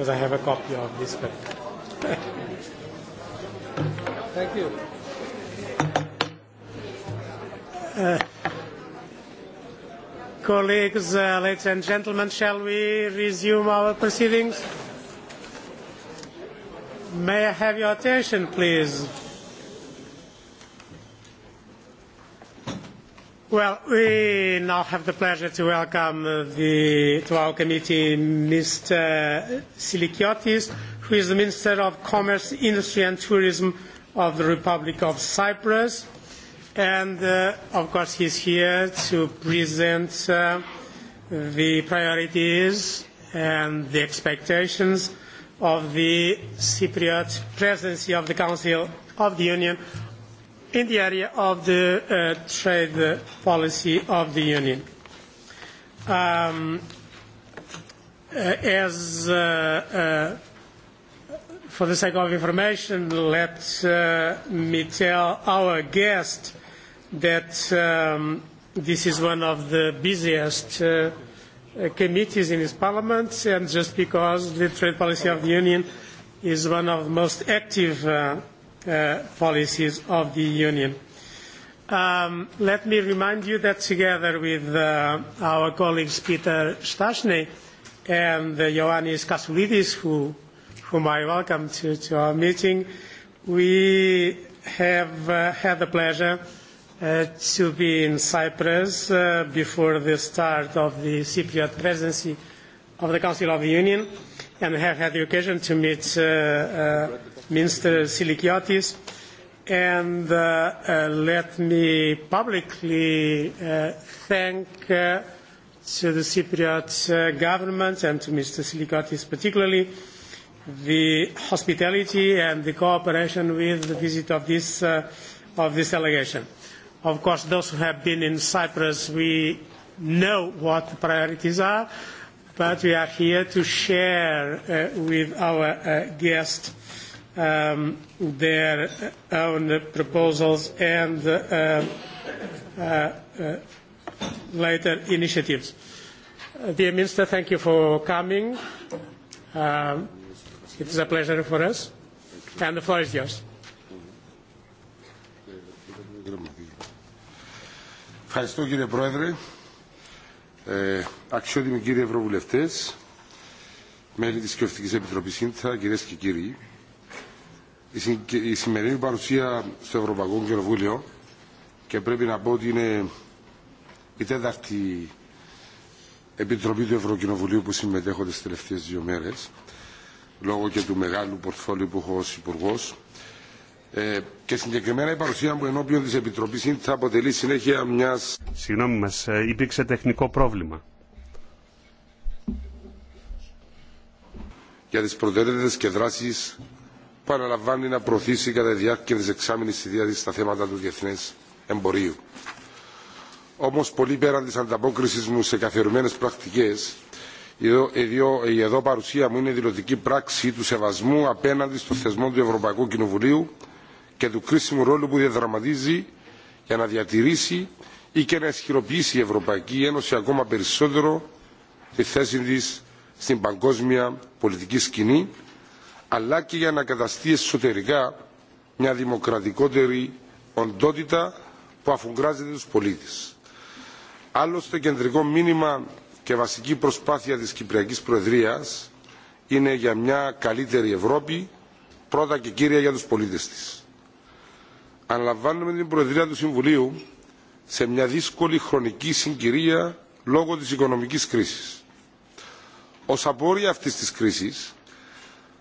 because I have a copy of this. Thank you. Colleagues, ladies and gentlemen, shall we resume our proceedings? May I have your attention, please? Well, we now have the pleasure to welcome to our committee Mr. Silikiotis, who is the Minister of Commerce, Industry and Tourism of the Republic of Cyprus. And, of course, he is here to present the priorities and the expectations of the Cypriot presidency of the Council of the Union in the area of the trade policy of the Union. As for the sake of information, let me tell our guest that this is one of the busiest committees in this Parliament, and just because the trade policy of the Union is one of the most active policies of the Union. Let me remind you that together with our colleagues Peter Stasny and Ioannis Kasoulidis, whom I welcome to our meeting, we have had the pleasure to be in Cyprus before the start of the Cypriot presidency of the Council of the Union and have had the occasion to meet Minister Silikiatis, and let me publicly thank to the Cypriot government and to Mr. Silikiatis particularly the hospitality and the cooperation with the visit of this of this delegation. Of course, those who have been in Cyprus, we know what the priorities are, but we are here to share with our guests. Um, their own proposals and uh, uh, uh, later initiatives. Dear Minister, thank you for coming. Um, it is a pleasure for us. And the floor is yours. Ευχαριστώ κύριε Πρόεδρε, ε, αξιότιμοι κύριοι Ευρωβουλευτές, μέλη της Κοινοβουλευτικής Επιτροπής ΣΥΝΤΑ, κυρίες και κύριοι η σημερινή παρουσία στο Ευρωπαϊκό Κοινοβούλιο και πρέπει να πω ότι είναι η τέταρτη επιτροπή του Ευρωκοινοβουλίου που συμμετέχω τις τελευταίες δύο μέρες λόγω και του μεγάλου πορτφόλιου που έχω ως υπουργό. Ε, και συγκεκριμένα η παρουσία μου ενώπιον της Επιτροπής θα αποτελεί συνέχεια μιας... Συγγνώμη μας, ε, υπήρξε τεχνικό πρόβλημα. Για τις προτεραιότητες και δράσεις που αναλαμβάνει να προωθήσει κατά τη διάρκεια τη εξάμεινη θητεία τη τα θέματα του διεθνέ εμπορίου. Όμω, πολύ πέραν τη ανταπόκριση μου σε καθιερωμένε πρακτικέ, η εδώ παρουσία μου είναι δηλωτική πράξη του σεβασμού απέναντι στο θεσμό του Ευρωπαϊκού Κοινοβουλίου και του κρίσιμου ρόλου που διαδραματίζει για να διατηρήσει ή και να ισχυροποιήσει η Ευρωπαϊκή Ένωση ακόμα περισσότερο τη θέση τη στην παγκόσμια πολιτική σκηνή αλλά και για να καταστεί εσωτερικά μια δημοκρατικότερη οντότητα που αφουγκράζεται τους πολίτες. Άλλωστε κεντρικό μήνυμα και βασική προσπάθεια της Κυπριακής Προεδρίας είναι για μια καλύτερη Ευρώπη, πρώτα και κύρια για τους πολίτες της. Αναλαμβάνουμε την Προεδρία του Συμβουλίου σε μια δύσκολη χρονική συγκυρία λόγω της οικονομικής κρίσης. Ως απόρρια αυτής της κρίσης,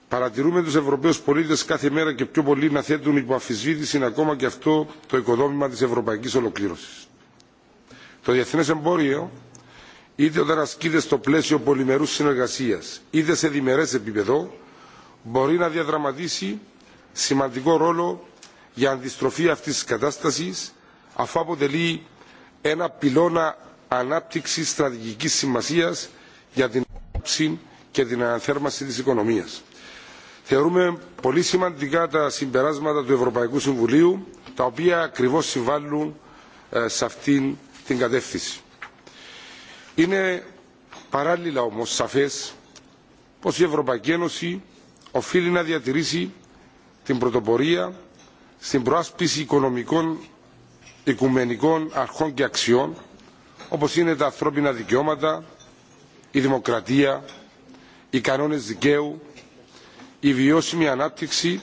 Παρατηρούμε τους Ευρωπαίους πολίτες κάθε μέρα και πιο πολλοί να θέτουν υπό αφισβήτηση ακόμα και αυτό το οικοδόμημα της ευρωπαϊκής ολοκλήρωσης. Το διεθνές εμπόριο, είτε όταν ασκείται στο πλαίσιο πολυμερούς συνεργασίας, είτε σε διμερές επίπεδο, μπορεί να διαδραματίσει σημαντικό ρόλο για αντιστροφή αυτής της κατάστασης, αφού αποτελεί ένα πυλώνα ανάπτυξης στρατηγικής σημασίας για την ανάπτυξη και την αναθέρμανση της οικονομία. Θεωρούμε πολύ σημαντικά τα συμπεράσματα του Ευρωπαϊκού Συμβουλίου, τα οποία ακριβώς συμβάλλουν ε, σε αυτήν την κατεύθυνση. Είναι παράλληλα όμως σαφές πως η Ευρωπαϊκή Ένωση οφείλει να διατηρήσει την πρωτοπορία στην προάσπιση οικονομικών, οικουμενικών αρχών και αξιών, όπως είναι τα ανθρώπινα δικαιώματα, η δημοκρατία, οι κανόνες δικαίου, η βιώσιμη ανάπτυξη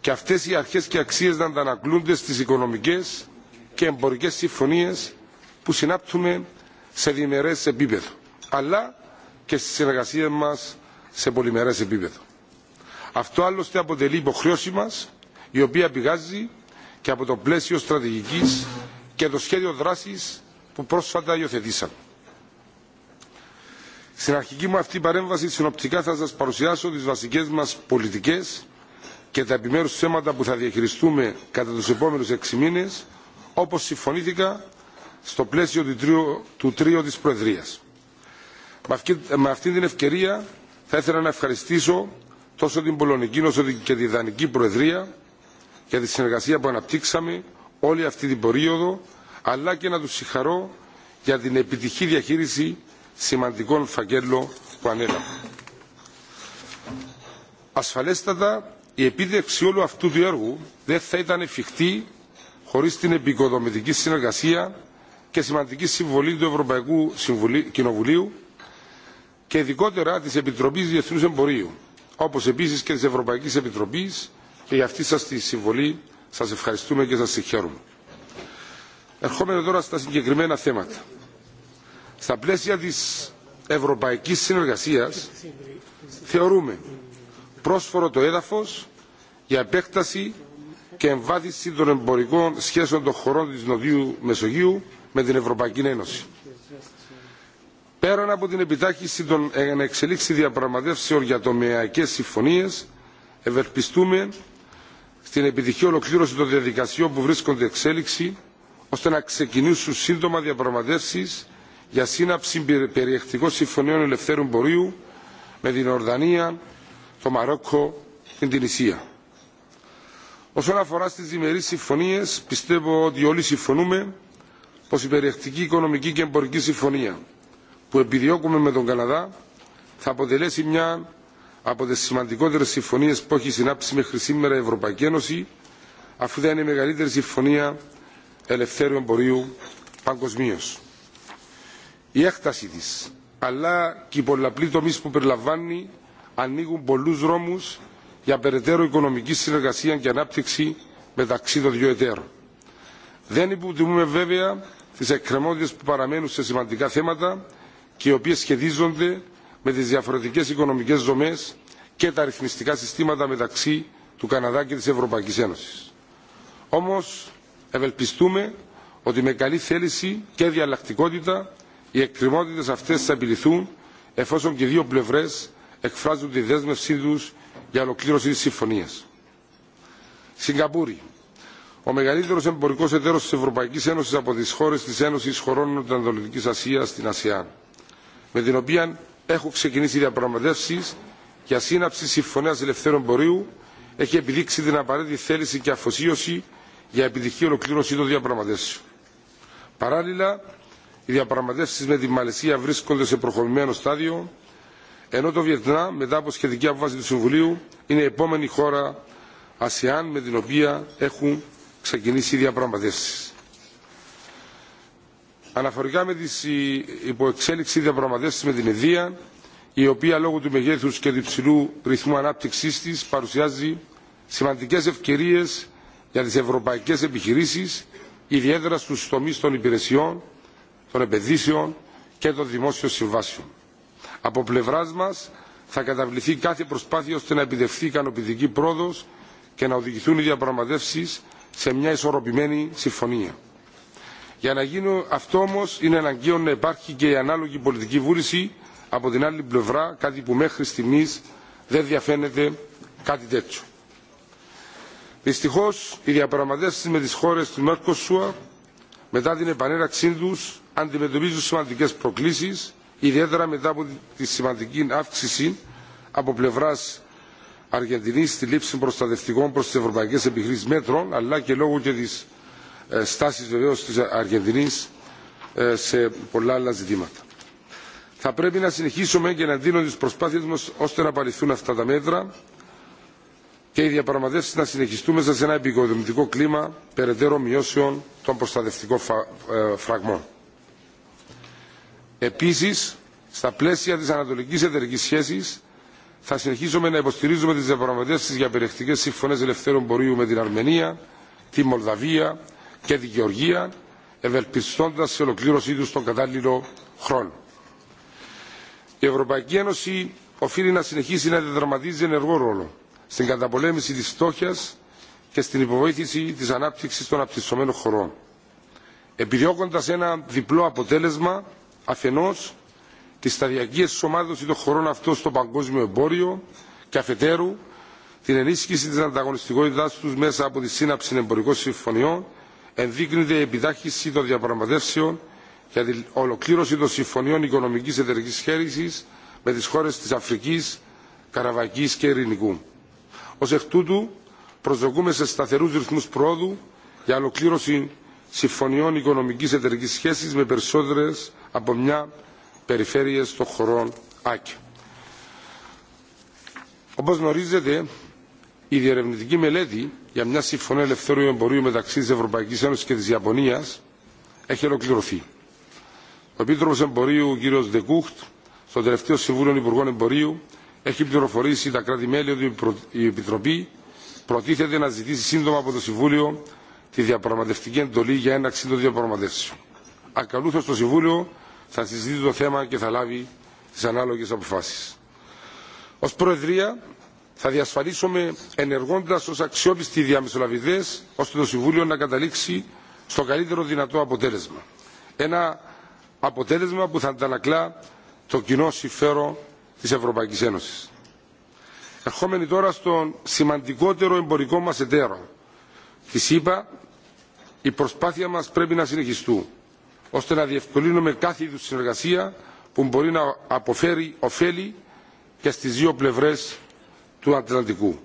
και αυτές οι αρχές και αξίες να αντανακλούνται στις οικονομικές και εμπορικές συμφωνίες που συνάπτουμε σε διμερές επίπεδο, αλλά και στη συνεργασία μας σε πολυμερές επίπεδο. Αυτό άλλωστε αποτελεί υποχρέωση μας, η οποία πηγάζει και από το πλαίσιο στρατηγικής και το σχέδιο δράσης που πρόσφατα υιοθετήσαμε. Στην αρχική μου αυτή παρέμβαση συνοπτικά θα σας παρουσιάσω τις βασικές μας πολιτικές και τα επιμέρους θέματα που θα διαχειριστούμε κατά τους επόμενους έξι μήνες, όπως συμφωνήθηκα στο πλαίσιο του τρίου, του τρίου της Προεδρίας. Με αυτή την ευκαιρία θα ήθελα να ευχαριστήσω τόσο την Πολωνική όσο και τη Δανική Προεδρία για τη συνεργασία που αναπτύξαμε όλη αυτή την περίοδο, αλλά και να τους συγχαρώ για την επιτυχή διαχείριση σημαντικών φακέλο που ανέλαβε. Ασφαλέστατα, η επίδευξη όλου αυτού του έργου δεν θα ήταν εφικτή χωρίς την επικοδομητική συνεργασία και σημαντική συμβολή του Ευρωπαϊκού Κοινοβουλίου και ειδικότερα της Επιτροπής Διεθνούς Εμπορίου, όπως επίσης και της Ευρωπαϊκής Επιτροπής και για αυτή σας τη συμβολή σας ευχαριστούμε και σας συγχαίρουμε. Ερχόμενο τώρα στα συγκεκριμένα θέματα. Στα πλαίσια της ευρωπαϊκής συνεργασίας θεωρούμε πρόσφορο το έδαφος για επέκταση και εμβάθυνση των εμπορικών σχέσεων των χωρών της Νοτιού Μεσογείου με την Ευρωπαϊκή Ένωση. Πέραν από την επιτάχυση των ε, εξελίξη διαπραγματεύσεων για τομεακές συμφωνίες, ευελπιστούμε στην επιτυχή ολοκλήρωση των διαδικασιών που βρίσκονται εξέλιξη, ώστε να ξεκινήσουν σύντομα διαπραγματεύσεις για σύναψη περιεκτικών συμφωνίων ελευθέρου εμπορίου με την Ορδανία, το Μαρόκο, και την Ισία. Όσον αφορά στι διμερεί συμφωνίε, πιστεύω ότι όλοι συμφωνούμε πω η περιεκτική οικονομική και εμπορική συμφωνία που επιδιώκουμε με τον Καναδά θα αποτελέσει μια από τι σημαντικότερε συμφωνίε που έχει συνάψει μέχρι σήμερα η Ευρωπαϊκή Ένωση, αφού δεν είναι η μεγαλύτερη συμφωνία ελευθέρου εμπορίου παγκοσμίω. Η έκταση της, αλλά και οι πολλαπλοί τομεί που περιλαμβάνει, ανοίγουν πολλούς δρόμους για περαιτέρω οικονομική συνεργασία και ανάπτυξη μεταξύ των δύο εταίρων. Δεν υποτιμούμε βέβαια τι εκκρεμότητε που παραμένουν σε σημαντικά θέματα και οι οποίε σχετίζονται με τι διαφορετικέ οικονομικέ δομέ και τα ρυθμιστικά συστήματα μεταξύ του Καναδά και τη Ευρωπαϊκή Ένωση. Όμω, ευελπιστούμε ότι με καλή θέληση και διαλλακτικότητα οι εκτριμότητες αυτές θα επιληθούν εφόσον και οι δύο πλευρές εκφράζουν τη δέσμευσή τους για ολοκλήρωση της συμφωνίας. Σιγκαπούρη. Ο μεγαλύτερος εμπορικός εταίρος της Ευρωπαϊκής Ένωσης από τις χώρες της Ένωσης χωρών της Ασίας στην Ασία με την οποία έχω ξεκινήσει διαπραγματεύσεις για σύναψη συμφωνίας ελευθέρων πορείου έχει επιδείξει την απαραίτητη θέληση και αφοσίωση για επιτυχή ολοκλήρωση των διαπραγματεύσεων. Παράλληλα, οι διαπραγματεύσει με τη Μαλαισία βρίσκονται σε προχωρημένο στάδιο, ενώ το Βιετνάμ, μετά από σχετική απόφαση του Συμβουλίου, είναι η επόμενη χώρα Ασιαν, με την οποία έχουν ξεκινήσει οι διαπραγματεύσει. Αναφορικά με την ε, υποεξέλιξη διαπραγματεύσεις με την Ινδία, η οποία λόγω του μεγέθους και του υψηλού ρυθμού ανάπτυξής της παρουσιάζει σημαντικές ευκαιρίες για τις ευρωπαϊκές επιχειρήσεις, ιδιαίτερα στους τομείς των υπηρεσιών, των επενδύσεων και των δημόσιων συμβάσεων. Από πλευρά μα θα καταβληθεί κάθε προσπάθεια ώστε να επιτευχθεί ικανοποιητική πρόοδο και να οδηγηθούν οι διαπραγματεύσει σε μια ισορροπημένη συμφωνία. Για να γίνει αυτό όμω είναι αναγκαίο να υπάρχει και η ανάλογη πολιτική βούληση από την άλλη πλευρά, κάτι που μέχρι στιγμή δεν διαφαίνεται κάτι τέτοιο. Δυστυχώ, οι διαπραγματεύσει με τι χώρε του Μέρκοσουα μετά την επανέναξή του αντιμετωπίζουν σημαντικέ προκλήσει, ιδιαίτερα μετά από τη σημαντική αύξηση από πλευρά Αργεντινή στη λήψη προστατευτικών προ τι ευρωπαϊκέ επιχειρήσει μέτρων, αλλά και λόγω και τη ε, στάση βεβαίω τη Αργεντινή ε, σε πολλά άλλα ζητήματα. Θα πρέπει να συνεχίσουμε και να δίνουμε τι προσπάθειε μα ώστε να παρηθούν αυτά τα μέτρα και οι διαπραγματεύσει να συνεχιστούν μέσα σε ένα επικοδομητικό κλίμα περαιτέρω μειώσεων των προστατευτικών ε, φραγμών. Επίση, στα πλαίσια τη ανατολική εταιρική σχέση, θα συνεχίσουμε να υποστηρίζουμε τι διαπραγματεύσει για περιεκτικέ συμφωνέ ελευθέρων πορείου με την Αρμενία, τη Μολδαβία και τη Γεωργία, ευελπιστώντα σε ολοκλήρωσή του τον κατάλληλο χρόνο. Η Ευρωπαϊκή Ένωση οφείλει να συνεχίσει να διαδραματίζει ενεργό ρόλο στην καταπολέμηση της φτώχειας και στην υποβοήθηση της ανάπτυξης των απτυσσομένων χωρών επιδιώκοντας ένα διπλό αποτέλεσμα αφενός τη σταδιακή εσωμάτωση των χωρών αυτών στο παγκόσμιο εμπόριο και αφετέρου την ενίσχυση της ανταγωνιστικότητάς τους μέσα από τη σύναψη εμπορικών συμφωνιών ενδείκνυται η επιτάχυση των διαπραγματεύσεων για την ολοκλήρωση των συμφωνιών οικονομικής εταιρικής χέρισης με τις χώρες της Αφρικής, Καραβακής και Ειρηνικού. Ω εκ τούτου, προσδοκούμε σε σταθερού ρυθμού πρόοδου για ολοκλήρωση συμφωνιών οικονομική εταιρική σχέση με περισσότερε από μια περιφέρεια των χωρών ΑΚΕ. Όπω γνωρίζετε, η διερευνητική μελέτη για μια συμφωνία ελευθερού εμπορίου μεταξύ τη Ευρωπαϊκή Ένωση και τη Ιαπωνία έχει ολοκληρωθεί. Ο Επίτροπο Εμπορίου, κ. Δεκούχτ, στο τελευταίο Συμβούλιο Υπουργών Εμπορίου, έχει πληροφορήσει τα κράτη-μέλη ότι η Επιτροπή προτίθεται να ζητήσει σύντομα από το Συμβούλιο τη διαπραγματευτική εντολή για έναρξη των διαπραγματεύσεων. Ακαλούθως το Συμβούλιο θα συζητήσει το θέμα και θα λάβει τις ανάλογες αποφάσεις. Ως Προεδρία θα διασφαλίσουμε ενεργώντας ως αξιόπιστοι διαμεσολαβητές ώστε το Συμβούλιο να καταλήξει στο καλύτερο δυνατό αποτέλεσμα. Ένα αποτέλεσμα που θα αντανακλά το κοινό συμφέρον της Ευρωπαϊκής Ένωσης. Ερχόμενοι τώρα στον σημαντικότερο εμπορικό μας εταίρο, τη ΣΥΠΑ, η προσπάθεια μας πρέπει να συνεχιστού, ώστε να διευκολύνουμε κάθε είδους συνεργασία που μπορεί να αποφέρει ωφέλη και στις δύο πλευρές του Ατλαντικού.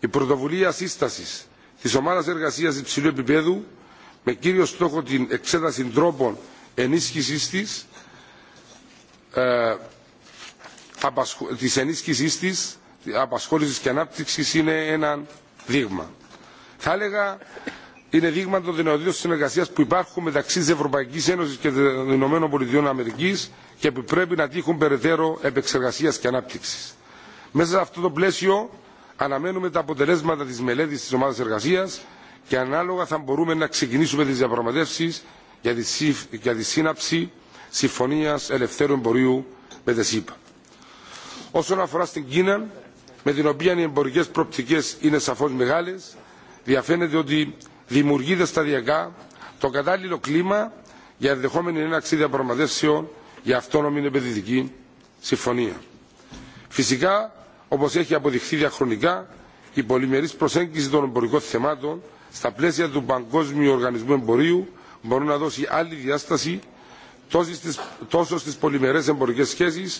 Η πρωτοβουλία σύστασης της Ομάδας Εργασίας Υψηλού Επιπέδου με κύριο στόχο την εξέταση τρόπων ενίσχυσής της ε, της ενίσχυσής της, απασχόλησης και ανάπτυξης είναι ένα δείγμα. Θα έλεγα είναι δείγμα των δυνατοτήτων συνεργασία που υπάρχουν μεταξύ τη Ευρωπαϊκή Ένωση και των Ηνωμένων Πολιτειών Αμερικής και που πρέπει να τύχουν περαιτέρω επεξεργασία και ανάπτυξη. Μέσα σε αυτό το πλαίσιο αναμένουμε τα αποτελέσματα τη μελέτη τη ομάδα εργασία και ανάλογα θα μπορούμε να ξεκινήσουμε τι διαπραγματεύσει για τη σύναψη συμφωνία ελευθέρου εμπορίου με τη ΣΥΠΑ. Όσον αφορά στην Κίνα, με την οποία οι εμπορικέ προοπτικές είναι σαφώ μεγάλε, διαφαίνεται ότι δημιουργείται σταδιακά το κατάλληλο κλίμα για ενδεχόμενη έναξη διαπραγματεύσεων για αυτόνομη επενδυτική συμφωνία. Φυσικά, όπω έχει αποδειχθεί διαχρονικά, η πολυμερή προσέγγιση των εμπορικών θεμάτων στα πλαίσια του Παγκόσμιου Οργανισμού Εμπορίου μπορεί να δώσει άλλη διάσταση τόσο στι πολυμερέ εμπορικέ σχέσει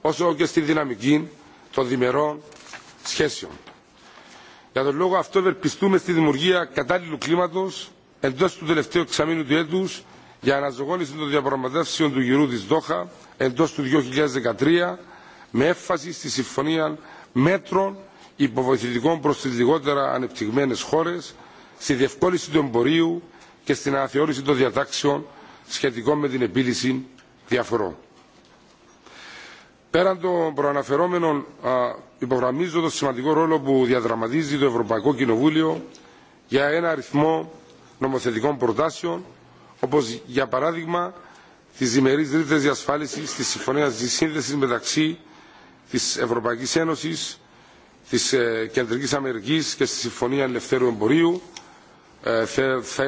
όσο και στη δυναμική των διμερών σχέσεων. Για τον λόγο αυτό ευελπιστούμε στη δημιουργία κατάλληλου κλίματος εντός του τελευταίου εξαμήνου του έτους για αναζωγόνηση των διαπραγματεύσεων του γυρού της Δόχα εντός του 2013 με έφαση στη συμφωνία μέτρων υποβοηθητικών προς τις λιγότερα ανεπτυγμένες χώρε, στη διευκόλυνση του εμπορίου και στην αναθεώρηση των διατάξεων σχετικών με την επίλυση διαφορών. Πέραν των προαναφερόμενων, υπογραμμίζω το σημαντικό ρόλο που διαδραματίζει το Ευρωπαϊκό Κοινοβούλιο για ένα αριθμό νομοθετικών προτάσεων, όπως για παράδειγμα τις διμερείς ρήτρες διασφάλισης της Συμφωνίας της Σύνδεσης μεταξύ της Ευρωπαϊκής Ένωσης, της ε, Κεντρικής Αμερικής και στη Συμφωνία Ελευθέρου Εμπορίου. Ε,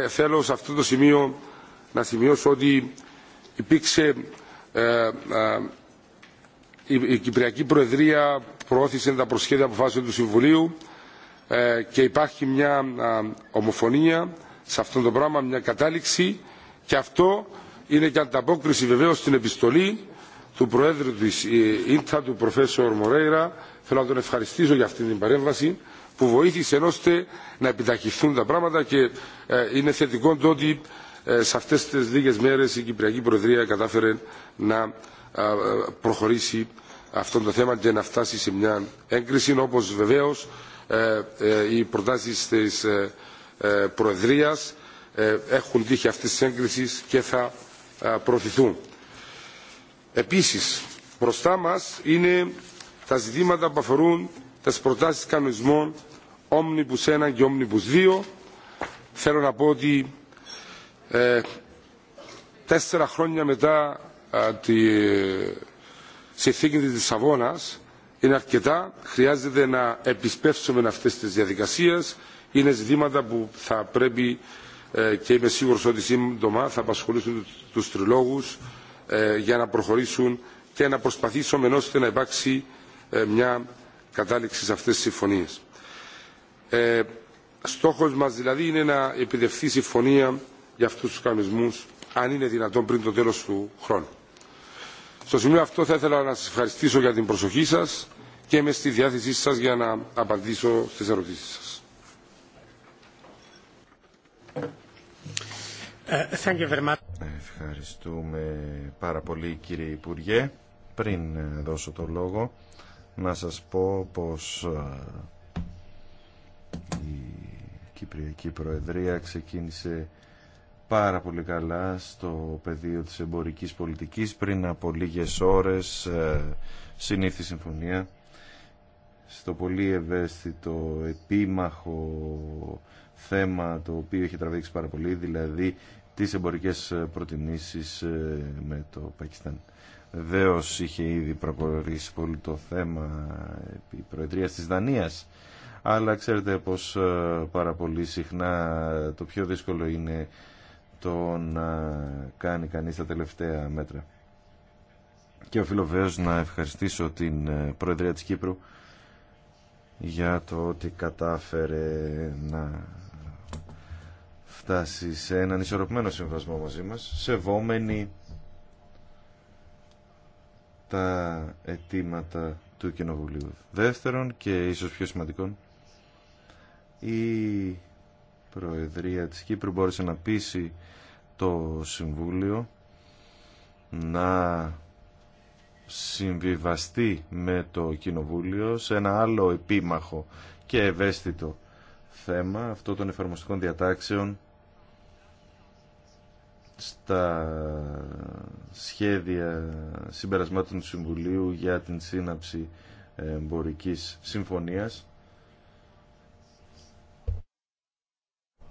θέλω σε αυτό το σημείο να σημειώσω ότι υπήρξε ε, η Κυπριακή Προεδρία προώθησε τα προσχέδια αποφάσεων του Συμβουλίου ε, και υπάρχει μια ομοφωνία σε αυτό το πράγμα, μια κατάληξη και αυτό είναι και ανταπόκριση βεβαίως στην επιστολή του Προέδρου της ΙΝΤΑ, ε, του Προφέσορ Μορέιρα. Θέλω να τον ευχαριστήσω για αυτή την παρέμβαση που βοήθησε ώστε να επιταχυθούν τα πράγματα και ε, είναι θετικό το ότι σε αυτές τις λίγες μέρες η Κυπριακή Προεδρία κατάφερε να προχωρήσει αυτό το θέμα και να φτάσει σε μια έγκριση όπως βεβαίως ε, ε, οι προτάσεις της ε, Προεδρίας έχουν τύχει αυτής της έγκρισης και θα προωθηθούν. Επίσης, μπροστά μας είναι τα ζητήματα που αφορούν τις προτάσεις κανονισμών Omnibus 1 και Omnibus 2. Θέλω να πω ότι τέσσερα χρόνια μετά ε, τη συνθήκη της Λισαβόνας είναι αρκετά. Χρειάζεται να επισπεύσουμε αυτές τις διαδικασίες. Είναι ζητήματα που θα πρέπει ε, και είμαι σίγουρος ότι σύντομα θα απασχολήσουν τους τριλόγους ε, για να προχωρήσουν και να προσπαθήσουμε ώστε να υπάρξει μια κατάληξη σε αυτές τις συμφωνίες. Στόχο στόχος μας δηλαδή είναι να επιτευχθεί συμφωνία για αυτούς τους κανονισμούς αν είναι δυνατόν πριν το τέλος του χρόνου. Στο σημείο αυτό θα ήθελα να σας ευχαριστήσω για την προσοχή σας και είμαι στη διάθεσή σας για να απαντήσω στις ερωτήσεις σας. Ε, Ευχαριστούμε πάρα πολύ κύριε Υπουργέ. Πριν ε, δώσω το λόγο να σας πω πως ε, η Κυπριακή Προεδρία ξεκίνησε πάρα πολύ καλά στο πεδίο της εμπορικής πολιτικής πριν από λίγες ώρες ε, συνήθη συμφωνία στο πολύ ευαίσθητο επίμαχο θέμα το οποίο έχει τραβήξει πάρα πολύ δηλαδή τις εμπορικές προτιμήσεις ε, με το Πακιστάν. Βεβαίω είχε ήδη προχωρήσει πολύ το θέμα επί προεδρίας της Δανίας αλλά ξέρετε πως ε, πάρα πολύ συχνά το πιο δύσκολο είναι το να ε, κάνει κανείς τα τελευταία μέτρα. Και οφείλω να ευχαριστήσω την ε, Προεδρία της Κύπρου για το ότι κατάφερε να φτάσει σε έναν ισορροπημένο συμβασμό μαζί μας, σεβόμενη τα αιτήματα του Κοινοβουλίου. Δεύτερον και ίσως πιο σημαντικόν, η Προεδρία της Κύπρου μπόρεσε να πείσει το Συμβούλιο να συμβιβαστεί με το Κοινοβούλιο σε ένα άλλο επίμαχο και ευαίσθητο θέμα αυτό των εφαρμοστικών διατάξεων στα σχέδια συμπερασμάτων του Συμβουλίου για την σύναψη εμπορικής συμφωνίας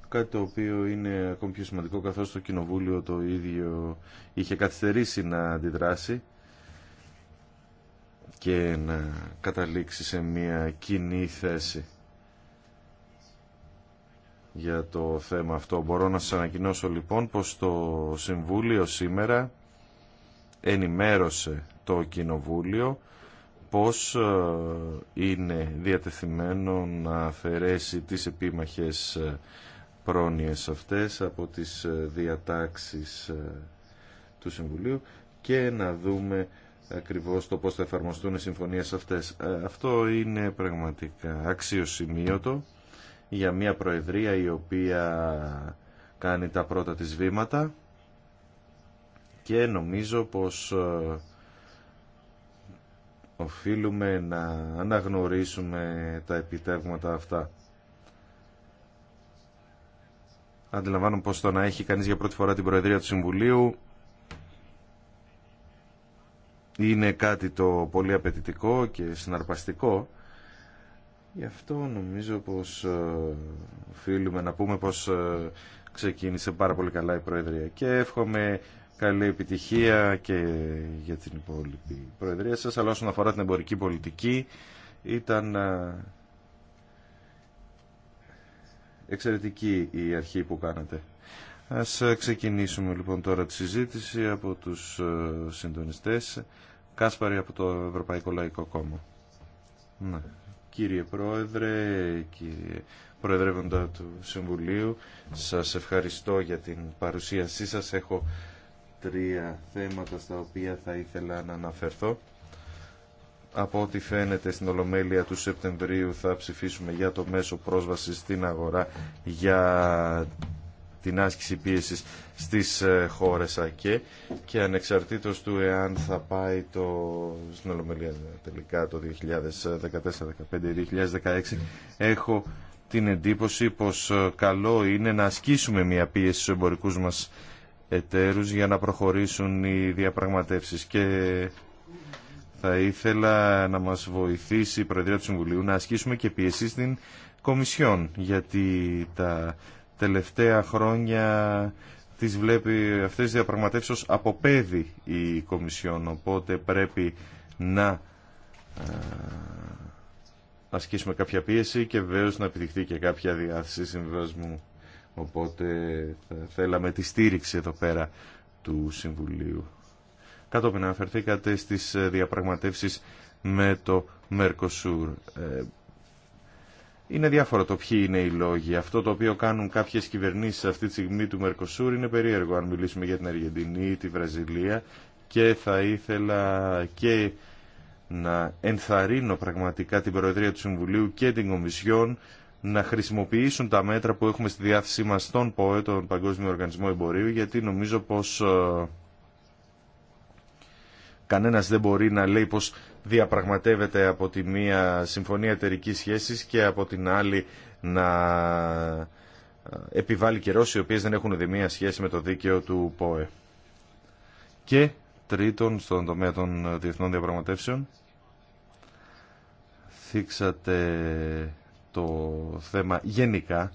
κάτι το οποίο είναι ακόμη πιο σημαντικό καθώς το Κοινοβούλιο το ίδιο είχε καθυστερήσει να αντιδράσει και να καταλήξει σε μια κοινή θέση για το θέμα αυτό. Μπορώ να σας ανακοινώσω λοιπόν πως το Συμβούλιο σήμερα ενημέρωσε το Κοινοβούλιο πως ε, είναι διατεθειμένο να αφαιρέσει τις επίμαχες ε, πρόνοιες αυτές από τις ε, διατάξεις ε, του Συμβουλίου και να δούμε ακριβώς το πώς θα εφαρμοστούν οι συμφωνίες αυτές. Ε, αυτό είναι πραγματικά αξιοσημείωτο για μια προεδρία η οποία κάνει τα πρώτα της βήματα και νομίζω πως οφείλουμε να αναγνωρίσουμε τα επιτεύγματα αυτά. Αντιλαμβάνω πως το να έχει κανείς για πρώτη φορά την Προεδρία του Συμβουλίου είναι κάτι το πολύ απαιτητικό και συναρπαστικό. Γι' αυτό νομίζω πως ε, οφείλουμε να πούμε πως ε, ξεκίνησε πάρα πολύ καλά η Προεδρία και εύχομαι καλή επιτυχία και για την υπόλοιπη Προεδρία σας αλλά όσον αφορά την εμπορική πολιτική ήταν ε, εξαιρετική η αρχή που κάνετε. Ας ξεκινήσουμε λοιπόν τώρα τη συζήτηση από τους ε, συντονιστές. Κάσπαρη από το Ευρωπαϊκό Λαϊκό Κόμμα. Ναι. Κύριε Πρόεδρε, κύριε Προεδρεύοντα του Συμβουλίου, σας ευχαριστώ για την παρουσίασή σας. Έχω τρία θέματα στα οποία θα ήθελα να αναφερθώ από ό,τι φαίνεται στην Ολομέλεια του Σεπτεμβρίου θα ψηφίσουμε για το μέσο πρόσβαση στην αγορά για την άσκηση πίεσης στις ε, χώρες ΑΚΕ και ανεξαρτήτως του εάν θα πάει το, στην Ολομέλεια τελικά το 2014-2015-2016 έχω την εντύπωση πως ε, καλό είναι να ασκήσουμε μια πίεση στους εμπορικούς μας εταίρους για να προχωρήσουν οι διαπραγματεύσεις και θα ήθελα να μας βοηθήσει η Προεδρία του Συμβουλίου να ασκήσουμε και πίεση στην Κομισιόν, γιατί τα τελευταία χρόνια τις βλέπει αυτές τις διαπραγματεύσεις αποπέδει η Κομισιόν, οπότε πρέπει να ε, ασκήσουμε κάποια πίεση και βέβαια να επιδειχθεί και κάποια διάθεση συμβιβασμού. Οπότε θα θέλαμε τη στήριξη εδώ πέρα του Συμβουλίου. Κατόπιν αναφερθήκατε στις ε, διαπραγματεύσεις με το Mercosur. Ε, είναι διάφορο το ποιοι είναι οι λόγοι. Αυτό το οποίο κάνουν κάποιες κυβερνήσεις αυτή τη στιγμή του Σούρ είναι περίεργο αν μιλήσουμε για την Αργεντινή ή τη Βραζιλία και θα ήθελα και να ενθαρρύνω πραγματικά την Προεδρία του Συμβουλίου και την Κομισιόν να χρησιμοποιήσουν τα μέτρα που έχουμε στη διάθεσή μας στον ΠΟΕ, τον Παγκόσμιο Οργανισμό Εμπορίου, γιατί νομίζω πως ε, Κανένας δεν μπορεί να λέει πως διαπραγματεύεται από τη μία συμφωνία εταιρική σχέσης και από την άλλη να ε, επιβάλλει καιρός οι οποίες δεν έχουν μία σχέση με το δίκαιο του ΠΟΕ. Και τρίτον, στον τομέα των διεθνών διαπραγματεύσεων, θίξατε το θέμα γενικά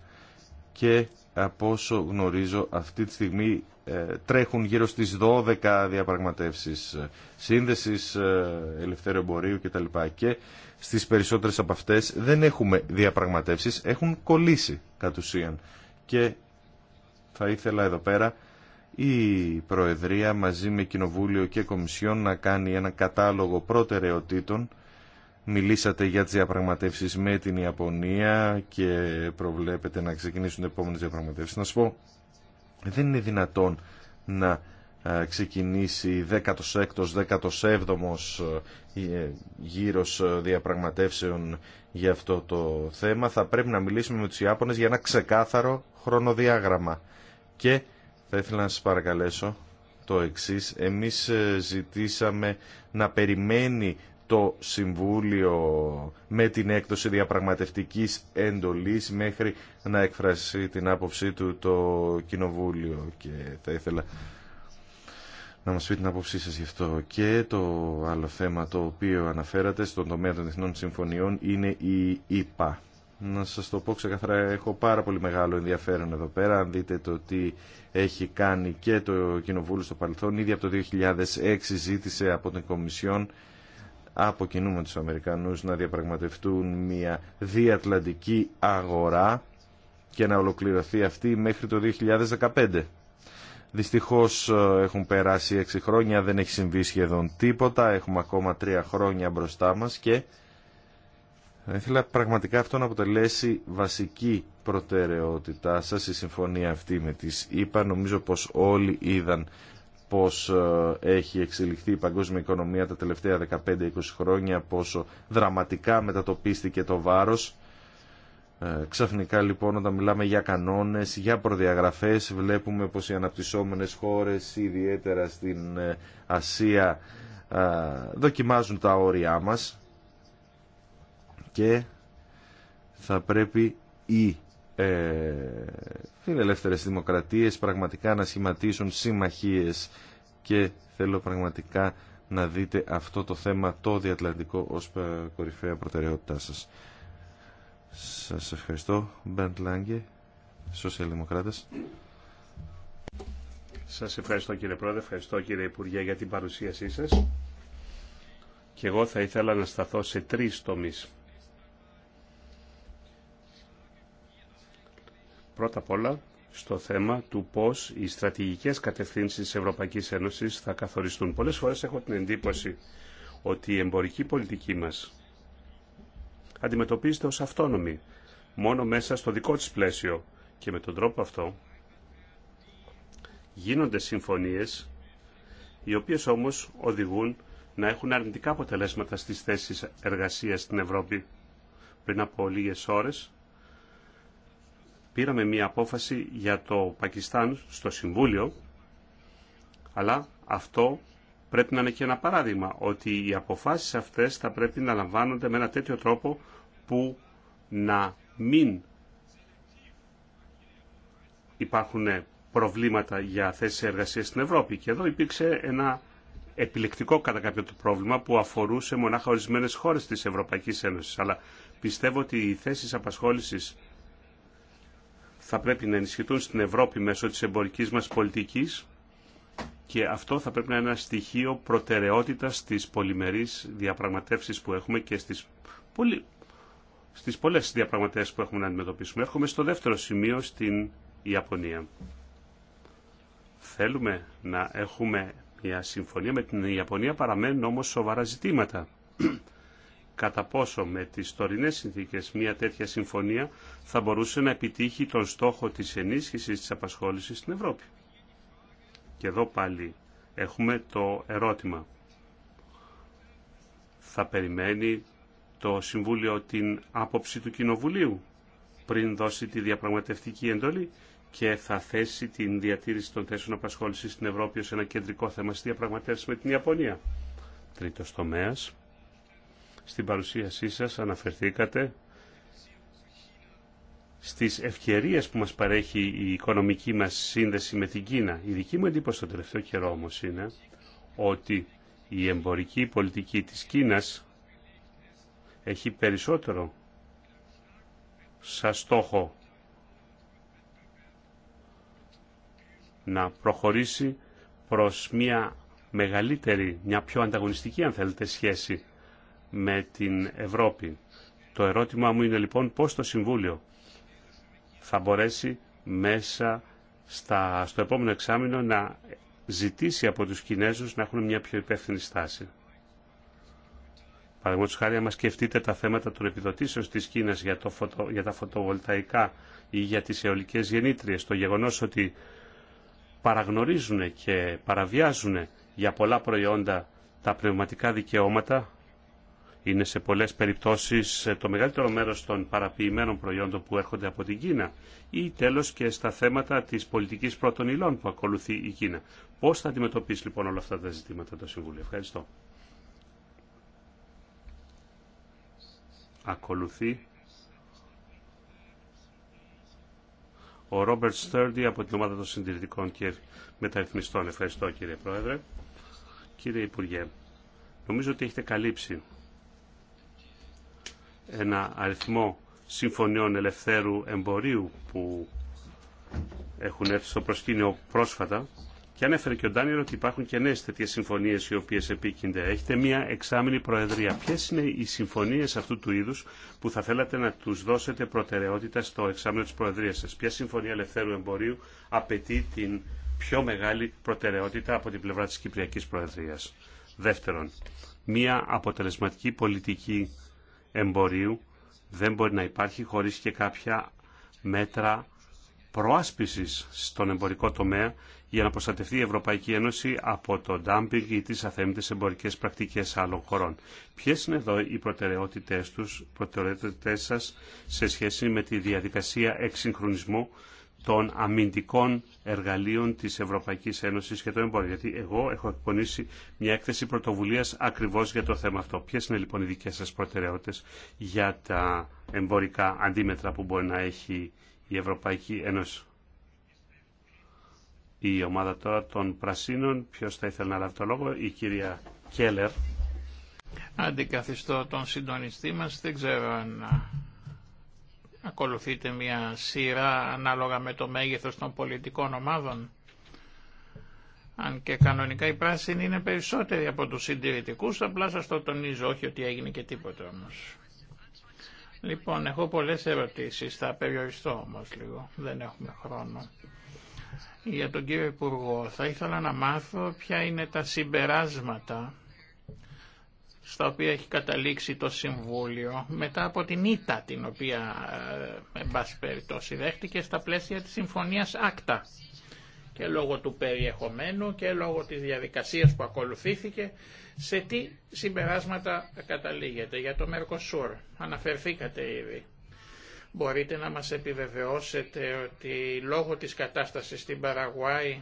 και από όσο γνωρίζω αυτή τη στιγμή ε, τρέχουν γύρω στις 12 διαπραγματεύσεις ε, σύνδεσης, ε, ελευθερω εμπορίου κτλ. Και στις περισσότερες από αυτές δεν έχουμε διαπραγματεύσεις, έχουν κολλήσει κατ' ουσίαν. Και θα ήθελα εδώ πέρα η Προεδρία μαζί με Κοινοβούλιο και Κομισιόν να κάνει ένα κατάλογο προτεραιοτήτων. Μιλήσατε για τις διαπραγματεύσεις με την Ιαπωνία και προβλέπετε να ξεκινήσουν επόμενες διαπραγματεύσεις. Να σου πω δεν είναι δυνατόν να ε, ξεκινήσει 16ος, 17ος ε, ε, γύρος διαπραγματεύσεων για αυτό το θέμα. Θα πρέπει να μιλήσουμε με τους Ιάπωνες για ένα ξεκάθαρο χρονοδιάγραμμα. Και θα ήθελα να σας παρακαλέσω το εξής. Εμείς ζητήσαμε να περιμένει το Συμβούλιο με την έκδοση διαπραγματευτικής εντολής μέχρι να εκφράσει την άποψή του το Κοινοβούλιο και θα ήθελα να μας πει την άποψή σας γι' αυτό. Και το άλλο θέμα το οποίο αναφέρατε στον τομέα των Εθνών Συμφωνιών είναι η ΙΠΑ. Να σας το πω ξεκαθαρά, έχω πάρα πολύ μεγάλο ενδιαφέρον εδώ πέρα. Αν δείτε το τι έχει κάνει και το Κοινοβούλιο στο παρελθόν, ήδη από το 2006 ζήτησε από την Κομισιόν από κοινού με τους Αμερικανούς να διαπραγματευτούν μια διατλαντική αγορά και να ολοκληρωθεί αυτή μέχρι το 2015. Δυστυχώς ε, έχουν περάσει έξι χρόνια, δεν έχει συμβεί σχεδόν τίποτα, έχουμε ακόμα τρία χρόνια μπροστά μας και θα ήθελα πραγματικά αυτό να αποτελέσει βασική προτεραιότητά σας η συμφωνία αυτή με τις ΗΠΑ. Νομίζω πως όλοι είδαν πώς ε, έχει εξελιχθεί η παγκόσμια οικονομία τα τελευταία 15-20 χρόνια, πόσο δραματικά μετατοπίστηκε το βάρος. Ε, ξαφνικά λοιπόν όταν μιλάμε για κανόνες, για προδιαγραφές, βλέπουμε πως οι αναπτυσσόμενες χώρες, ιδιαίτερα στην ε, Ασία, δοκιμάζουν τα όρια μας και θα πρέπει η ε, φιλελεύθερες δημοκρατίες πραγματικά να σχηματίσουν συμμαχίες και θέλω πραγματικά να δείτε αυτό το θέμα το διατλαντικό ως κορυφαία προτεραιότητά σας. Σας ευχαριστώ. Μπέντ Λάγκε, Σοσιαλδημοκράτες. Σας ευχαριστώ κύριε Πρόεδρε, ευχαριστώ κύριε Υπουργέ για την παρουσίασή σας. Και εγώ θα ήθελα να σταθώ σε τρεις τομείς. πρώτα απ' όλα στο θέμα του πώς οι στρατηγικές κατευθύνσεις της Ευρωπαϊκής Ένωσης θα καθοριστούν. Πολλές φορές έχω την εντύπωση ότι η εμπορική πολιτική μας αντιμετωπίζεται ως αυτόνομη, μόνο μέσα στο δικό της πλαίσιο και με τον τρόπο αυτό γίνονται συμφωνίες οι οποίες όμως οδηγούν να έχουν αρνητικά αποτελέσματα στις θέσεις εργασίας στην Ευρώπη. Πριν από λίγες ώρες πήραμε μία απόφαση για το Πακιστάν στο Συμβούλιο, αλλά αυτό πρέπει να είναι και ένα παράδειγμα, ότι οι αποφάσεις αυτές θα πρέπει να λαμβάνονται με ένα τέτοιο τρόπο που να μην υπάρχουν προβλήματα για θέσεις εργασίας στην Ευρώπη. Και εδώ υπήρξε ένα επιλεκτικό κατά κάποιο το πρόβλημα που αφορούσε μονάχα ορισμένε χώρες της Ευρωπαϊκής Ένωσης. Αλλά πιστεύω ότι οι θέσεις απασχόλησης θα πρέπει να ενισχυθούν στην Ευρώπη μέσω της εμπορικής μας πολιτικής και αυτό θα πρέπει να είναι ένα στοιχείο προτεραιότητας στις πολυμερείς διαπραγματεύσεις που έχουμε και στις, πολυ... στις πολλές διαπραγματεύσεις που έχουμε να αντιμετωπίσουμε. Έρχομαι στο δεύτερο σημείο στην Ιαπωνία. Θέλουμε να έχουμε μια συμφωνία με την Ιαπωνία, παραμένουν όμως σοβαρά ζητήματα κατά πόσο με τις τωρινές συνθήκες μια τέτοια συμφωνία θα μπορούσε να επιτύχει τον στόχο της ενίσχυσης της απασχόλησης στην Ευρώπη. Και εδώ πάλι έχουμε το ερώτημα. Θα περιμένει το Συμβούλιο την άποψη του Κοινοβουλίου πριν δώσει τη διαπραγματευτική εντολή και θα θέσει την διατήρηση των θέσεων απασχόλησης στην Ευρώπη ως ένα κεντρικό θέμα στη διαπραγματεύση με την Ιαπωνία. Τρίτος τομέας στην παρουσίασή σας αναφερθήκατε στις ευκαιρίες που μας παρέχει η οικονομική μας σύνδεση με την Κίνα. Η δική μου εντύπωση το τελευταίο καιρό όμως είναι ότι η εμπορική πολιτική της Κίνας έχει περισσότερο σαν στόχο να προχωρήσει προς μια μεγαλύτερη, μια πιο ανταγωνιστική αν θέλετε σχέση με την Ευρώπη. Το ερώτημά μου είναι λοιπόν πώς το Συμβούλιο θα μπορέσει μέσα στα, στο επόμενο εξάμεινο να ζητήσει από τους Κινέζους να έχουν μια πιο υπεύθυνη στάση. Παραδείγματο χάρη, μα σκεφτείτε τα θέματα των επιδοτήσεων τη Κίνα για, για τα φωτοβολταϊκά ή για τι αιωλικέ γεννήτριε, το γεγονό ότι παραγνωρίζουν και παραβιάζουν για πολλά προϊόντα τα πνευματικά δικαιώματα είναι σε πολλές περιπτώσεις ε, το μεγαλύτερο μέρος των παραποιημένων προϊόντων που έρχονται από την Κίνα ή τέλος και στα θέματα της πολιτικής πρώτων υλών που ακολουθεί η Κίνα. Πώς θα αντιμετωπίσει λοιπόν όλα αυτά τα ζητήματα το Συμβούλιο. Ευχαριστώ. Ακολουθεί ο Ρόμπερτ Στέρντι από την ομάδα των συντηρητικών και μεταρρυθμιστών. Ευχαριστώ κύριε Πρόεδρε. Κύριε Υπουργέ, νομίζω ότι έχετε καλύψει ένα αριθμό συμφωνιών ελευθέρου εμπορίου που έχουν έρθει στο προσκήνιο πρόσφατα και ανέφερε και ο Ντάνιελ ότι υπάρχουν και νέες τέτοιες συμφωνίες οι οποίες επίκυνται. Έχετε μία εξάμεινη προεδρία. Ποιες είναι οι συμφωνίες αυτού του είδους που θα θέλατε να τους δώσετε προτεραιότητα στο εξάμεινο της προεδρίας σας. Ποια συμφωνία ελευθέρου εμπορίου απαιτεί την πιο μεγάλη προτεραιότητα από την πλευρά της Κυπριακής Προεδρίας. Δεύτερον, μία αποτελεσματική πολιτική εμπορίου δεν μπορεί να υπάρχει χωρίς και κάποια μέτρα προάσπισης στον εμπορικό τομέα για να προστατευτεί η Ευρωπαϊκή Ένωση από το ντάμπινγκ ή τις αθέμητες εμπορικές πρακτικές άλλων χωρών. Ποιες είναι εδώ οι προτεραιότητες, τους, προτεραιότητες σας σε σχέση με τη διαδικασία εξυγχρονισμού των αμυντικών εργαλείων της Ευρωπαϊκής Ένωσης και το εμπόριο. Γιατί εγώ έχω εκπονήσει μια έκθεση πρωτοβουλίας ακριβώς για το θέμα αυτό. Ποιες είναι λοιπόν οι δικές σας προτεραιότητες για τα εμπορικά αντίμετρα που μπορεί να έχει η Ευρωπαϊκή Ένωση. Η ομάδα τώρα των Πρασίνων, ποιος θα ήθελε να λάβει το λόγο, η κυρία Κέλλερ. Αντικαθιστώ τον συντονιστή μας, δεν ξέρω αν ακολουθείτε μια σειρά ανάλογα με το μέγεθος των πολιτικών ομάδων. Αν και κανονικά οι πράσινοι είναι περισσότεροι από τους συντηρητικούς, απλά σας το τονίζω, όχι ότι έγινε και τίποτα όμως. Λοιπόν, έχω πολλές ερωτήσεις, θα περιοριστώ όμως λίγο, δεν έχουμε χρόνο. Για τον κύριο Υπουργό, θα ήθελα να μάθω ποια είναι τα συμπεράσματα στα οποία έχει καταλήξει το Συμβούλιο μετά από την ήττα την οποία ε, εν πάση περιπτώσει δέχτηκε στα πλαίσια της Συμφωνίας Άκτα και λόγω του περιεχομένου και λόγω της διαδικασίας που ακολουθήθηκε σε τι συμπεράσματα καταλήγεται για το Μερκοσούρ. Αναφερθήκατε ήδη. Μπορείτε να μας επιβεβαιώσετε ότι λόγω της κατάστασης στην Παραγουάη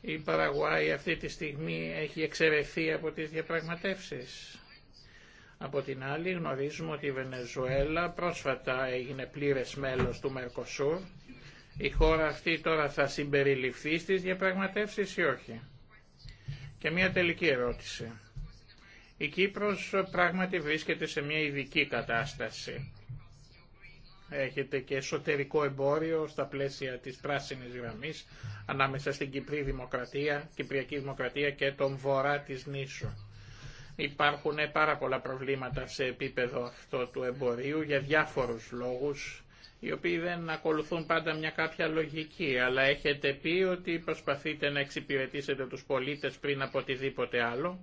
η Παραγουάη αυτή τη στιγμή έχει εξαιρεθεί από τις διαπραγματεύσεις. Από την άλλη γνωρίζουμε ότι η Βενεζουέλα πρόσφατα έγινε πλήρες μέλος του Μερκοσούρ. Η χώρα αυτή τώρα θα συμπεριληφθεί στις διαπραγματεύσεις ή όχι. Και μια τελική ερώτηση. Η Κύπρος πράγματι βρίσκεται σε μια ειδική κατάσταση. Έχετε και εσωτερικό εμπόριο στα πλαίσια της πράσινης γραμμής, ανάμεσα στην Κυπρή Δημοκρατία, Κυπριακή Δημοκρατία και τον βορρά της νήσου. Υπάρχουν πάρα πολλά προβλήματα σε επίπεδο αυτό του εμπορίου για διάφορους λόγους, οι οποίοι δεν ακολουθούν πάντα μια κάποια λογική, αλλά έχετε πει ότι προσπαθείτε να εξυπηρετήσετε τους πολίτες πριν από οτιδήποτε άλλο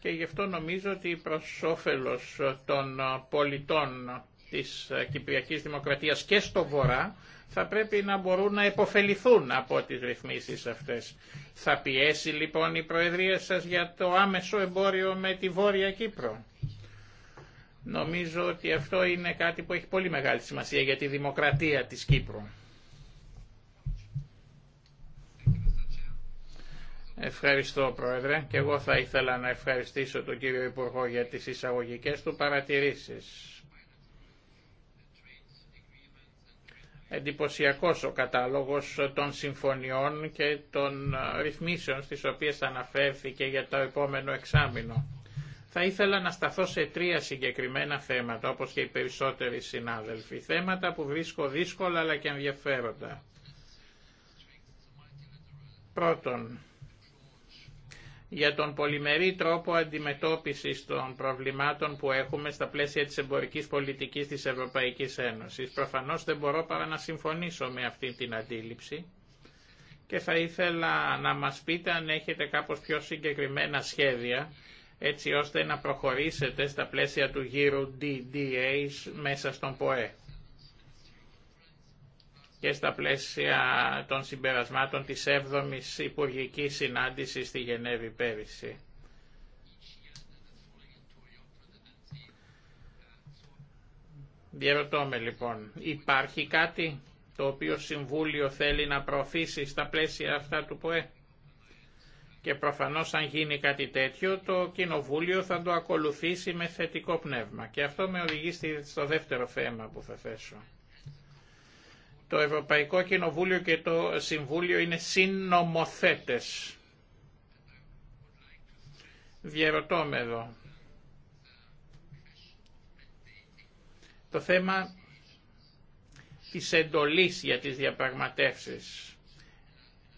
και γι' αυτό νομίζω ότι προς όφελος των πολιτών της Κυπριακής Δημοκρατίας και στο Βορρά θα πρέπει να μπορούν να επωφεληθούν από τις ρυθμίσεις αυτές. Θα πιέσει λοιπόν η Προεδρία σας για το άμεσο εμπόριο με τη Βόρεια Κύπρο. Νομίζω ότι αυτό είναι κάτι που έχει πολύ μεγάλη σημασία για τη δημοκρατία της Κύπρου. Ευχαριστώ Πρόεδρε και εγώ θα ήθελα να ευχαριστήσω τον κύριο Υπουργό για τις εισαγωγικές του παρατηρήσεις. Εντυπωσιακό ο κατάλογος των συμφωνιών και των ε, ρυθμίσεων στις οποίες αναφέρθηκε για το επόμενο εξάμεινο. Θα ήθελα να σταθώ σε τρία συγκεκριμένα θέματα, όπως και οι περισσότεροι συνάδελφοι. Θέματα που βρίσκω δύσκολα αλλά και ενδιαφέροντα. Πρώτον, για τον πολυμερή τρόπο αντιμετώπισης των προβλημάτων που έχουμε στα πλαίσια της εμπορικής πολιτικής της Ευρωπαϊκής Ένωσης. Προφανώς δεν μπορώ παρά να συμφωνήσω με αυτή την αντίληψη και θα ήθελα να μας πείτε αν έχετε κάπως πιο συγκεκριμένα σχέδια έτσι ώστε να προχωρήσετε στα πλαίσια του γύρου DDA μέσα στον ΠΟΕ και στα πλαίσια των συμπερασμάτων της 7ης Υπουργικής Συνάντησης στη Γενέβη πέρυσι. Διαρωτώμε λοιπόν, υπάρχει κάτι το οποίο Συμβούλιο θέλει να προωθήσει στα πλαίσια αυτά του ΠΟΕ. Και προφανώς αν γίνει κάτι τέτοιο το Κοινοβούλιο θα το ακολουθήσει με θετικό πνεύμα. Και αυτό με οδηγεί στο δεύτερο θέμα που θα θέσω. Το Ευρωπαϊκό Κοινοβούλιο και το Συμβούλιο είναι συνομοθέτες. Διαρωτώ με εδώ. Το θέμα της εντολής για τις διαπραγματεύσεις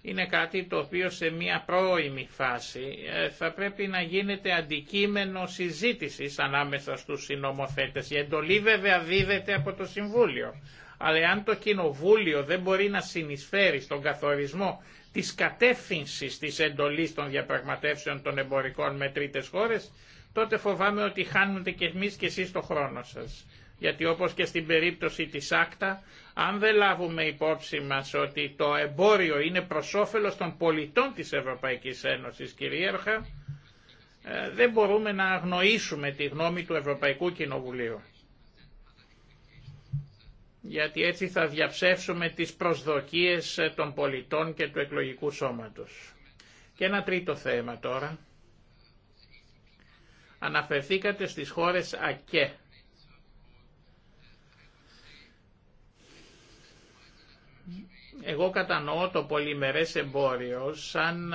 είναι κάτι το οποίο σε μια πρώιμη φάση ε, θα πρέπει να γίνεται αντικείμενο συζήτησης ανάμεσα στους συνομοθέτες. Η εντολή βέβαια δίδεται από το Συμβούλιο, αλλά αν το Κοινοβούλιο δεν μπορεί να συνεισφέρει στον καθορισμό της κατεύθυνσης της εντολής των διαπραγματεύσεων των εμπορικών με τρίτες χώρες, τότε φοβάμαι ότι χάνονται και εμείς και εσείς το χρόνο σας. Γιατί όπως και στην περίπτωση της Άκτα, αν δεν λάβουμε υπόψη μας ότι το εμπόριο είναι προς όφελος των πολιτών της Ευρωπαϊκής Ένωσης κυρίαρχα, ε, δεν μπορούμε να αγνοήσουμε τη γνώμη του Ευρωπαϊκού Κοινοβουλίου γιατί έτσι θα διαψεύσουμε τις προσδοκίες ε, των πολιτών και του εκλογικού σώματος. Και ένα τρίτο θέμα τώρα. Αναφερθήκατε στις χώρες ΑΚΕ. Εγώ κατανοώ το πολυμερές εμπόριο σαν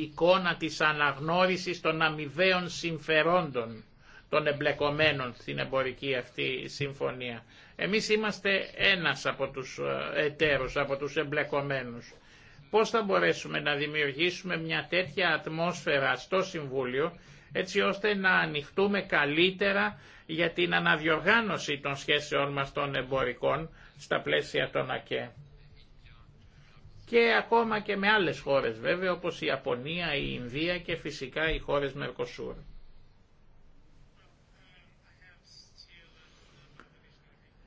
εικόνα της αναγνώρισης των αμοιβαίων συμφερόντων των εμπλεκομένων στην εμπορική αυτή συμφωνία. Εμείς είμαστε ένας από τους ε, εταίρους, από τους εμπλεκομένους. Πώς θα μπορέσουμε να δημιουργήσουμε μια τέτοια ατμόσφαιρα στο Συμβούλιο, έτσι ώστε να ανοιχτούμε καλύτερα για την αναδιοργάνωση των σχέσεών μας των εμπορικών στα πλαίσια των ΑΚΕ. Και ακόμα και με άλλες χώρες βέβαια, όπως η Ιαπωνία, η Ινδία και φυσικά οι χώρες Μερκοσούρ.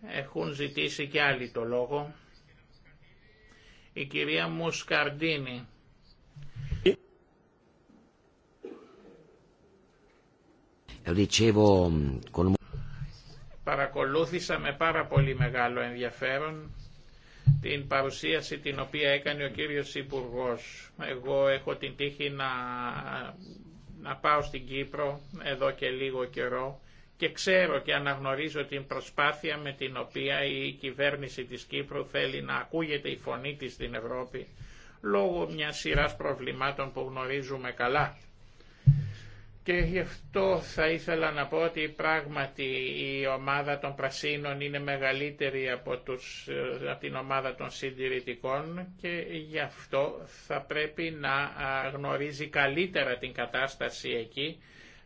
Έχουν ζητήσει και άλλοι το λόγο. Η κυρία Μουσκαρντίνη. Ε, Παρακολούθησα με πάρα πολύ μεγάλο ενδιαφέρον την παρουσίαση την οποία έκανε ο κύριος υπουργό. Εγώ έχω την τύχη να, να πάω στην Κύπρο εδώ και λίγο καιρό και ξέρω και αναγνωρίζω την προσπάθεια με την οποία η κυβέρνηση της Κύπρου θέλει να ακούγεται η φωνή της στην Ευρώπη λόγω μια σειράς προβλημάτων που γνωρίζουμε καλά. Και γι' αυτό θα ήθελα να πω ότι πράγματι η ομάδα των Πρασίνων είναι μεγαλύτερη από, τους, ε, από την ομάδα των συντηρητικών και γι' αυτό θα πρέπει να γνωρίζει καλύτερα την κατάσταση εκεί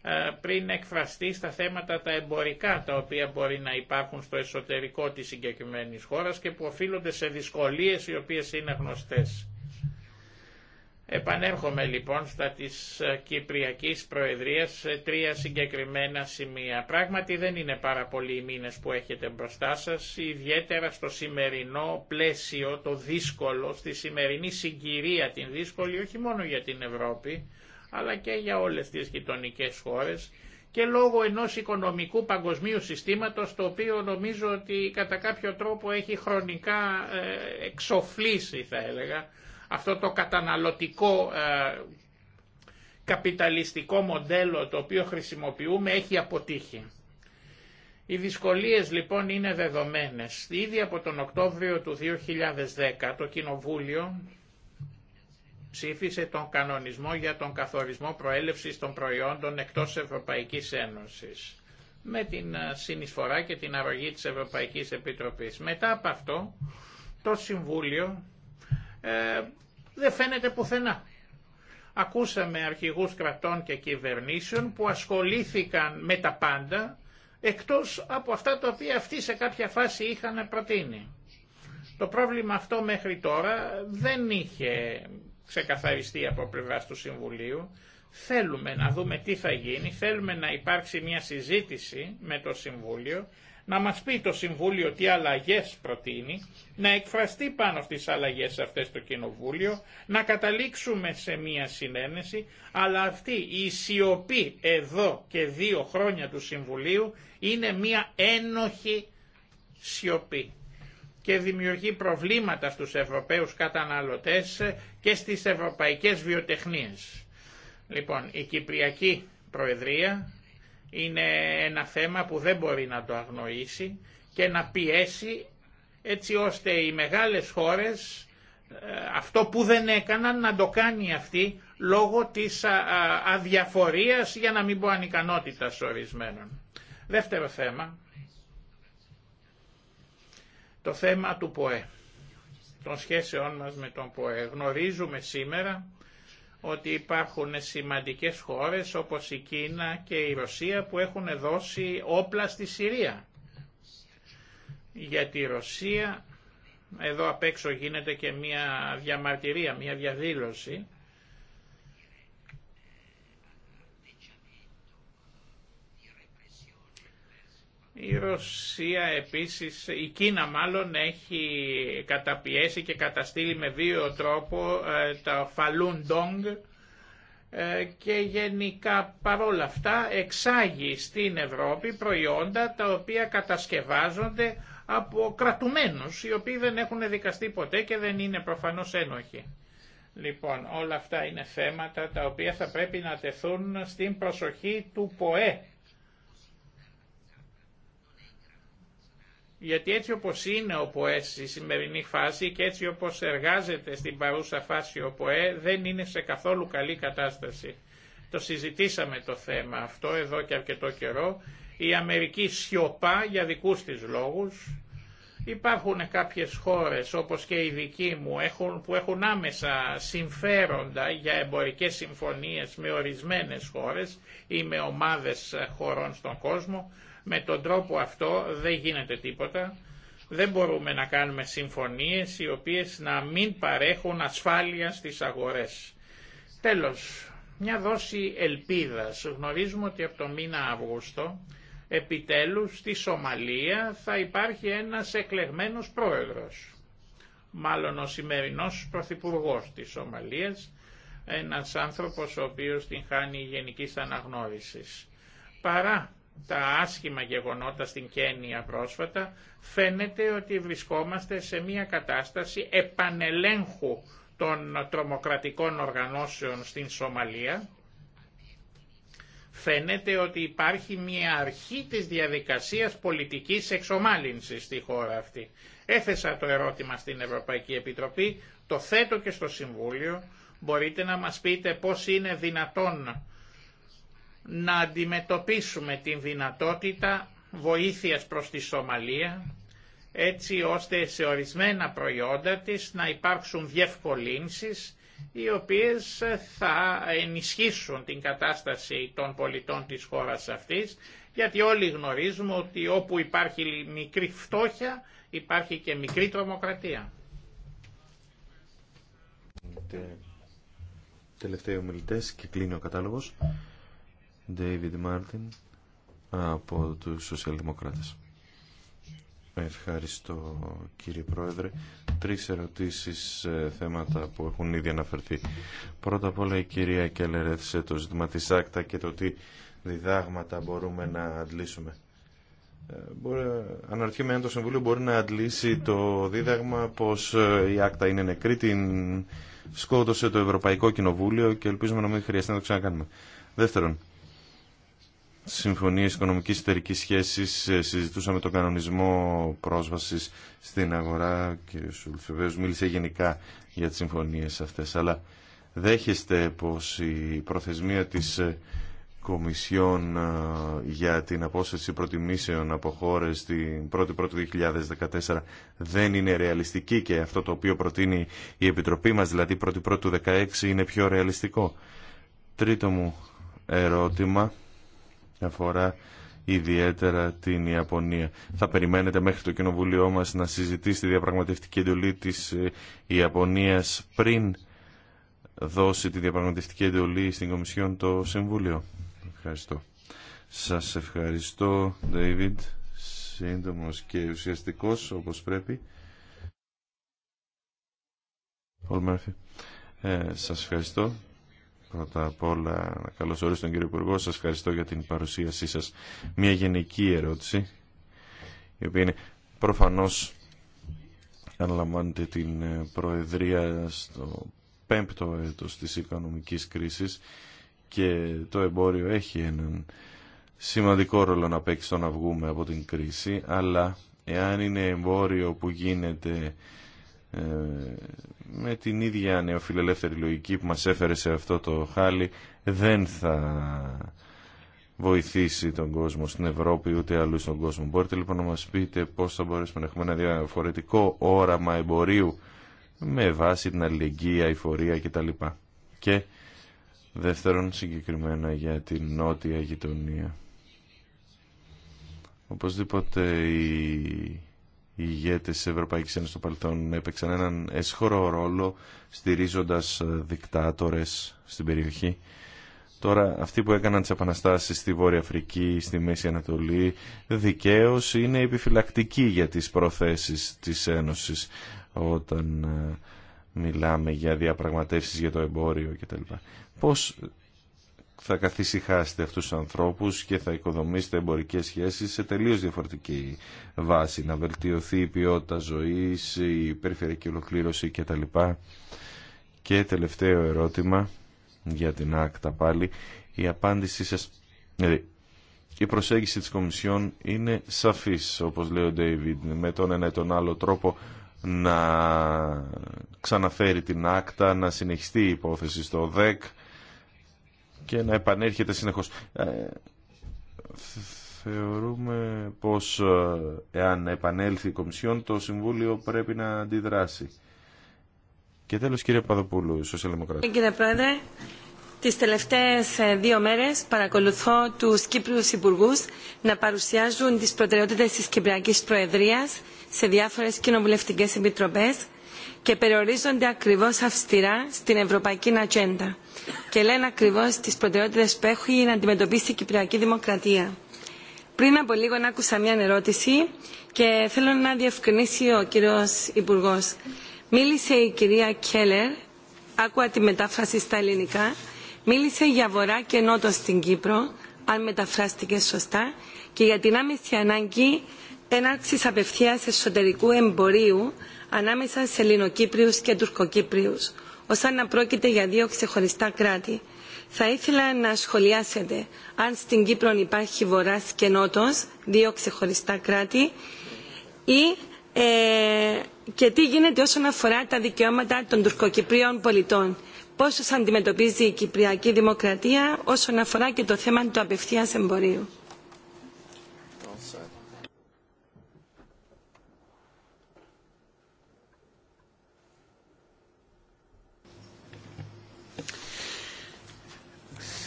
ε, πριν εκφραστεί στα θέματα τα εμπορικά τα οποία μπορεί να υπάρχουν στο εσωτερικό της συγκεκριμένης χώρας και που οφείλονται σε δυσκολίες οι οποίες είναι γνωστές. Επανέρχομαι λοιπόν στα της ε, Κυπριακής Προεδρίας σε τρία συγκεκριμένα σημεία. Πράγματι δεν είναι πάρα πολλοί οι μήνες που έχετε μπροστά σας, ιδιαίτερα στο σημερινό πλαίσιο, το δύσκολο, στη σημερινή συγκυρία την δύσκολη, όχι μόνο για την Ευρώπη, αλλά και για όλες τις γειτονικέ χώρες και λόγω ενός οικονομικού παγκοσμίου συστήματος το οποίο νομίζω ότι κατά κάποιο τρόπο έχει χρονικά ε, εξοφλήσει θα έλεγα αυτό το καταναλωτικό ε, καπιταλιστικό μοντέλο το οποίο χρησιμοποιούμε έχει αποτύχει. Οι δυσκολίες λοιπόν είναι δεδομένες. Ήδη από τον Οκτώβριο του 2010 το Κοινοβούλιο ψήφισε τον κανονισμό για τον καθορισμό προέλευσης των προϊόντων εκτός Ευρωπαϊκής Ένωσης με την ε, συνεισφορά και την αρρωγή της Ευρωπαϊκής Επιτροπής. Μετά από αυτό το Συμβούλιο ε, δεν φαίνεται πουθενά. Ακούσαμε αρχηγούς κρατών και κυβερνήσεων που ασχολήθηκαν με τα πάντα εκτός από αυτά τα οποία αυτοί σε κάποια φάση είχαν προτείνει. Το πρόβλημα αυτό μέχρι τώρα δεν είχε ξεκαθαριστεί από πλευρά του Συμβουλίου. Θέλουμε να δούμε τι θα γίνει, θέλουμε να υπάρξει μια συζήτηση με το Συμβούλιο, να μας πει το Συμβούλιο τι αλλαγές προτείνει, να εκφραστεί πάνω στις αλλαγές αυτές το Κοινοβούλιο, να καταλήξουμε σε μία συνένεση, αλλά αυτή η σιωπή εδώ και δύο χρόνια του Συμβουλίου είναι μία ένοχη σιωπή και δημιουργεί προβλήματα στους Ευρωπαίους καταναλωτές και στις ευρωπαϊκές βιοτεχνίες. Λοιπόν, η Κυπριακή Προεδρία είναι ένα θέμα που δεν μπορεί να το αγνοήσει και να πιέσει έτσι ώστε οι μεγάλες χώρες ε, αυτό που δεν έκαναν να το κάνει αυτή λόγω της αδιαφορίας για να μην πω ανικανότητας ορισμένων. Δεύτερο θέμα το θέμα του ΠΟΕ, των σχέσεών μας με τον ΠΟΕ. Γνωρίζουμε σήμερα ότι υπάρχουν σημαντικές χώρες όπως η Κίνα και η Ρωσία που έχουν δώσει όπλα στη Συρία. Γιατί η Ρωσία, εδώ απ' έξω γίνεται και μια διαμαρτυρία, μια διαδήλωση, Η Ρωσία επίσης, η Κίνα μάλλον έχει καταπιέσει και καταστήλει με δύο τρόπο ε, τα Falun Dong ε, και γενικά παρόλα αυτά εξάγει στην Ευρώπη προϊόντα τα οποία κατασκευάζονται από κρατουμένους οι οποίοι δεν έχουν δικαστεί ποτέ και δεν είναι προφανώς ένοχοι. Λοιπόν, όλα αυτά είναι θέματα τα οποία θα πρέπει να τεθούν στην προσοχή του ΠΟΕ γιατί έτσι όπως είναι ο ΠΟΕ στη σημερινή φάση και έτσι όπως εργάζεται στην παρούσα φάση ο ΠΟΕ δεν είναι σε καθόλου καλή κατάσταση. Το συζητήσαμε το θέμα αυτό εδώ και αρκετό καιρό. Η Αμερική σιωπά για δικούς της λόγους. Υπάρχουν κάποιες χώρες όπως και η δική μου έχουν, που έχουν άμεσα συμφέροντα για εμπορικέ συμφωνίες με ορισμένες χώρες ή με ομάδες χωρών στον κόσμο με τον τρόπο αυτό δεν γίνεται τίποτα. Δεν μπορούμε να κάνουμε συμφωνίες οι οποίες να μην παρέχουν ασφάλεια στις αγορές. Τέλος, μια δόση ελπίδας. Γνωρίζουμε ότι από το μήνα Αύγουστο επιτέλους στη Σομαλία θα υπάρχει ένας εκλεγμένος πρόεδρος. Μάλλον ο σημερινός πρωθυπουργός της Σομαλίας, ένας άνθρωπος ο οποίος την χάνει γενικής αναγνώρισης. Παρά τα άσχημα γεγονότα στην Κένια πρόσφατα, φαίνεται ότι βρισκόμαστε σε μια κατάσταση επανελέγχου των τρομοκρατικών οργανώσεων στην Σομαλία. Φαίνεται ότι υπάρχει μια αρχή της διαδικασίας πολιτικής εξομάλυνσης στη χώρα αυτή. Έθεσα το ερώτημα στην Ευρωπαϊκή Επιτροπή, το θέτω και στο Συμβούλιο. Μπορείτε να μας πείτε πώς είναι δυνατόν να αντιμετωπίσουμε την δυνατότητα βοήθειας προς τη Σομαλία έτσι ώστε σε ορισμένα προϊόντα της να υπάρξουν διευκολύνσεις οι οποίες θα ενισχύσουν την κατάσταση των πολιτών της χώρας αυτής, γιατί όλοι γνωρίζουμε ότι όπου υπάρχει μικρή φτώχεια υπάρχει και μικρή τρομοκρατία. Τελευταίοι ομιλητές και κλείνει ο κατάλογος. David Martin από τους Σοσιαλδημοκράτες. Ευχαριστώ κύριε Πρόεδρε. Τρεις ερωτήσεις ε, θέματα που έχουν ήδη αναφερθεί. Πρώτα απ' όλα η κυρία Κέλλερ έθεσε το ζήτημα της άκτα και το τι διδάγματα μπορούμε να αντλήσουμε. Ε, μπορεί, αναρωτιέμαι αν το Συμβούλιο μπορεί να αντλήσει το δίδαγμα πως ε, η άκτα είναι νεκρή, την σκότωσε το Ευρωπαϊκό Κοινοβούλιο και ελπίζουμε να μην χρειαστεί να το ξανακάνουμε. Δεύτερον, συμφωνίες οικονομικής εταιρικής σχέσης ε, συζητούσαμε τον κανονισμό πρόσβασης στην αγορά και ο μίλησε γενικά για τις συμφωνίες αυτές αλλά δέχεστε πως η προθεσμία της ε, Κομισιόν ε, για την απόσταση προτιμήσεων από χώρε την 1η 1 η 2014 δεν είναι ρεαλιστική και αυτό το οποίο προτείνει η Επιτροπή μας, δηλαδή 1η 1η-1η 2016 είναι πιο ρεαλιστικό. Τρίτο μου ερώτημα αφορά ιδιαίτερα την Ιαπωνία. Θα περιμένετε μέχρι το Κοινοβούλιο μας να συζητήσει τη διαπραγματευτική εντολή της ε, Ιαπωνίας πριν δώσει τη διαπραγματευτική εντολή στην Κομισιόν το Συμβούλιο. Ευχαριστώ. Σας ευχαριστώ, David. Σύντομος και ουσιαστικός, όπως πρέπει. Ε, σας ευχαριστώ. Πρώτα απ' όλα, να καλωσορίσω τον κύριο Υπουργό. Σας ευχαριστώ για την παρουσίασή σας. Μια γενική ερώτηση, η οποία είναι προφανώς, αναλαμβάνεται την ε, Προεδρία στο πέμπτο έτος της οικονομικής κρίσης και το εμπόριο έχει έναν σημαντικό ρόλο να παίξει στο να βγούμε από την κρίση, αλλά εάν είναι εμπόριο που γίνεται ε, με την ίδια νεοφιλελεύθερη λογική που μας έφερε σε αυτό το χάλι δεν θα βοηθήσει τον κόσμο στην Ευρώπη ούτε αλλού στον κόσμο. Μπορείτε λοιπόν να μας πείτε πώς θα μπορέσουμε να έχουμε ένα διαφορετικό όραμα εμπορίου με βάση την αλληλεγγύη, αηφορία κτλ. Και δεύτερον συγκεκριμένα για την νότια γειτονία. Οπωσδήποτε η οι ηγέτες της Ευρωπαϊκής Ένωσης των Παλαιτών έπαιξαν έναν έσχορο ρόλο στηρίζοντας ε, δικτάτορες στην περιοχή. Τώρα αυτοί που έκαναν τις επαναστάσεις στη Βόρεια Αφρική, στη Μέση Ανατολή, δικαίως είναι επιφυλακτικοί για τις προθέσεις της Ένωσης όταν ε, μιλάμε για διαπραγματεύσεις για το εμπόριο κτλ. Πώς θα καθησυχάσετε αυτούς τους ανθρώπους και θα οικοδομήσετε εμπορικές σχέσεις σε τελείως διαφορετική βάση, να βελτιωθεί η ποιότητα ζωής, η περιφερειακή ολοκλήρωση κτλ. Και τελευταίο ερώτημα για την άκτα πάλι, η απάντησή σας, δηλαδή η προσέγγιση της Κομισιόν είναι σαφής, όπως λέει ο Ντέιβιντ, με τον ένα ή τον άλλο τρόπο να ξαναφέρει την άκτα, να συνεχιστεί η υπόθεση στο ΔΕΚ, και να επανέρχεται συνεχώς. Ε, θεωρούμε πως ε, εάν επανέλθει η Κομισιόν το Συμβούλιο πρέπει να αντιδράσει. Και τέλος κύριε Παδοπούλου, Σοσιαλδημοκράτη. Ε, κύριε Πρόεδρε, τις τελευταίες δύο μέρες παρακολουθώ τους Κύπριους υπουργού να παρουσιάζουν τις προτεραιότητες της Κυπριακής Προεδρίας σε διάφορες κοινοβουλευτικές επιτροπές και περιορίζονται ακριβώ αυστηρά στην ευρωπαϊκή ατζέντα και λένε ακριβώ τι προτεραιότητε που έχει να αντιμετωπίσει η Κυπριακή Δημοκρατία. Πριν από λίγο άκουσα μια ερώτηση και θέλω να διευκρινίσει ο κύριο Υπουργό. Μίλησε η κυρία Κέλλερ, άκουα τη μετάφραση στα ελληνικά, μίλησε για βορρά και νότο στην Κύπρο, αν μεταφράστηκε σωστά, και για την άμεση ανάγκη έναρξη απευθεία εσωτερικού εμπορίου ανάμεσα σε Ελληνοκύπριους και Τουρκοκύπριους, αν να πρόκειται για δύο ξεχωριστά κράτη. Θα ήθελα να σχολιάσετε αν στην Κύπρο υπάρχει Βορράς και Νότος, δύο ξεχωριστά κράτη, ή ε, και τι γίνεται όσον αφορά τα δικαιώματα των τουρκοκυπρίων πολιτών. Πόσο αντιμετωπίζει η Κυπριακή Δημοκρατία όσον αφορά και το θέμα του απευθείας εμπορίου.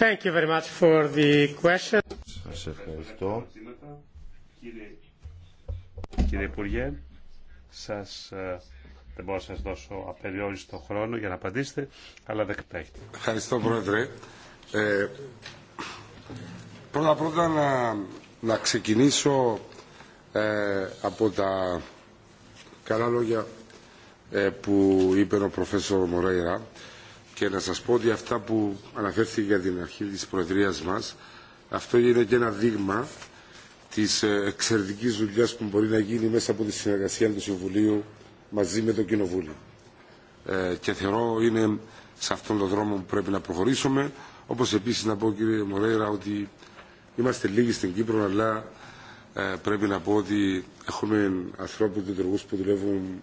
Thank you very much for the question. ευχαριστώ. Κύριε Υπουργέ, σας, ε, δεν μπορώ να σας δώσω απεριόριστο χρόνο για να απαντήσετε, αλλά δεν έχετε. Ευχαριστώ, Πρόεδρε. Ε, πρώτα πρώτα να, να ξεκινήσω ε, από τα καλά λόγια ε, που είπε ο προφέσορ Μορέιρα και να σας πω ότι αυτά που αναφέρθηκε για την αρχή της Προεδρίας μας, αυτό είναι και ένα δείγμα της ε, εξαιρετικής δουλειάς που μπορεί να γίνει μέσα από τη συνεργασία του Συμβουλίου μαζί με το Κοινοβούλιο. Ε, και θεωρώ είναι σε αυτόν τον δρόμο που πρέπει να προχωρήσουμε. Όπως επίσης να πω κύριε Μωρέρα ότι είμαστε λίγοι στην Κύπρο αλλά ε, πρέπει να πω ότι έχουμε ανθρώπους λειτουργούς που δουλεύουν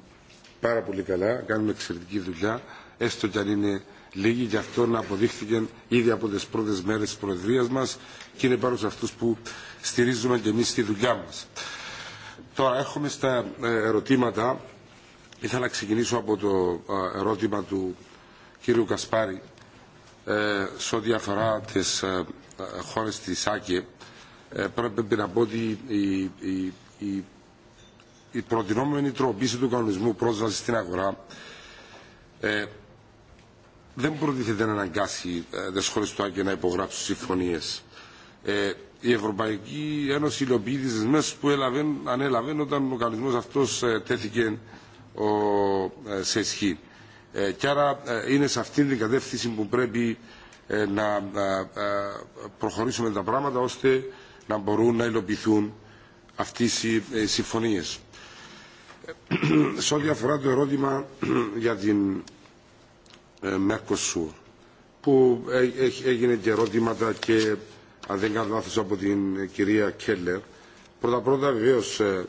πάρα πολύ καλά, Κάνουμε εξαιρετική δουλειά έστω και αν είναι λίγοι γι' να αποδείχθηκαν ήδη από τις πρώτες μέρες της Προεδρίας μας και είναι πάνω σε αυτούς που στηρίζουμε και εμείς τη δουλειά μας. Τώρα έχουμε στα ε, ερωτήματα. Ήθελα να ξεκινήσω από το ε, ερώτημα του κύριου Κασπάρη ε, σε ό,τι αφορά τις χώρες της ΑΚΕ. Πρέπει να πω ότι η, η, η, η προτινόμενη τροποίηση του κανονισμού πρόσβαση στην αγορά δεν προτίθεται να αναγκάσει τι χώρε του να υπογράψουν συμφωνίε. Ε, η Ευρωπαϊκή Ένωση υλοποιεί τι δεσμεύσει που έλαβε, ανέλαβε όταν ο κανονισμό αυτό ε, τέθηκε ε, σε ισχύ. Ε, και άρα ε, είναι σε αυτήν την κατεύθυνση που πρέπει να προχωρήσουμε τα πράγματα ώστε να μπορούν να υλοποιηθούν αυτέ οι συμφωνίε. Σε ό,τι αφορά το ερώτημα για την σουρ, ε, που έγινε και ερώτηματα και αν δεν κάνω λάθος από την κυρία Κέλλερ πρώτα πρώτα βεβαίω ε,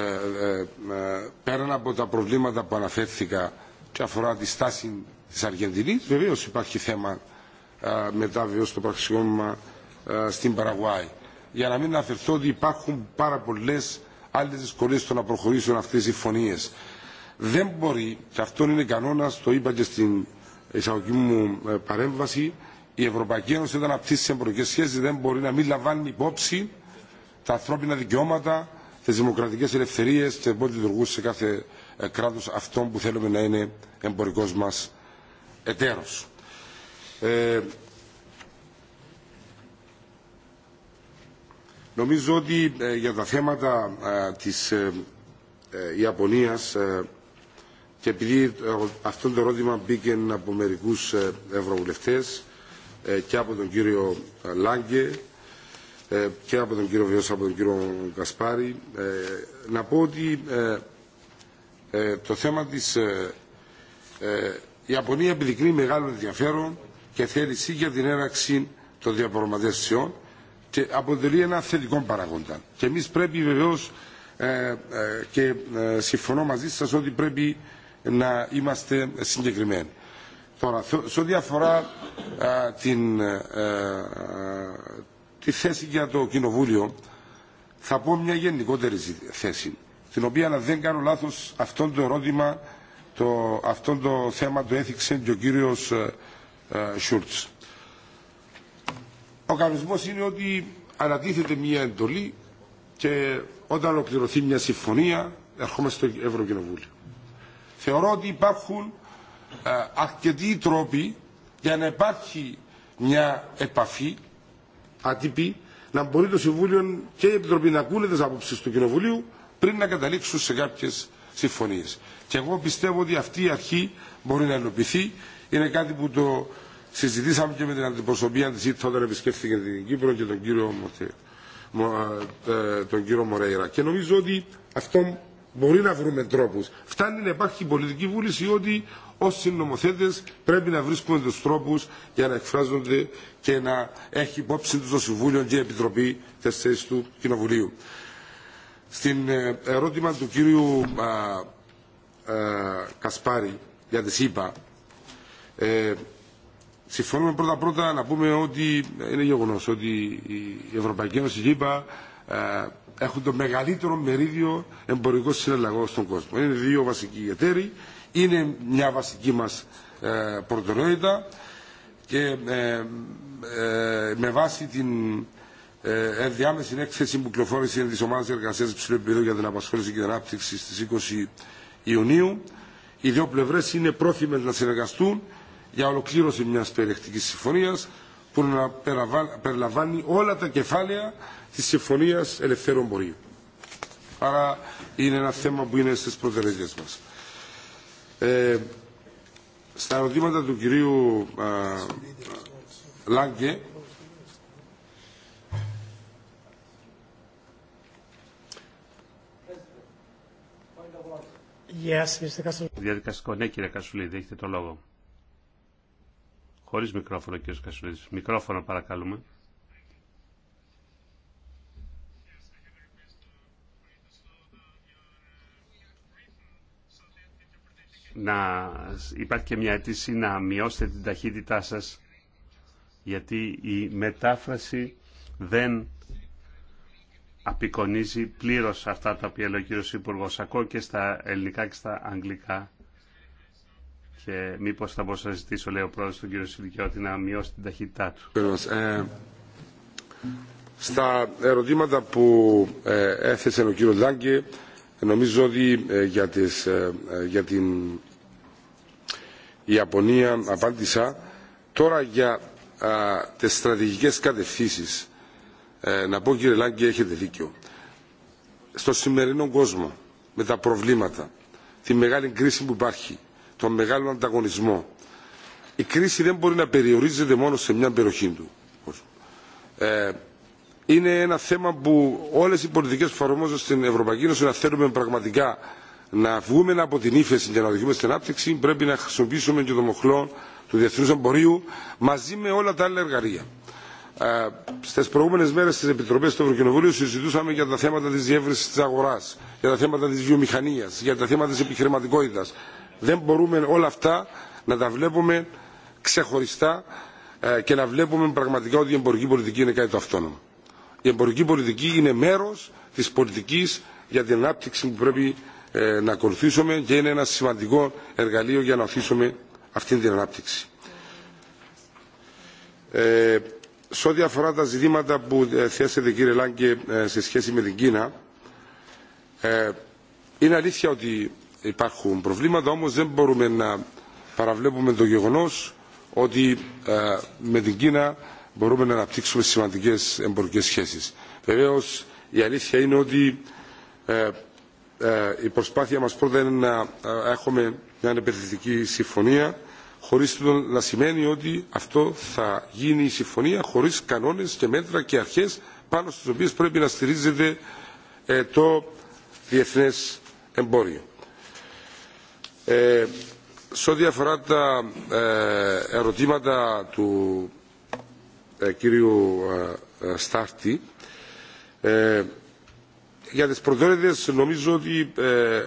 ε, πέραν από τα προβλήματα που αναφέρθηκα και αφορά τη στάση της Αργεντινής βεβαίω υπάρχει θέμα μετά βεβαίω το ε, στην Παραγουάη για να μην αναφερθώ ότι υπάρχουν πάρα πολλέ άλλε δυσκολίε στο να προχωρήσουν αυτέ οι φωνίε δεν μπορεί, και αυτό είναι κανόνα, το είπα και στην εισαγωγή μου ε, παρέμβαση, η Ευρωπαϊκή Ένωση όταν απτύσσει εμπορικέ σχέσει δεν μπορεί να μην λαμβάνει υπόψη τα ανθρώπινα δικαιώματα, τι δημοκρατικέ ελευθερίε και πώ λειτουργούν σε κάθε ε, κράτο αυτό που θέλουμε να είναι εμπορικό μα εταίρο. Ε, νομίζω ότι ε, για τα θέματα της Ιαπωνίας και επειδή αυτό το ερώτημα μπήκε από μερικού ε, ευρωβουλευτέ ε, και από τον κύριο ε, Λάγκε και από τον κύριο Βιώσα, από τον κύριο Κασπάρη, να πω ότι το θέμα της η Ιαπωνία επιδεικνύει μεγάλο ενδιαφέρον και θέληση για την έναρξη των διαπραγματεύσεων και αποτελεί ένα θετικό παραγόντα. Και εμεί πρέπει βεβαίω και συμφωνώ μαζί σα ότι πρέπει να είμαστε συγκεκριμένοι. Τώρα, σε ό,τι αφορά την, ε, ε, τη θέση για το Κοινοβούλιο, θα πω μια γενικότερη θέση, την οποία, αν δεν κάνω λάθος, αυτό το ερώτημα, το, αυτό το θέμα το έθιξε και ο κύριος ε, Σούρτς. Ο κανονισμός είναι ότι ανατίθεται μια εντολή και όταν ολοκληρωθεί μια συμφωνία ερχόμαστε στο Ευρωκοινοβούλιο. Θεωρώ ότι υπάρχουν ε, αρκετοί τρόποι για να υπάρχει μια επαφή άτυπη, να μπορεί το Συμβούλιο και η Επιτροπή να ακούνε τι απόψει του Κοινοβουλίου πριν να καταλήξουν σε κάποιε συμφωνίε. Και εγώ πιστεύω ότι αυτή η αρχή μπορεί να υλοποιηθεί. Είναι κάτι που το συζητήσαμε και με την αντιπροσωπεία τη ΙΤΑ όταν επισκέφθηκε την Κύπρο και τον κύριο, ε, τον κύριο Μορέιρα. Και νομίζω ότι αυτό Μπορεί να βρούμε τρόπου. Φτάνει να υπάρχει πολιτική βούληση ότι ω νομοθέτες πρέπει να βρίσκουμε του τρόπου για να εκφράζονται και να έχει υπόψη του το Συμβούλιο και η Επιτροπή τη του Κοινοβουλίου. Στην ε, ερώτημα του κύριου α, ε, Κασπάρη για τη ΣΥΠΑ, ε, συμφωνούμε πρώτα-πρώτα να πούμε ότι είναι γεγονό ότι η Ευρωπαϊκή Ένωση η ΣΥΠΑ... Ε, έχουν το μεγαλύτερο μερίδιο εμπορικό συναλλαγό στον κόσμο. Είναι δύο βασικοί εταίροι, είναι μια βασική μας ε, προτεραιότητα και ε, ε, με βάση την ενδιάμεση έκθεση που κυκλοφόρησε τη ομάδα εργασία υψηλού επίπεδου για την απασχόληση και την ανάπτυξη στι 20 Ιουνίου, οι δύο πλευρέ είναι πρόθυμε να συνεργαστούν για ολοκλήρωση μια περιεκτική συμφωνία που να περιλαμβάνει όλα τα κεφάλαια της συμφωνία Ελευθέρων πορείων. Άρα είναι ένα θέμα που είναι στις προτεραιότητες μας. Ε, στα ερωτήματα του κυρίου α, Λάγκε, Yes, Διαδικαστικό, ναι κύριε Κασουλίδη, έχετε το λόγο. Χωρίς μικρόφωνο κύριε Κασουλίδη. Μικρόφωνο παρακαλούμε. να υπάρχει και μια αίτηση να μειώσετε την ταχύτητά σας γιατί η μετάφραση δεν απεικονίζει πλήρως αυτά τα οποία λέει ο κύριος Υπουργός ακόμα και στα ελληνικά και στα αγγλικά και μήπως θα μπορούσα να ζητήσω λέει ο πρόεδρος τον κύριο Σιλικιώτη να μειώσει την ταχύτητά του. Ε, στα ερωτήματα που ε, έθεσε ο κύριος Λάγκη Νομίζω ότι ε, ε, ε, για, την Ιαπωνία απάντησα. Τώρα για τι τις στρατηγικές κατευθύνσεις. να πω κύριε Λάγκη έχετε δίκιο. Στο σημερινό κόσμο με τα προβλήματα, τη μεγάλη κρίση που υπάρχει, τον μεγάλο ανταγωνισμό, η κρίση δεν μπορεί να περιορίζεται μόνο σε μια περιοχή του είναι ένα θέμα που όλε οι πολιτικέ που στην Ευρωπαϊκή Ένωση να θέλουμε πραγματικά να βγούμε από την ύφεση και να οδηγούμε στην ανάπτυξη πρέπει να χρησιμοποιήσουμε και το μοχλό του Διεθνού εμπορίου μαζί με όλα τα άλλα εργαλεία. Ε, Στι προηγούμενε μέρε στι επιτροπέ του Ευρωκοινοβουλίου συζητούσαμε για τα θέματα τη διεύρυνση τη αγορά, για τα θέματα τη βιομηχανία, για τα θέματα τη επιχειρηματικότητα. Δεν μπορούμε όλα αυτά να τα βλέπουμε ξεχωριστά ε, και να βλέπουμε πραγματικά ότι η εμπορική πολιτική είναι κάτι το αυτόνομο η εμπορική πολιτική είναι μέρος της πολιτικής για την ανάπτυξη που πρέπει ε, να ακολουθήσουμε και είναι ένα σημαντικό εργαλείο για να αφήσουμε αυτή την ανάπτυξη. Ε, σε ό,τι αφορά τα ζητήματα που ε, θέσετε κύριε Λάγκε ε, σε σχέση με την Κίνα, ε, είναι αλήθεια ότι υπάρχουν προβλήματα, όμως δεν μπορούμε να παραβλέπουμε το γεγονός ότι με την Κίνα μπορούμε να αναπτύξουμε σημαντικές εμπορικές σχέσεις. Βεβαίως η αλήθεια είναι ότι ε, ε, η προσπάθεια μας πρώτα είναι να ε, έχουμε μια επενδυτική συμφωνία χωρίς να σημαίνει ότι αυτό θα γίνει η συμφωνία χωρίς κανόνες και μέτρα και αρχές πάνω στι οποίες πρέπει να στηρίζεται το διεθνές εμπόριο. Σε ό,τι αφορά τα ερωτήματα του ε, κύριο Στάρτη. Ε, για τις προτεραιότητες νομίζω ότι ε,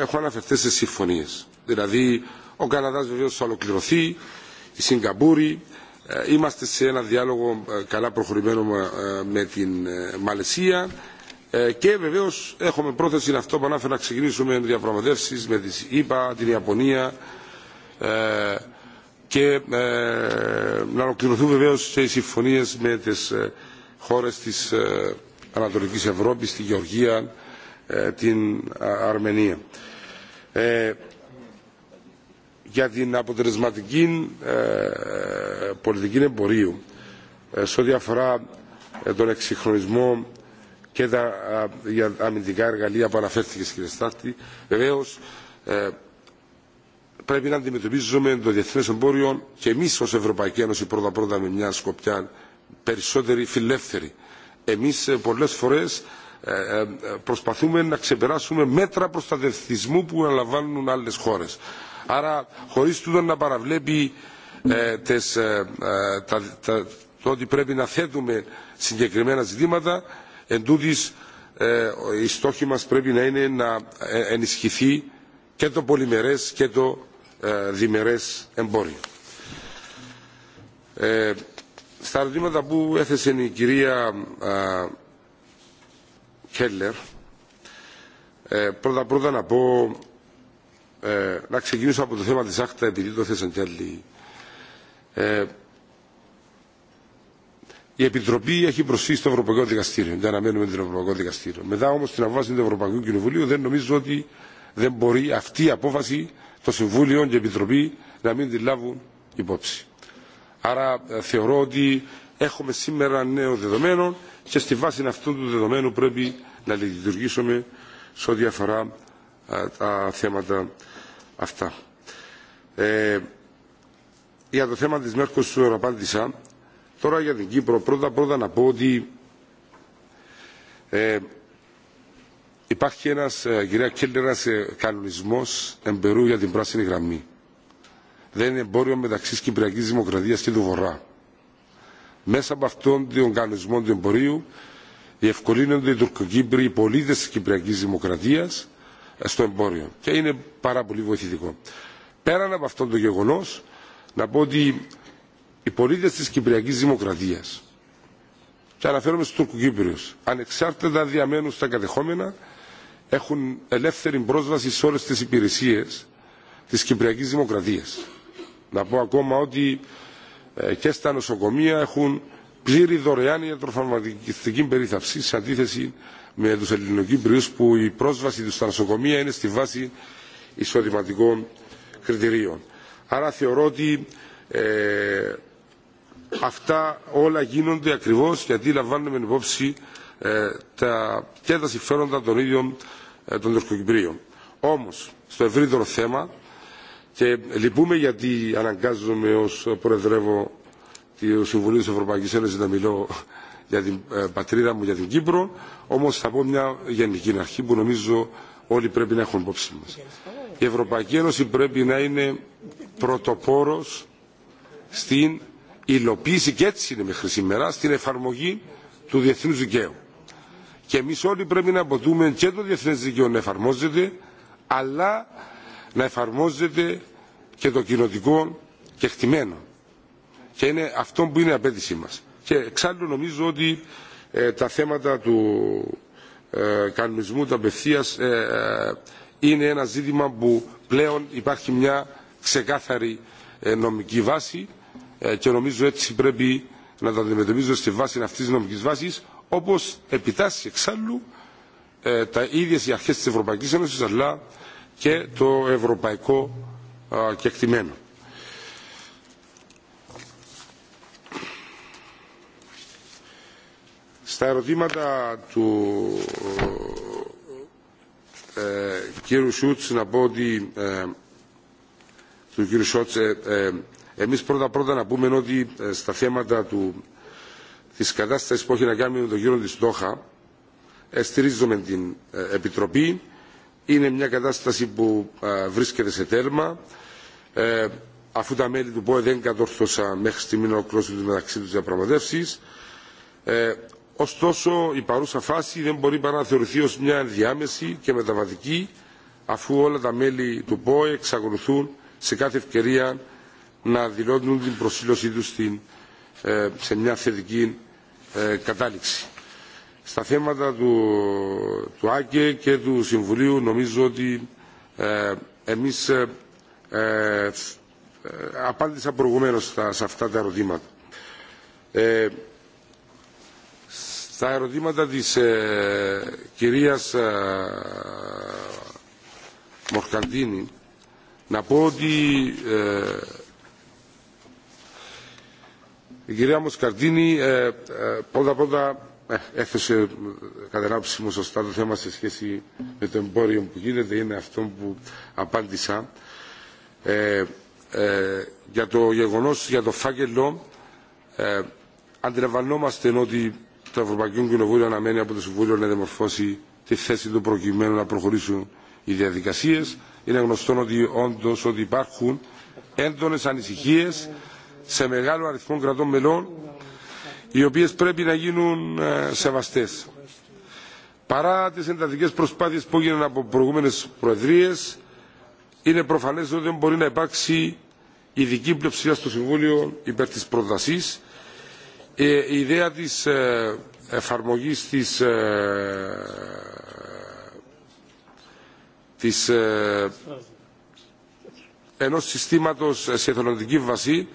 έχω αναφερθεί σε συμφωνίες. Δηλαδή ο Καναδάς βεβαίως θα ολοκληρωθεί, η Σιγκαπούρη, είμαστε σε ένα διάλογο καλά προχωρημένο με την Μαλαισία και βεβαίως έχουμε πρόθεση αυτό που ανάφερα να ξεκινήσουμε διαπραγματεύσεις με τις ΗΠΑ, την Ιαπωνία και ε, να ολοκληρωθούν βεβαίως και οι συμφωνίες με τις ε, χώρες της ε, Ανατολικής Ευρώπης, τη Γεωργία, την Αρμενία. Για την αποτελεσματική πολιτική εμπορίου, σε ό,τι αφορά τον εξυγχρονισμό και τα αμυντικά εργαλεία που αναφέρθηκε, κύριε Στάρτη, βεβαίως πρέπει να αντιμετωπίζουμε το διεθνέ εμπόριο και εμεί ω Ευρωπαϊκή Ένωση πρώτα-πρώτα με μια σκοπιά περισσότερη φιλεύθερη. Εμεί ε, πολλέ φορέ ε, ε, προσπαθούμε να ξεπεράσουμε μέτρα προστατευτισμού που αναλαμβάνουν άλλε χώρε. Άρα, χωρί τούτο να παραβλέπει το ότι πρέπει να θέτουμε συγκεκριμένα ζητήματα, εν η στόχη μας πρέπει να είναι να ενισχυθεί και το πολυμερές και το ε, διμερές εμπόριο. Ε, στα ερωτήματα που έθεσε η κυρία ε, Κέλλερ, ε, πρώτα πρώτα να πω, να ξεκινήσω από το θέμα της άκτα επειδή το θέσαν και άλλοι. Η Επιτροπή έχει προσφύγει στο Ευρωπαϊκό Δικαστήριο δεν αναμένουμε το Ευρωπαϊκό Δικαστήριο. Μετά όμως την απόφαση του Ευρωπαϊκού Κοινοβουλίου δεν νομίζω ότι δεν μπορεί αυτή η απόφαση το Συμβούλιο και η Επιτροπή να μην τη λάβουν υπόψη. Άρα ε, θεωρώ ότι έχουμε σήμερα νέο δεδομένο και στη βάση αυτού του δεδομένου πρέπει να λειτουργήσουμε σε ό,τι αφορά ε, τα θέματα αυτά. Ε, για το θέμα της του απάντησα. Τώρα για την Κύπρο πρώτα πρώτα να πω ότι ε, Υπάρχει ένα ε, κυρία Κέλλη, ένας ε, κανονισμός εμπερού για την πράσινη γραμμή. Δεν είναι εμπόριο μεταξύ Κυπριακή Δημοκρατία και του Βορρά. Μέσα από αυτόν τον κανονισμό του εμπορίου διευκολύνονται οι τουρκοκύπροι πολίτε τη Κυπριακή Δημοκρατία ε, στο εμπόριο. Και είναι πάρα πολύ βοηθητικό. Πέραν από αυτό το γεγονό, να πω ότι οι πολίτε τη Κυπριακή Δημοκρατία, και αναφέρομαι στου Τουρκοκύπριου, ανεξάρτητα διαμένουν στα κατεχόμενα, έχουν ελεύθερη πρόσβαση σε όλες τις υπηρεσίες της Κυπριακής Δημοκρατίας. Να πω ακόμα ότι ε, και στα νοσοκομεία έχουν πλήρη δωρεάν ιατροφαρμακευτική περίθαψη σε αντίθεση με τους ελληνοκύπριους που η πρόσβαση τους στα νοσοκομεία είναι στη βάση εισοδηματικών κριτηρίων. Άρα θεωρώ ότι ε, αυτά όλα γίνονται ακριβώς γιατί λαμβάνουμε υπόψη ε, τα, και τα συμφέροντα των ίδιων ε, των Τουρκοκυπρίων. Όμως, στο ευρύτερο θέμα, και λυπούμε γιατί αναγκάζομαι ως Προεδρεύω του Συμβουλίου της Ευρωπαϊκής Ένωσης να μιλώ για την ε, πατρίδα μου, για την Κύπρο, όμως θα πω μια γενική αρχή που νομίζω όλοι πρέπει να έχουν υπόψη μας. Η Ευρωπαϊκή Ένωση πρέπει να είναι πρωτοπόρος στην υλοποίηση, και έτσι είναι μέχρι σήμερα, στην εφαρμογή του διεθνούς δικαίου. Και εμεί όλοι πρέπει να αποδούμε και το διεθνέ δικαίωμα να εφαρμόζεται, αλλά να εφαρμόζεται και το κοινοτικό κεκτημένο. Και είναι αυτό που είναι η απέτησή μα. Και εξάλλου νομίζω ότι ε, τα θέματα του ε, κανονισμού τα απευθεία ε, είναι ένα ζήτημα που πλέον υπάρχει μια ξεκάθαρη νομική βάση και νομίζω έτσι πρέπει να τα αντιμετωπίζω στη βάση αυτής της νομική βάσης, όπως επιτάσσει εξάλλου ε, τα ίδιες οι αρχές της Ευρωπαϊκής Ένωσης αλλά και το ευρωπαϊκό κεκτημένο. Στα ερωτήματα του ε, κύριου Σούτς να πω ότι ε, του κύριου ε, εμείς πρώτα πρώτα να πούμε ότι στα θέματα του Τη κατάσταση που έχει να κάνει με τον γύρο τη Ντόχα. Ε, την ε, Επιτροπή. Είναι μια κατάσταση που ε, βρίσκεται σε τέρμα. αφού τα μέλη του ΠΟΕ δεν κατόρθωσαν μέχρι στιγμή να ολοκληρώσουν μεταξύ τους διαπραγματεύσεις. ωστόσο, η παρούσα φάση δεν μπορεί παρά να θεωρηθεί ω μια ενδιάμεση και μεταβατική αφού όλα τα μέλη του ΠΟΕ εξακολουθούν σε κάθε ευκαιρία να δηλώνουν την προσήλωσή του στην, σε μια θετική ε, κατάληξη. Στα θέματα του, του ΆΚΕ και του Συμβουλίου νομίζω ότι ε, εμείς ε, ε απάντησα προηγουμένως στα, σε αυτά τα ερωτήματα. Ε, στα ερωτήματα της κυρίας Μορκαντίνη να πω ότι η κυρία μοσκαρτινη ε, ε, πρώτα πρώτα ε, έθεσε κατά μου σωστά το θέμα σε σχέση με το εμπόριο που γίνεται. Είναι αυτό που απάντησα. για το γεγονός, για το φάκελο, ε, αντιλαμβανόμαστε ότι το Ευρωπαϊκό Κοινοβούλιο αναμένει από το Συμβούλιο να δημορφώσει τη θέση του προκειμένου να προχωρήσουν οι διαδικασίες. Είναι γνωστό ότι όντω ότι υπάρχουν έντονε ανησυχίε σε μεγάλο αριθμό κρατών μελών, οι οποίες πρέπει να γίνουν ε, σεβαστές. Παρά τις εντατικές προσπάθειες που έγιναν από προηγούμενες προεδρίες, είναι προφανές ότι δεν μπορεί να υπάρξει ειδική πλειοψηφία στο Συμβούλιο υπέρ της πρότασης. Ε, η ιδέα της ε, εφαρμογής της, της ενός συστήματος σε εθελοντική βασή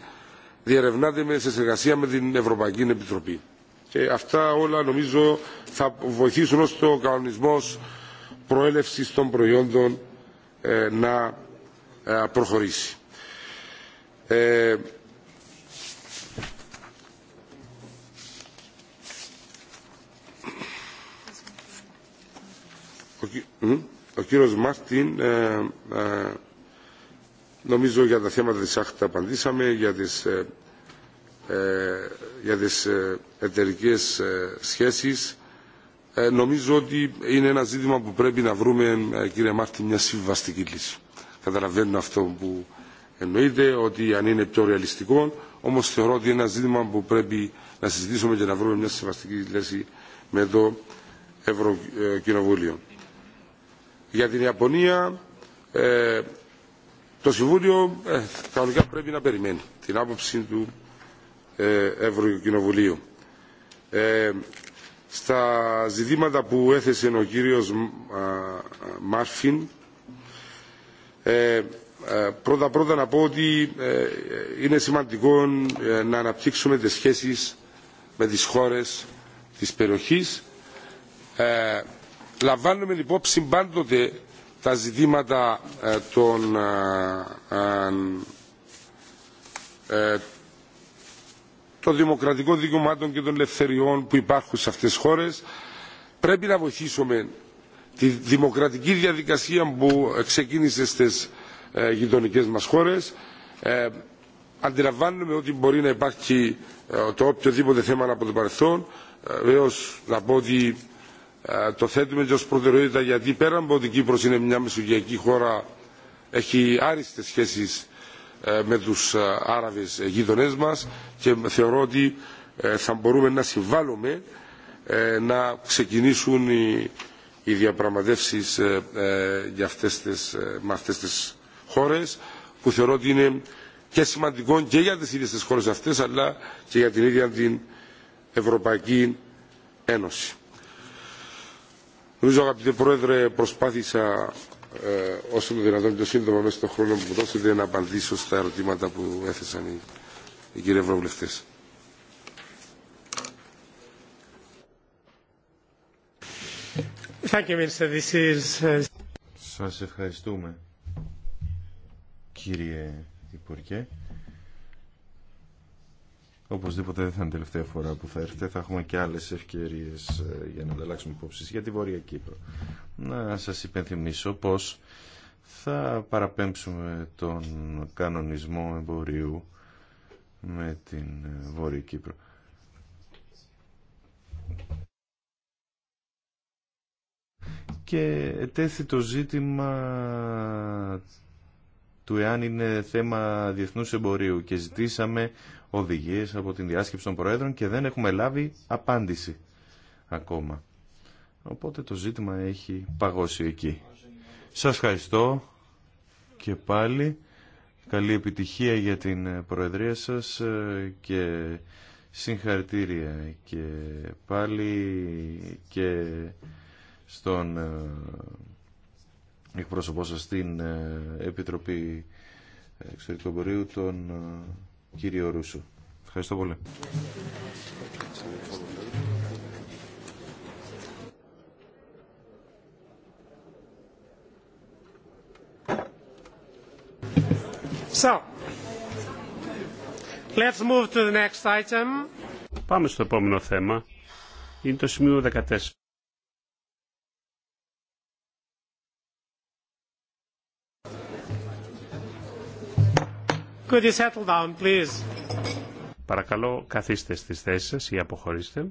διερευνάται σε συνεργασία με την Ευρωπαϊκή Επιτροπή. Και αυτά όλα νομίζω θα βοηθήσουν ώστε ο κανονισμός προέλευσης των προϊόντων ε, να ε, προχωρήσει. Ε, ο κύριος Μάρτιν ε, Νομίζω για τα θέματα της τα απαντήσαμε, για τις, ε, ε για ε, εταιρικές ε, σχέσεις. νομίζω ότι είναι ένα ζήτημα που πρέπει να βρούμε, κύριε Μάρτη, μια συμβαστική λύση. Καταλαβαίνω αυτό που εννοείται, ότι αν είναι πιο ρεαλιστικό, όμως θεωρώ ότι είναι ένα ζήτημα που πρέπει να συζητήσουμε και να βρούμε μια συμβαστική λύση με το Ευρωκοινοβούλιο. Για την Ιαπωνία, ε, το Συμβούλιο ε, κανονικά πρέπει να περιμένει την άποψη του ε, Ευρωκοινοβουλίου. Ε, στα ζητήματα που έθεσε ο κύριος Μάρφιν, ε, ε, πρώτα πρώτα να πω ότι είναι σημαντικό να αναπτύξουμε τις σχέσεις με τις χώρες της περιοχής. Λαμβάνουμε υπόψη πάντοτε τα ζητήματα ε, των ε, ε, των δημοκρατικών δικαιωμάτων και των ελευθεριών που υπάρχουν σε αυτές τις χώρες. Πρέπει να βοηθήσουμε τη δημοκρατική διαδικασία που ξεκίνησε στις γειτονικέ μας χώρες. αντιλαμβάνουμε ότι μπορεί να υπάρχει το οποιοδήποτε θέμα από το παρελθόν. Βεβαίω να πω ότι ε, το θέτουμε και ως προτεραιότητα γιατί πέραν από ότι Κύπρος είναι μια μεσογειακή χώρα έχει άριστες σχέσεις ε, με τους ε, Άραβες γείτονές μας και θεωρώ ότι θα μπορούμε να συμβάλλουμε να ξεκινήσουν οι, οι διαπραγματεύσεις για αυτές τις, με αυτές τις χώρες που θεωρώ ότι είναι και σημαντικό και για τις ίδιες τις χώρες αυτές αλλά και για την ίδια την Ευρωπαϊκή Ένωση. Νομίζω αγαπητέ Πρόεδρε προσπάθησα ε, όσο το δυνατόν πιο σύντομα μέσα στον χρόνο που μου δώσετε να απαντήσω στα ερωτήματα που έθεσαν οι, οι κύριοι Ευρωβουλευτές. Uh, Σας ευχαριστούμε κύριε Υπουργέ. Οπωσδήποτε δεν θα είναι τελευταία φορά που θα έρθετε. Θα έχουμε και άλλες ευκαιρίες ε, για να ανταλλάξουμε υπόψεις για τη Βόρεια Κύπρο. Να σας υπενθυμίσω πως θα παραπέμψουμε τον κανονισμό εμπορίου με την ε, Βόρεια Κύπρο. Και τέθη το ζήτημα του εάν είναι θέμα διεθνούς εμπορίου και ζητήσαμε οδηγίες από την διάσκεψη των Προέδρων και δεν έχουμε λάβει απάντηση ακόμα. Οπότε το ζήτημα έχει παγώσει εκεί. Σας ευχαριστώ και πάλι. Καλή επιτυχία για την Προεδρία σας και συγχαρητήρια και πάλι και στον ε, εκπρόσωπό σας στην ε, Επιτροπή Εξωτερικού Εμπορίου, τον ε, κύριο Ρούσο. Ευχαριστώ πολύ. let's move to the next item. Πάμε στο επόμενο θέμα. Είναι το σημείο 14. Παρακαλώ καθίστε στις θέσεις σας ή αποχωρήστε.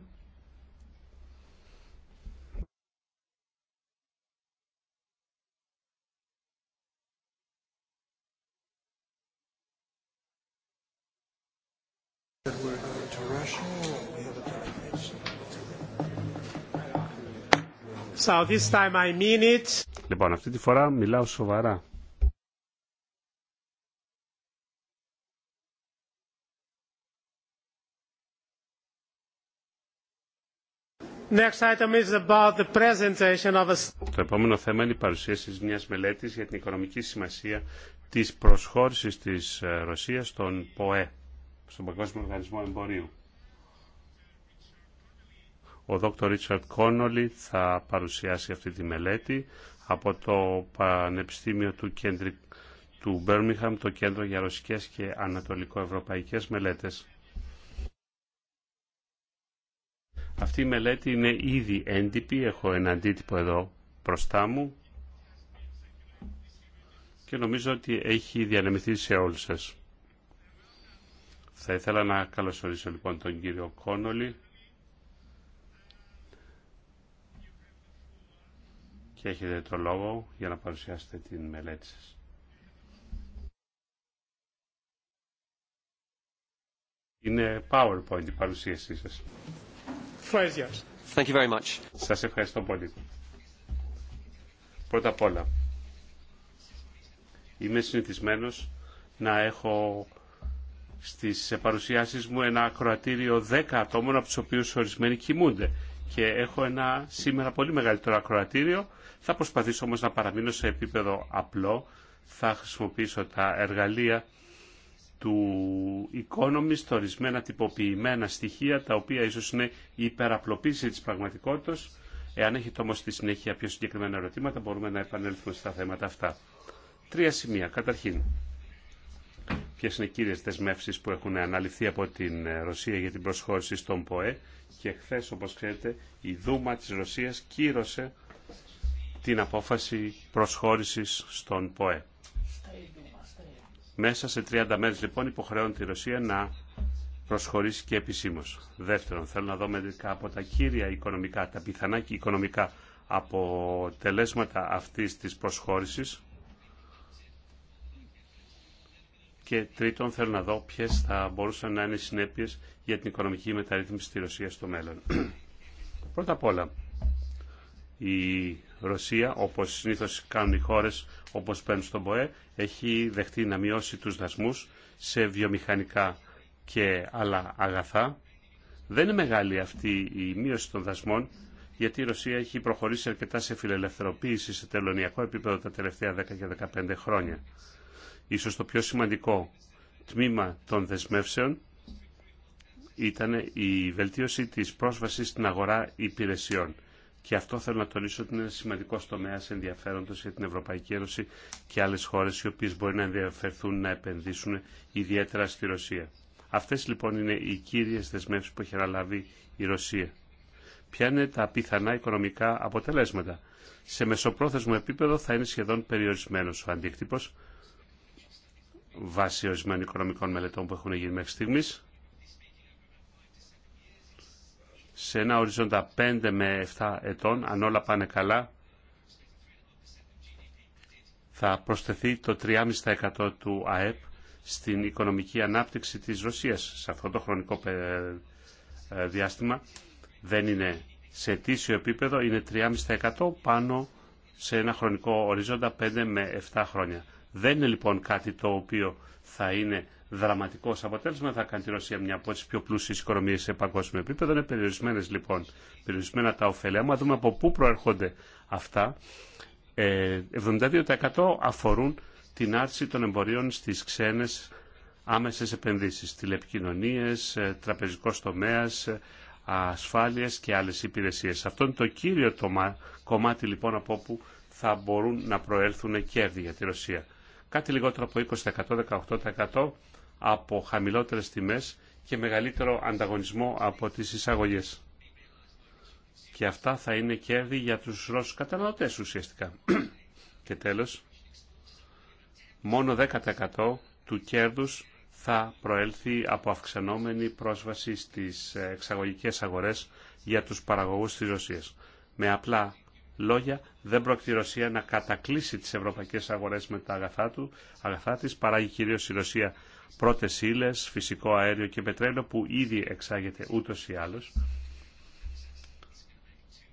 time Λοιπόν, αυτή τη φορά μιλάω σοβαρά. Το επόμενο θέμα είναι η παρουσίαση μιας μελέτης για την οικονομική σημασία της προσχώρησης της ε, Ρωσίας στον ΠΟΕ, στον Παγκόσμιο Οργανισμό Εμπορίου. Ο Δ. Ρίτσαρτ Κόνολι θα παρουσιάσει αυτή τη μελέτη από το Πανεπιστήμιο του, Κέντρου του Μπέρμιχαμ, το Κέντρο για Ρωσικές και Ανατολικοευρωπαϊκές Μελέτες. Αυτή η μελέτη είναι ήδη έντυπη, έχω ένα αντίτυπο εδώ μπροστά μου και νομίζω ότι έχει διανεμηθεί σε όλους σας. Θα ήθελα να καλωσορίσω λοιπόν τον κύριο Κόνολη και έχετε το λόγο για να παρουσιάσετε την μελέτη σας. Είναι PowerPoint η παρουσίασή σας. Thank Σας ευχαριστώ πολύ. Πρώτα απ' όλα, είμαι συνηθισμένος να έχω στις παρουσιάσεις μου ένα ακροατήριο 10 ατόμων από τους οποίους ορισμένοι κοιμούνται και έχω ένα σήμερα πολύ μεγαλύτερο ακροατήριο. Θα προσπαθήσω όμως να παραμείνω σε επίπεδο απλό. Θα χρησιμοποιήσω τα εργαλεία του Economist ορισμένα τυποποιημένα στοιχεία τα οποία ίσως είναι η υπεραπλοποίηση της πραγματικότητας. Εάν έχετε όμως στη συνέχεια πιο συγκεκριμένα ερωτήματα μπορούμε να επανέλθουμε στα θέματα αυτά. Τρία σημεία. Καταρχήν, ποιε είναι οι κύριες δεσμεύσεις που έχουν αναλυθεί από την ε, Ρωσία για την προσχώρηση στον ΠΟΕ και χθε, όπως ξέρετε η Δούμα της Ρωσίας κύρωσε την απόφαση προσχώρησης στον ΠΟΕ. Μέσα σε 30 μέρες λοιπόν υποχρεώνει τη Ρωσία να προσχωρήσει και επισήμως. Δεύτερον, θέλω να δω μερικά από τα κύρια οικονομικά, τα πιθανά και οικονομικά αποτελέσματα αυτής της προσχώρησης. Και τρίτον, θέλω να δω ποιε θα μπορούσαν να είναι οι συνέπειε για την οικονομική μεταρρύθμιση στη Ρωσία στο μέλλον. Πρώτα απ' όλα, η Ρωσία, όπως συνήθως κάνουν οι χώρες όπως παίρνουν στον ΠΟΕ, έχει δεχτεί να μειώσει τους δασμούς σε βιομηχανικά και άλλα αγαθά. Δεν είναι μεγάλη αυτή η μείωση των δασμών, γιατί η Ρωσία έχει προχωρήσει αρκετά σε φιλελευθερωποίηση σε τελωνιακό επίπεδο τα τελευταία 10 και 15 χρόνια. Ίσως το πιο σημαντικό τμήμα των δεσμεύσεων ήταν η βελτίωση της πρόσβασης στην αγορά υπηρεσιών. Και αυτό θέλω να τονίσω ότι είναι ένα σημαντικό τομέα ενδιαφέροντο για την Ευρωπαϊκή Ένωση και άλλε χώρε οι οποίε μπορεί να ενδιαφερθούν να επενδύσουν ιδιαίτερα στη Ρωσία. Αυτέ λοιπόν είναι οι κύριε δεσμεύσει που έχει αναλάβει η Ρωσία. Ποια είναι τα πιθανά οικονομικά αποτελέσματα. Σε μεσοπρόθεσμο επίπεδο θα είναι σχεδόν περιορισμένο ο αντίκτυπο βάσει ορισμένων οικονομικών μελετών που έχουν γίνει μέχρι στιγμής σε ένα οριζόντα 5 με 7 ετών, αν όλα πάνε καλά, θα προσθεθεί το 3,5% του ΑΕΠ στην οικονομική ανάπτυξη της Ρωσίας σε αυτό το χρονικό ε, διάστημα. Δεν είναι σε αιτήσιο επίπεδο, είναι 3,5% πάνω σε ένα χρονικό οριζόντα 5 με 7 χρόνια. Δεν είναι λοιπόν κάτι το οποίο θα είναι δραματικό αποτέλεσμα θα κάνει τη Ρωσία μια από τι πιο πλούσιε οικονομίε σε παγκόσμιο επίπεδο. Είναι περιορισμένε λοιπόν, περιορισμένα τα ωφέλη. Άμα δούμε από πού προέρχονται αυτά, 72% ε, αφορούν την άρση των εμπορίων στι ξένε άμεσε επενδύσει, τηλεπικοινωνίε, ε, τραπεζικό τομέα, ε, ασφάλειες και άλλε υπηρεσίε. Αυτό είναι το κύριο κομμάτι λοιπόν από όπου θα μπορούν να προέλθουν κέρδη για τη Ρωσία. Κάτι λιγότερο από 20%, 18% από χαμηλότερες τιμές και μεγαλύτερο ανταγωνισμό από τις εισαγωγές. Και αυτά θα είναι κέρδη για τους Ρώσους καταναλωτές ουσιαστικά. και τέλος, μόνο 10% του κέρδους θα προέλθει από αυξανόμενη πρόσβαση στις εξαγωγικές αγορές για τους παραγωγούς της Ρωσίας. Με απλά λόγια δεν πρόκειται η Ρωσία να κατακλείσει τις ευρωπαϊκές αγορές με τα αγαθά, του, αγαθά της. Παράγει κυρίως η Ρωσία πρώτες ύλε, φυσικό αέριο και πετρέλαιο που ήδη εξάγεται ούτως ή άλλως.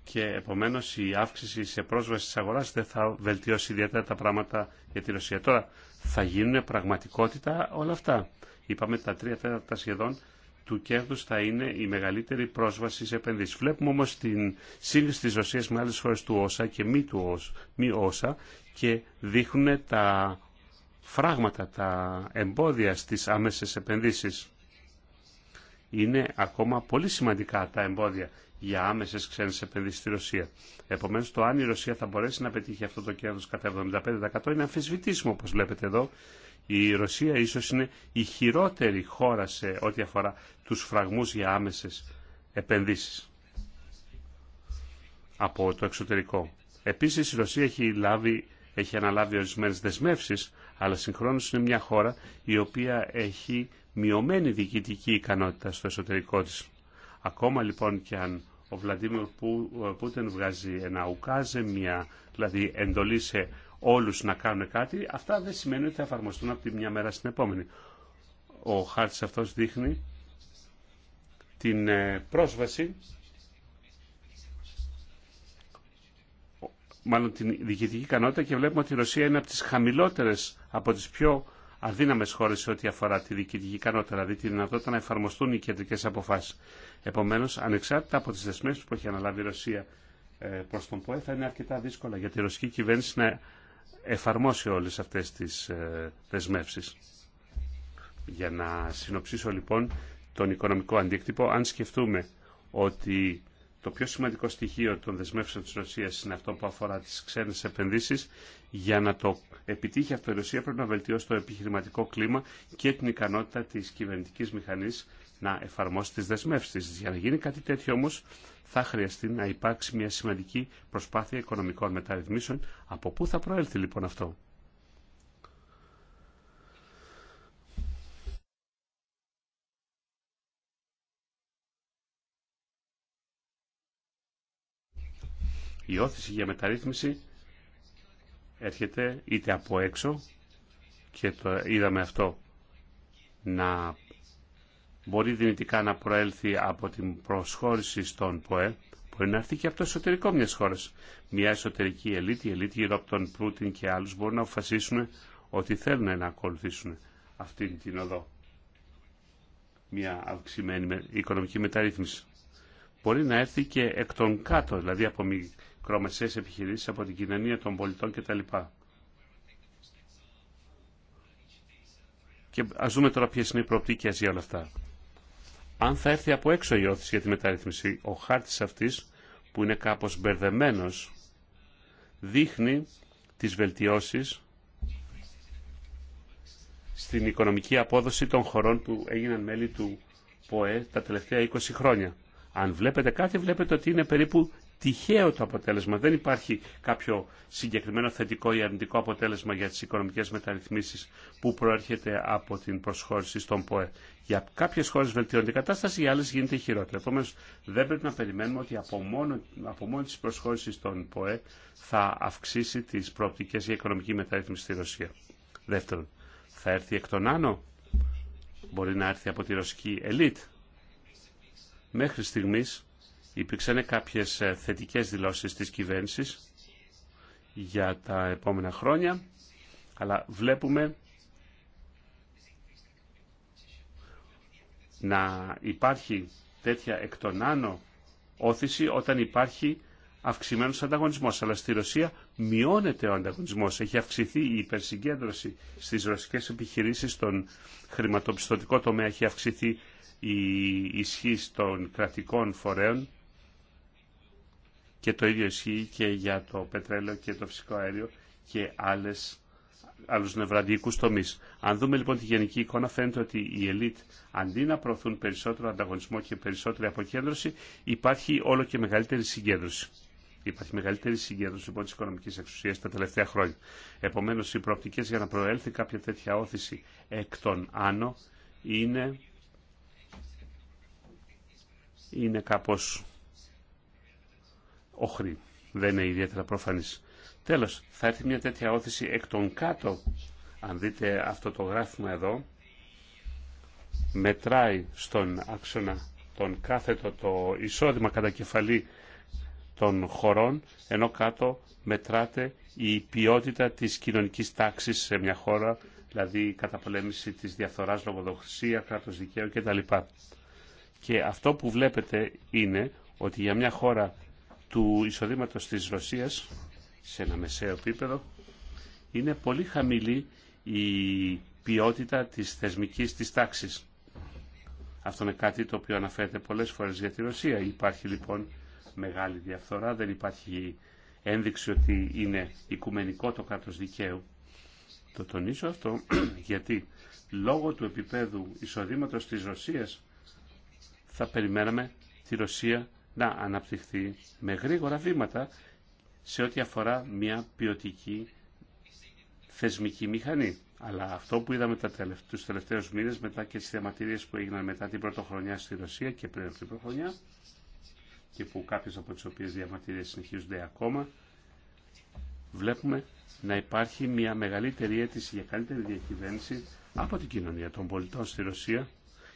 Και επομένως η αύξηση σε πρόσβαση της αγοράς δεν θα βελτιώσει ιδιαίτερα τα πράγματα για τη Ρωσία. Τώρα θα γίνουν πραγματικότητα όλα αυτά. Είπαμε τα τρία τέταρτα σχεδόν του κέρδου θα είναι η μεγαλύτερη πρόσβαση σε επενδύσει. Βλέπουμε όμω την σύγκριση τη Ρωσία με άλλε χώρε του ΩΣΑ και μη, του ΩΣΑ και δείχνουν τα φράγματα, τα εμπόδια στις άμεσες επενδύσεις. Είναι ακόμα πολύ σημαντικά τα εμπόδια για άμεσε ξένε επενδύσει στη Ρωσία. Επομένω, το αν η Ρωσία θα μπορέσει να πετύχει αυτό το κέρδο κατά 75% είναι αμφισβητήσιμο, όπω βλέπετε εδώ, η Ρωσία ίσως είναι η χειρότερη χώρα σε ό,τι αφορά τους φραγμούς για άμεσες επενδύσεις από το εξωτερικό. Επίσης η Ρωσία έχει, λάβει, έχει αναλάβει ορισμένες δεσμεύσεις, αλλά συγχρόνως είναι μια χώρα η οποία έχει μειωμένη διοικητική ικανότητα στο εσωτερικό της. Ακόμα λοιπόν και αν ο Βλαντίμιρ Πούτεν βγάζει ένα ουκάζε, μια, δηλαδή εντολή σε όλους να κάνουν κάτι, αυτά δεν σημαίνει ότι θα εφαρμοστούν από τη μια μέρα στην επόμενη. Ο χάρτης αυτός δείχνει την ε, πρόσβαση, μάλλον την διοικητική ικανότητα και βλέπουμε ότι η Ρωσία είναι από τις χαμηλότερες, από τις πιο αδύναμε χώρες σε ό,τι αφορά τη διοικητική ικανότητα, δηλαδή τη δυνατότητα να εφαρμοστούν οι κεντρικέ αποφάσει. Επομένω, ανεξάρτητα από τις δεσμεύσεις που έχει αναλάβει η Ρωσία ε, προ τον ΠΟΕ, θα είναι αρκετά δύσκολα για τη ρωσική κυβέρνηση να εφαρμόσει όλες αυτές τις ε, δεσμεύσεις. Για να συνοψίσω λοιπόν τον οικονομικό αντίκτυπο, αν σκεφτούμε ότι το πιο σημαντικό στοιχείο των δεσμεύσεων της Ρωσίας είναι αυτό που αφορά τις ξένες επενδύσεις. Για να το επιτύχει αυτό η Ρωσία πρέπει να βελτιώσει το επιχειρηματικό κλίμα και την ικανότητα της κυβερνητικής μηχανής να εφαρμόσει τις δεσμεύσεις. Για να γίνει κάτι τέτοιο όμως θα χρειαστεί να υπάρξει μια σημαντική προσπάθεια οικονομικών μεταρρυθμίσεων. Από πού θα προέλθει λοιπόν αυτό. Η όθηση για μεταρρύθμιση έρχεται είτε από έξω και το είδαμε αυτό να μπορεί δυνητικά να προέλθει από την προσχώρηση στον ΠΟΕ, μπορεί να έρθει και από το εσωτερικό μια χώρα. Μια εσωτερική ελίτ, η ελίτ γύρω από τον Προύτιν και άλλου μπορούν να αποφασίσουν ότι θέλουν να ακολουθήσουν αυτή την οδό. Μια αυξημένη οικονομική μεταρρύθμιση. Μπορεί να έρθει και εκ των κάτω, δηλαδή από μικρομεσαίες επιχειρήσεις, από την κοινωνία των πολιτών κτλ. Και ας δούμε τώρα ποιες είναι οι προοπτικές για όλα αυτά αν θα έρθει από έξω η όθηση για τη μεταρρύθμιση. Ο χάρτης αυτής που είναι κάπως μπερδεμένο δείχνει τις βελτιώσεις στην οικονομική απόδοση των χωρών που έγιναν μέλη του ΠΟΕ τα τελευταία 20 χρόνια. Αν βλέπετε κάτι, βλέπετε ότι είναι περίπου τυχαίο το αποτέλεσμα. Δεν υπάρχει κάποιο συγκεκριμένο θετικό ή αρνητικό αποτέλεσμα για τις οικονομικές μεταρρυθμίσεις που προέρχεται από την προσχώρηση στον ΠΟΕ. Για κάποιες χώρες βελτιώνεται η κατάσταση, για άλλες γίνεται χειρότερη. Επομένω, δεν πρέπει να περιμένουμε ότι από μόνο, από μόνο της προσχώρησης στον ΠΟΕ θα αυξήσει τις προοπτικές για οικονομική μεταρρύθμιση στη Ρωσία. Δεύτερον, θα έρθει εκ των άνω. Μπορεί να έρθει από τη ρωσική ελίτ. Μέχρι στιγμής Υπήρξαν κάποιες ε, θετικές δηλώσεις της κυβέρνησης για τα επόμενα χρόνια, αλλά βλέπουμε να υπάρχει τέτοια εκ των άνω όθηση όταν υπάρχει αυξημένο ανταγωνισμό. Αλλά στη Ρωσία μειώνεται ο ανταγωνισμό. Έχει αυξηθεί η υπερσυγκέντρωση στι ρωσικέ επιχειρήσει, στον χρηματοπιστωτικό τομέα έχει αυξηθεί η ισχύ των κρατικών φορέων και το ίδιο ισχύει και για το πετρέλαιο και το φυσικό αέριο και άλλες άλλους νευραντικούς τομείς. Αν δούμε λοιπόν τη γενική εικόνα φαίνεται ότι οι ελίτ αντί να προωθούν περισσότερο ανταγωνισμό και περισσότερη αποκέντρωση υπάρχει όλο και μεγαλύτερη συγκέντρωση. Υπάρχει μεγαλύτερη συγκέντρωση λοιπόν τη οικονομική εξουσία τα τελευταία χρόνια. Επομένω, οι προοπτικέ για να προέλθει κάποια τέτοια όθηση εκ των άνω είναι, είναι κάπως όχρη, δεν είναι ιδιαίτερα προφανής. Τέλος, θα έρθει μια τέτοια όθηση εκ των κάτω. Αν δείτε αυτό το γράφημα εδώ, μετράει στον άξονα τον κάθετο το εισόδημα κατά κεφαλή των χωρών, ενώ κάτω μετράται η ποιότητα της κοινωνικής τάξης σε μια χώρα, δηλαδή η καταπολέμηση της διαφθοράς, λογοδοξία, κράτος δικαίου κτλ. Και αυτό που βλέπετε είναι ότι για μια χώρα του εισοδήματος της Ρωσίας σε ένα μεσαίο επίπεδο είναι πολύ χαμηλή η ποιότητα της θεσμικής της τάξης. Αυτό είναι κάτι το οποίο αναφέρεται πολλές φορές για τη Ρωσία. Υπάρχει λοιπόν μεγάλη διαφθορά, δεν υπάρχει ένδειξη ότι είναι οικουμενικό το κράτος δικαίου. Το τονίζω αυτό γιατί λόγω του επίπεδου εισοδήματος της Ρωσίας θα περιμέναμε τη Ρωσία να αναπτυχθεί με γρήγορα βήματα σε ό,τι αφορά μια ποιοτική θεσμική μηχανή. Αλλά αυτό που είδαμε τα τελευταίου, τους τελευταίους μήνες μετά και τις θεματηρίες που έγιναν μετά την χρονιά στη Ρωσία και πριν από την χρονιά, και που κάποιες από τις οποίες διαματήριες συνεχίζονται ακόμα βλέπουμε να υπάρχει μια μεγαλύτερη αίτηση για καλύτερη διακυβέρνηση από την κοινωνία των πολιτών στη Ρωσία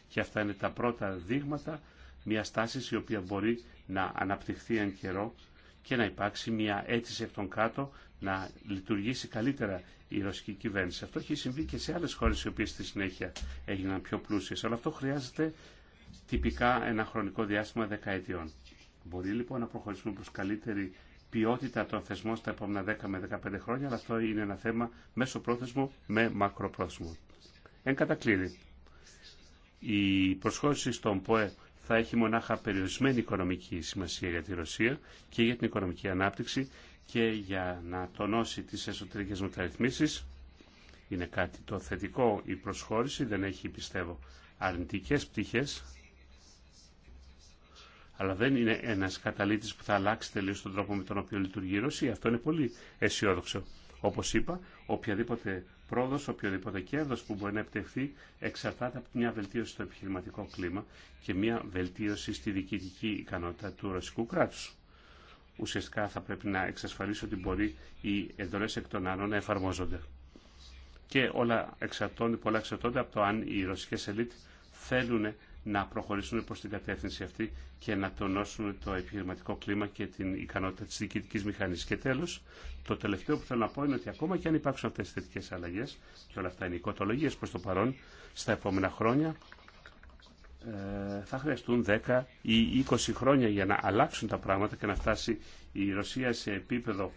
και αυτά είναι τα πρώτα δείγματα μια στάση η οποία μπορεί να αναπτυχθεί εν καιρό και να υπάρξει μια αίτηση από τον κάτω να λειτουργήσει καλύτερα η ρωσική κυβέρνηση. Αυτό έχει συμβεί και σε άλλε χώρε οι οποίε στη συνέχεια έγιναν πιο πλούσιε. Αλλά αυτό χρειάζεται τυπικά ένα χρονικό διάστημα δεκαετιών. Μπορεί λοιπόν να προχωρήσουμε προ καλύτερη ποιότητα των θεσμών στα επόμενα 10 με 15 χρόνια, αλλά αυτό είναι ένα θέμα μέσω πρόθεσμο με μακροπρόθεσμο. Εν κατακλείδη, η προσχώρηση στον ΠΟΕ θα έχει μονάχα περιορισμένη οικονομική σημασία για τη Ρωσία και για την οικονομική ανάπτυξη και για να τονώσει τις εσωτερικές μεταρρυθμίσεις. Είναι κάτι το θετικό η προσχώρηση, δεν έχει πιστεύω αρνητικές πτυχές, αλλά δεν είναι ένας καταλήτης που θα αλλάξει τελείως τον τρόπο με τον οποίο λειτουργεί η Ρωσία. Αυτό είναι πολύ αισιόδοξο. Όπως είπα, οποιαδήποτε πρόοδο, οποιοδήποτε κέρδο που μπορεί να επιτευχθεί, εξαρτάται από μια βελτίωση στο επιχειρηματικό κλίμα και μια βελτίωση στη διοικητική ικανότητα του ρωσικού κράτου. Ουσιαστικά θα πρέπει να εξασφαλίσει ότι μπορεί οι εντολέ εκ των άλλων να εφαρμόζονται. Και όλα εξαρτώνται, πολλά εξαρτώνται από το αν οι ρωσικέ ελίτ θέλουν να προχωρήσουν προς την κατεύθυνση αυτή και να τονώσουν το επιχειρηματικό κλίμα και την ικανότητα της διοικητικής μηχανής. Και τέλος, το τελευταίο που θέλω να πω είναι ότι ακόμα και αν υπάρξουν αυτές τις θετικές αλλαγές, και όλα αυτά είναι οικοτολογίες προς το παρόν, στα επόμενα χρόνια ε, θα χρειαστούν 10 ή 20 χρόνια για να αλλάξουν τα πράγματα και να φτάσει η Ρωσία σε επίπεδο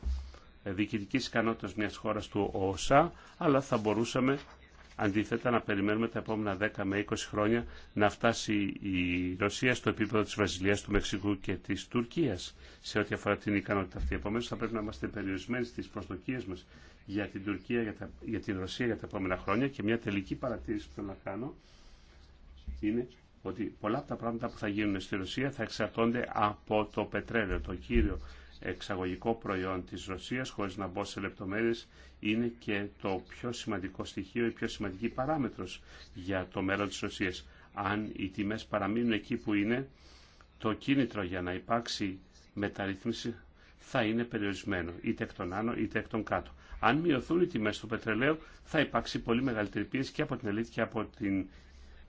ε, διοικητικής ικανότητας μιας χώρας του ΟΣΑ, αλλά θα μπορούσαμε Αντίθετα, να περιμένουμε τα επόμενα 10 με 20 χρόνια να φτάσει η Ρωσία στο επίπεδο της Βραζιλίας, του Μεξικού και της Τουρκίας σε ό,τι αφορά την ικανότητα αυτή. Επομένως, θα πρέπει να είμαστε περιορισμένοι στις προσδοκίες μας για την Τουρκία, για, για την Ρωσία για τα επόμενα χρόνια και μια τελική παρατήρηση που θέλω να κάνω είναι ότι πολλά από τα πράγματα που θα γίνουν στη Ρωσία θα εξαρτώνται από το πετρέλαιο, το κύριο εξαγωγικό προϊόν της Ρωσίας, χωρίς να μπω σε λεπτομέρειες, είναι και το πιο σημαντικό στοιχείο, η πιο σημαντική παράμετρος για το μέλλον της Ρωσίας. Αν οι τιμές παραμείνουν εκεί που είναι, το κίνητρο για να υπάρξει μεταρρύθμιση θα είναι περιορισμένο, είτε εκ των άνω είτε εκ των κάτω. Αν μειωθούν οι τιμές του πετρελαίου, θα υπάρξει πολύ μεγαλύτερη πίεση και από την ελίτ και από την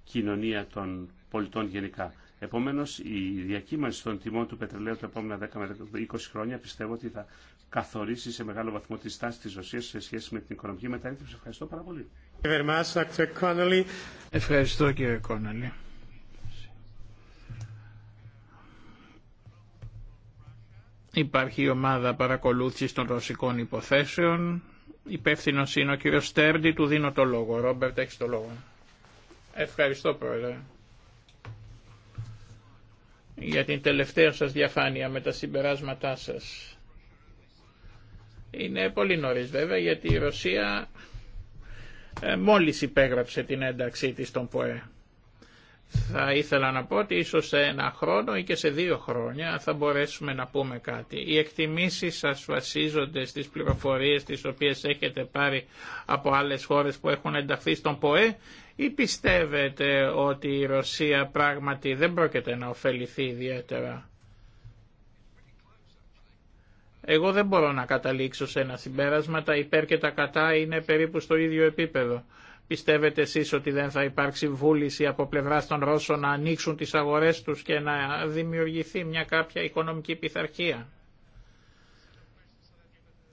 κοινωνία των πολιτών γενικά. Επομένω, η διακύμανση των τιμών του πετρελαίου τα επόμενα 10 με 20 χρόνια πιστεύω ότι θα καθορίσει σε μεγάλο βαθμό τη στάση τη Ρωσία σε σχέση με την οικονομική μεταρρύθμιση. Ευχαριστώ πάρα πολύ. Ευχαριστώ κύριε Κόνολη. Υπάρχει η ομάδα παρακολούθησης των ρωσικών υποθέσεων. Υπεύθυνο είναι ο κύριος Στέρντι, του δίνω το λόγο. Ρόμπερτ, έχει το λόγο. Ευχαριστώ, Πρόεδρε για την τελευταία σας διαφάνεια με τα συμπεράσματά σας. Είναι πολύ νωρίς βέβαια γιατί η Ρωσία ε, μόλις υπέγραψε την ένταξή της στον ΠΟΕ. Θα ήθελα να πω ότι ίσως σε ένα χρόνο ή και σε δύο χρόνια θα μπορέσουμε να πούμε κάτι. Οι εκτιμήσεις σας βασίζονται στις πληροφορίες τις οποίες έχετε πάρει από άλλες χώρες που έχουν ενταχθεί στον ΠΟΕ ή πιστεύετε ότι η Ρωσία πράγματι δεν πρόκειται να ωφεληθεί ιδιαίτερα. Εγώ δεν μπορώ να καταλήξω σε ένα συμπέρασμα, τα υπέρ και τα κατά είναι περίπου στο ίδιο επίπεδο. Πιστεύετε εσείς ότι δεν θα υπάρξει βούληση από πλευράς των Ρώσων να ανοίξουν τις αγορές τους και να δημιουργηθεί μια κάποια οικονομική πειθαρχία.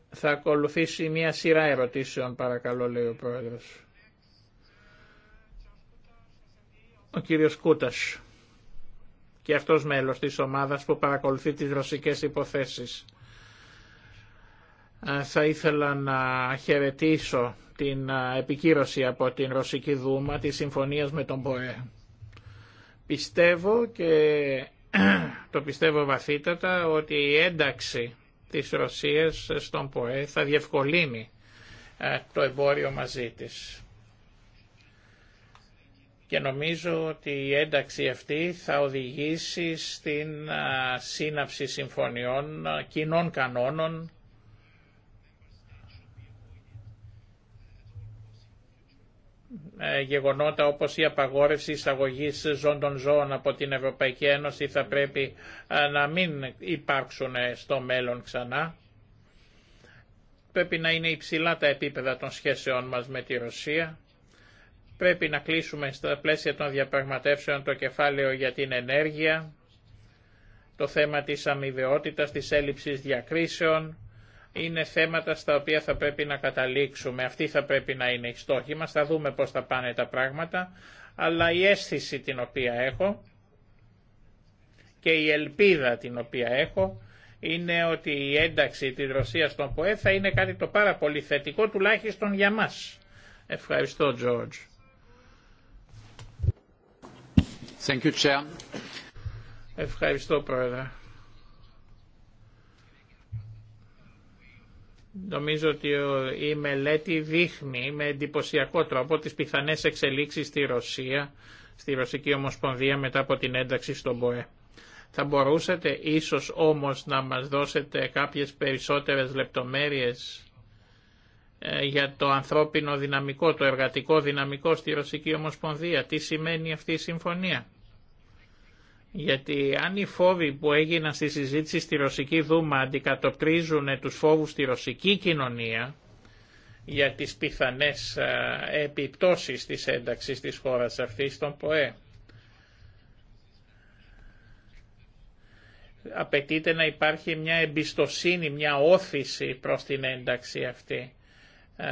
Θα ακολουθήσει μια σειρά ερωτήσεων παρακαλώ λέει ο Πρόεδρος. Ο κύριος Κούτας και αυτός μέλος της ομάδας που παρακολουθεί τις ρωσικές υποθέσεις. Θα ήθελα να χαιρετήσω την επικύρωση από την Ρωσική Δούμα της συμφωνίας με τον ΠΟΕ. Πιστεύω και το πιστεύω βαθύτατα ότι η ένταξη της Ρωσίας στον ΠΟΕ θα διευκολύνει το εμπόριο μαζί της. Και νομίζω ότι η ένταξη αυτή θα οδηγήσει στην σύναψη συμφωνιών κοινών κανόνων Ε, γεγονότα όπως η απαγόρευση εισαγωγής ζών των ζώων από την Ευρωπαϊκή Ένωση θα πρέπει ε, να μην υπάρξουν ε, στο μέλλον ξανά. Πρέπει να είναι υψηλά τα επίπεδα των σχέσεών μας με τη Ρωσία. Πρέπει να κλείσουμε στα πλαίσια των διαπραγματεύσεων το κεφάλαιο για την ενέργεια, το θέμα της αμοιβαιότητας, της έλλειψης διακρίσεων, είναι θέματα στα οποία θα πρέπει να καταλήξουμε. Αυτή θα πρέπει να είναι η στόχη μας. Θα δούμε πώς θα πάνε τα πράγματα. Αλλά η αίσθηση την οποία έχω και η ελπίδα την οποία έχω είναι ότι η ένταξη της Ρωσίας στον ΠΟΕ θα είναι κάτι το πάρα πολύ θετικό τουλάχιστον για μας. Ευχαριστώ Τζόρτζ. Ευχαριστώ Πρόεδρε. Νομίζω ότι η μελέτη δείχνει με εντυπωσιακό τρόπο τις πιθανές εξελίξεις στη Ρωσία, στη Ρωσική Ομοσπονδία μετά από την ένταξη στον ΠΟΕ. Θα μπορούσατε ίσως όμως να μας δώσετε κάποιες περισσότερες λεπτομέρειες ε, για το ανθρώπινο δυναμικό, το εργατικό δυναμικό στη Ρωσική Ομοσπονδία. Τι σημαίνει αυτή η συμφωνία. Γιατί αν οι φόβοι που έγιναν στη συζήτηση στη Ρωσική Δούμα αντικατοπτρίζουν τους φόβους στη Ρωσική κοινωνία για τις πιθανές ε, επιπτώσεις της ένταξης της χώρας αυτής στον ΠΟΕ. Απαιτείται να υπάρχει μια εμπιστοσύνη, μια όθηση προς την ένταξη αυτή. Ε,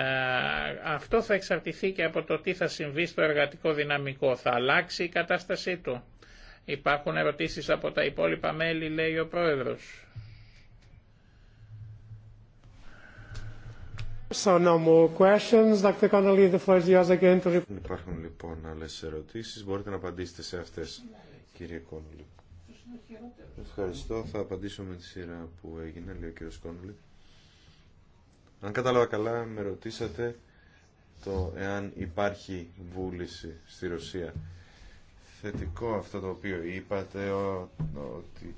αυτό θα εξαρτηθεί και από το τι θα συμβεί στο εργατικό δυναμικό. Θα αλλάξει η κατάστασή του Υπάρχουν ερωτήσεις από τα υπόλοιπα μέλη, λέει ο Πρόεδρος. So no more questions. Dr. Connolly, the floor is again to... Υπάρχουν λοιπόν άλλες ερωτήσεις. Μπορείτε να απαντήσετε σε αυτές, κύριε Κόνολη. Ευχαριστώ. Θα απαντήσω με τη σειρά που έγινε, λέει ο κύριος Κόνολη. Αν κατάλαβα καλά, με ρωτήσατε το εάν υπάρχει βούληση στη Ρωσία θετικό αυτό το οποίο είπατε, ότι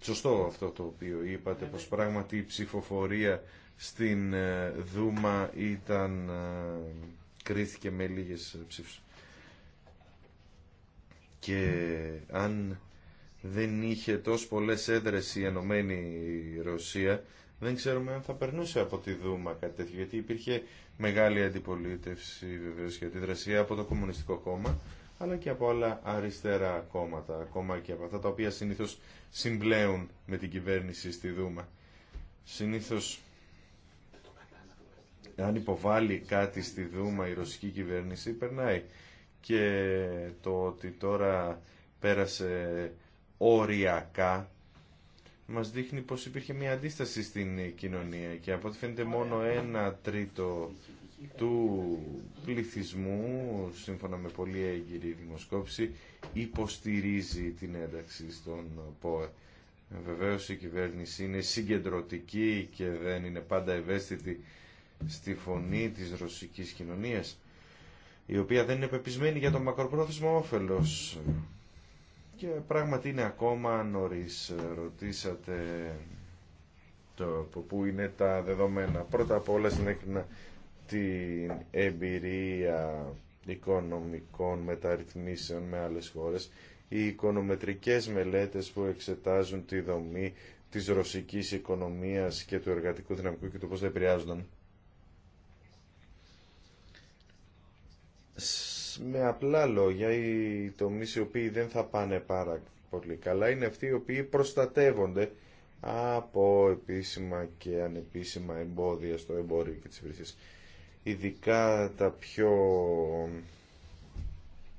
σωστό αυτό το οποίο είπατε, πως πράγματι η ψηφοφορία στην ε, Δούμα ήταν, ε, κρίθηκε με λίγες ψήφους. Και αν δεν είχε τόσο πολλές έδρες η Ενωμένη Ρωσία, δεν ξέρουμε αν θα περνούσε από τη Δούμα κάτι τέτοιο, γιατί υπήρχε μεγάλη αντιπολίτευση βεβαίως τη δρασία από το Κομμουνιστικό Κόμμα αλλά και από άλλα αριστερά κόμματα, ακόμα και από αυτά τα οποία συνήθως συμπλέουν με την κυβέρνηση στη Δούμα. Συνήθως, αν υποβάλει κάτι στη Δούμα η ρωσική κυβέρνηση, περνάει. Και το ότι τώρα πέρασε οριακά, μας δείχνει πως υπήρχε μια αντίσταση στην κοινωνία και από ό,τι φαίνεται μόνο ένα τρίτο του πληθυσμού, σύμφωνα με πολύ έγκυρη δημοσκόπηση, υποστηρίζει την ένταξη στον ΠΟΕ. Βεβαίως η κυβέρνηση είναι συγκεντρωτική και δεν είναι πάντα ευαίσθητη στη φωνή της ρωσικής κοινωνίας, η οποία δεν είναι πεπισμένη για το μακροπρόθεσμο όφελος. Και πράγματι είναι ακόμα νωρίς. Ρωτήσατε το, που είναι τα δεδομένα. Πρώτα απ' όλα στην την εμπειρία οικονομικών μεταρρυθμίσεων με άλλες χώρες, οι οικονομετρικές μελέτες που εξετάζουν τη δομή της ρωσικής οικονομίας και του εργατικού δυναμικού και του πώς θα επηρεάζονταν. Με απλά λόγια, οι τομείς οι οποίοι δεν θα πάνε πάρα πολύ καλά είναι αυτοί οι οποίοι προστατεύονται από επίσημα και ανεπίσημα εμπόδια στο εμπόριο και τις υπηρεσίες ειδικά τα πιο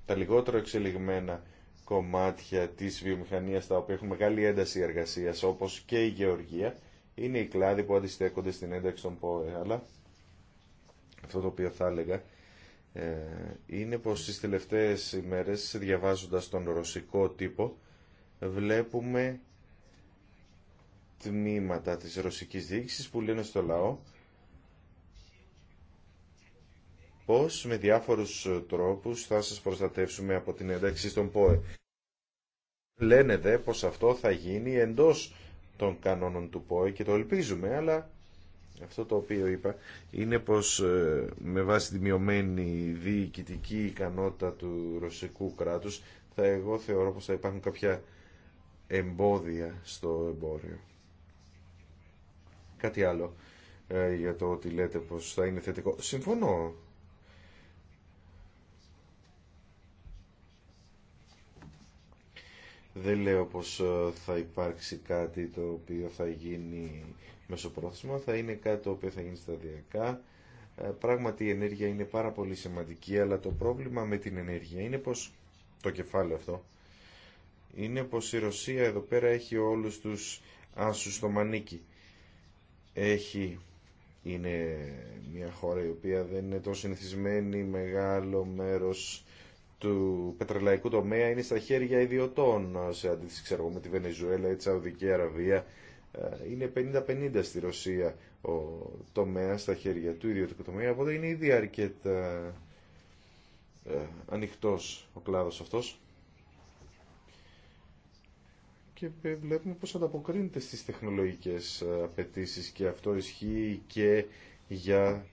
τα λιγότερο εξελιγμένα κομμάτια της βιομηχανίας τα οποία έχουν μεγάλη ένταση εργασίας όπως και η γεωργία είναι οι κλάδοι που αντιστέκονται στην ένταξη των ΠΟΕ αλλά αυτό το οποίο θα έλεγα ε, είναι πως στις τελευταίες ημέρες διαβάζοντας τον ρωσικό τύπο βλέπουμε τμήματα της ρωσικής διοίκησης που λένε στο λαό πώς με διάφορους ε, τρόπους θα σας προστατεύσουμε από την ένταξη στον ΠΟΕ. Λένε δε πως αυτό θα γίνει εντός των κανόνων του ΠΟΕ και το ελπίζουμε, αλλά αυτό το οποίο είπα είναι πως ε, με βάση τη μειωμένη διοικητική ικανότητα του ρωσικού κράτους θα εγώ θεωρώ πως θα υπάρχουν κάποια εμπόδια στο εμπόριο. Κάτι άλλο ε, για το ότι λέτε πως θα είναι θετικό. Συμφωνώ Δεν λέω πως ε, θα υπάρξει κάτι το οποίο θα γίνει μεσοπρόθεσμα, θα είναι κάτι το οποίο θα γίνει σταδιακά. Ε, πράγματι η ενέργεια είναι πάρα πολύ σημαντική, αλλά το πρόβλημα με την ενέργεια είναι πως το κεφάλαιο αυτό είναι πως η Ρωσία εδώ πέρα έχει όλους τους άσους στο μανίκι. Έχει, είναι μια χώρα η οποία δεν είναι τόσο συνηθισμένη, μεγάλο μέρος του πετρελαϊκού τομέα είναι στα χέρια ιδιωτών σε αντίθεση ξέρω με τη Βενεζουέλα ή τη Σαουδική Αραβία ε, είναι 50-50 στη Ρωσία ο τομέα στα χέρια του ιδιωτικού τομέα οπότε είναι ήδη αρκετά ε, ανοιχτό ο κλάδος αυτός και ε, βλέπουμε πως ανταποκρίνεται στις τεχνολογικές απαιτήσει και αυτό ισχύει και για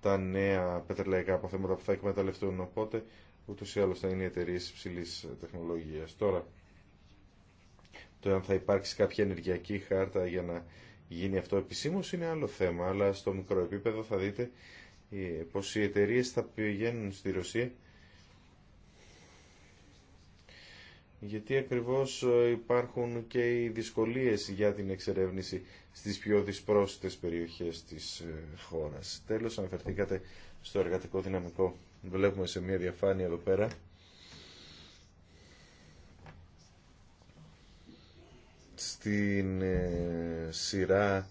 τα νέα πετρελαϊκά αποθέματα που θα εκμεταλλευτούν οπότε ούτω ή άλλω θα είναι εταιρείε υψηλή ε, τεχνολογίας. Τώρα, το αν θα υπάρξει κάποια ενεργειακή χάρτα για να γίνει αυτό επισήμω είναι άλλο θέμα, αλλά στο μικρό επίπεδο θα δείτε ε, πω οι εταιρείε θα πηγαίνουν στη Ρωσία γιατί ακριβώς ε, υπάρχουν και οι δυσκολίες για την εξερεύνηση στις πιο δυσπρόσιτες περιοχές της χώρας. Τέλος, αναφερθήκατε στο εργατικό δυναμικό βλέπουμε σε μια διαφάνεια εδώ πέρα στην ε, σειρά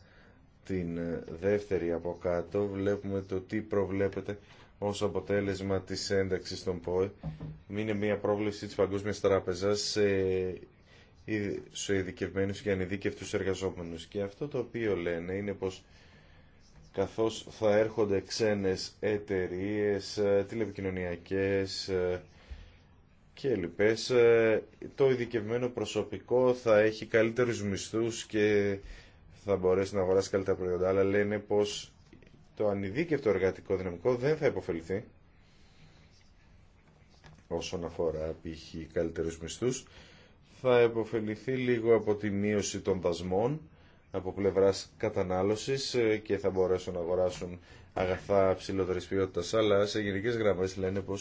την ε, δεύτερη από κάτω βλέπουμε το τι προβλέπεται ως αποτέλεσμα της ένταξης των ΠΟΕ. Είναι μια πρόβλεψη της Παγκόσμιας Τράπεζας σε, σε ειδικευμένους και ανειδίκευτους εργαζόμενους. Και αυτό το οποίο λένε είναι πως καθώς θα έρχονται ξένες εταιρείες, ε, τηλεπικοινωνιακές ε, και λοιπές. Ε, το ειδικευμένο προσωπικό θα έχει καλύτερους μισθούς και θα μπορέσει να αγοράσει καλύτερα προϊόντα, αλλά λένε πως το ανειδίκευτο εργατικό δυναμικό δεν θα υποφεληθεί όσον αφορά π.χ. καλύτερους μισθούς, θα υποφεληθεί λίγο από τη μείωση των δασμών από πλευρά κατανάλωσης ε, και θα μπορέσουν να αγοράσουν αγαθά ψηλότερης ποιότητας, αλλά σε γενικέ γραμμέ λένε πω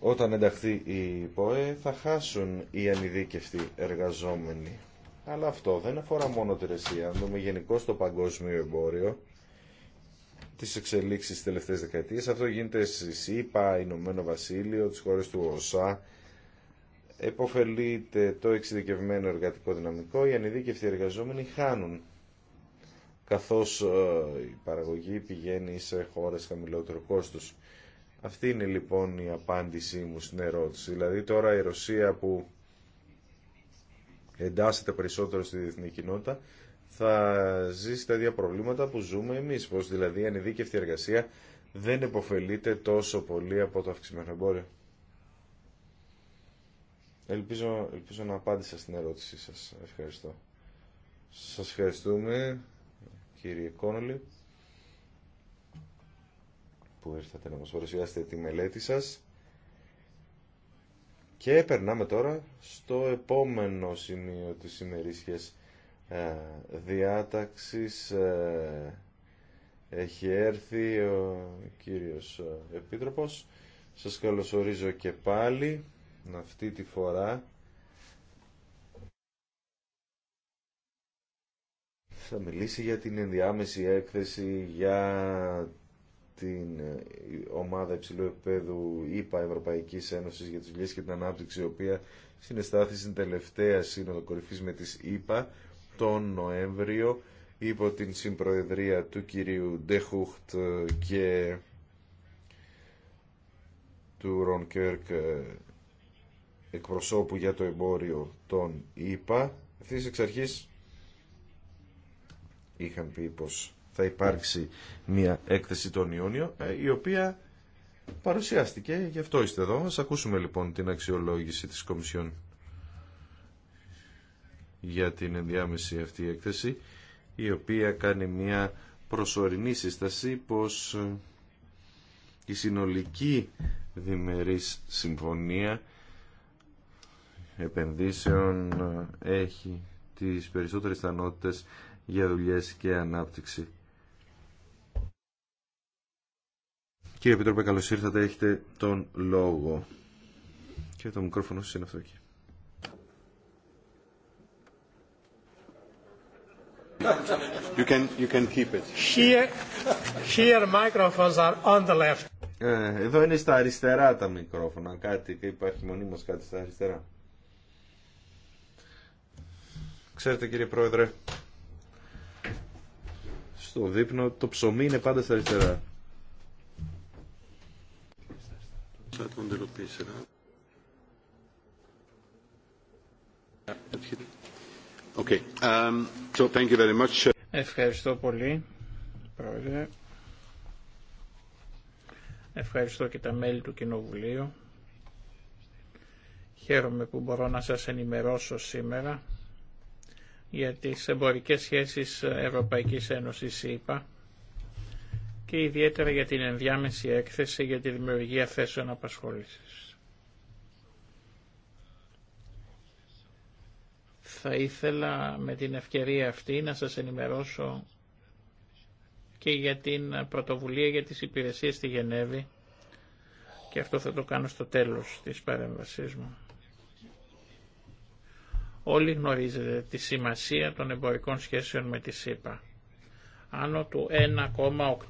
όταν ενταχθεί η ΠΟΕ θα χάσουν οι ανειδίκευτοι εργαζόμενοι. Αλλά αυτό δεν αφορά μόνο τη Ρεσία. Αν δούμε γενικώ το παγκόσμιο εμπόριο, τι εξελίξει τι τελευταίε δεκαετίε, αυτό γίνεται στι ΗΠΑ, Ηνωμένο Βασίλειο, τι χώρε του ΟΣΑ, εποφελείται το εξειδικευμένο εργατικό δυναμικό, οι ανειδίκευτοι εργαζόμενοι χάνουν καθώς ε, η παραγωγή πηγαίνει σε χώρες χαμηλότερου κόστος. Αυτή είναι λοιπόν η απάντησή μου στην ερώτηση. Δηλαδή τώρα η Ρωσία που εντάσσεται περισσότερο στη διεθνή κοινότητα θα ζήσει τα ίδια προβλήματα που ζούμε εμείς, πως δηλαδή η ανειδίκευτη εργασία δεν επωφελείται τόσο πολύ από το αυξημένο εμπόριο. Ελπίζω, ελπίζω να απάντησα στην ερώτησή σας. Ευχαριστώ. Σας ευχαριστούμε, κύριε Κόνολη, που ήρθατε να μας παρουσιάσετε τη μελέτη σας. Και περνάμε τώρα στο επόμενο σημείο της ημερήσιας ε, διάταξης. Ε, έχει έρθει ο κύριος ε, Επίτροπος. Σας καλωσορίζω και πάλι αυτή τη φορά θα μιλήσει για την ενδιάμεση έκθεση για την ομάδα υψηλού επίπεδου ΙΠΑ Ευρωπαϊκής Ένωσης για τις δουλειές και την Ανάπτυξη, η οποία συνεστάθη στην τελευταία σύνοδο κορυφής με τις ΙΠΑ τον Νοέμβριο υπό την συμπροεδρία του κυρίου Ντεχούχτ και του Ρον Κέρκ εκπροσώπου για το εμπόριο των ΙΠΑ. Αυτή εξ αρχής είχαν πει πως θα υπάρξει μια έκθεση τον Ιούνιο, ε, η οποία παρουσιάστηκε, γι' αυτό είστε εδώ. Ας ακούσουμε λοιπόν την αξιολόγηση της Κομισιόν για την ενδιάμεση αυτή έκθεση, η οποία κάνει μια προσωρινή σύσταση πως ε, η συνολική διμερής συμφωνία επενδύσεων έχει τις περισσότερες θανότητες για δουλειές και ανάπτυξη. Κύριε Επίτροπε, καλώς ήρθατε. Έχετε τον λόγο. Και το μικρόφωνο σας είναι αυτό εκεί. You can, you can keep it. Here, here microphones are on the left. Ε, εδώ είναι στα αριστερά τα μικρόφωνα. Κάτι, υπάρχει μονίμως κάτι στα αριστερά. Ξέρετε κύριε Πρόεδρε, στο δείπνο το ψωμί είναι πάντα στα αριστερά. Um, Ευχαριστώ πολύ, Πρόεδρε. Ευχαριστώ και τα μέλη του Κοινοβουλίου. Χαίρομαι που μπορώ να σας ενημερώσω σήμερα για τις εμπορικές σχέσεις Ευρωπαϊκής Ένωσης είπα και ιδιαίτερα για την ενδιάμεση έκθεση για τη δημιουργία θέσεων απασχόλησης. Θα ήθελα με την ευκαιρία αυτή να σας ενημερώσω και για την πρωτοβουλία για τις υπηρεσίες στη Γενέβη και αυτό θα το κάνω στο τέλος της παρέμβασής μου. Όλοι γνωρίζετε τη σημασία των εμπορικών σχέσεων με τη ΣΥΠΑ. Άνω του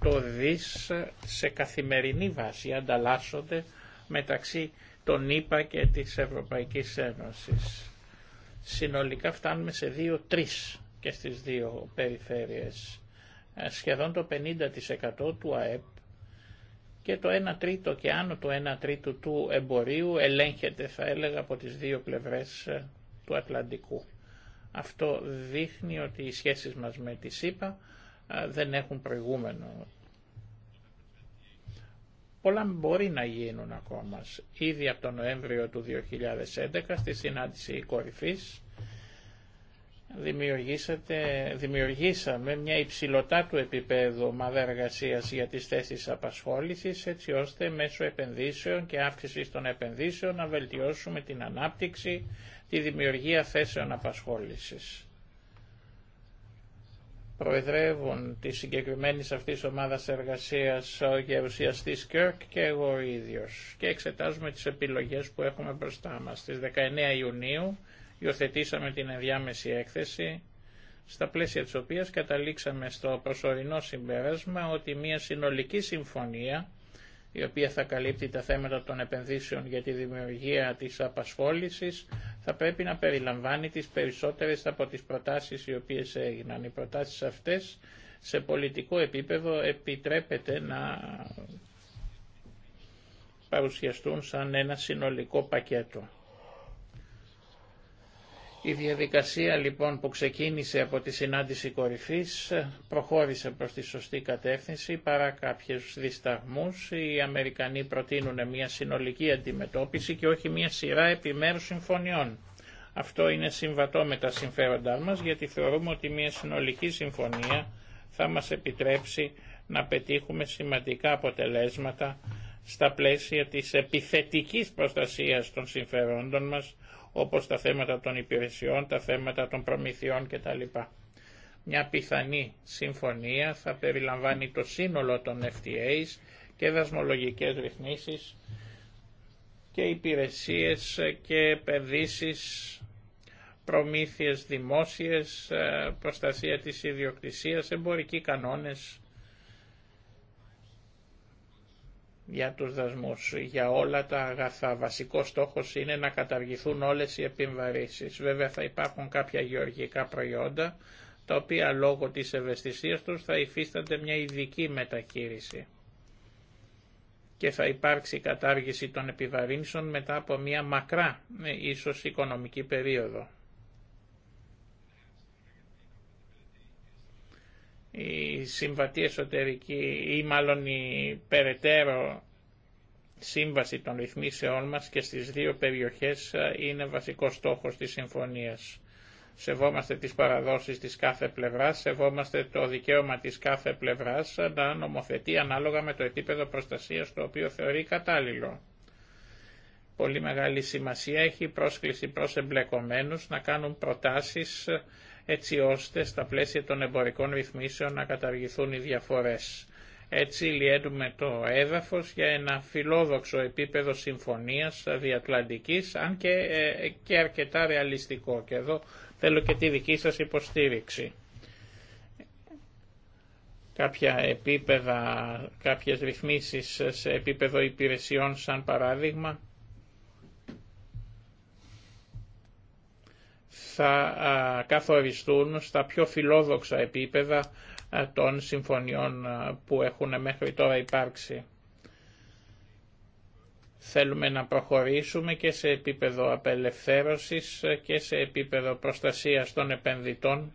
1,8 δις σε καθημερινή βάση ανταλλάσσονται μεταξύ των ΗΠΑ και της Ευρωπαϊκής Ένωσης. Συνολικά φτάνουμε σε 2-3 και στις δύο περιφέρειες. Ε, σχεδόν το 50% του ΑΕΠ και το 1 τρίτο και άνω του 1 τρίτου του εμπορίου ελέγχεται θα έλεγα από τις δύο πλευρές ε, του Ατλαντικού. Αυτό δείχνει ότι οι σχέσεις μας με τη ΣΥΠΑ δεν έχουν προηγούμενο. Πολλά μπορεί να γίνουν ακόμα. Ήδη από τον Νοέμβριο του 2011 στη συνάντηση κορυφής δημιουργήσαμε μια υψηλωτά του επίπεδου ομάδα εργασία για τις θέσεις απασχόλησης έτσι ώστε μέσω επενδύσεων και αύξησης των επενδύσεων να βελτιώσουμε την ανάπτυξη, τη δημιουργία θέσεων απασχόλησης. Προεδρεύουν τη συγκεκριμένη αυτής ομάδας εργασίας ο γερουσιαστής Κέρκ και εγώ ο ίδιος και εξετάζουμε τις επιλογές που έχουμε μπροστά μας. Στι 19 Ιουνίου υιοθετήσαμε την ενδιάμεση έκθεση στα πλαίσια της οποίας καταλήξαμε στο προσωρινό συμπέρασμα ότι μια συνολική συμφωνία η οποία θα καλύπτει τα θέματα των επενδύσεων για τη δημιουργία της απασχόλησης, θα πρέπει να περιλαμβάνει τις περισσότερες από τις προτάσεις οι οποίες έγιναν. Οι προτάσεις αυτές σε πολιτικό επίπεδο επιτρέπεται να παρουσιαστούν σαν ένα συνολικό πακέτο. Η διαδικασία λοιπόν που ξεκίνησε από τη συνάντηση κορυφής προχώρησε προς τη σωστή κατεύθυνση παρά κάποιους δισταγμούς. Οι Αμερικανοί προτείνουν μια συνολική αντιμετώπιση και όχι μια σειρά επιμέρους συμφωνιών. Αυτό είναι συμβατό με τα συμφέροντά μας γιατί θεωρούμε ότι μια συνολική συμφωνία θα μας επιτρέψει να πετύχουμε σημαντικά αποτελέσματα στα πλαίσια της επιθετικής προστασίας των συμφερόντων μας όπως τα θέματα των υπηρεσιών, τα θέματα των προμηθειών κτλ. Μια πιθανή συμφωνία θα περιλαμβάνει το σύνολο των FTAs και δασμολογικές ρυθμίσεις και υπηρεσίες και επενδύσεις, προμήθειες δημόσιες, ε, προστασία της ιδιοκτησίας, εμπορικοί κανόνες για τους δασμούς, για όλα τα αγαθά. Βασικό στόχος είναι να καταργηθούν όλες οι επιβαρύσεις. Βέβαια θα υπάρχουν κάποια γεωργικά προϊόντα, τα οποία λόγω της ευαισθησίας τους θα υφίστανται μια ειδική μεταχείριση και θα υπάρξει κατάργηση των επιβαρύνσεων μετά από μια μακρά, ε, ίσως οικονομική περίοδο. η συμβατή εσωτερική ή μάλλον η περαιτέρω σύμβαση των ρυθμίσεών μας και στις δύο περιοχές ε, είναι βασικός στόχος της συμφωνίας. Σεβόμαστε τις παραδόσεις της κάθε πλευράς, σεβόμαστε το δικαίωμα της κάθε πλευράς ε, να νομοθετεί ανάλογα με το επίπεδο προστασίας το οποίο θεωρεί κατάλληλο. Πολύ μεγάλη σημασία έχει η πρόσκληση προς εμπλεκομένους να κάνουν προτάσεις ε, έτσι ώστε στα πλαίσια των εμπορικών ρυθμίσεων να καταργηθούν οι διαφορές. Έτσι λιέντουμε το έδαφος για ένα φιλόδοξο επίπεδο συμφωνίας διατλαντικής, αν και, ε, και αρκετά ρεαλιστικό. Και εδώ θέλω και τη δική σας υποστήριξη. Κάποια επίπεδα, κάποιες ρυθμίσεις σε επίπεδο υπηρεσιών σαν παράδειγμα, θα καθοριστούν στα πιο φιλόδοξα επίπεδα των συμφωνιών που έχουν μέχρι τώρα υπάρξει. Θέλουμε να προχωρήσουμε και σε επίπεδο απελευθέρωσης και σε επίπεδο προστασίας των επενδυτών,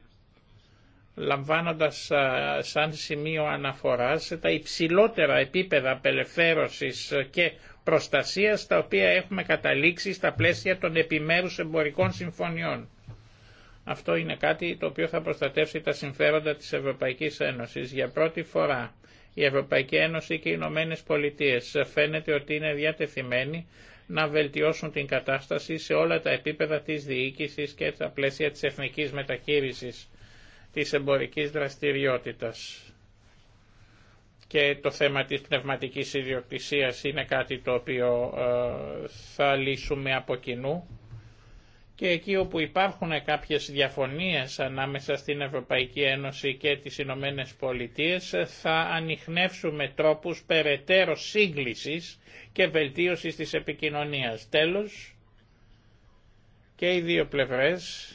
λαμβάνοντας σαν σημείο αναφοράς τα υψηλότερα επίπεδα απελευθέρωσης και προστασίας τα οποία έχουμε καταλήξει στα πλαίσια των επιμέρους εμπορικών συμφωνιών. Αυτό είναι κάτι το οποίο θα προστατεύσει τα συμφέροντα της Ευρωπαϊκής Ένωσης. Για πρώτη φορά η Ευρωπαϊκή Ένωση και οι Ηνωμένε Πολιτείε φαίνεται ότι είναι διατεθειμένοι να βελτιώσουν την κατάσταση σε όλα τα επίπεδα της διοίκησης και τα πλαίσια της εθνικής μεταχείρισης της εμπορικής δραστηριότητας. Και το θέμα της πνευματικής ιδιοκτησίας είναι κάτι το οποίο ε, θα λύσουμε από κοινού και εκεί όπου υπάρχουν κάποιες διαφωνίες ανάμεσα στην Ευρωπαϊκή Ένωση και τις Ηνωμένε Πολιτείες θα ανοιχνεύσουμε τρόπους περαιτέρω σύγκλησης και βελτίωσης της επικοινωνίας. Τέλος, και οι δύο πλευρές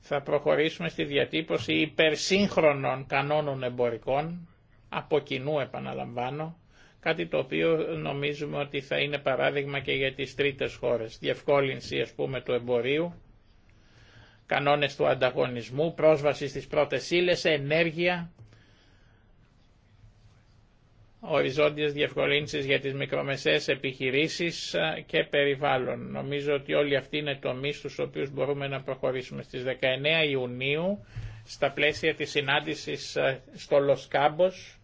θα προχωρήσουμε στη διατύπωση υπερσύγχρονων κανόνων εμπορικών, από κοινού επαναλαμβάνω, κάτι το οποίο νομίζουμε ότι θα είναι παράδειγμα και για τις τρίτες χώρες. Διευκόλυνση ας πούμε του εμπορίου, κανόνες του ανταγωνισμού, πρόσβαση στις πρώτες ύλες, ενέργεια, οριζόντιες διευκολύνσεις για τις μικρομεσαίες επιχειρήσεις και περιβάλλον. Νομίζω ότι όλοι αυτοί είναι τομεί στους οποίους μπορούμε να προχωρήσουμε. Στις 19 Ιουνίου, στα πλαίσια της συνάντησης στο Λοσκάμπος,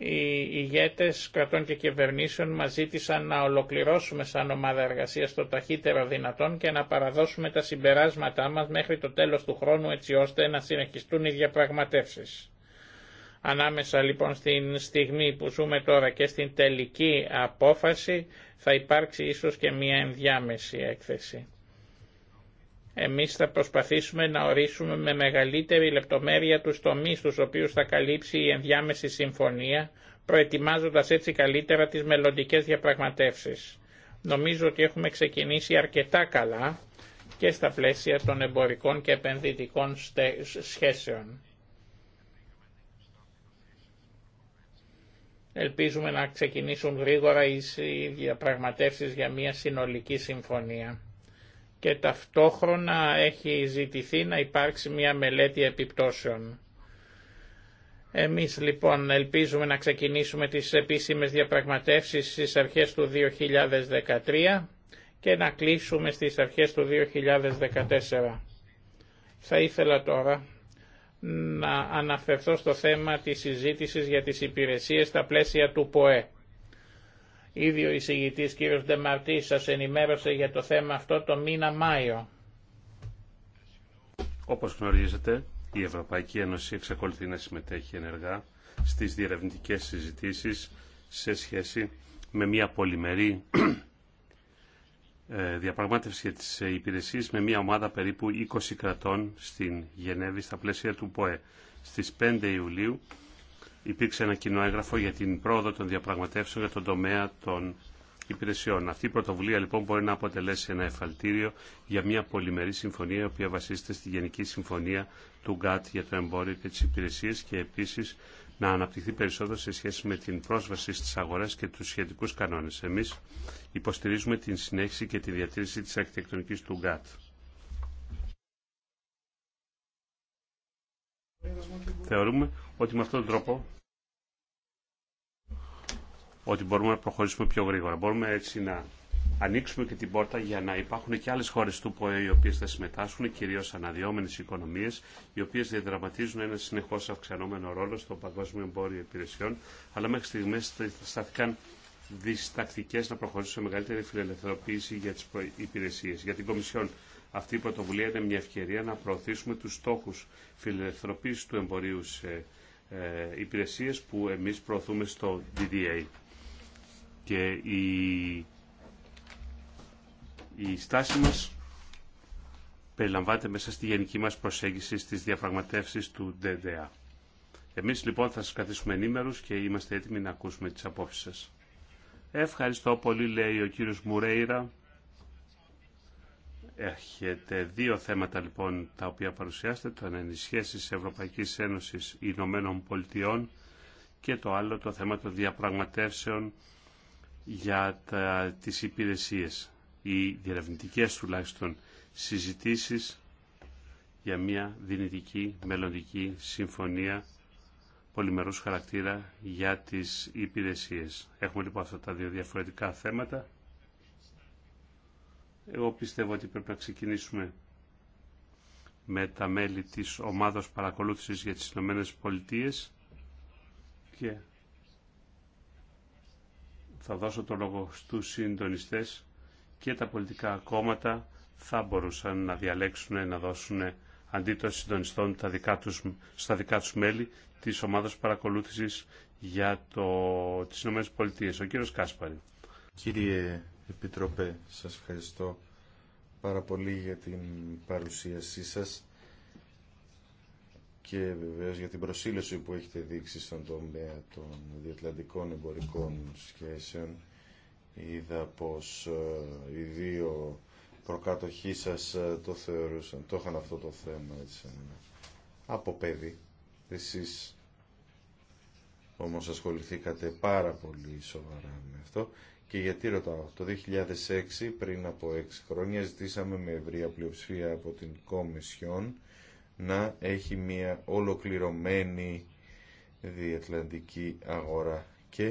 οι ηγέτες κρατών και κυβερνήσεων μας ζήτησαν να ολοκληρώσουμε σαν ομάδα εργασίας το ταχύτερο δυνατόν και να παραδώσουμε τα συμπεράσματά μας μέχρι το τέλος του χρόνου έτσι ώστε να συνεχιστούν οι διαπραγματεύσεις. Ανάμεσα λοιπόν στην στιγμή που ζούμε τώρα και στην τελική απόφαση θα υπάρξει ίσως και μία ενδιάμεση έκθεση. Εμείς θα προσπαθήσουμε να ορίσουμε με μεγαλύτερη λεπτομέρεια τους τομείς τους οποίους θα καλύψει η ενδιάμεση συμφωνία, προετοιμάζοντας έτσι καλύτερα τις μελλοντικές διαπραγματεύσεις. Νομίζω ότι έχουμε ξεκινήσει αρκετά καλά και στα πλαίσια των εμπορικών και επενδυτικών σχέσεων. Ελπίζουμε να ξεκινήσουν γρήγορα οι διαπραγματεύσεις για μια συνολική συμφωνία και ταυτόχρονα έχει ζητηθεί να υπάρξει μια μελέτη επιπτώσεων. Εμείς λοιπόν ελπίζουμε να ξεκινήσουμε τις επίσημες διαπραγματεύσεις στις αρχές του 2013 και να κλείσουμε στις αρχές του 2014. Θα ήθελα τώρα να αναφερθώ στο θέμα της συζήτησης για τις υπηρεσίες στα πλαίσια του ΠΟΕ. Ήδη ο εισηγητής κ. Ντεμαρτή σας ενημέρωσε για το θέμα αυτό το μήνα Μάιο. Όπως γνωρίζετε, η Ευρωπαϊκή Ένωση εξακολουθεί να συμμετέχει ενεργά στις διερευνητικές συζητήσεις σε σχέση με μια πολυμερή ε, διαπραγμάτευση τις ε, υπηρεσίες με μια ομάδα περίπου 20 κρατών στην Γενέβη στα πλαίσια του ΠΟΕ. Στις 5 Ιουλίου υπήρξε ένα κοινό έγγραφο για την πρόοδο των διαπραγματεύσεων για τον τομέα των υπηρεσιών. Αυτή η πρωτοβουλία λοιπόν μπορεί να αποτελέσει ένα εφαλτήριο για μια πολυμερή συμφωνία η οποία βασίζεται στη Γενική Συμφωνία του ΓΚΑΤ για το εμπόριο και τις υπηρεσίες και επίσης να αναπτυχθεί περισσότερο σε σχέση με την πρόσβαση στις αγορές και τους σχετικούς κανόνες. Εμείς υποστηρίζουμε την συνέχιση και τη διατήρηση της αρχιτεκτονικής του ΓΚΑΤ. Θεωρούμε ότι με αυτόν τον τρόπο ότι μπορούμε να προχωρήσουμε πιο γρήγορα. Μπορούμε έτσι να ανοίξουμε και την πόρτα για να υπάρχουν και άλλες χώρες του ΠΟΕ οι οποίες θα συμμετάσχουν, κυρίως αναδυόμενες οικονομίες, οι οποίες διαδραματίζουν ένα συνεχώς αυξανόμενο ρόλο στο παγκόσμιο εμπόριο υπηρεσιών, αλλά μέχρι στιγμές στάθηκαν διστακτικές να προχωρήσουν σε μεγαλύτερη φιλελευθερωποίηση για τις υπηρεσίες. Για την Κομισιόν αυτή η πρωτοβουλία είναι μια ευκαιρία να προωθήσουμε τους στόχους φιλελευθερωποίησης του εμπορίου σε ε, υπηρεσίες που εμείς προωθούμε στο DDA. Και η, η στάση μας περιλαμβάνεται μέσα στη γενική μας προσέγγιση στις διαπραγματεύσεις του DDA. Εμείς λοιπόν θα σας καθίσουμε ενήμερους και είμαστε έτοιμοι να ακούσουμε τις απόψεις σας. Ευχαριστώ πολύ λέει ο κύριος Μουρέιρα. Έχετε δύο θέματα λοιπόν τα οποία παρουσιάσετε, το ένα είναι οι σχέσεις Ευρωπαϊκής Ένωσης Ηνωμένων Πολιτειών και το άλλο το θέμα των διαπραγματεύσεων για τα, τις υπηρεσίες ή διερευνητικές τουλάχιστον συζητήσεις για μια δυνητική μελλοντική συμφωνία πολυμερούς χαρακτήρα για τις υπηρεσίες. Έχουμε λοιπόν αυτά τα δύο διαφορετικά θέματα εγώ πιστεύω ότι πρέπει να ξεκινήσουμε με τα μέλη της ομάδος παρακολούθησης για τις Ηνωμένες Πολιτείες και θα δώσω το λόγο στους συντονιστές και τα πολιτικά κόμματα θα μπορούσαν να διαλέξουν να δώσουν αντί των συντονιστών τα δικά τους, στα δικά τους μέλη της Ομάδος παρακολούθησης για το, τις Ηνωμένες Πολιτείες. Ο κύριος Κάσπαρη. Επιτροπέ. Σας ευχαριστώ πάρα πολύ για την παρουσίασή σας και βεβαίω για την προσήλωση που έχετε δείξει στον τομέα των διατλαντικών εμπορικών σχέσεων. Είδα πως ε, οι δύο προκάτοχοί σας ε, το θεωρούσαν, το είχαν αυτό το θέμα έτσι, από παιδί. Εσείς όμως ασχοληθήκατε πάρα πολύ σοβαρά με αυτό και γιατί ρωτάω, το 2006 πριν από 6 χρόνια ζητήσαμε με ευρία πλειοψηφία από την Κομισιόν να έχει μια ολοκληρωμένη διατλαντική αγορά και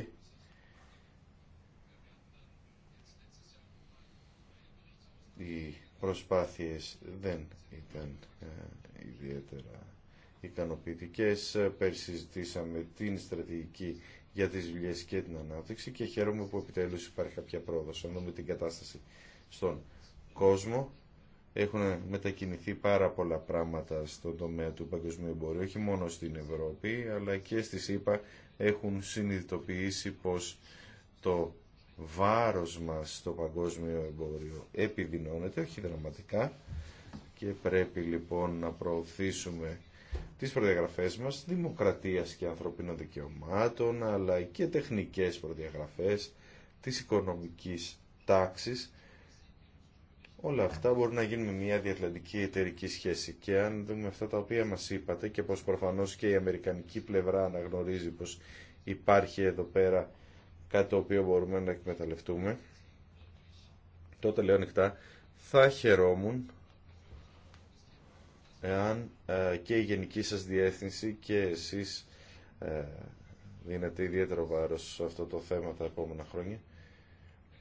οι προσπάθειες δεν ήταν ε, ιδιαίτερα ικανοποιητικές. Πέρσι ζητήσαμε την στρατηγική για τις δουλειέ και την ανάπτυξη και χαίρομαι που επιτέλους υπάρχει κάποια πρόοδος. Ενώ με την κατάσταση στον κόσμο έχουν μετακινηθεί πάρα πολλά πράγματα στον τομέα του παγκοσμίου εμπορίου, όχι μόνο στην Ευρώπη, αλλά και στις ΗΠΑ έχουν συνειδητοποιήσει πως το βάρος μας στο παγκόσμιο εμπόριο επιδεινώνεται, όχι δραματικά, και πρέπει λοιπόν να προωθήσουμε τις προδιαγραφές μας δημοκρατίας και ανθρωπίνων δικαιωμάτων, αλλά και τεχνικές προδιαγραφές της οικονομικής τάξης. Όλα αυτά μπορούν να γίνουν με μια διατλαντική εταιρική σχέση. Και αν δούμε αυτά τα οποία μας είπατε και πως προφανώς και η αμερικανική πλευρά αναγνωρίζει πως υπάρχει εδώ πέρα κάτι το οποίο μπορούμε να εκμεταλλευτούμε, τότε λέω ανοιχτά, θα χαιρόμουν εάν ε, και η γενική σας διεύθυνση και εσείς ε, δίνετε ιδιαίτερο βάρος σε αυτό το θέμα τα επόμενα χρόνια.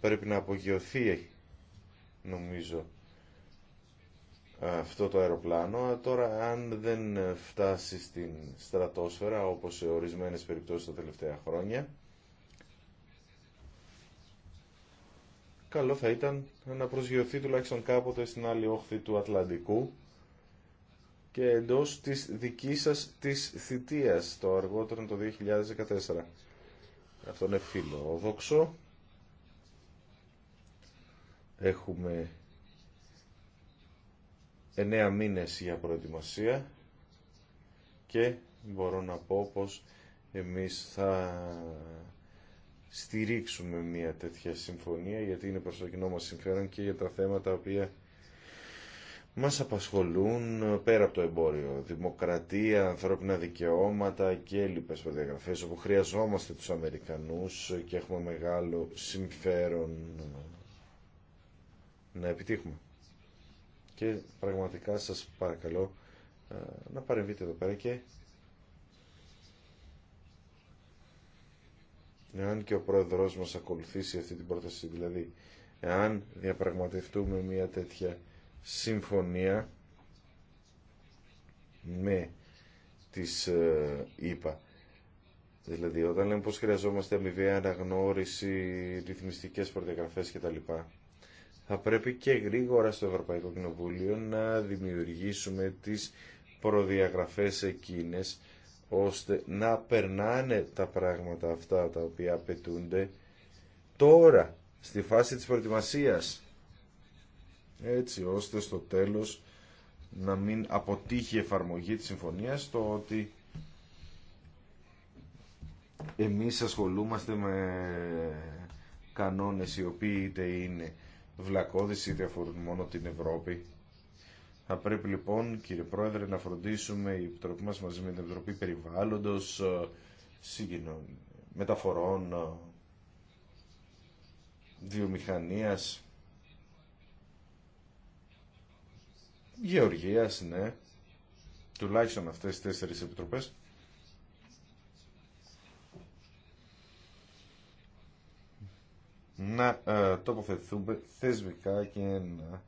Πρέπει να απογειωθεί, νομίζω, αυτό το αεροπλάνο. Τώρα, αν δεν φτάσει στην στρατόσφαιρα, όπως σε ορισμένες περιπτώσεις τα τελευταία χρόνια, καλό θα ήταν να προσγειωθεί τουλάχιστον κάποτε στην άλλη όχθη του Ατλαντικού, και εντός της δικής σας της θητείας το αργότερο το 2014. Αυτό είναι φιλόδοξο. Έχουμε εννέα μήνες για προετοιμασία και μπορώ να πω πως εμείς θα στηρίξουμε μια τέτοια συμφωνία γιατί είναι προς το κοινό μας συμφέρον και για τα θέματα τα οποία μας απασχολούν ε, πέρα από το εμπόριο. Δημοκρατία, ανθρώπινα δικαιώματα και λοιπές προδιαγραφές όπου χρειαζόμαστε τους Αμερικανούς και έχουμε μεγάλο συμφέρον να επιτύχουμε. Και πραγματικά σας παρακαλώ ε, να παρεμβείτε εδώ πέρα και εάν και ο πρόεδρος μας ακολουθήσει αυτή την πρόταση, δηλαδή εάν διαπραγματευτούμε μια τέτοια συμφωνία με τις ΕΠΑ. Δηλαδή, όταν λέμε πώς χρειαζόμαστε αμοιβαία αναγνώριση, ρυθμιστικές προδιαγραφές κτλ. Θα πρέπει και γρήγορα στο Ευρωπαϊκό Κοινοβούλιο να δημιουργήσουμε τις προδιαγραφές εκείνες, ώστε να περνάνε τα πράγματα αυτά τα οποία απαιτούνται τώρα, στη φάση της προετοιμασίας έτσι ώστε στο τέλος να μην αποτύχει η εφαρμογή της συμφωνίας το ότι εμείς ασχολούμαστε με κανόνες οι οποίοι είτε είναι βλακώδεις είτε αφορούν μόνο την Ευρώπη. Θα πρέπει λοιπόν κύριε Πρόεδρε να φροντίσουμε η Επιτροπή μας μαζί με την Επιτροπή Περιβάλλοντος, ε, μεταφορών, ε, βιομηχανίας Γεωργίας, ναι, τουλάχιστον αυτές τις τέσσερις επιτροπές. να ε, τοποθετηθούμε θεσμικά και να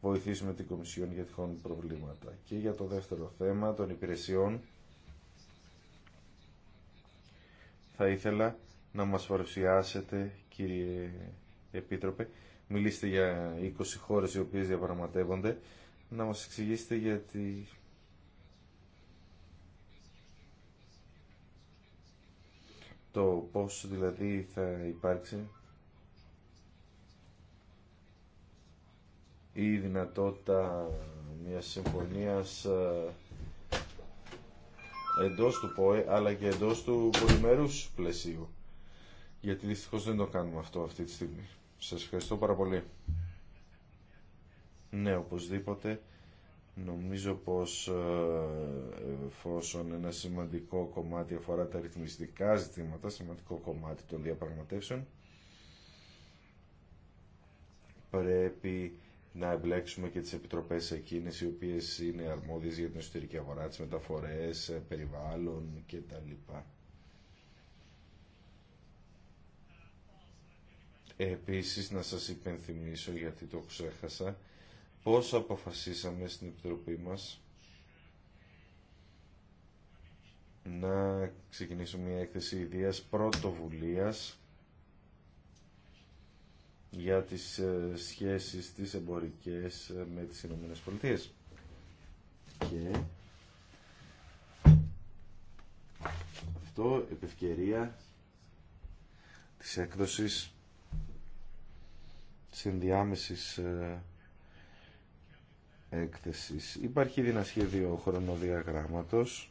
βοηθήσουμε την Κομισιόν για τυχόν προβλήματα. Και για το δεύτερο θέμα των υπηρεσιών θα ήθελα να μας παρουσιάσετε κύριε Επίτροπε. Μιλήστε για 20 χώρες οι οποίες διαπραγματεύονται να μας εξηγήσετε γιατί το πώς δηλαδή θα υπάρξει η δυνατότητα μιας συμφωνίας ε, εντός του ΠΟΕ αλλά και εντός του πολυμερούς πλαισίου γιατί δυστυχώς δεν το κάνουμε αυτό αυτή τη στιγμή. Σας ευχαριστώ πάρα πολύ. Ναι, οπωσδήποτε. Νομίζω πως ε, εφόσον ένα σημαντικό κομμάτι αφορά τα ρυθμιστικά ζητήματα, σημαντικό κομμάτι των διαπραγματεύσεων, πρέπει να εμπλέξουμε και τις επιτροπές εκείνες οι οποίες είναι αρμόδιες για την εσωτερική αγορά, τις μεταφορές, ε, περιβάλλον κτλ. Επίσης να σας υπενθυμίσω γιατί το ξέχασα πώς αποφασίσαμε στην Επιτροπή μας να ξεκινήσουμε μια έκθεση ιδίας πρωτοβουλίας για τις ε, σχέσεις τις εμπορικές ε, με τις Ηνωμένες Πολιτείες. Και αυτό επευκαιρία της έκδοσης της ενδιάμεσης ε, έκθεσης. Υπάρχει ήδη ένα σχέδιο χρονοδιαγράμματος.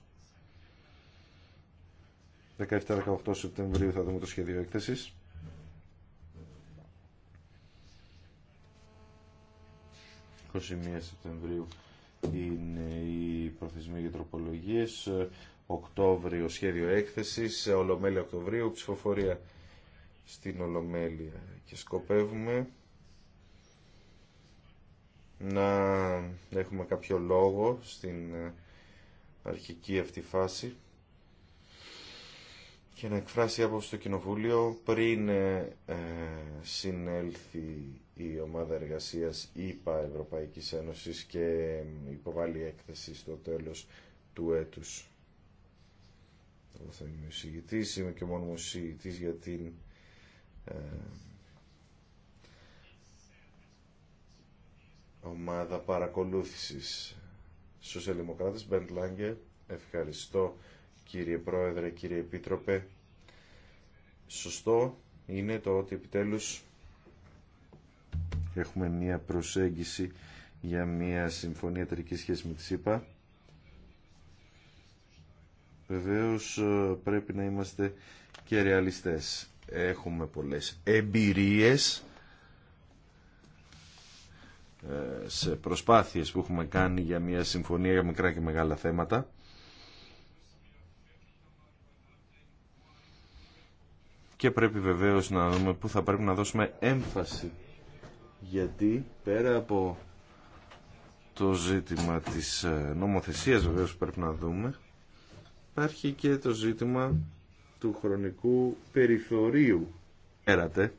17-18 Σεπτεμβρίου θα δούμε το σχέδιο έκθεσης. Σεπτεμβρίου είναι οι προθεσμοί για τροπολογίες. Οκτώβριο σχέδιο έκθεσης, Ολομέλεια Οκτωβρίου, ψηφοφορία στην Ολομέλεια και σκοπεύουμε να έχουμε κάποιο λόγο στην ε, αρχική αυτή φάση και να εκφράσει από στο Κοινοβούλιο πριν ε, ε, συνέλθει η ομάδα εργασίας ΙΠΑ Ευρωπαϊκής Ένωσης και ε, υποβάλει έκθεση στο τέλος του έτους. Εγώ θα είμαι ο είμαι και μόνο ο για την ομάδα παρακολούθησης. Σοσιαλδημοκράτης Μπεντ Λάγκε, ευχαριστώ κύριε Πρόεδρε, κύριε Επίτροπε. Σωστό είναι το ότι επιτέλους έχουμε μία προσέγγιση για μία συμφωνία τερικής σχέσης με τη ΣΥΠΑ. Βεβαίως ε, πρέπει να είμαστε και ρεαλιστές. Έχουμε πολλές εμπειρίες σε προσπάθειες που έχουμε κάνει για μια συμφωνία για μικρά και μεγάλα θέματα. Και πρέπει βεβαίως να δούμε πού θα πρέπει να δώσουμε έμφαση. Γιατί πέρα από το ζήτημα της ε, νομοθεσίας βεβαίως που πρέπει να δούμε, υπάρχει και το ζήτημα του χρονικού περιθωρίου. Έρατε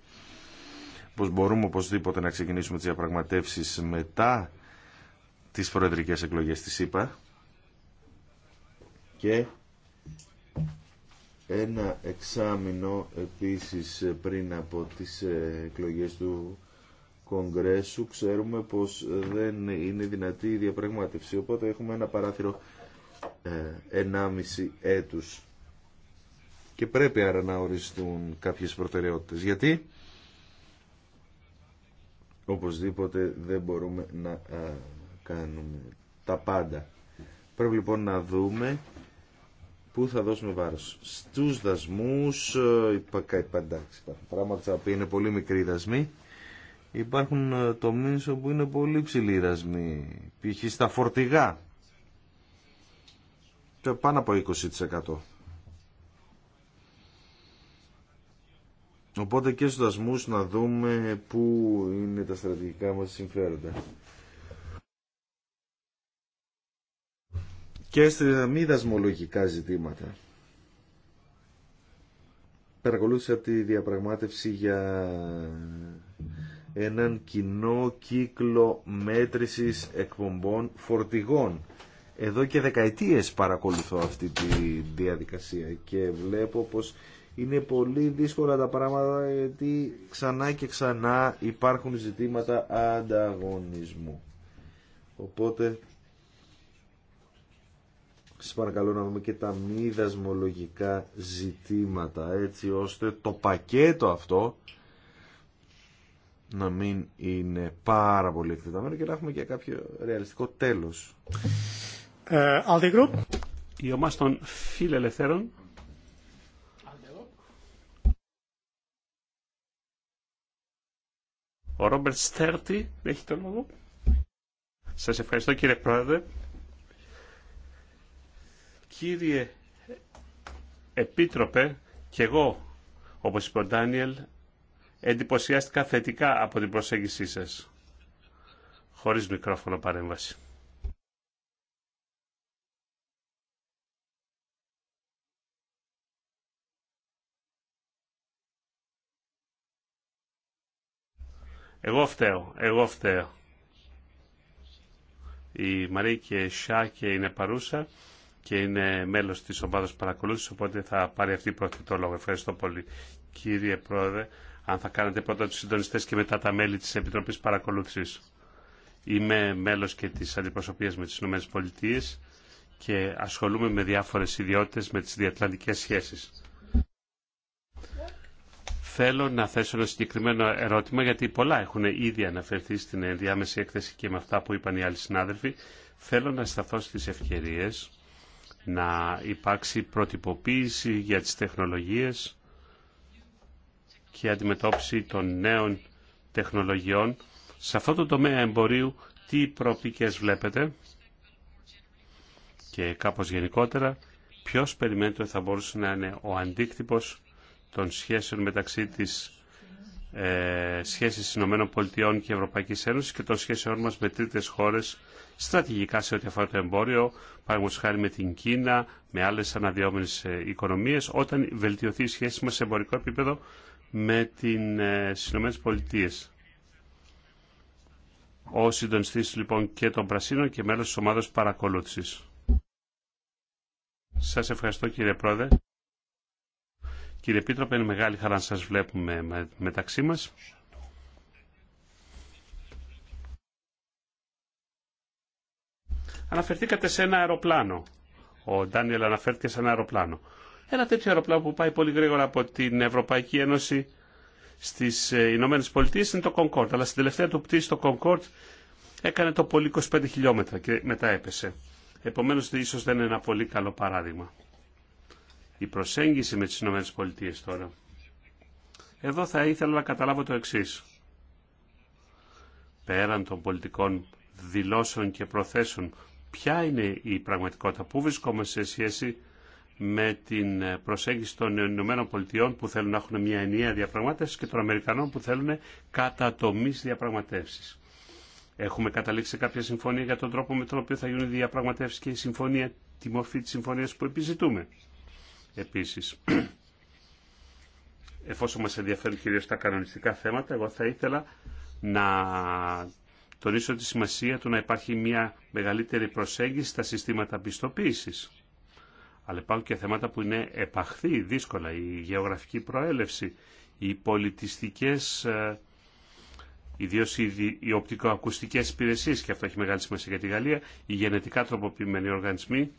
πως μπορούμε οπωσδήποτε να ξεκινήσουμε τις διαπραγματεύσεις μετά τις προεδρικές εκλογές της ΕΠΑ και ένα εξάμεινο επίσης πριν από τις εκλογές του Κογκρέσου ξέρουμε πως δεν είναι δυνατή η διαπραγμάτευση οπότε έχουμε ένα παράθυρο 1,5 ε, έτους και πρέπει άρα να οριστούν κάποιες προτεραιότητες γιατί Οπωσδήποτε δεν μπορούμε να ε, κάνουμε τα πάντα. Πρέπει λοιπόν να δούμε πού θα δώσουμε βάρος. Στους δασμούς ε, υπάρχουν πράγματα που είναι πολύ μικροί δασμοί. Υπάρχουν ε, τομείς όπου είναι πολύ ψηλοί δασμοί. Π.χ. στα φορτηγά. Πάνω από 20%. Οπότε και στους δασμούς να δούμε πού είναι τα στρατηγικά μας συμφέροντα. Και στα μη δασμολογικά ζητήματα. Παρακολούθησα τη διαπραγμάτευση για έναν κοινό κύκλο μέτρησης εκπομπών φορτηγών. Εδώ και δεκαετίες παρακολουθώ αυτή τη διαδικασία και βλέπω πως είναι πολύ δύσκολα τα πράγματα γιατί ξανά και ξανά υπάρχουν ζητήματα ανταγωνισμού. Οπότε σας παρακαλώ να δούμε και τα μη δασμολογικά ζητήματα έτσι ώστε το πακέτο αυτό να μην είναι πάρα πολύ εκτεταμένο και να έχουμε και κάποιο ρεαλιστικό τέλος. Ε, Aldi Group. Η ομάδα των φιλελευθέρων. Ο Ρόμπερτ Στέρτη έχει το λόγο. Σα ευχαριστώ κύριε Πρόεδρε. Κύριε Επίτροπε, και εγώ, όπως είπε ο Ντάνιελ, εντυπωσιάστηκα θετικά από την προσέγγισή σας. Χωρίς μικρόφωνο παρέμβαση. Εγώ φταίω, εγώ φταίω. Η Μαρή και είναι παρούσα και είναι μέλος της ομάδας παρακολούθησης, οπότε θα πάρει αυτή η πρώτη το λόγο. Ευχαριστώ πολύ. Κύριε Πρόεδρε, αν θα κάνετε πρώτα τους συντονιστές και μετά τα μέλη της Επιτροπής Παρακολούθησης. Είμαι μέλος και της αντιπροσωπείας με τις ΗΠΑ και ασχολούμαι με διάφορες ιδιότητες με τις διατλαντικές σχέσεις. Θέλω να θέσω ένα συγκεκριμένο ερώτημα, γιατί πολλά έχουν ήδη αναφερθεί στην ενδιάμεση έκθεση και με αυτά που είπαν οι άλλοι συνάδελφοι. Θέλω να σταθώ στις ευκαιρίες να υπάρξει προτυποποίηση για τις τεχνολογίες και αντιμετώπιση των νέων τεχνολογιών. Σε αυτό το τομέα εμπορίου τι προοπτικές βλέπετε και κάπως γενικότερα ποιος περιμένει ότι θα μπορούσε να είναι ο αντίκτυπος των σχέσεων μεταξύ της ε, σχέσης Ηνωμένων Πολιτειών και Ευρωπαϊκής Ένωσης και των σχέσεών μας με τρίτες χώρες στρατηγικά σε ό,τι αφορά το εμπόριο, παραδείγματος χάρη με την Κίνα, με άλλες αναδυόμενες ε, οικονομίες, όταν βελτιωθεί η σχέση μας σε εμπορικό επίπεδο με την, ε, τις Πολιτείες. Ο συντονιστής λοιπόν και των Πρασίνων και μέλος της ομάδας παρακολούθησης. Σας ευχαριστώ κύριε Πρόεδρε. Κύριε Πίτροπε, είναι μεγάλη χαρά να σας βλέπουμε μεταξύ μας. Αναφερθήκατε σε ένα αεροπλάνο. Ο Ντάνιελ αναφέρθηκε σε ένα αεροπλάνο. Ένα τέτοιο αεροπλάνο που πάει πολύ γρήγορα από την Ευρωπαϊκή Ένωση στις ε, Ηνωμένε Πολιτείε είναι το Concorde. Αλλά στην τελευταία του πτήση το Concorde έκανε το πολύ 25 χιλιόμετρα και μετά έπεσε. Επομένως ίσως δεν είναι ένα πολύ καλό παράδειγμα η προσέγγιση με τις Ηνωμένες Πολιτείες τώρα. Εδώ θα ήθελα να καταλάβω το εξής. Πέραν των πολιτικών δηλώσεων και προθέσεων, ποια είναι η πραγματικότητα, πού βρισκόμαστε σε σχέση με την προσέγγιση των Ηνωμένων Πολιτειών που θέλουν να έχουν μια ενιαία διαπραγμάτευση και των Αμερικανών που θέλουν κατατομής διαπραγματεύσεις. Έχουμε καταλήξει κάποια συμφωνία για τον τρόπο με τον οποίο θα γίνουν οι διαπραγματεύσεις και η συμφωνία, τη μορφή της συμφωνίας που επιζητούμε επίσης. Εφόσον μας ενδιαφέρουν κυρίως τα κανονιστικά θέματα, εγώ θα ήθελα να τονίσω τη σημασία του να υπάρχει μια μεγαλύτερη προσέγγιση στα συστήματα πιστοποίησης. Αλλά υπάρχουν και θέματα που είναι επαχθή, δύσκολα, η γεωγραφική προέλευση, οι πολιτιστικές, ε, ιδίω οι, οπτικοακουστικές υπηρεσίες, και αυτό έχει μεγάλη σημασία για τη Γαλλία, οι γενετικά τροποποιημένοι οργανισμοί,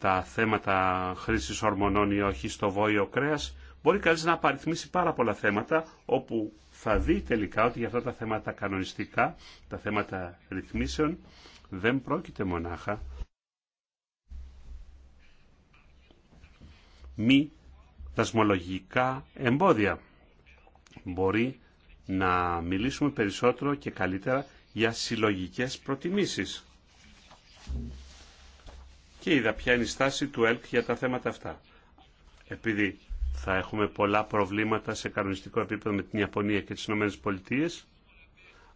τα θέματα χρήση ορμονών ή όχι στο βόλιο κρέα, μπορεί κανεί να απαριθμίσει πάρα πολλά θέματα όπου θα δει τελικά ότι για αυτά τα θέματα κανονιστικά, τα θέματα ρυθμίσεων, δεν πρόκειται μονάχα μη δασμολογικά εμπόδια. Μπορεί να μιλήσουμε περισσότερο και καλύτερα για συλλογικές προτιμήσεις και είδα ποια είναι η στάση του ΕΛΚ για τα θέματα αυτά. Επειδή θα έχουμε πολλά προβλήματα σε κανονιστικό επίπεδο με την Ιαπωνία και τις Ηνωμένες Πολιτείες,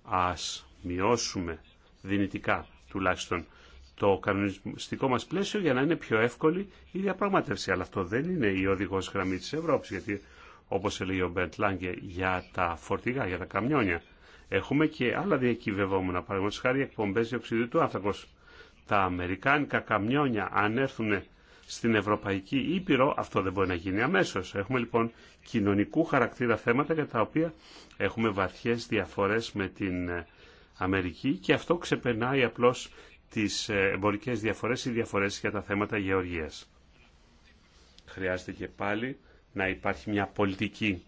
ας μειώσουμε δυνητικά τουλάχιστον το κανονιστικό μας πλαίσιο για να είναι πιο εύκολη η διαπραγματεύση. Αλλά αυτό δεν είναι η οδηγός γραμμή της Ευρώπης, γιατί όπως έλεγε ο Μπεντ Λάγκε για τα φορτηγά, για τα καμιόνια, έχουμε και άλλα διακυβευόμενα, παραδείγματος χάρη εκπομπές διοξιδίου του άνθρακος τα αμερικάνικα καμιόνια αν έρθουν στην Ευρωπαϊκή Ήπειρο, αυτό δεν μπορεί να γίνει αμέσως. Έχουμε λοιπόν κοινωνικού χαρακτήρα θέματα για τα οποία έχουμε βαθιές διαφορές με την ε, Αμερική και αυτό ξεπερνάει απλώς τις ε, εμπορικές διαφορές ή διαφορές για τα θέματα γεωργίας. Χρειάζεται και πάλι να υπάρχει μια πολιτική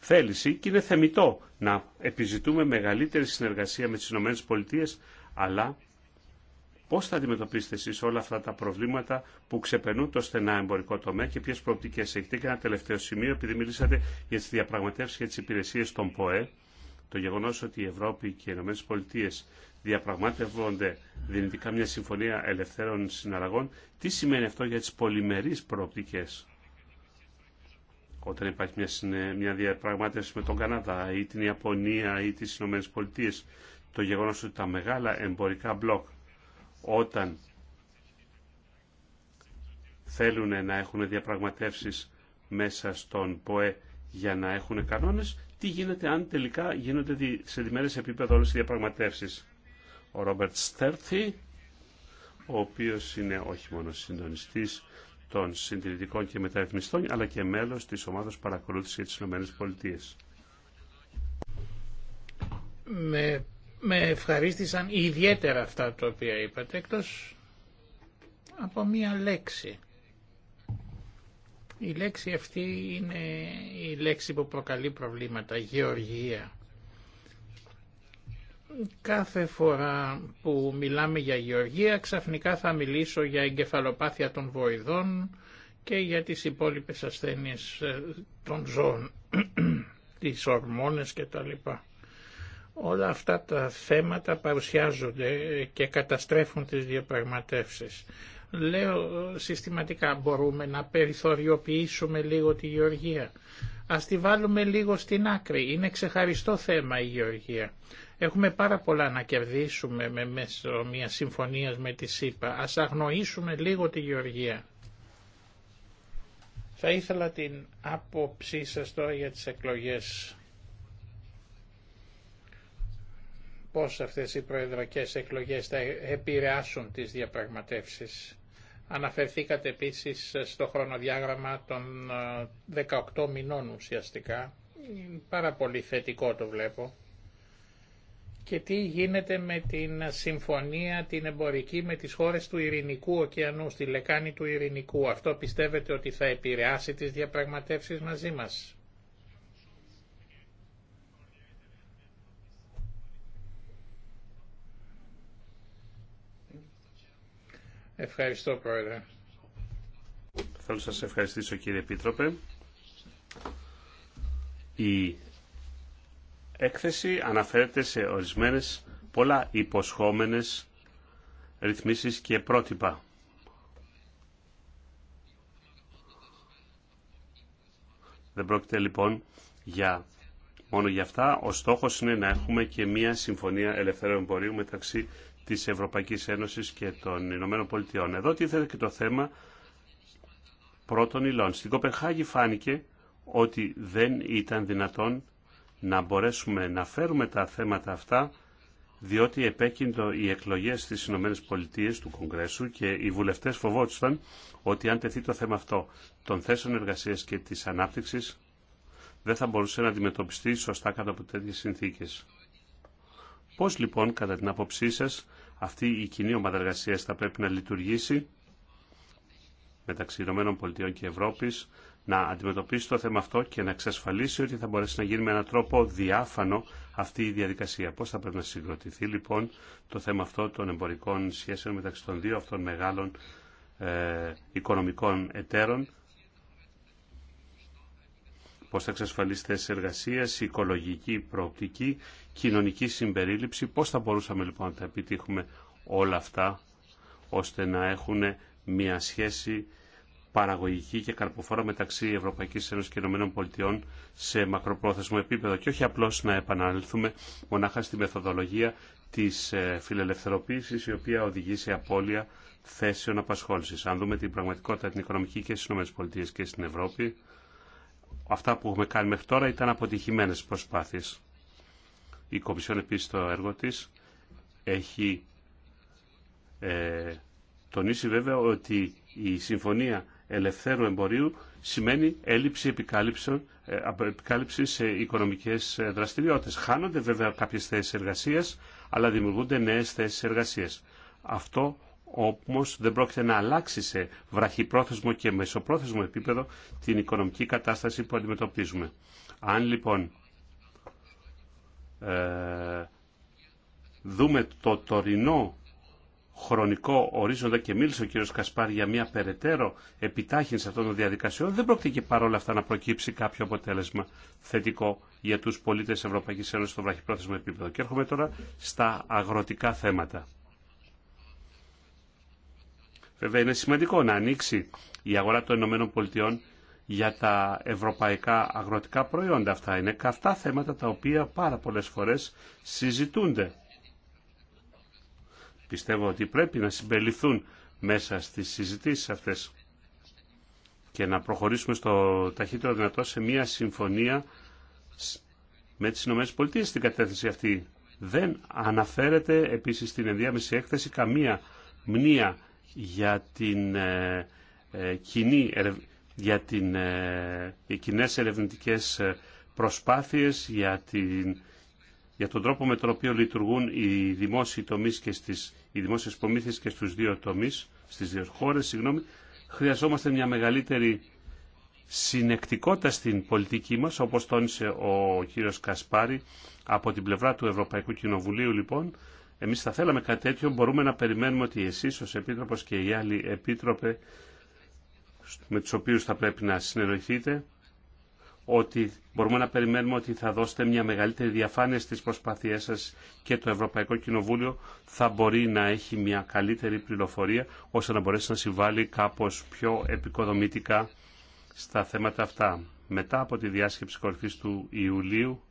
θέληση και είναι θεμητό να επιζητούμε μεγαλύτερη συνεργασία με τις ΗΠΑ αλλά Πώς θα αντιμετωπίσετε εσείς όλα αυτά τα προβλήματα που ξεπερνούν το στενά εμπορικό τομέα και ποιες προοπτικές έχετε. Και ένα τελευταίο σημείο, επειδή μιλήσατε για τις διαπραγματεύσεις και τις υπηρεσίες των ΠΟΕ, το γεγονός ότι η Ευρώπη και οι ΗΠΑ διαπραγματεύονται δυνητικά μια συμφωνία ελευθέρων συναλλαγών, τι σημαίνει αυτό για τις πολυμερείς προοπτικές. Όταν υπάρχει μια, μια διαπραγμάτευση με τον Καναδά ή την Ιαπωνία ή τις ΗΠΑ, το γεγονός ότι τα μεγάλα εμπορικά μπλοκ όταν θέλουν να έχουν διαπραγματεύσεις μέσα στον ΠΟΕ για να έχουν κανόνες, τι γίνεται αν τελικά γίνονται σε διμέρες επίπεδο όλες οι διαπραγματεύσεις. Ο Ρόμπερτ Στέρθι, ο οποίος είναι όχι μόνο συντονιστής των συντηρητικών και μεταρρυθμιστών, αλλά και μέλος της ομάδας παρακολούθησης της ΗΠΑ. Με με ευχαρίστησαν ιδιαίτερα αυτά τα οποία είπατε, εκτός από μία λέξη. Η λέξη αυτή είναι η λέξη που προκαλεί προβλήματα, γεωργία. Κάθε φορά που μιλάμε για γεωργία, ξαφνικά θα μιλήσω για εγκεφαλοπάθεια των βοηδών και για τις υπόλοιπες ασθένειες ε, των ζώων, τις ορμόνες κτλ. Όλα αυτά τα θέματα παρουσιάζονται και καταστρέφουν τις διαπραγματεύσεις. Λέω συστηματικά μπορούμε να περιθωριοποιήσουμε λίγο τη γεωργία. Ας τη βάλουμε λίγο στην άκρη. Είναι ξεχαριστό θέμα η γεωργία. Έχουμε πάρα πολλά να κερδίσουμε με μέσω μια συμφωνίας με τη ΣΥΠΑ. Ας αγνοήσουμε λίγο τη γεωργία. Θα ήθελα την άποψή σας τώρα για τις εκλογές. πώς αυτές οι προεδρικές εκλογές θα επηρεάσουν τις διαπραγματεύσεις. Αναφερθήκατε επίσης στο χρονοδιάγραμμα των 18 ε, μηνών ουσιαστικά. Πάρα πολύ θετικό το βλέπω. Και τι γίνεται με την συμφωνία την εμπορική με τις χώρες του Ειρηνικού ωκεανού, στη λεκάνη του Ειρηνικού. Αυτό πιστεύετε ότι θα επηρεάσει τις διαπραγματεύσεις μαζί μας. Ευχαριστώ Πρόεδρε. Θέλω να σας ευχαριστήσω κύριε Επίτροπε. Η έκθεση αναφέρεται σε ορισμένες πολλά υποσχόμενες ρυθμίσεις και πρότυπα. Δεν πρόκειται λοιπόν για, μόνο για αυτά. Ο στόχος είναι να έχουμε και μία συμφωνία ελευθερών εμπορίου μεταξύ της Ευρωπαϊκής Ένωσης και των Ηνωμένων Πολιτειών. Εδώ τίθεται και το θέμα πρώτων υλών. Στην Κοπεχάγη φάνηκε ότι δεν ήταν δυνατόν να μπορέσουμε να φέρουμε τα θέματα αυτά διότι επέκυντο οι εκλογές στις Ηνωμένες Πολιτείες του Κογκρέσου και οι βουλευτές φοβόντουσαν ότι αν τεθεί το θέμα αυτό των θέσεων εργασίας και της ανάπτυξης δεν θα μπορούσε να αντιμετωπιστεί σωστά κάτω από τέτοιες συνθήκες. Πώς λοιπόν κατά την άποψή σα, αυτή η κοινή ομάδα εργασία θα πρέπει να λειτουργήσει μεταξύ ΗΠΑ και Ευρώπης να αντιμετωπίσει το θέμα αυτό και να εξασφαλίσει ότι θα μπορέσει να γίνει με έναν τρόπο διάφανο αυτή η διαδικασία. Πώς θα πρέπει να συγκροτηθεί λοιπόν το θέμα αυτό των εμπορικών σχέσεων μεταξύ των δύο αυτών μεγάλων ε, οικονομικών εταίρων πώς θα εξασφαλίσει θέσεις εργασίας, οικολογική προοπτική, κοινωνική συμπερίληψη. Πώς θα μπορούσαμε λοιπόν να τα επιτύχουμε όλα αυτά, ώστε να έχουν μια σχέση παραγωγική και καρποφόρα μεταξύ Ευρωπαϊκής Ένωσης και ΗΠΑ σε μακροπρόθεσμο επίπεδο και όχι απλώς να επαναλθούμε μονάχα στη μεθοδολογία της ε, φιλελευθερωποίησης, η οποία οδηγεί σε απώλεια θέσεων απασχόλησης. Αν δούμε την πραγματικότητα την οικονομική και στις ΗΠΑ και στην Ευρώπη, αυτά που έχουμε κάνει μέχρι τώρα ήταν αποτυχημένες προσπάθειες. Η Κομισιόν επίσης το έργο της έχει ε, τονίσει βέβαια ότι η Συμφωνία Ελευθέρου Εμπορίου σημαίνει έλλειψη ε, επικάλυψη σε οικονομικές ε, δραστηριότητες. Χάνονται βέβαια κάποιες θέσεις εργασίας, αλλά δημιουργούνται νέες θέσεις εργασίας. Αυτό Όμω δεν πρόκειται να αλλάξει σε βραχυπρόθεσμο και μεσοπρόθεσμο επίπεδο την οικονομική κατάσταση που αντιμετωπίζουμε. Αν λοιπόν ε, δούμε το τωρινό χρονικό ορίζοντα και μίλησε ο κ. Κασπάρ για μια περαιτέρω επιτάχυνση αυτών των διαδικασιών, δεν πρόκειται και παρόλα αυτά να προκύψει κάποιο αποτέλεσμα θετικό για τους πολίτες Ευρωπαϊκής Ένωσης στο βραχυπρόθεσμο επίπεδο. Και έρχομαι τώρα στα αγροτικά θέματα. Βέβαια είναι σημαντικό να ανοίξει η αγορά των ΗΠΑ για τα ευρωπαϊκά αγροτικά προϊόντα αυτά. Είναι καυτά θέματα τα οποία πάρα πολλές φορές συζητούνται. Πιστεύω ότι πρέπει να συμπεριληφθούν μέσα στις συζητήσεις αυτές και να προχωρήσουμε στο ταχύτερο δυνατό σε μια συμφωνία με τις Ηνωμένες Πολιτείες στην κατεύθυνση αυτή. Δεν αναφέρεται επίσης στην ενδιάμεση έκθεση καμία μνήμα για, την, ε, ε, κοινή, για, την, για ε, κοινές ερευνητικές προσπάθειες, για, την, για τον τρόπο με τον οποίο λειτουργούν οι δημόσιοι τομείς και στις, οι δημόσιες προμήθειες και στους δύο τομείς, στις δύο χώρες, συγγνώμη, χρειαζόμαστε μια μεγαλύτερη συνεκτικότητα στην πολιτική μας, όπως τόνισε ο κύριος Κασπάρη, από την πλευρά του Ευρωπαϊκού Κοινοβουλίου λοιπόν, εμείς θα θέλαμε κάτι τέτοιο, μπορούμε να περιμένουμε ότι εσείς ως Επίτροπος και οι άλλοι Επίτροπε με τους οποίους θα πρέπει να συνεννοηθείτε, ότι μπορούμε να περιμένουμε ότι θα δώσετε μια μεγαλύτερη διαφάνεια στις προσπάθειές σας και το Ευρωπαϊκό Κοινοβούλιο θα μπορεί να έχει μια καλύτερη πληροφορία ώστε να μπορέσει να συμβάλλει κάπως πιο επικοδομητικά στα θέματα αυτά. Μετά από τη διάσκεψη κορυφής του Ιουλίου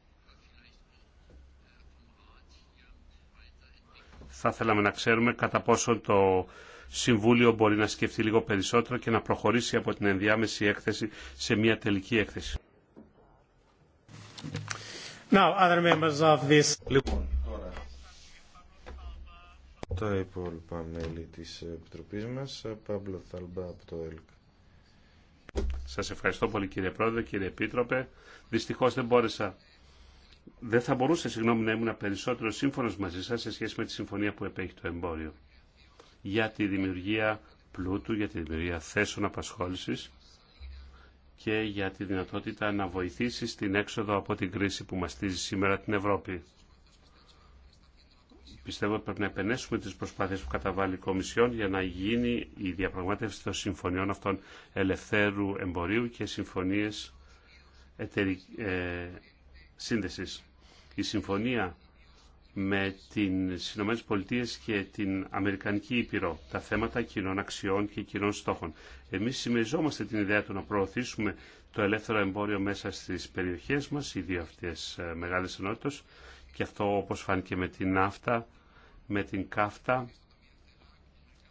θα θέλαμε να ξέρουμε κατά πόσο το Συμβούλιο μπορεί να σκεφτεί λίγο περισσότερο και να προχωρήσει από την ενδιάμεση έκθεση σε μια τελική έκθεση. Now, other members of this... Λοιπόν, τώρα, τα μέλη της Επιτροπής μας, ε, Παύλο από το ΕΛΚ. Σας ευχαριστώ πολύ κύριε Πρόεδρε, κύριε Επίτροπε. Δυστυχώς δεν μπόρεσα δεν θα μπορούσα, συγγνώμη, να ήμουν περισσότερο σύμφωνος μαζί σας σε σχέση με τη συμφωνία που επέχει το εμπόριο για τη δημιουργία πλούτου, για τη δημιουργία θέσεων απασχόλησης και για τη δυνατότητα να βοηθήσει στην έξοδο από την κρίση που μαστίζει σήμερα την Ευρώπη. Πιστεύω ότι πρέπει να επενέσουμε τις προσπάθειες που καταβάλει η Κομισιόν για να γίνει η διαπραγμάτευση των συμφωνιών αυτών ελευθέρου εμπορίου και συμφωνίες εταιρι... ε η συμφωνία με την Συνωμένες Πολιτείες και την Αμερικανική Ήπειρο, τα θέματα κοινών αξιών και κοινών στόχων. Εμείς συμμεριζόμαστε την ιδέα του να προωθήσουμε το ελεύθερο εμπόριο μέσα στις περιοχές μας, οι δύο αυτές ε, μεγάλες ενότητες, και αυτό όπως φάνηκε με την ναύτα, με την κάφτα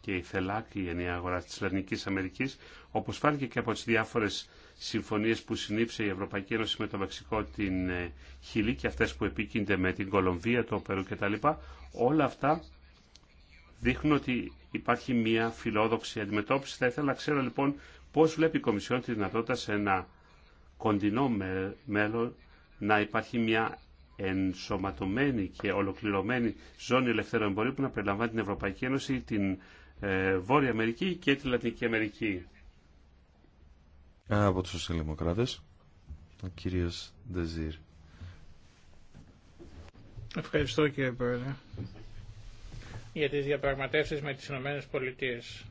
και η θελάκ, η ενιαία αγορά της Λαρνικής Αμερικής, όπως φάνηκε και από τις διάφορες συμφωνίες που συνήψε η Ευρωπαϊκή Ένωση με το Μεξικό, την ε, Χιλή και αυτές που επίκυνται με την Κολομβία, το Περού κτλ. Όλα αυτά δείχνουν ότι υπάρχει μια φιλόδοξη αντιμετώπιση. Θα ήθελα να ξέρω λοιπόν πώς βλέπει η Κομισιόν τη δυνατότητα σε ένα κοντινό μέλλον να υπάρχει μια ενσωματωμένη και ολοκληρωμένη ζώνη ελευθερών εμπορίου που να περιλαμβάνει την Ευρωπαϊκή Ένωση, την ε, Βόρεια Αμερική και τη Λατινική Αμερική. Από τους σοσιαλδημοκράτες, ο κύριος Ντεζίρ. Ευχαριστώ κύριε Πρόεδρε για τις διαπραγματεύσεις με τις Ηνωμένες Πολιτείες.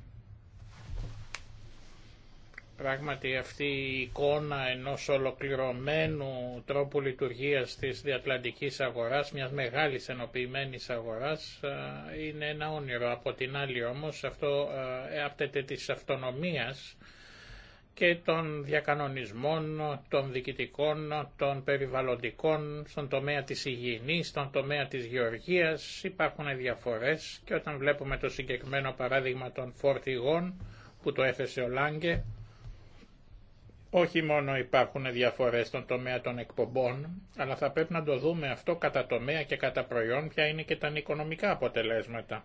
Πράγματι αυτή η εικόνα ενός ολοκληρωμένου τρόπου λειτουργίας της διατλαντικής αγοράς, μιας μεγάλης ενοποιημένης αγοράς, είναι ένα όνειρο. Από την άλλη όμως αυτό άπτεται της αυτονομίας και των διακανονισμών, των διοικητικών, των περιβαλλοντικών, στον τομέα της υγιεινής, στον τομέα της γεωργίας. Υπάρχουν διαφορές και όταν βλέπουμε το συγκεκριμένο παράδειγμα των φορτηγών που το έθεσε ο Λάγκε, όχι μόνο υπάρχουν διαφορές στον τομέα των εκπομπών, αλλά θα πρέπει να το δούμε αυτό κατά τομέα και κατά προϊόν, ποια είναι και τα οικονομικά αποτελέσματα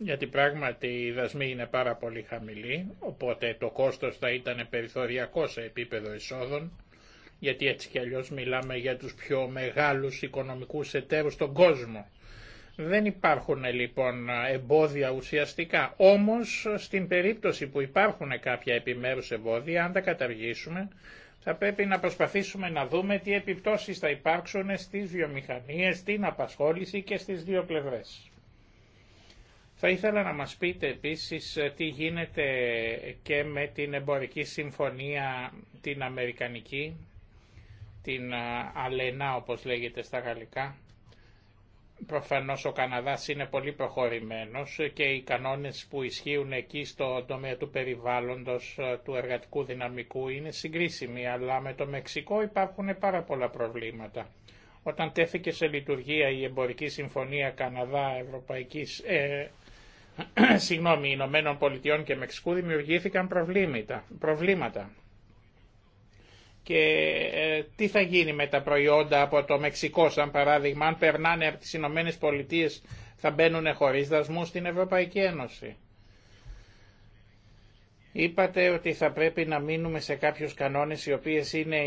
γιατί πράγματι οι δασμοί είναι πάρα πολύ χαμηλοί, οπότε το κόστος θα ήταν περιθωριακό σε επίπεδο εισόδων, γιατί έτσι κι αλλιώς μιλάμε για τους πιο μεγάλους οικονομικούς εταίρους στον κόσμο. Δεν υπάρχουν λοιπόν εμπόδια ουσιαστικά, όμως στην περίπτωση που υπάρχουν κάποια επιμέρους εμπόδια, αν τα καταργήσουμε, θα πρέπει να προσπαθήσουμε να δούμε τι επιπτώσεις θα υπάρξουν στις βιομηχανίες, στην απασχόληση και στις δύο πλευρές. Θα ήθελα να μας πείτε επίσης ε, τι γίνεται και με την εμπορική συμφωνία την Αμερικανική, την Αλενά όπως λέγεται στα γαλλικά. Προφανώς ο Καναδάς είναι πολύ προχωρημένος και οι κανόνες που ισχύουν εκεί στο τομέα του περιβάλλοντος, ε, του εργατικού δυναμικού είναι συγκρίσιμοι, αλλά με το Μεξικό υπάρχουν πάρα πολλά προβλήματα. Όταν τέθηκε σε λειτουργία η εμπορική συμφωνία Καναδά-Ευρωπαϊκής ε, συγγνώμη, Ηνωμένων Πολιτειών και Μεξικού δημιουργήθηκαν προβλήματα. προβλήματα. Και ε, τι θα γίνει με τα προϊόντα από το Μεξικό, σαν παράδειγμα, αν περνάνε από τις Ηνωμένε Πολιτείες θα μπαίνουν χωρίς δασμού στην Ευρωπαϊκή Ένωση. Είπατε ότι θα πρέπει να μείνουμε σε κάποιους κανόνες οι οποίες είναι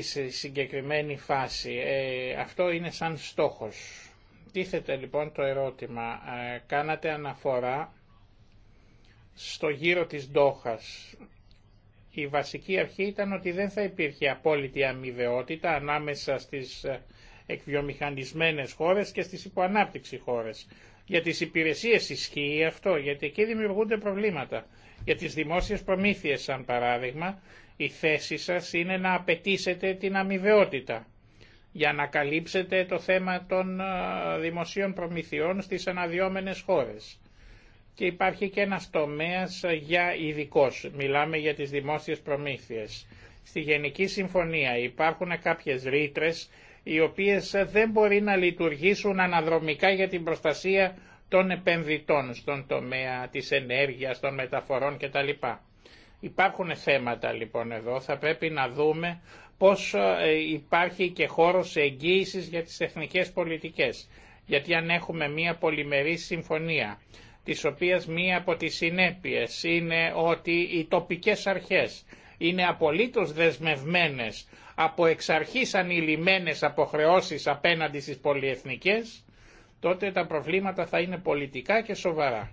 σε συγκεκριμένη φάση. Ε, αυτό είναι σαν στόχος. Τίθεται λοιπόν το ερώτημα. Ε, κάνατε αναφορά στο γύρο της Ντόχας. Η βασική αρχή ήταν ότι δεν θα υπήρχε απόλυτη αμοιβαιότητα ανάμεσα στις ε, εκβιομηχανισμένες χώρες και στις υποανάπτυξη χώρες. Για τις υπηρεσίες ισχύει αυτό, γιατί εκεί δημιουργούνται προβλήματα. Για τις δημόσιες προμήθειες, σαν παράδειγμα, η θέση σας είναι να απαιτήσετε την αμοιβαιότητα για να καλύψετε το θέμα των ε, δημοσίων προμηθειών στις αναδιόμενες χώρες. Και υπάρχει και ένας τομέας ε, για ειδικό. Μιλάμε για τις δημόσιες προμήθειες. Στη Γενική Συμφωνία υπάρχουν κάποιες ρήτρε οι οποίες ε, δεν μπορεί να λειτουργήσουν αναδρομικά για την προστασία των επενδυτών στον τομέα της ενέργειας, των μεταφορών κτλ. Υπάρχουν θέματα λοιπόν εδώ, θα πρέπει να δούμε πως ε, υπάρχει και χώρος εγγύησης για τις εθνικές πολιτικές. Γιατί αν έχουμε μία πολυμερή συμφωνία, της οποίας μία από τις συνέπειες είναι ότι οι τοπικές αρχές είναι απολύτως δεσμευμένες από εξ αρχής ανηλυμένες αποχρεώσεις απέναντι στις πολυεθνικές, τότε τα προβλήματα θα είναι πολιτικά και σοβαρά.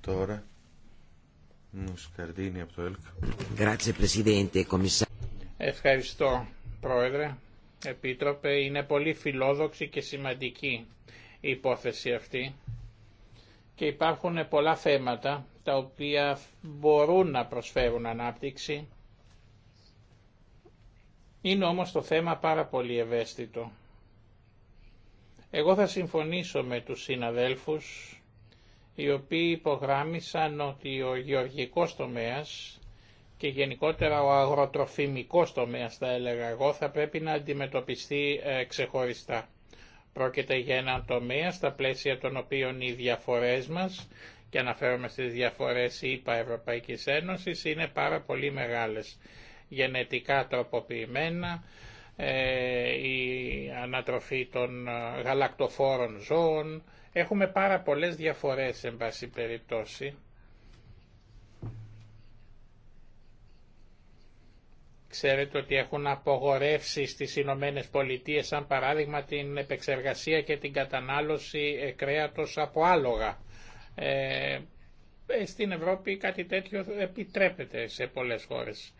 Τώρα Ευχαριστώ, Πρόεδρε. Επίτροπε, είναι πολύ φιλόδοξη και σημαντική η υπόθεση αυτή και υπάρχουν πολλά θέματα τα οποία μπορούν να προσφέρουν ανάπτυξη. Είναι όμως το θέμα πάρα πολύ ευαίσθητο. Εγώ θα συμφωνήσω με τους συναδέλφους οι οποίοι υπογράμμισαν ότι ο γεωργικός τομέας και γενικότερα ο αγροτροφημικός τομέας θα έλεγα εγώ θα πρέπει να αντιμετωπιστεί ε, ξεχωριστά. Πρόκειται για έναν τομέα στα πλαίσια των οποίων οι διαφορές μας και αναφέρομαι στις διαφορές ΙΠΑ Ευρωπαϊκής Ένωσης είναι πάρα πολύ μεγάλες. Γενετικά τροποποιημένα, ε, η ανατροφή των ε, γαλακτοφόρων ζώων, Έχουμε πάρα πολλές διαφορές, εν πάση περιπτώσει. Ξέρετε ότι έχουν απογορεύσει στις Ηνωμένε Πολιτείε, σαν παράδειγμα, την επεξεργασία και την κατανάλωση ε, κρέατος από άλογα. Ε, ε, στην Ευρώπη κάτι τέτοιο επιτρέπεται σε πολλές χώρες.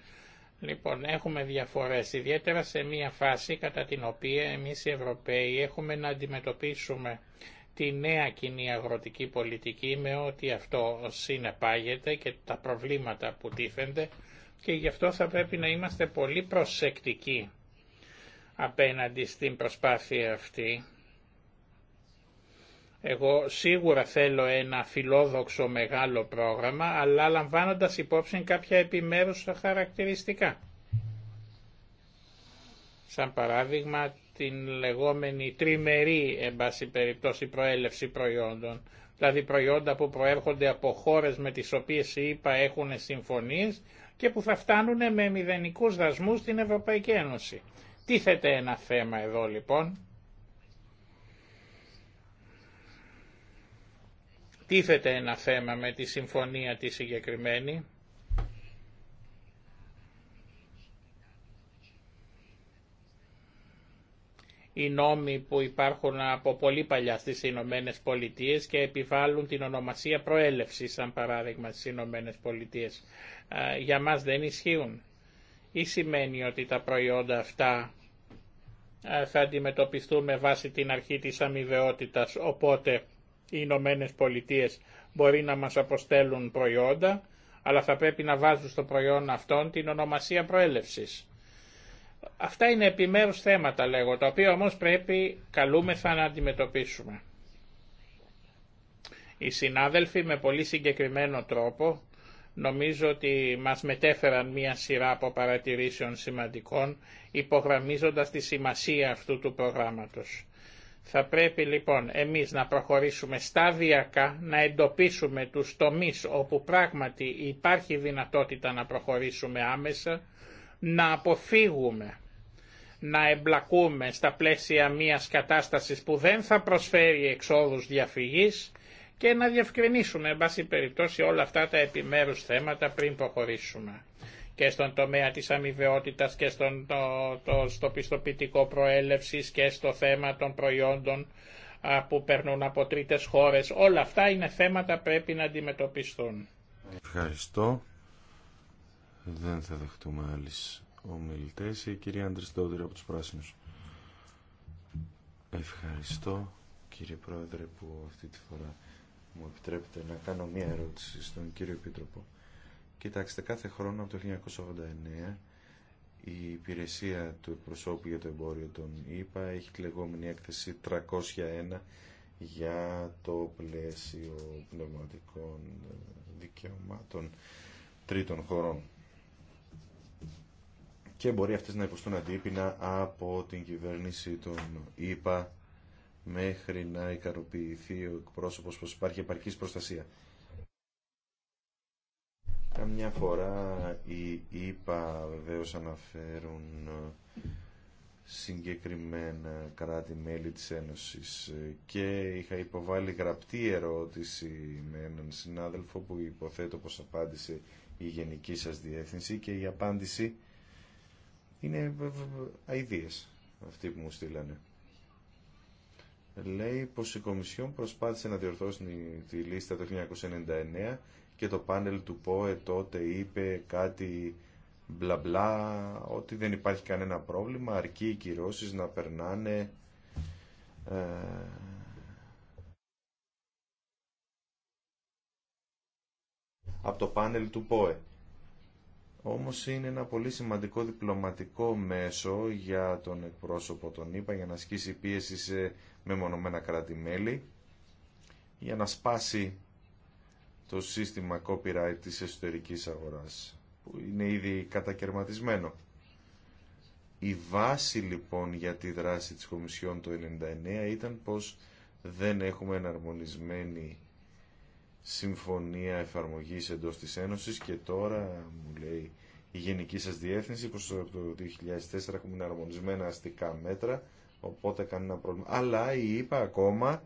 Λοιπόν, έχουμε διαφορές, ιδιαίτερα σε μία φάση κατά την οποία εμείς οι Ευρωπαίοι έχουμε να αντιμετωπίσουμε τη νέα κοινή αγροτική πολιτική με ό,τι αυτό συνεπάγεται και τα προβλήματα που τίθενται και γι' αυτό θα πρέπει να είμαστε πολύ προσεκτικοί απέναντι στην προσπάθεια αυτή. Εγώ σίγουρα θέλω ένα φιλόδοξο μεγάλο πρόγραμμα, αλλά λαμβάνοντας υπόψη κάποια επιμέρους χαρακτηριστικά. Σαν παράδειγμα την λεγόμενη τριμερή εν πάση περιπτώσει προέλευση προϊόντων, δηλαδή προϊόντα που προέρχονται από χώρες με τις οποίες οι ΗΠΑ έχουν συμφωνίες και που θα φτάνουν με μηδενικούς δασμούς στην Ευρωπαϊκή Ένωση. Τίθεται ένα θέμα εδώ λοιπόν. Τίθεται ένα θέμα με τη συμφωνία τη συγκεκριμένη οι νόμοι που υπάρχουν από πολύ παλιά στις Ηνωμένε Πολιτείες και επιβάλλουν την ονομασία προέλευση σαν παράδειγμα, στις Ηνωμένε Πολιτείες Για μας δεν ισχύουν. Ή σημαίνει ότι τα προϊόντα αυτά θα αντιμετωπιστούν με βάση την αρχή της αμοιβαιότητα, οπότε οι Ηνωμένε Πολιτείες μπορεί να μας αποστέλουν προϊόντα, αλλά θα πρέπει να βάζουν στο προϊόν αυτόν την ονομασία προέλευσης. Αυτά είναι επιμέρους θέματα λέγω, τα οποία όμως πρέπει καλούμεθα να αντιμετωπίσουμε. Οι συνάδελφοι με πολύ συγκεκριμένο τρόπο νομίζω ότι μας μετέφεραν μία σειρά από παρατηρήσεων σημαντικών υπογραμμίζοντας τη σημασία αυτού του προγράμματος. Θα πρέπει λοιπόν εμείς να προχωρήσουμε σταδιακά, να εντοπίσουμε τους τομείς όπου πράγματι υπάρχει δυνατότητα να προχωρήσουμε άμεσα να αποφύγουμε να εμπλακούμε στα πλαίσια μιας κατάστασης που δεν θα προσφέρει εξόδους διαφυγής και να διευκρινίσουμε, εν πάση περιπτώσει, όλα αυτά τα επιμέρους θέματα πριν προχωρήσουμε και στον τομέα της αμοιβαιότητας και στον, το, στο πιστοποιητικό προέλευσης και στο θέμα των προϊόντων που περνούν από τρίτες χώρες. Όλα αυτά είναι θέματα πρέπει να αντιμετωπιστούν. Ευχαριστώ. Δεν θα δεχτούμε άλλες ομιλητές. Η κυρία Άντρης από τους Πράσινους. Ευχαριστώ κύριε Πρόεδρε που αυτή τη φορά μου επιτρέπετε να κάνω μία ερώτηση στον κύριο Επίτροπο. Κοιτάξτε, κάθε χρόνο από το 1989 η υπηρεσία του προσώπου για το εμπόριο των ΗΠΑ έχει λεγόμενη έκθεση 301 για το πλαίσιο πνευματικών δικαιωμάτων τρίτων χωρών και μπορεί αυτές να υποστούν αντίπεινα από την κυβέρνηση των ΗΠΑ μέχρι να ικανοποιηθεί ο εκπρόσωπος πως υπάρχει επαρκής προστασία. Καμιά φορά οι ΙΠΑ βεβαίω αναφέρουν συγκεκριμένα κράτη-μέλη της Ένωσης και είχα υποβάλει γραπτή ερώτηση με έναν συνάδελφο που υποθέτω πως απάντησε η γενική σας διεύθυνση και η απάντηση είναι αηδίες αυτοί που μου στείλανε. Λέει πω η Κομισιόν προσπάθησε να διορθώσει τη λίστα το 1999 και το πάνελ του ΠΟΕ τότε είπε κάτι μπλα μπλα, ότι δεν υπάρχει κανένα πρόβλημα, αρκεί οι κυρώσεις να περνάνε ε, από το πάνελ του ΠΟΕ όμως είναι ένα πολύ σημαντικό διπλωματικό μέσο για τον εκπρόσωπο των ΗΠΑ για να ασκήσει πίεση σε μεμονωμένα κράτη-μέλη, για να σπάσει το σύστημα copyright της εσωτερικής αγοράς, που είναι ήδη κατακαιρματισμένο. Η βάση λοιπόν για τη δράση της Κομισιόν το 1999 ήταν πως δεν έχουμε εναρμονισμένη συμφωνία εφαρμογής εντός της Ένωσης και τώρα μου λέει η γενική σας διεύθυνση πως το 2004 έχουμε αρμονισμένα αστικά μέτρα οπότε κανένα πρόβλημα. Αλλά η ακόμα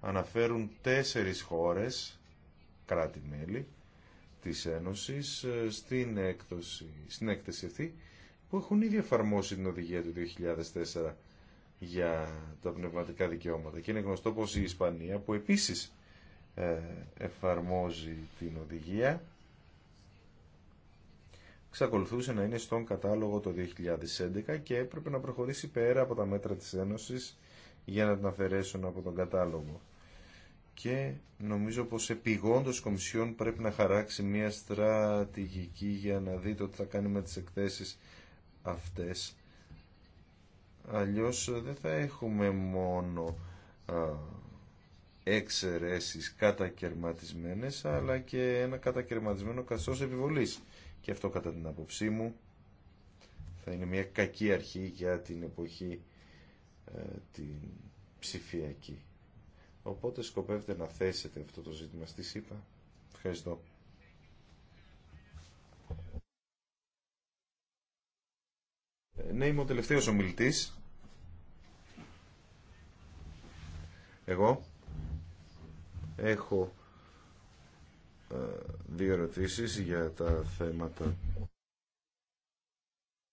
αναφέρουν τέσσερις χώρες κράτη-μέλη της Ένωσης ε, στην, έκδοση, στην έκθεση αυτή που έχουν ήδη εφαρμόσει την οδηγία του 2004 για τα πνευματικά δικαιώματα. Και είναι γνωστό πως η Ισπανία που επίσης ε, εφαρμόζει την οδηγία ξακολουθούσε να είναι στον κατάλογο το 2011 και έπρεπε να προχωρήσει πέρα από τα μέτρα της Ένωσης για να την αφαιρέσουν από τον κατάλογο. Και νομίζω πως επιγόντως η Κομισιόν πρέπει να χαράξει μια στρατηγική για να δει το τι θα κάνει με τις εκθέσεις αυτές. Αλλιώς δεν θα έχουμε μόνο εξαιρέσεις κατακαιρματισμένες αλλά και ένα κατακαιρματισμένο καθώς επιβολής. Και αυτό κατά την άποψή μου θα είναι μια κακή αρχή για την εποχή ε, την ψηφιακή. Οπότε σκοπεύετε να θέσετε αυτό το ζήτημα στη ΣΥΠΑ. Ευχαριστώ. Ε, ναι, είμαι ο τελευταίος ομιλητής. Εγώ. Έχω ε, δύο ερωτήσεις για τα θέματα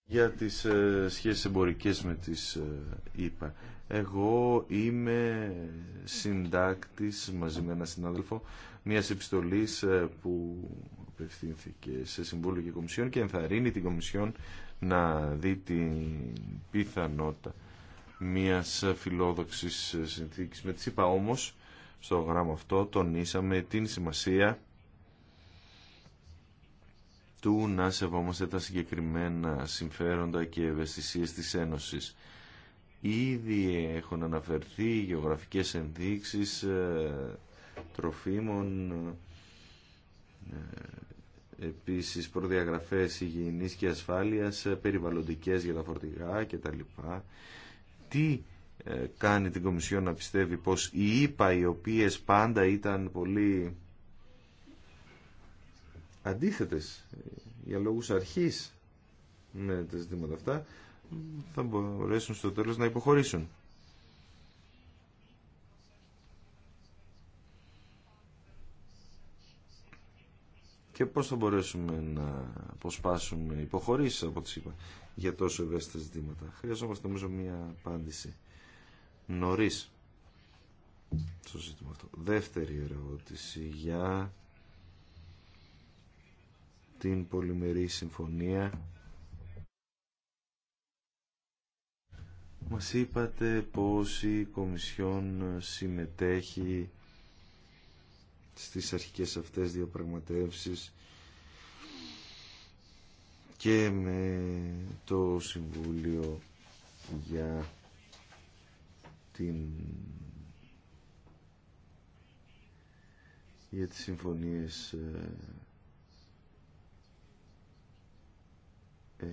για τις ε, σχέσεις εμπορικές με τις ΕΠΑ. Εγώ είμαι συντάκτης μαζί με έναν συνάδελφο μια επιστολής ε, που απευθύνθηκε σε Συμβούλιο και Κομισιόν και ενθαρρύνει την Κομισιόν να δει την πιθανότητα μιας φιλόδοξης συνθήκης με τις ΕΠΑ. Όμως στο γράμμα αυτό τονίσαμε την σημασία του να σεβόμαστε τα συγκεκριμένα συμφέροντα και ευαισθησίες της Ένωσης. Ήδη έχουν αναφερθεί γεωγραφικές ενδείξεις ε, τροφίμων, ε, επίσης προδιαγραφές υγιεινής και ασφάλειας, ε, περιβαλλοντικές για τα φορτηγά κτλ. Τι ε, κάνει την Κομισιόν να πιστεύει πως οι ΙΠΑ οι οποίες πάντα ήταν πολύ αντίθετες ε, για λόγους αρχής με τα ζητήματα αυτά θα μπορέσουν στο τέλος να υποχωρήσουν. Και πώς θα μπορέσουμε να αποσπάσουμε υποχωρήσεις από τις είπα για τόσο ευαίσθητα ζητήματα. Χρειαζόμαστε νομίζω μία απάντηση. Νωρί. στο ζήτημα αυτό. Δεύτερη ερώτηση για την πολυμερή συμφωνία. Μας είπατε πως η Κομισιόν συμμετέχει στις αρχικές αυτές διαπραγματεύσεις και με το Συμβούλιο για την για τις συμφωνίες ε,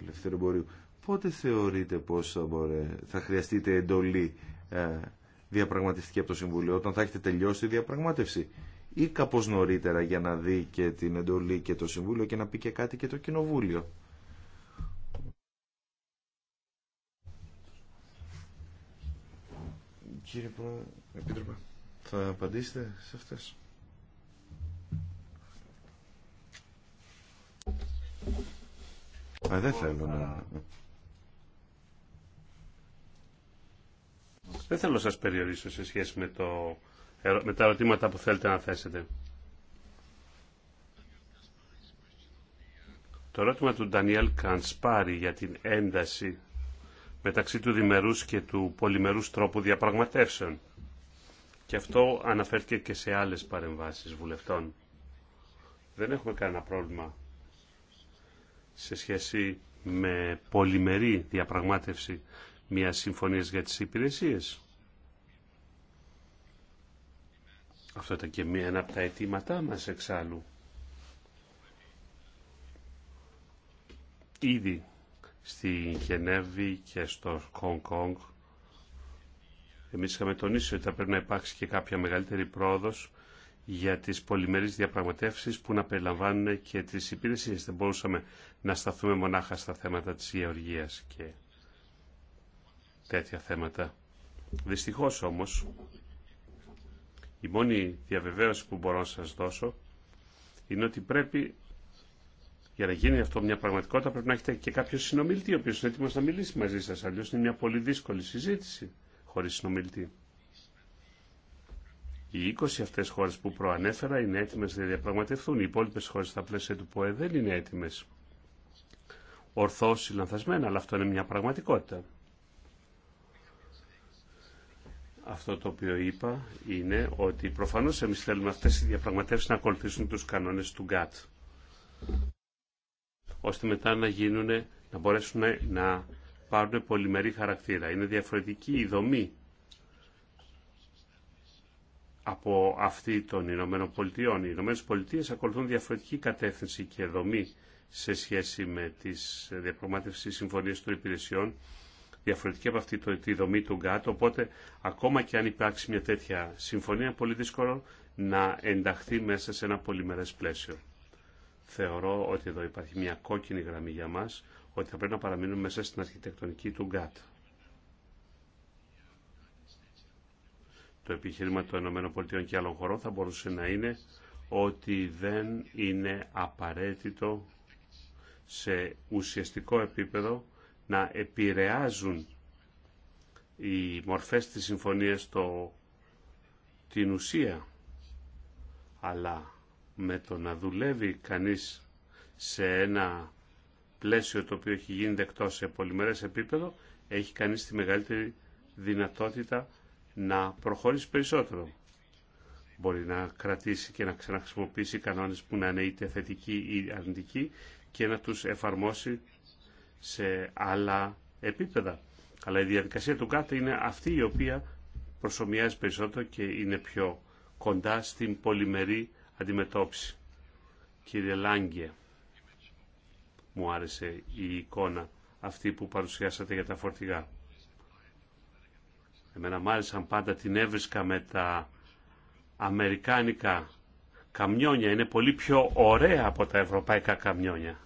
ελευθεροπορίου. Πότε θεωρείτε πως θα, θα χρειαστείτε εντολή ε, διαπραγματευτική από το Συμβουλίο όταν θα έχετε τελειώσει τη διαπραγμάτευση ή κάπως νωρίτερα για να δει και την εντολή και το Συμβούλιο και να πει και κάτι και το Κοινοβούλιο. Κύριε Πρόεδρε, Επίτροπε, θα απαντήσετε σε αυτές. Α, δεν λοιπόν, θέλω να... Δεν θέλω να σας περιορίσω σε σχέση με, το, με τα ερωτήματα που θέλετε να θέσετε. Το ερώτημα του Ντανιέλ Κανσπάρη για την ένταση μεταξύ του διμερούς και του πολυμερούς τρόπου διαπραγματεύσεων. Και αυτό αναφέρθηκε και σε άλλες παρεμβάσεις βουλευτών. Δεν έχουμε κανένα πρόβλημα σε σχέση με πολυμερή διαπραγμάτευση μια συμφωνίας για τις υπηρεσίες. Αυτό ήταν και ένα από τα αιτήματά μας εξάλλου. Ήδη στη Γενέβη και στο Χονγκ Κονγκ. Εμείς είχαμε τονίσει ότι θα πρέπει να υπάρξει και κάποια μεγαλύτερη πρόοδος για τις πολυμερείς διαπραγματεύσεις που να περιλαμβάνουν και τις υπηρεσίες. Δεν μπορούσαμε να σταθούμε μονάχα στα θέματα της γεωργίας και τέτοια θέματα. Δυστυχώς όμως, η μόνη διαβεβαίωση που μπορώ να σας δώσω είναι ότι πρέπει για να γίνει αυτό μια πραγματικότητα πρέπει να έχετε και κάποιο συνομιλητή ο οποίο είναι έτοιμο να μιλήσει μαζί σα. Αλλιώ είναι μια πολύ δύσκολη συζήτηση χωρί συνομιλητή. Οι 20 αυτές χώρες που προανέφερα είναι έτοιμε να διαπραγματευτούν. Οι υπόλοιπε χώρες στα πλαίσια του ΠΟΕ δεν είναι έτοιμε. Ορθώς ή λανθασμένα, αλλά αυτό είναι μια πραγματικότητα. Αυτό το οποίο είπα είναι ότι προφανώς εμείς θέλουμε αυτές οι διαπραγματεύσεις να ακολουθήσουν τους κανόνες του ΓΚΑΤ ώστε μετά να γίνουν, να μπορέσουν να πάρουν πολυμερή χαρακτήρα. Είναι διαφορετική η δομή από αυτή των Ηνωμένων Πολιτειών. Οι Ηνωμένε Πολιτείε ακολουθούν διαφορετική κατεύθυνση και δομή σε σχέση με τις διαπραγματεύσει συμφωνίες των υπηρεσιών, διαφορετική από αυτή τη δομή του ΓΚΑΤ, οπότε ακόμα και αν υπάρξει μια τέτοια συμφωνία, πολύ δύσκολο να ενταχθεί μέσα σε ένα πολυμερές πλαίσιο θεωρώ ότι εδώ υπάρχει μια κόκκινη γραμμή για μας, ότι θα πρέπει να παραμείνουμε μέσα στην αρχιτεκτονική του ΓΚΑΤ. Το επιχείρημα των ΗΠΑ και άλλων χωρών θα μπορούσε να είναι ότι δεν είναι απαραίτητο σε ουσιαστικό επίπεδο να επηρεάζουν οι μορφές της συμφωνίας το, την ουσία. Αλλά με το να δουλεύει κανείς σε ένα πλαίσιο το οποίο έχει γίνει δεκτό σε πολυμερές επίπεδο, έχει κανείς τη μεγαλύτερη δυνατότητα να προχωρήσει περισσότερο. Μπορεί να κρατήσει και να ξαναχρησιμοποιήσει κανόνες που να είναι είτε θετικοί ή αρνητικοί και να τους εφαρμόσει σε άλλα επίπεδα. Αλλά η διαδικασία του ΚΑΤ είναι αυτή η οποία προσωμιάζει περισσότερο και είναι πιο κοντά στην πολυμερή αντιμετώπιση. Κύριε Λάγκε, μου άρεσε η εικόνα αυτή που παρουσιάσατε για τα φορτηγά. Εμένα μ' άρεσαν πάντα την έβρισκα με τα αμερικάνικα καμιόνια. Είναι πολύ πιο ωραία από τα ευρωπαϊκά καμιόνια.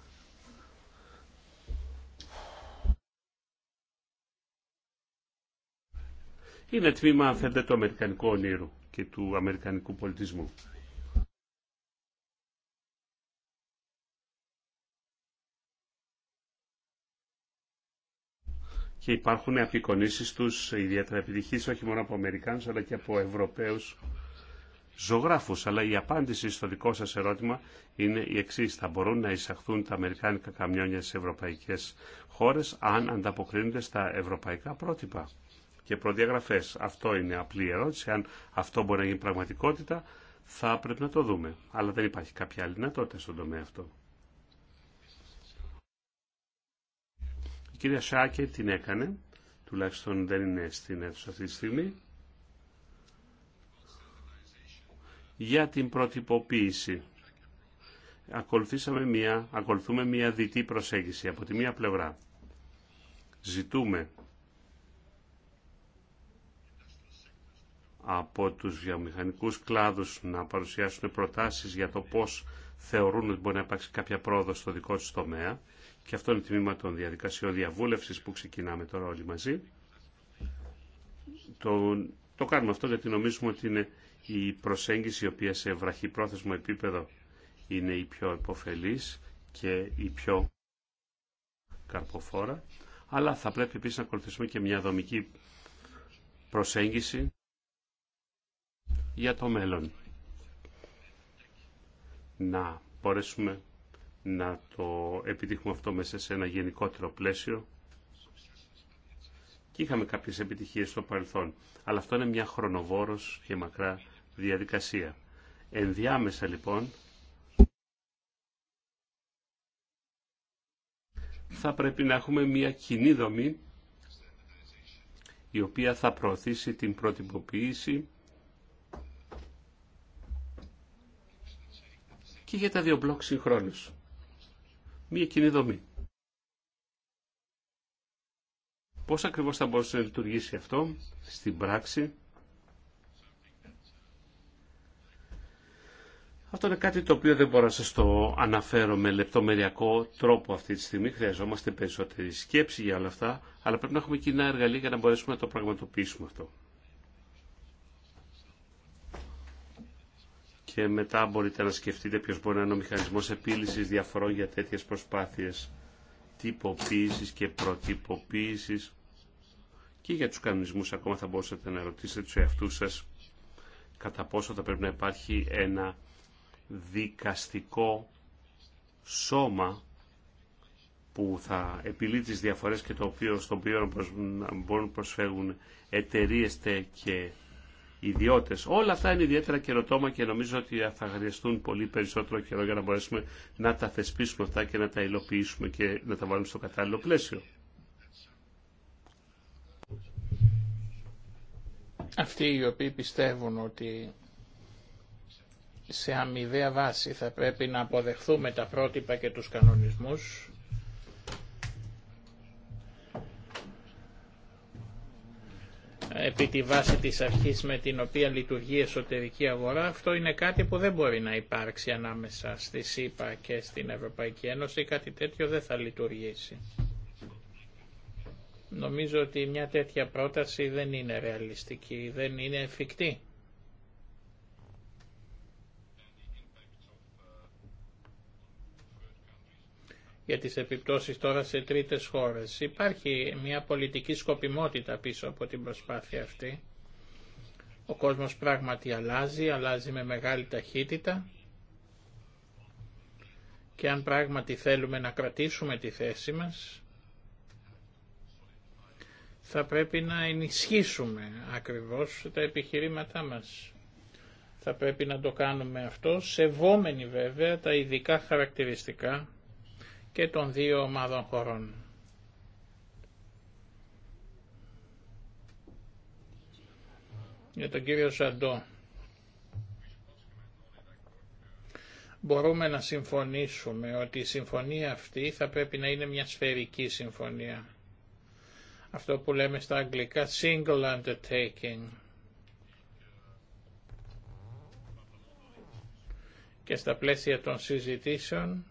Είναι τμήμα, αν θέλετε, του αμερικανικού ονείρου και του αμερικανικού πολιτισμού. και υπάρχουν απεικονίσει του ιδιαίτερα επιτυχή όχι μόνο από Αμερικανου αλλά και από Ευρωπαίου ζωγράφου. Αλλά η απάντηση στο δικό σα ερώτημα είναι η εξή. Θα μπορούν να εισαχθούν τα αμερικάνικα καμιόνια σε ευρωπαϊκές χώρες αν ανταποκρίνονται στα ευρωπαϊκά πρότυπα και προδιαγραφέ, Αυτό είναι απλή ερώτηση. Αν αυτό μπορεί να γίνει πραγματικότητα θα πρέπει να το δούμε. Αλλά δεν υπάρχει κάποια άλλη δυνατότητα στον τομέα αυτό. Η κυρία Σάκε την έκανε, τουλάχιστον δεν είναι στην αίθουσα αυτή τη στιγμή, για την πρωτυποποίηση μια, ακολουθούμε μια διτή προσέγγιση από τη μία πλευρά. Ζητούμε από τους βιομηχανικούς κλάδους να παρουσιάσουν προτάσεις για το πώς θεωρούν ότι μπορεί να υπάρξει κάποια πρόοδο στο δικό τους τομέα και αυτό είναι το τμήμα των διαδικασιών διαβούλευση που ξεκινάμε τώρα όλοι μαζί. Το, το κάνουμε αυτό γιατί νομίζουμε ότι είναι η προσέγγιση η οποία σε βραχυπρόθεσμο επίπεδο είναι η πιο υποφελής και η πιο καρποφόρα, αλλά θα πρέπει επίσης να ακολουθήσουμε και μια δομική προσέγγιση για το μέλλον. Να μπορέσουμε να το επιτύχουμε αυτό μέσα σε ένα γενικότερο πλαίσιο και είχαμε κάποιες επιτυχίες στο παρελθόν. Αλλά αυτό είναι μια χρονοβόρος και μακρά διαδικασία. Ενδιάμεσα λοιπόν θα πρέπει να έχουμε μια κοινή δομή η οποία θα προωθήσει την προτυπωποίηση και για τα δύο μπλοκ συγχρόνως μια κοινή δομή. Πώς ακριβώς θα μπορούσε να λειτουργήσει αυτό στην πράξη. Αυτό είναι κάτι το οποίο δεν μπορώ να σας το αναφέρω με λεπτομεριακό τρόπο αυτή τη στιγμή. Χρειαζόμαστε περισσότερη σκέψη για όλα αυτά, αλλά πρέπει να έχουμε κοινά εργαλεία για να μπορέσουμε να το πραγματοποιήσουμε αυτό. και μετά μπορείτε να σκεφτείτε ποιος μπορεί να είναι ο μηχανισμός επίλυσης διαφορών για τέτοιες προσπάθειες τυποποίησης και προτυποποίησης και για τους κανονισμούς ακόμα θα μπορούσατε να ρωτήσετε τους εαυτούς σας κατά πόσο θα πρέπει να υπάρχει ένα δικαστικό σώμα που θα επιλύει τις διαφορές και το οποίο, στον οποίο μπορούν να προσφέρουν εταιρείες και Όλα αυτά είναι ιδιαίτερα καιροτόμα και νομίζω ότι θα χρειαστούν πολύ περισσότερο καιρό για να μπορέσουμε να τα θεσπίσουμε αυτά και να τα υλοποιήσουμε και να τα βάλουμε στο κατάλληλο πλαίσιο. Αυτοί οι οποίοι πιστεύουν ότι σε αμοιβαία βάση θα πρέπει να αποδεχθούμε τα πρότυπα και τους κανονισμούς επί τη βάση της αρχής με την οποία λειτουργεί η εσωτερική αγορά, αυτό είναι κάτι που δεν μπορεί να υπάρξει ανάμεσα στη ΣΥΠΑ και στην Ευρωπαϊκή Ένωση, κάτι τέτοιο δεν θα λειτουργήσει. Νομίζω ότι μια τέτοια πρόταση δεν είναι ρεαλιστική, δεν είναι εφικτή. για τις επιπτώσεις τώρα σε τρίτες χώρες. Υπάρχει μια πολιτική σκοπιμότητα πίσω από την προσπάθεια αυτή. Ο κόσμος πράγματι αλλάζει, αλλάζει με μεγάλη ταχύτητα και αν πράγματι θέλουμε να κρατήσουμε τη θέση μας, θα πρέπει να ενισχύσουμε ακριβώς τα επιχειρήματά μας. Θα πρέπει να το κάνουμε αυτό, σεβόμενοι βέβαια τα ειδικά χαρακτηριστικά και των δύο ομάδων χωρών. Για τον κύριο Σαντό. Μπορούμε να συμφωνήσουμε ότι η συμφωνία αυτή θα πρέπει να είναι μια σφαιρική συμφωνία. Αυτό που λέμε στα αγγλικά single undertaking. Και στα πλαίσια των συζητήσεων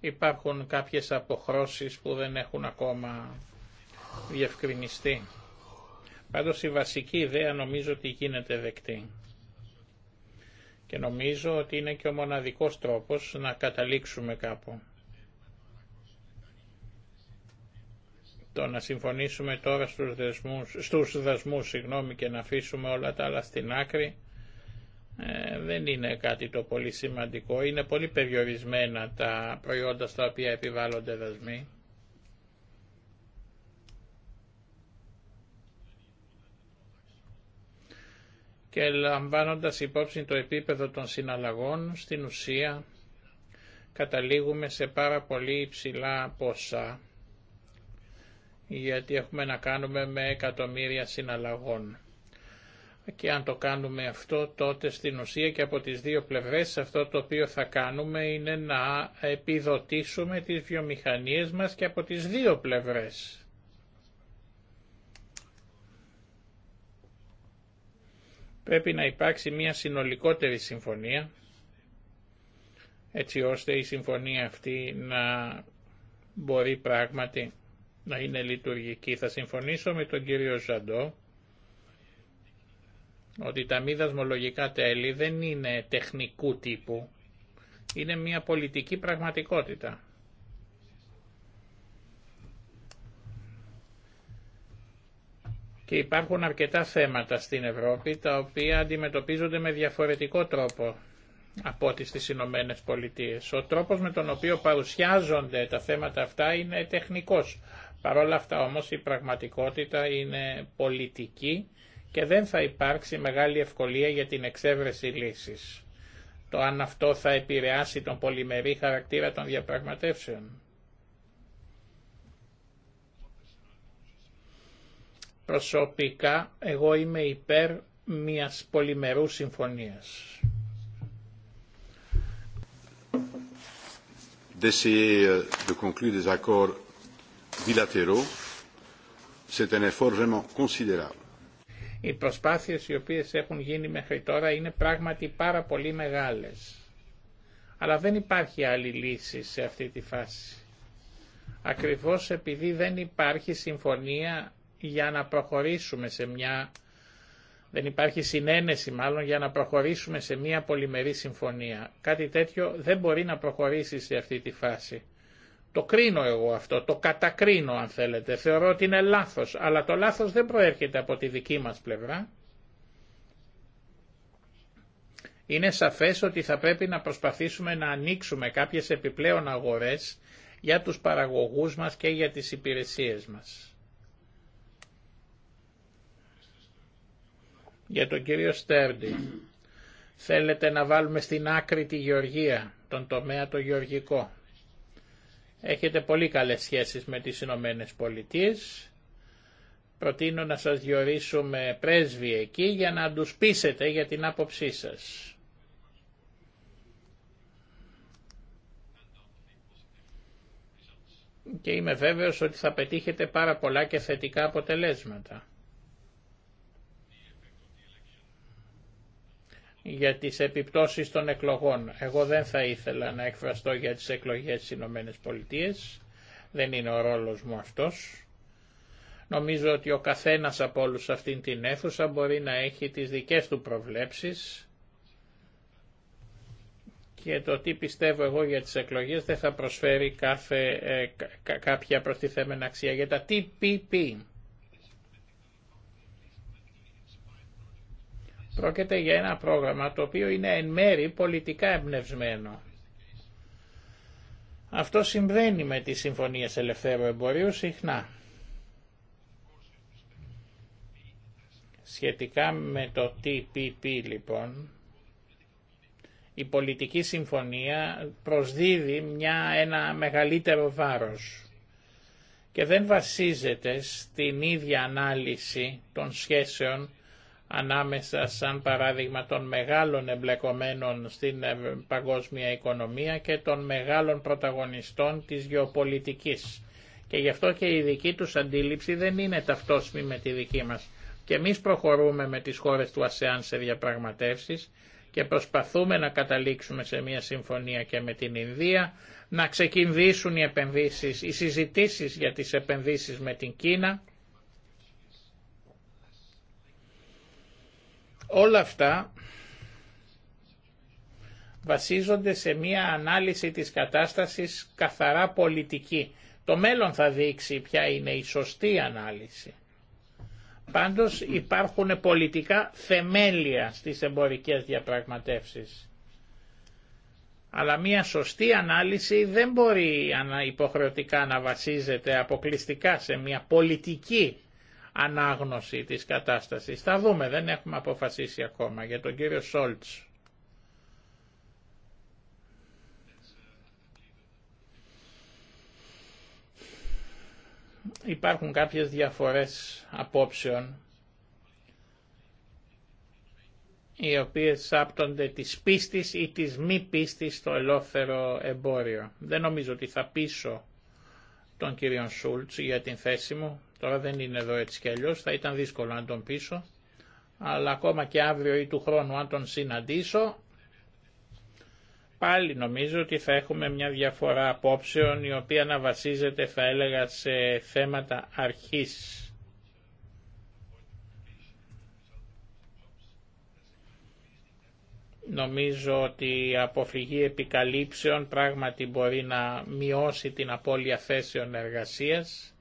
Υπάρχουν κάποιες αποχρώσεις που δεν έχουν ακόμα διευκρινιστεί. Πάντως η βασική ιδέα νομίζω ότι γίνεται δεκτή. Και νομίζω ότι είναι και ο μοναδικός τρόπος να καταλήξουμε κάπου. Το να συμφωνήσουμε τώρα στους, δεσμούς, στους δασμούς και να αφήσουμε όλα τα άλλα στην άκρη ε, δεν είναι κάτι το πολύ σημαντικό. Είναι πολύ περιορισμένα τα προϊόντα στα οποία επιβάλλονται δασμοί. Και λαμβάνοντας υπόψη το επίπεδο των συναλλαγών, στην ουσία καταλήγουμε σε πάρα πολύ υψηλά ποσά, γιατί έχουμε να κάνουμε με εκατομμύρια συναλλαγών και αν το κάνουμε αυτό τότε στην ουσία και από τις δύο πλευρές αυτό το οποίο θα κάνουμε είναι να επιδοτήσουμε τις βιομηχανίες μας και από τις δύο πλευρές. Πρέπει να υπάρξει μια συνολικότερη συμφωνία έτσι ώστε η συμφωνία αυτή να μπορεί πράγματι να είναι λειτουργική. Θα συμφωνήσω με τον κύριο Ζαντό ότι τα μη δασμολογικά τέλη δεν είναι τεχνικού τύπου, είναι μια πολιτική πραγματικότητα. Και υπάρχουν αρκετά θέματα στην Ευρώπη τα οποία αντιμετωπίζονται με διαφορετικό τρόπο από ό,τι στις Ηνωμένε Πολιτείε. Ο τρόπος με τον οποίο παρουσιάζονται τα θέματα αυτά είναι τεχνικός. Παρόλα αυτά όμως η πραγματικότητα είναι πολιτική και δεν θα υπάρξει μεγάλη ευκολία για την εξέβρεση λύσης. Το αν αυτό θα επηρεάσει τον πολυμερή χαρακτήρα των διαπραγματεύσεων. Προσωπικά εγώ είμαι υπέρ μιας πολυμερού συμφωνίας. D'essayer euh, de conclure des accords bilatéraux, c'est effort vraiment considérable. Οι προσπάθειες οι οποίες έχουν γίνει μέχρι τώρα είναι πράγματι πάρα πολύ μεγάλες. Αλλά δεν υπάρχει άλλη λύση σε αυτή τη φάση. Ακριβώς επειδή δεν υπάρχει συμφωνία για να προχωρήσουμε σε μια δεν υπάρχει συνένεση μάλλον για να προχωρήσουμε σε μια πολυμερή συμφωνία. Κάτι τέτοιο δεν μπορεί να προχωρήσει σε αυτή τη φάση. Το κρίνω εγώ αυτό, το κατακρίνω αν θέλετε. Θεωρώ ότι είναι λάθος, αλλά το λάθος δεν προέρχεται από τη δική μας πλευρά. Είναι σαφές ότι θα πρέπει να προσπαθήσουμε να ανοίξουμε κάποιες επιπλέον αγορές για τους παραγωγούς μας και για τις υπηρεσίες μας. Για τον κύριο Στέρντι, θέλετε να βάλουμε στην άκρη τη γεωργία, τον τομέα το γεωργικό. Έχετε πολύ καλές σχέσεις με τις Ηνωμένε Πολιτείες. Προτείνω να σας διορίσουμε πρέσβη εκεί για να τους πείσετε για την άποψή σας. Και είμαι βέβαιος ότι θα πετύχετε πάρα πολλά και θετικά αποτελέσματα. για τις επιπτώσεις των εκλογών. Εγώ δεν θα ήθελα να εκφραστώ για τις εκλογές στις Ηνωμένες Πολιτείες. Δεν είναι ο ρόλος μου αυτός. Νομίζω ότι ο καθένας από όλους αυτήν την αίθουσα μπορεί να έχει τις δικές του προβλέψεις και το τι πιστεύω εγώ για τις εκλογές δεν θα προσφέρει κάθε, ε, κάποια προστιθέμενα αξία. Για τα TPP, Πρόκειται για ένα πρόγραμμα το οποίο είναι εν μέρη πολιτικά εμπνευσμένο. Αυτό συμβαίνει με τις συμφωνίες ελευθέρου εμπορίου συχνά. Σχετικά με το TPP λοιπόν, η πολιτική συμφωνία προσδίδει μια, ένα μεγαλύτερο βάρος και δεν βασίζεται στην ίδια ανάλυση των σχέσεων ανάμεσα σαν παράδειγμα των μεγάλων εμπλεκομένων στην ε, παγκόσμια οικονομία και των μεγάλων πρωταγωνιστών της γεωπολιτικής. Και γι' αυτό και η δική τους αντίληψη δεν είναι ταυτόσιμη με τη δική μας. Και εμείς προχωρούμε με τις χώρες του ΑΣΕΑΝ σε διαπραγματεύσεις και προσπαθούμε να καταλήξουμε σε μια συμφωνία και με την Ινδία, να ξεκινήσουν οι επενδύσεις, οι συζητήσεις για τις επενδύσεις με την Κίνα, Όλα αυτά βασίζονται σε μία ανάλυση της κατάστασης καθαρά πολιτική. Το μέλλον θα δείξει ποια είναι η σωστή ανάλυση. Πάντως υπάρχουν πολιτικά θεμέλια στις εμπορικές διαπραγματεύσεις. Αλλά μία σωστή ανάλυση δεν μπορεί υποχρεωτικά να βασίζεται αποκλειστικά σε μία πολιτική ανάγνωση της κατάστασης. Θα δούμε, δεν έχουμε αποφασίσει ακόμα για τον κύριο Σόλτς. Υπάρχουν κάποιες διαφορές απόψεων οι οποίες σάπτονται της πίστης ή της μη πίστης στο ελόφερο εμπόριο. Δεν νομίζω ότι θα πείσω τον κύριο Σούλτς για την θέση μου. Τώρα δεν είναι εδώ έτσι κι αλλιώς, θα ήταν δύσκολο να τον πείσω. Αλλά ακόμα και αύριο ή του χρόνου αν τον συναντήσω, πάλι νομίζω ότι θα έχουμε μια διαφορά απόψεων η οποία να βασίζεται θα έλεγα σε θέματα αρχής. Νομίζω ότι η αποφυγή επικαλύψεων πράγματι μπορεί να μειώσει την απώλεια θέσεων εργασίας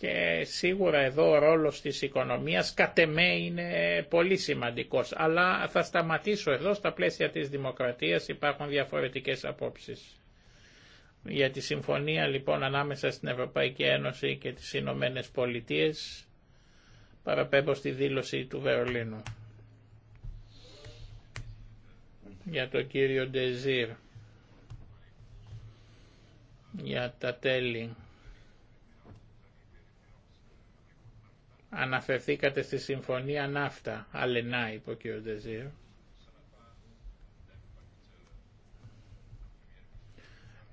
και σίγουρα εδώ ο ρόλος της οικονομίας κατ' εμέ είναι πολύ σημαντικός. Αλλά θα σταματήσω εδώ, στα πλαίσια της δημοκρατίας υπάρχουν διαφορετικές απόψεις. Για τη συμφωνία λοιπόν ανάμεσα στην Ευρωπαϊκή Ένωση και τις Ηνωμένε Πολιτείες παραπέμπω στη δήλωση του Βερολίνου για το κύριο Ντεζίρ για τα τέλη Αναφερθήκατε στη συμφωνία ναύτα, αλενά είπε ο κ.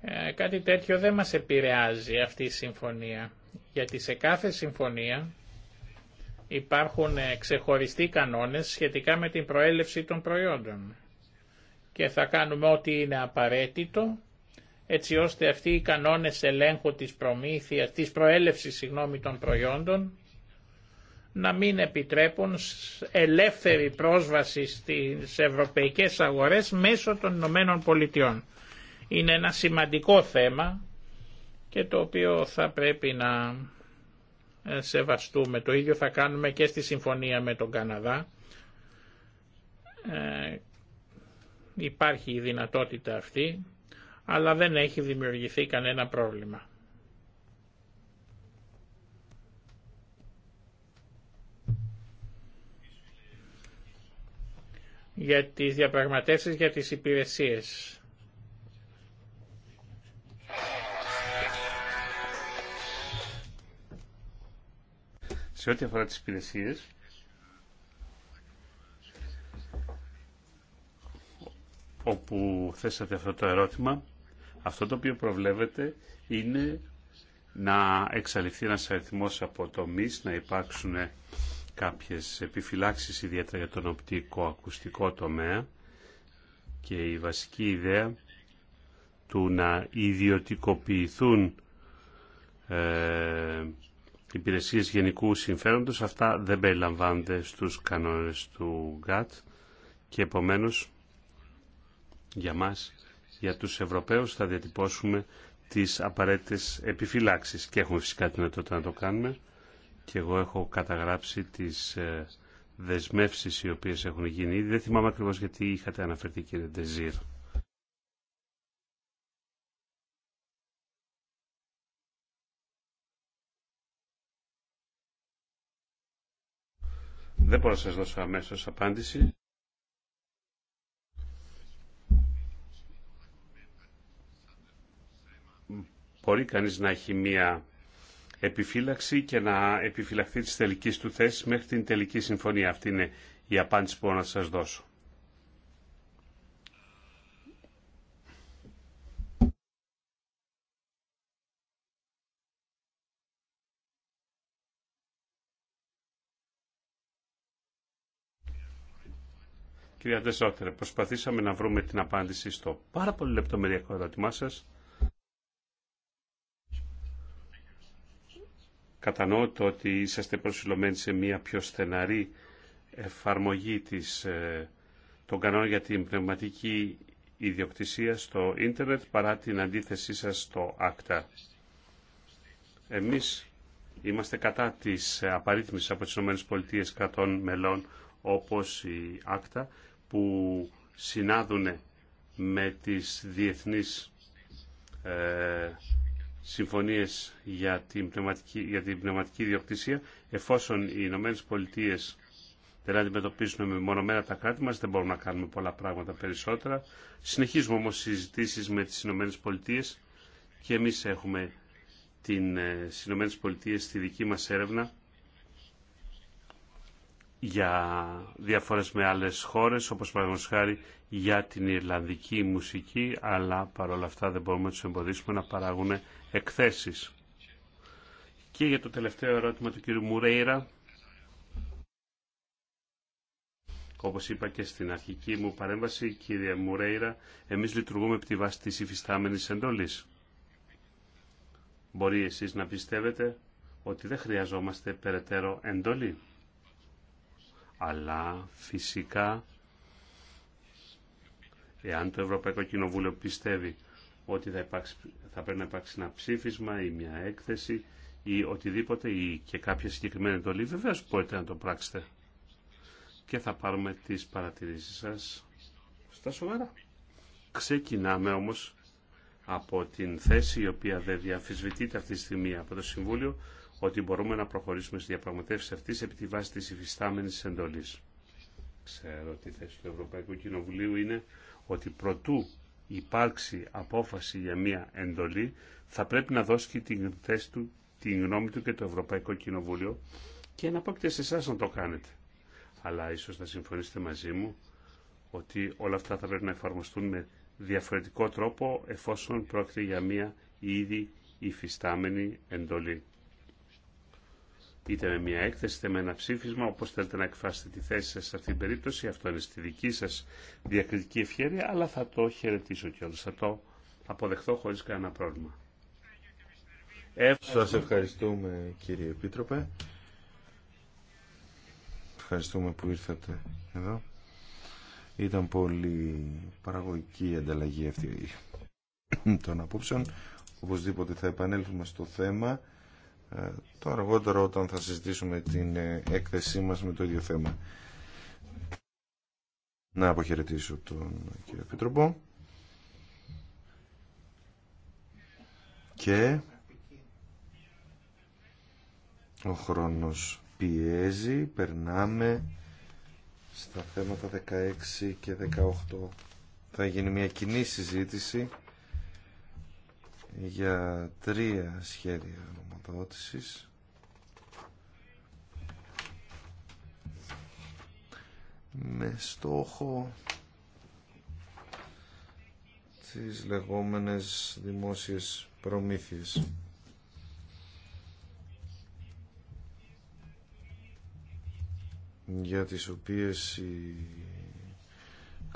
Ε, κάτι τέτοιο δεν μας επηρεάζει αυτή η συμφωνία, γιατί σε κάθε συμφωνία υπάρχουν ε, ξεχωριστοί κανόνες σχετικά με την προέλευση των προϊόντων και θα κάνουμε ό,τι είναι απαραίτητο έτσι ώστε αυτοί οι κανόνες ελέγχου της προμήθειας, της προέλευσης συγγνώμη, των προϊόντων να μην επιτρέπουν ελεύθερη πρόσβαση στις ευρωπαϊκές αγορές μέσω των Ηνωμένων Πολιτειών. Είναι ένα σημαντικό θέμα και το οποίο θα πρέπει να ε, σεβαστούμε. Το ίδιο θα κάνουμε και στη συμφωνία με τον Καναδά. Ε, υπάρχει η δυνατότητα αυτή, αλλά δεν έχει δημιουργηθεί κανένα πρόβλημα. για τις διαπραγματεύσεις για τις υπηρεσίες. Σε ό,τι αφορά τις υπηρεσίες, όπου θέσατε αυτό το ερώτημα, αυτό το οποίο προβλέπετε είναι να εξαλειφθεί ένας αριθμός από να υπάρξουν κάποιες επιφυλάξεις ιδιαίτερα για τον οπτικο-ακουστικό τομέα και η βασική ιδέα του να ιδιωτικοποιηθούν ε, υπηρεσίες γενικού συμφέροντος, αυτά δεν περιλαμβάνονται στους κανόνες του ΓΑΤ και επομένως για μας, για τους Ευρωπαίους θα διατυπώσουμε τις απαραίτητες επιφυλάξεις και έχουμε φυσικά την δυνατότητα να το κάνουμε και εγώ έχω καταγράψει τις ε, δεσμεύσεις οι οποίες έχουν γίνει Δεν θυμάμαι ακριβώς γιατί είχατε αναφερθεί κύριε Ντεζίρ. Δεν μπορώ να σας δώσω αμέσως απάντηση. Μπορεί κανείς να έχει μία επιφύλαξη και να επιφυλαχθεί τη τελική του θέση μέχρι την τελική συμφωνία. Αυτή είναι η απάντηση που μπορώ να σας δώσω. Κυρία Τεσσότερε, προσπαθήσαμε να βρούμε την απάντηση στο πάρα πολύ λεπτομεριακό ερώτημά σας. κατανοώ το ότι είσαστε προσιλωμένοι σε μια πιο στεναρή εφαρμογή της, ε, των κανόνων για την πνευματική ιδιοκτησία στο ίντερνετ παρά την αντίθεσή σας στο ΑΚΤΑ. Εμείς είμαστε κατά της ε, απαρίθμησης από τις ΗΠΑ κρατών μελών όπως η ΑΚΤΑ που συνάδουν με τις διεθνείς ε, Συμφωνίε για την πνευματική, για την πνευματική ιδιοκτησία, εφόσον οι Ηνωμένε Πολιτείε δεν αντιμετωπίζουν με μονομένα τα κράτη μα δεν μπορούμε να κάνουμε πολλά πράγματα περισσότερα. Συνεχίζουμε όμω συζητήσει με τι Ηνωμένε Πολιτείε και εμεί έχουμε την, ε, Ηνωμένε Πολιτείε στη δική μα έρευνα για διάφορες με άλλες χώρες, όπως παραδείγματος χάρη για την Ιρλανδική μουσική, αλλά παρόλα αυτά δεν μπορούμε να τους εμποδίσουμε να παράγουν εκθέσεις. Και για το τελευταίο ερώτημα του κύριου Μουρέιρα, όπως είπα και στην αρχική μου παρέμβαση, κύριε Μουρέιρα, εμείς λειτουργούμε από τη βάση της υφιστάμενης εντολής. Μπορεί εσείς να πιστεύετε ότι δεν χρειαζόμαστε περαιτέρω εντολή. Αλλά φυσικά, εάν το Ευρωπαϊκό Κοινοβούλιο πιστεύει ότι θα, υπάρξει, θα πρέπει να υπάρξει ένα ψήφισμα ή μια έκθεση ή οτιδήποτε ή και κάποια συγκεκριμένη εντολή. Βεβαίω μπορείτε να το πράξετε. Και θα πάρουμε τις παρατηρήσεις σας στα σοβαρά. Ξεκινάμε όμως από την θέση η οποία δεν διαφυσβητείται αυτή τη στιγμή από το Συμβούλιο ότι μπορούμε να προχωρήσουμε στη διαπραγματεύση αυτής επί τη βάση της υφιστάμενης εντολή. Ξέρω ότι η θέση του Ευρωπαϊκού Κοινοβουλίου είναι ότι προτού υπάρξει απόφαση για μια εντολή, θα πρέπει να δώσει και την θέση του, την γνώμη του και το Ευρωπαϊκό Κοινοβούλιο και να πρόκειται σε εσά να το κάνετε. Αλλά ίσως θα συμφωνήσετε μαζί μου ότι όλα αυτά θα πρέπει να εφαρμοστούν με διαφορετικό τρόπο εφόσον πρόκειται για μια ήδη υφιστάμενη εντολή είτε με μια έκθεση, είτε με ένα ψήφισμα, όπως θέλετε να εκφράσετε τη θέση σας σε αυτήν την περίπτωση, αυτό είναι στη δική σα διακριτική ευχαίρεια, αλλά θα το χαιρετήσω κιόλα. θα το αποδεχθώ χωρίς κανένα πρόβλημα. Σα ευχαριστούμε κύριε Επίτροπε. Ευχαριστούμε που ήρθατε εδώ. Ήταν πολύ παραγωγική η ανταλλαγή αυτή των απόψεων. Οπωσδήποτε θα επανέλθουμε στο θέμα. Ε, το αργότερο όταν θα συζητήσουμε την ε, έκθεσή μας με το ίδιο θέμα. Να αποχαιρετήσω τον κύριο Επίτροπο. Και ο χρόνος πιέζει, περνάμε στα θέματα 16 και 18. Θα γίνει μια κοινή συζήτηση για τρία σχέδια νομοδότησης. με στόχο τις λεγόμενες δημόσιες προμήθειες. για τις οποίες η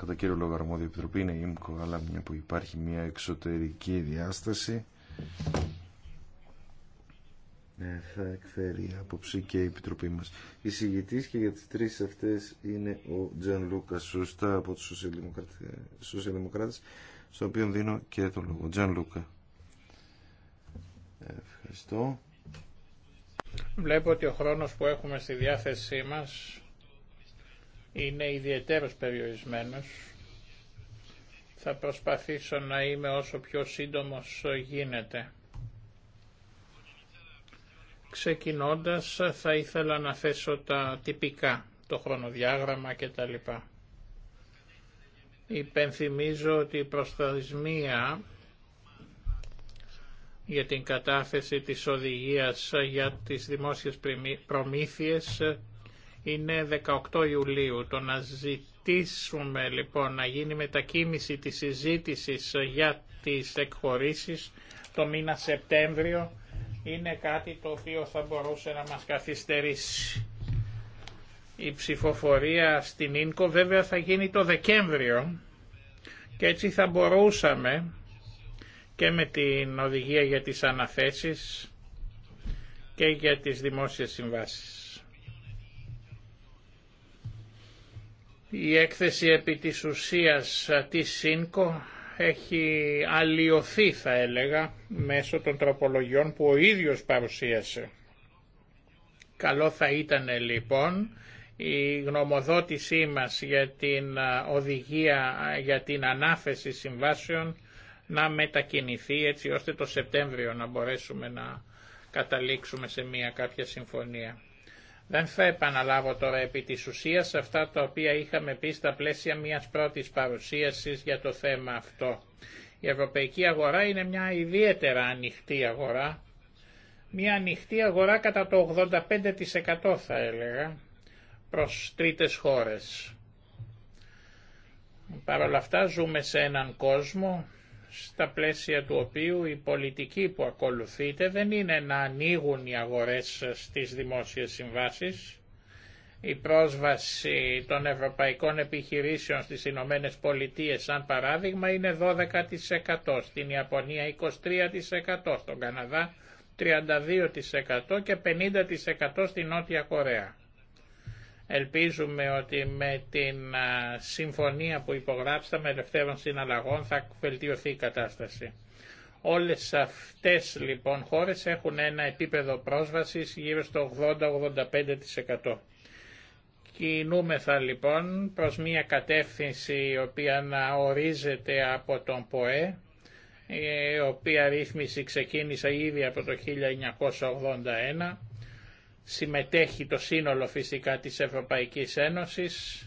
κατά κύριο λόγο αρμόδια επιτροπή είναι η ΙΜΚΟ, αλλά μια που υπάρχει μια εξωτερική διάσταση ε, θα εκφέρει άποψη και η Επιτροπή μας. Η και για τις τρεις αυτές είναι ο Τζαν Λούκα σωστά από τους Σοσιαλδημοκράτε. στον οποίο δίνω και το λόγο. Τζαν Λούκα. Ευχαριστώ. Βλέπω ότι ο χρόνος που έχουμε στη διάθεσή μας είναι ιδιαιτέρως περιορισμένος. Θα προσπαθήσω να είμαι όσο πιο σύντομος γίνεται. Ξεκινώντας θα ήθελα να θέσω τα τυπικά, το χρονοδιάγραμμα κτλ. Υπενθυμίζω ότι η προστασμία για την κατάθεση της οδηγίας για τις δημόσιες προμήθειες είναι 18 Ιουλίου. Το να ζητήσουμε λοιπόν να γίνει μετακίνηση της συζήτησης για τις εκχωρήσεις το μήνα Σεπτέμβριο είναι κάτι το οποίο θα μπορούσε να μας καθυστερήσει. Η ψηφοφορία στην ίνκο βέβαια θα γίνει το Δεκέμβριο και έτσι θα μπορούσαμε και με την οδηγία για τις αναθέσεις και για τις δημόσιες συμβάσεις. Η έκθεση επί της ουσίας της ΣΥΝΚΟ έχει αλλοιωθεί θα έλεγα μέσω των τροπολογιών που ο ίδιος παρουσίασε. Καλό θα ήταν λοιπόν η γνωμοδότησή μας για την οδηγία για την ανάθεση συμβάσεων να μετακινηθεί έτσι ώστε το Σεπτέμβριο να μπορέσουμε να καταλήξουμε σε μια κάποια συμφωνία. Δεν θα επαναλάβω τώρα επί τη ουσίας αυτά τα οποία είχαμε πει στα πλαίσια μιας πρώτης παρουσίασης για το θέμα αυτό. Η ευρωπαϊκή αγορά είναι μια ιδιαίτερα ανοιχτή αγορά, μια ανοιχτή αγορά κατά το 85% θα έλεγα, προς τρίτες χώρες. Παρ' όλα αυτά ζούμε σε έναν κόσμο στα πλαίσια του οποίου η πολιτική που ακολουθείτε δεν είναι να ανοίγουν οι αγορές στις δημόσιες συμβάσεις, η πρόσβαση των ευρωπαϊκών επιχειρήσεων στις Ηνωμένε Πολιτείες, σαν παράδειγμα, είναι 12%, στην Ιαπωνία 23%, στον Καναδά 32% και 50% στην Νότια Κορέα. Ελπίζουμε ότι με την συμφωνία που υπογράψαμε ελευθέρων συναλλαγών θα βελτιωθεί η κατάσταση. Όλες αυτές λοιπόν χώρες έχουν ένα επίπεδο πρόσβασης γύρω στο 80-85%. Κινούμεθα λοιπόν προς μια κατεύθυνση η οποία να ορίζεται από τον ΠΟΕ, η οποία ρύθμιση ξεκίνησε ήδη από το 1981 συμμετέχει το σύνολο φυσικά της Ευρωπαϊκής Ένωσης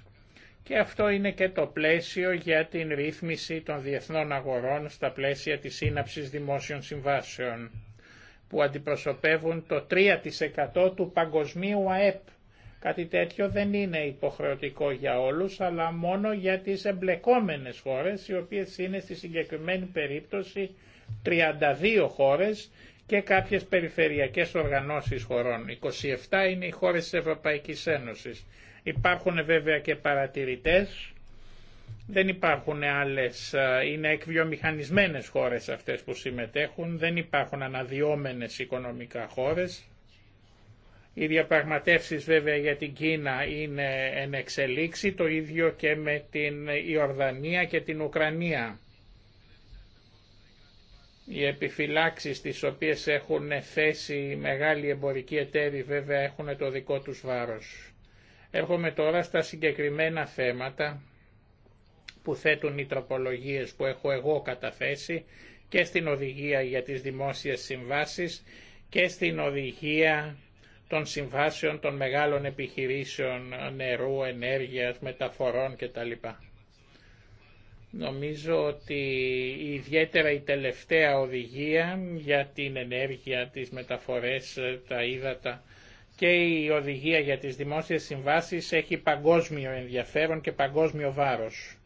και αυτό είναι και το πλαίσιο για την ρύθμιση των διεθνών αγορών στα πλαίσια της σύναψης δημόσιων συμβάσεων που αντιπροσωπεύουν το 3% του παγκοσμίου ΑΕΠ. Κάτι τέτοιο δεν είναι υποχρεωτικό για όλους, αλλά μόνο για τις εμπλεκόμενες χώρες, οι οποίες είναι στη συγκεκριμένη περίπτωση 32 χώρες και κάποιες περιφερειακές οργανώσεις χωρών. 27 είναι οι χώρες της Ευρωπαϊκής Ένωσης. Υπάρχουν βέβαια και παρατηρητές, δεν υπάρχουν άλλες, ε, είναι εκβιομηχανισμένες χώρες αυτές που συμμετέχουν, δεν υπάρχουν αναδυόμενες οικονομικά χώρες. Οι διαπραγματεύσεις βέβαια για την Κίνα είναι εν εξελίξη, το ίδιο και με την Ιορδανία και την Ουκρανία. Οι επιφυλάξεις τις οποίες έχουν θέσει οι μεγάλοι εμπορικοί εταίροι βέβαια έχουν το δικό τους βάρος. Έρχομαι τώρα στα συγκεκριμένα θέματα που θέτουν οι τροπολογίες που έχω εγώ καταθέσει και στην οδηγία για τις δημόσιες συμβάσεις και στην οδηγία των συμβάσεων των μεγάλων επιχειρήσεων νερού, ενέργειας, μεταφορών κτλ. Νομίζω ότι ιδιαίτερα η τελευταία οδηγία για την ενέργεια, τις μεταφορές, ε, τα ύδατα και η οδηγία για τις δημόσιες συμβάσεις έχει παγκόσμιο ενδιαφέρον και παγκόσμιο βάρος.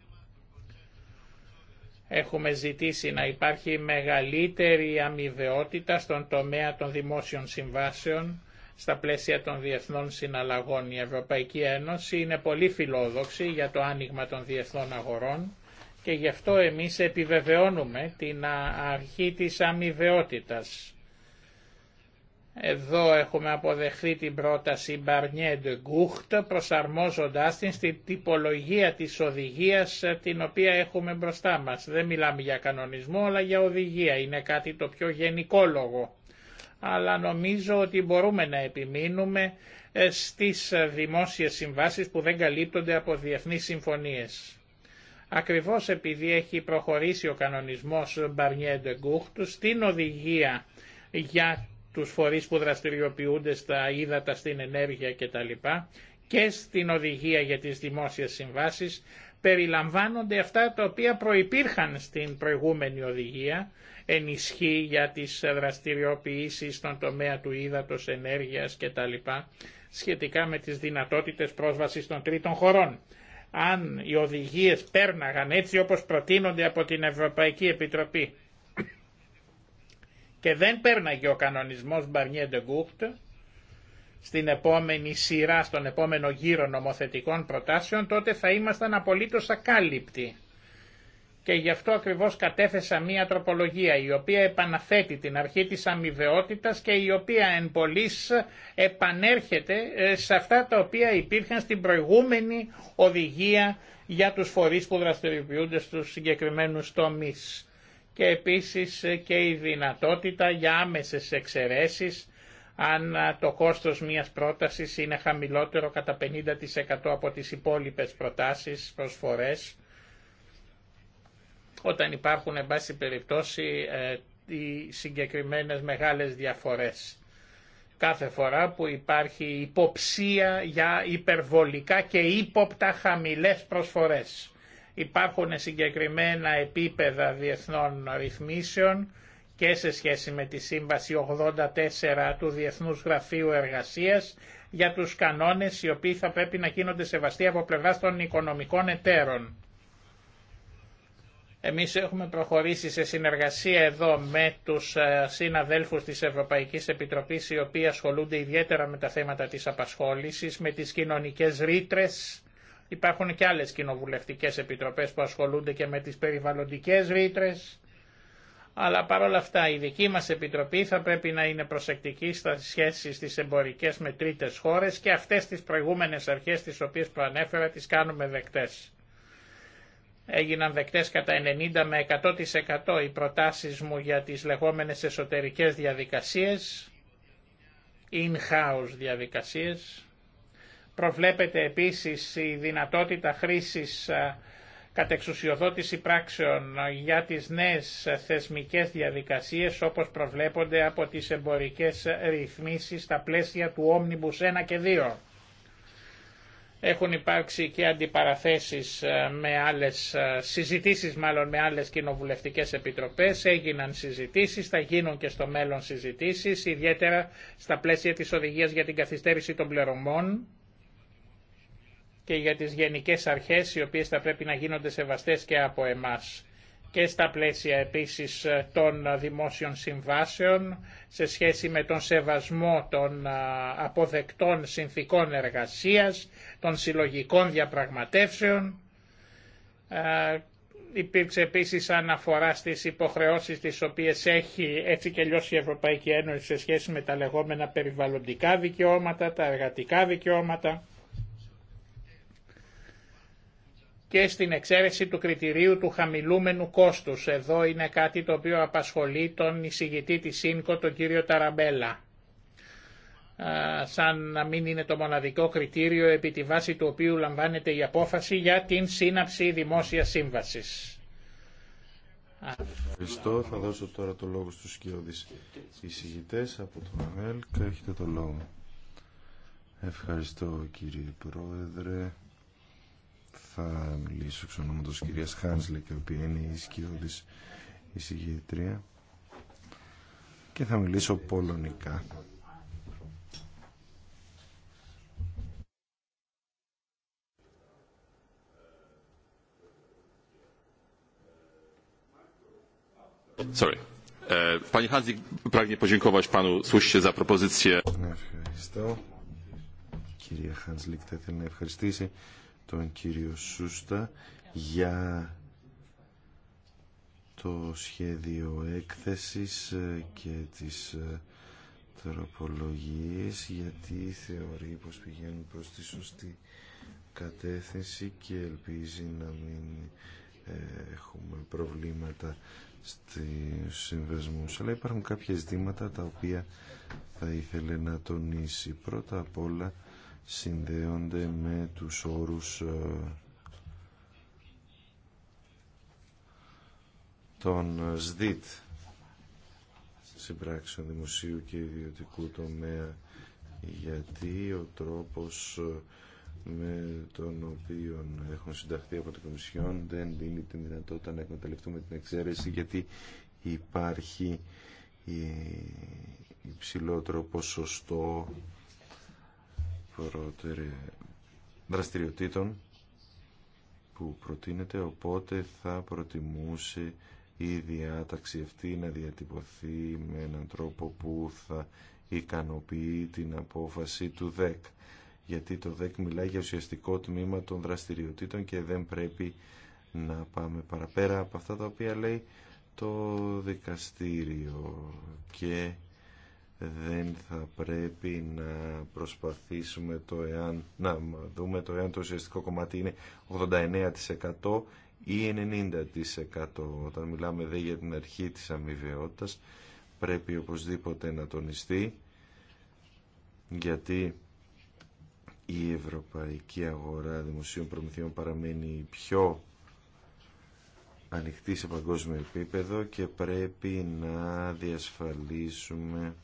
Έχουμε ζητήσει να υπάρχει μεγαλύτερη αμοιβαιότητα στον τομέα των δημόσιων συμβάσεων στα πλαίσια των διεθνών συναλλαγών. Η Ευρωπαϊκή Ένωση είναι πολύ φιλόδοξη για το άνοιγμα των διεθνών αγορών και γι' αυτό εμείς επιβεβαιώνουμε την αρχή της αμοιβαιότητας. Εδώ έχουμε αποδεχθεί την πρόταση Μπαρνιέ de Gucht προσαρμόζοντάς την στην τυπολογία της οδηγίας ε, την οποία έχουμε μπροστά μας. Δεν μιλάμε για κανονισμό αλλά για οδηγία, είναι κάτι το πιο γενικό λόγο. Αλλά νομίζω ότι μπορούμε να επιμείνουμε ε, στις ε, δημόσιες συμβάσεις που δεν καλύπτονται από διεθνείς συμφωνίες. Ακριβώς επειδή έχει προχωρήσει ο κανονισμός Barnier de στην οδηγία για τους φορείς που δραστηριοποιούνται στα ύδατα, στην ενέργεια κτλ. και στην οδηγία για τις δημόσιες συμβάσεις περιλαμβάνονται αυτά τα οποία προϋπήρχαν στην προηγούμενη οδηγία ενισχύ για τις δραστηριοποιήσεις στον τομέα του ύδατος, ενέργειας κτλ. σχετικά με τις δυνατότητες πρόσβασης των τρίτων χωρών αν οι οδηγίες πέρναγαν έτσι όπως προτείνονται από την Ευρωπαϊκή Επιτροπή και δεν πέρναγε ο κανονισμός Μπαρνιέ Ντεγκούχτ στην επόμενη σειρά, στον επόμενο γύρο νομοθετικών προτάσεων, τότε θα ήμασταν απολύτως ακάλυπτοι και γι' αυτό ακριβώς κατέθεσα μία τροπολογία η οποία επαναθέτει την αρχή της αμοιβαιότητας και η οποία εν πολλής επανέρχεται ε, σε αυτά τα οποία υπήρχαν στην προηγούμενη οδηγία για τους φορείς που δραστηριοποιούνται στους συγκεκριμένους τομείς. Και επίσης ε, και η δυνατότητα για άμεσες εξαιρέσεις αν ε, το κόστος μιας πρότασης είναι χαμηλότερο κατά 50% από τις υπόλοιπες προτάσεις προσφορές όταν υπάρχουν, εν πάση περιπτώσει, ε, οι συγκεκριμένες μεγάλες διαφορές. Κάθε φορά που υπάρχει υποψία για υπερβολικά και ύποπτα χαμηλές προσφορές. Υπάρχουν συγκεκριμένα επίπεδα διεθνών ρυθμίσεων και σε σχέση με τη Σύμβαση 84 του Διεθνούς Γραφείου Εργασίας για τους κανόνες οι οποίοι θα πρέπει να γίνονται σεβαστοί από πλευράς των οικονομικών εταίρων. Εμείς έχουμε προχωρήσει σε συνεργασία εδώ με τους ε, συναδέλφους της Ευρωπαϊκής Επιτροπής οι οποίοι ασχολούνται ιδιαίτερα με τα θέματα της απασχόλησης, με τις κοινωνικές ρήτρε. Υπάρχουν και άλλες κοινοβουλευτικές επιτροπές που ασχολούνται και με τις περιβαλλοντικές ρήτρε. Αλλά παρόλα αυτά η δική μας Επιτροπή θα πρέπει να είναι προσεκτική στα σχέσεις στις εμπορικές με τρίτες χώρες και αυτές τις προηγούμενες αρχές τις οποίες προανέφερα τις κάνουμε δεκτές έγιναν δεκτές κατά 90 με 100% οι προτάσεις μου για τις λεγόμενες εσωτερικές διαδικασίες, in-house διαδικασίες. Προβλέπεται επίσης η δυνατότητα χρήσης ε, κατεξουσιοδότηση πράξεων ε, για τις νέες ε, θεσμικές διαδικασίες όπως προβλέπονται από τις εμπορικές ρυθμίσεις στα πλαίσια του Omnibus 1 και 2. Έχουν υπάρξει και αντιπαραθέσεις ε, με άλλες ε, συζητήσεις, μάλλον με άλλες κοινοβουλευτικές επιτροπές. Έγιναν συζητήσεις, θα γίνουν και στο μέλλον συζητήσεις, ιδιαίτερα στα πλαίσια της οδηγίας για την καθυστέρηση των πληρωμών και για τις γενικές αρχές οι οποίες θα πρέπει να γίνονται σεβαστές και από εμάς και στα πλαίσια επίσης ε, των ε, δημόσιων συμβάσεων σε σχέση με τον σεβασμό των ε, αποδεκτών συνθήκων εργασίας, των συλλογικών διαπραγματεύσεων. Υπήρξε επίσης αναφορά στις υποχρεώσεις τις οποίες έχει έτσι και λιώσει η Ευρωπαϊκή Ένωση σε σχέση με τα λεγόμενα περιβαλλοντικά δικαιώματα, τα εργατικά δικαιώματα και στην εξαίρεση του κριτηρίου του χαμηλούμενου κόστους. Εδώ είναι κάτι το οποίο απασχολεί τον εισηγητή της ΣΥΝΚΟ, τον κύριο Ταραμπέλα. Σαν να μην είναι το μοναδικό κριτήριο επί τη βάση του οποίου λαμβάνεται η απόφαση για την σύναψη δημόσιας σύμβασης. Ευχαριστώ. Θα δώσω τώρα το λόγο στους κύριους εισηγητές από το ΑΕΛ έχετε το λόγο. Ευχαριστώ κύριε Πρόεδρε θα μιλήσω εξ ονόματος της κυρίας Χάνσλικ, η οποία είναι η σκιώδης εισηγήτρια και θα μιλήσω πολωνικά. Sorry. E, pani Hanzik, pragnie podziękować panu słusznie za propozycję. Ευχαριστώ. Κυρία Χάνσλικ, θα ήθελα να τον κύριο Σούστα για το σχέδιο έκθεσης ε, και τις ε, τροπολογίες γιατί θεωρεί πως πηγαίνουν προς τη σωστή κατεύθυνση και ελπίζει να μην ε, έχουμε προβλήματα στη συμβεσμούς αλλά υπάρχουν κάποια ζητήματα τα οποία θα ήθελε να τονίσει πρώτα απ' όλα συνδέονται με τους όρους ε, των ε, ΣΔΙΤ συμπράξεων δημοσίου και ιδιωτικού τομέα γιατί ο τρόπος ε, με τον οποίο έχουν συνταχθεί από την Κομισιόν δεν δίνει την δυνατότητα να εκμεταλλευτούμε την εξαίρεση γιατί υπάρχει υψηλότερο ποσοστό δραστηριοτήτων που προτείνεται οπότε θα προτιμούσε η διάταξη αυτή να διατυπωθεί με έναν τρόπο που θα ικανοποιεί την απόφαση του ΔΕΚ γιατί το ΔΕΚ μιλάει για ουσιαστικό τμήμα των δραστηριοτήτων και δεν πρέπει να πάμε παραπέρα από αυτά τα οποία λέει το δικαστήριο και δεν θα πρέπει να προσπαθήσουμε το εάν, να δούμε το εάν το ουσιαστικό κομμάτι είναι 89% ή 90% όταν μιλάμε δε για την αρχή της αμοιβαιότητας πρέπει οπωσδήποτε να τονιστεί γιατί η ευρωπαϊκή αγορά δημοσίων προμηθειών παραμένει πιο ανοιχτή σε παγκόσμιο επίπεδο και πρέπει να διασφαλίσουμε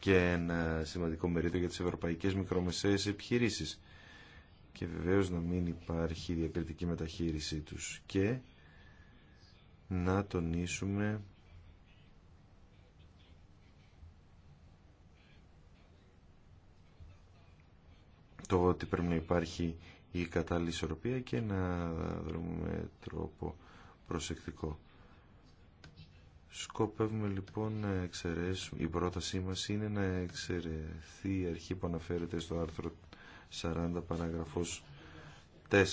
και ένα σημαντικό μερίδιο για τις ευρωπαϊκές μικρομεσαίες επιχειρήσεις και βεβαίως να μην υπάρχει διακριτική μεταχείρισή τους και να τονίσουμε το ότι πρέπει να υπάρχει η κατάλληλη ισορροπία και να δρούμε τρόπο προσεκτικό. Σκοπεύουμε λοιπόν να εξαιρέσουμε, η πρότασή μας είναι να εξαιρεθεί η αρχή που αναφέρεται στο άρθρο 40 παράγραφος 4.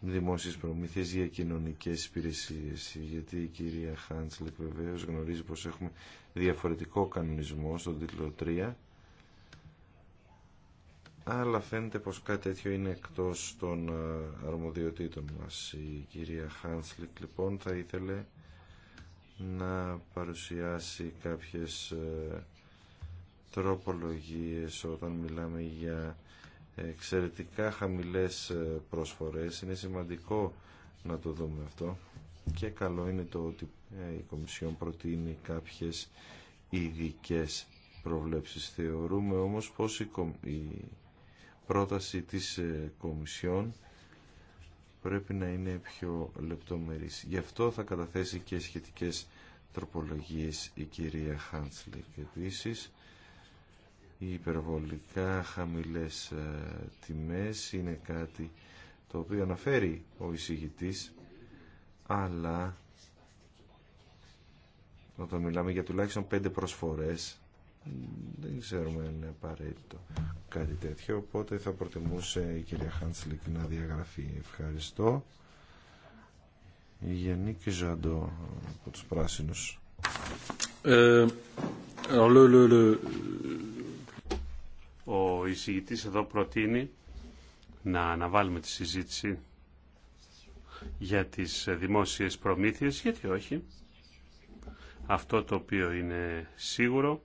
Δημόσιε προμήθειε για κοινωνικέ υπηρεσίε γιατί η κυρία Χάντσλεκ βεβαίω γνωρίζει πως έχουμε διαφορετικό κανονισμό στον τίτλο 3 αλλά φαίνεται πως κάτι τέτοιο είναι εκτός των ε, αρμοδιοτήτων μας. Η κυρία Χάνσλιτ λοιπόν θα ήθελε να παρουσιάσει κάποιες ε, τροπολογίες όταν μιλάμε για εξαιρετικά χαμηλές ε, προσφορές. Είναι σημαντικό να το δούμε αυτό και καλό είναι το ότι η Κομισιόν προτείνει κάποιες ειδικέ προβλέψεις. Θεωρούμε όμως πως η πρόταση της ε, Κομισιόν πρέπει να είναι πιο λεπτομερής. Γι' αυτό θα καταθέσει και σχετικές τροπολογίες η κυρία και Επίσης, οι υπερβολικά χαμηλές ε, τιμές είναι κάτι το οποίο αναφέρει ο εισηγητής, αλλά όταν μιλάμε για τουλάχιστον πέντε προσφορές δεν ξέρουμε αν είναι απαραίτητο κάτι τέτοιο οπότε θα προτιμούσε η κυρία Χάντσλικ να διαγραφεί ευχαριστώ η Ζαντό από τους Πράσινους ε, ο εισηγητής εδώ προτείνει να αναβάλουμε τη συζήτηση για τις δημόσιες προμήθειες γιατί όχι αυτό το οποίο είναι σίγουρο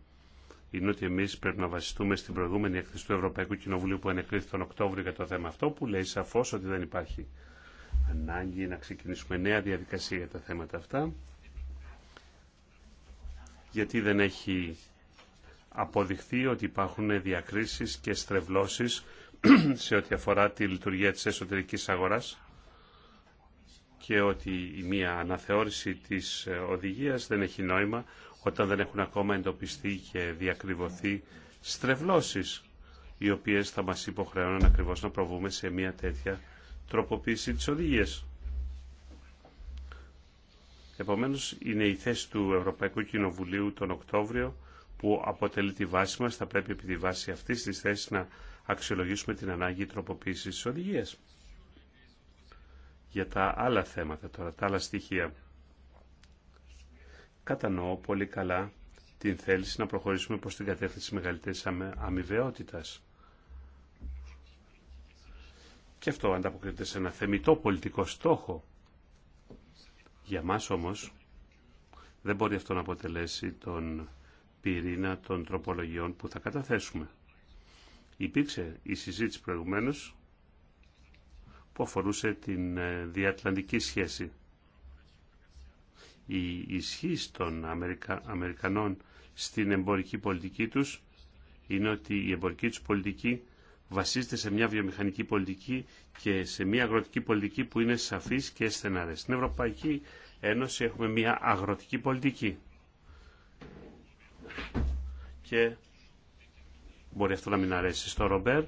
είναι ότι εμεί πρέπει να βασιστούμε στην προηγούμενη έκθεση του Ευρωπαϊκού Κοινοβουλίου που ανεκρίθη τον Οκτώβριο για το θέμα αυτό, που λέει σαφώ ότι δεν υπάρχει ανάγκη να ξεκινήσουμε νέα διαδικασία για τα θέματα αυτά, γιατί δεν έχει αποδειχθεί ότι υπάρχουν διακρίσεις και στρεβλώσεις σε ό,τι αφορά τη λειτουργία της εσωτερικής αγοράς και ότι η μία αναθεώρηση της ε, οδηγίας δεν έχει νόημα όταν δεν έχουν ακόμα εντοπιστεί και διακριβωθεί στρεβλώσεις οι οποίες θα μας υποχρεώνουν ακριβώς να προβούμε σε μια τέτοια τροποποίηση της οδηγίας. Επομένως, είναι η θέση του Ευρωπαϊκού Κοινοβουλίου τον Οκτώβριο που αποτελεί τη βάση μας. Θα πρέπει επί τη βάση αυτής της θέσης να αξιολογήσουμε την ανάγκη τροποποίησης της οδηγίας. Για τα άλλα θέματα τώρα, τα άλλα στοιχεία κατανοώ πολύ καλά την θέληση να προχωρήσουμε προς την κατεύθυνση μεγαλύτερης αμοιβαιότητας. Και αυτό ανταποκρίνεται σε ένα θεμητό πολιτικό στόχο. Για μας όμως δεν μπορεί αυτό να αποτελέσει τον πυρήνα των τροπολογιών που θα καταθέσουμε. Υπήρξε η συζήτηση προηγουμένως που αφορούσε την ε, διατλαντική σχέση η ισχύ των Αμερικανών στην εμπορική πολιτική τους είναι ότι η εμπορική τους πολιτική βασίζεται σε μια βιομηχανική πολιτική και σε μια αγροτική πολιτική που είναι σαφής και στεναρές. Στην Ευρωπαϊκή Ένωση έχουμε μια αγροτική πολιτική και μπορεί αυτό να μην αρέσει στο Ρομπέρ,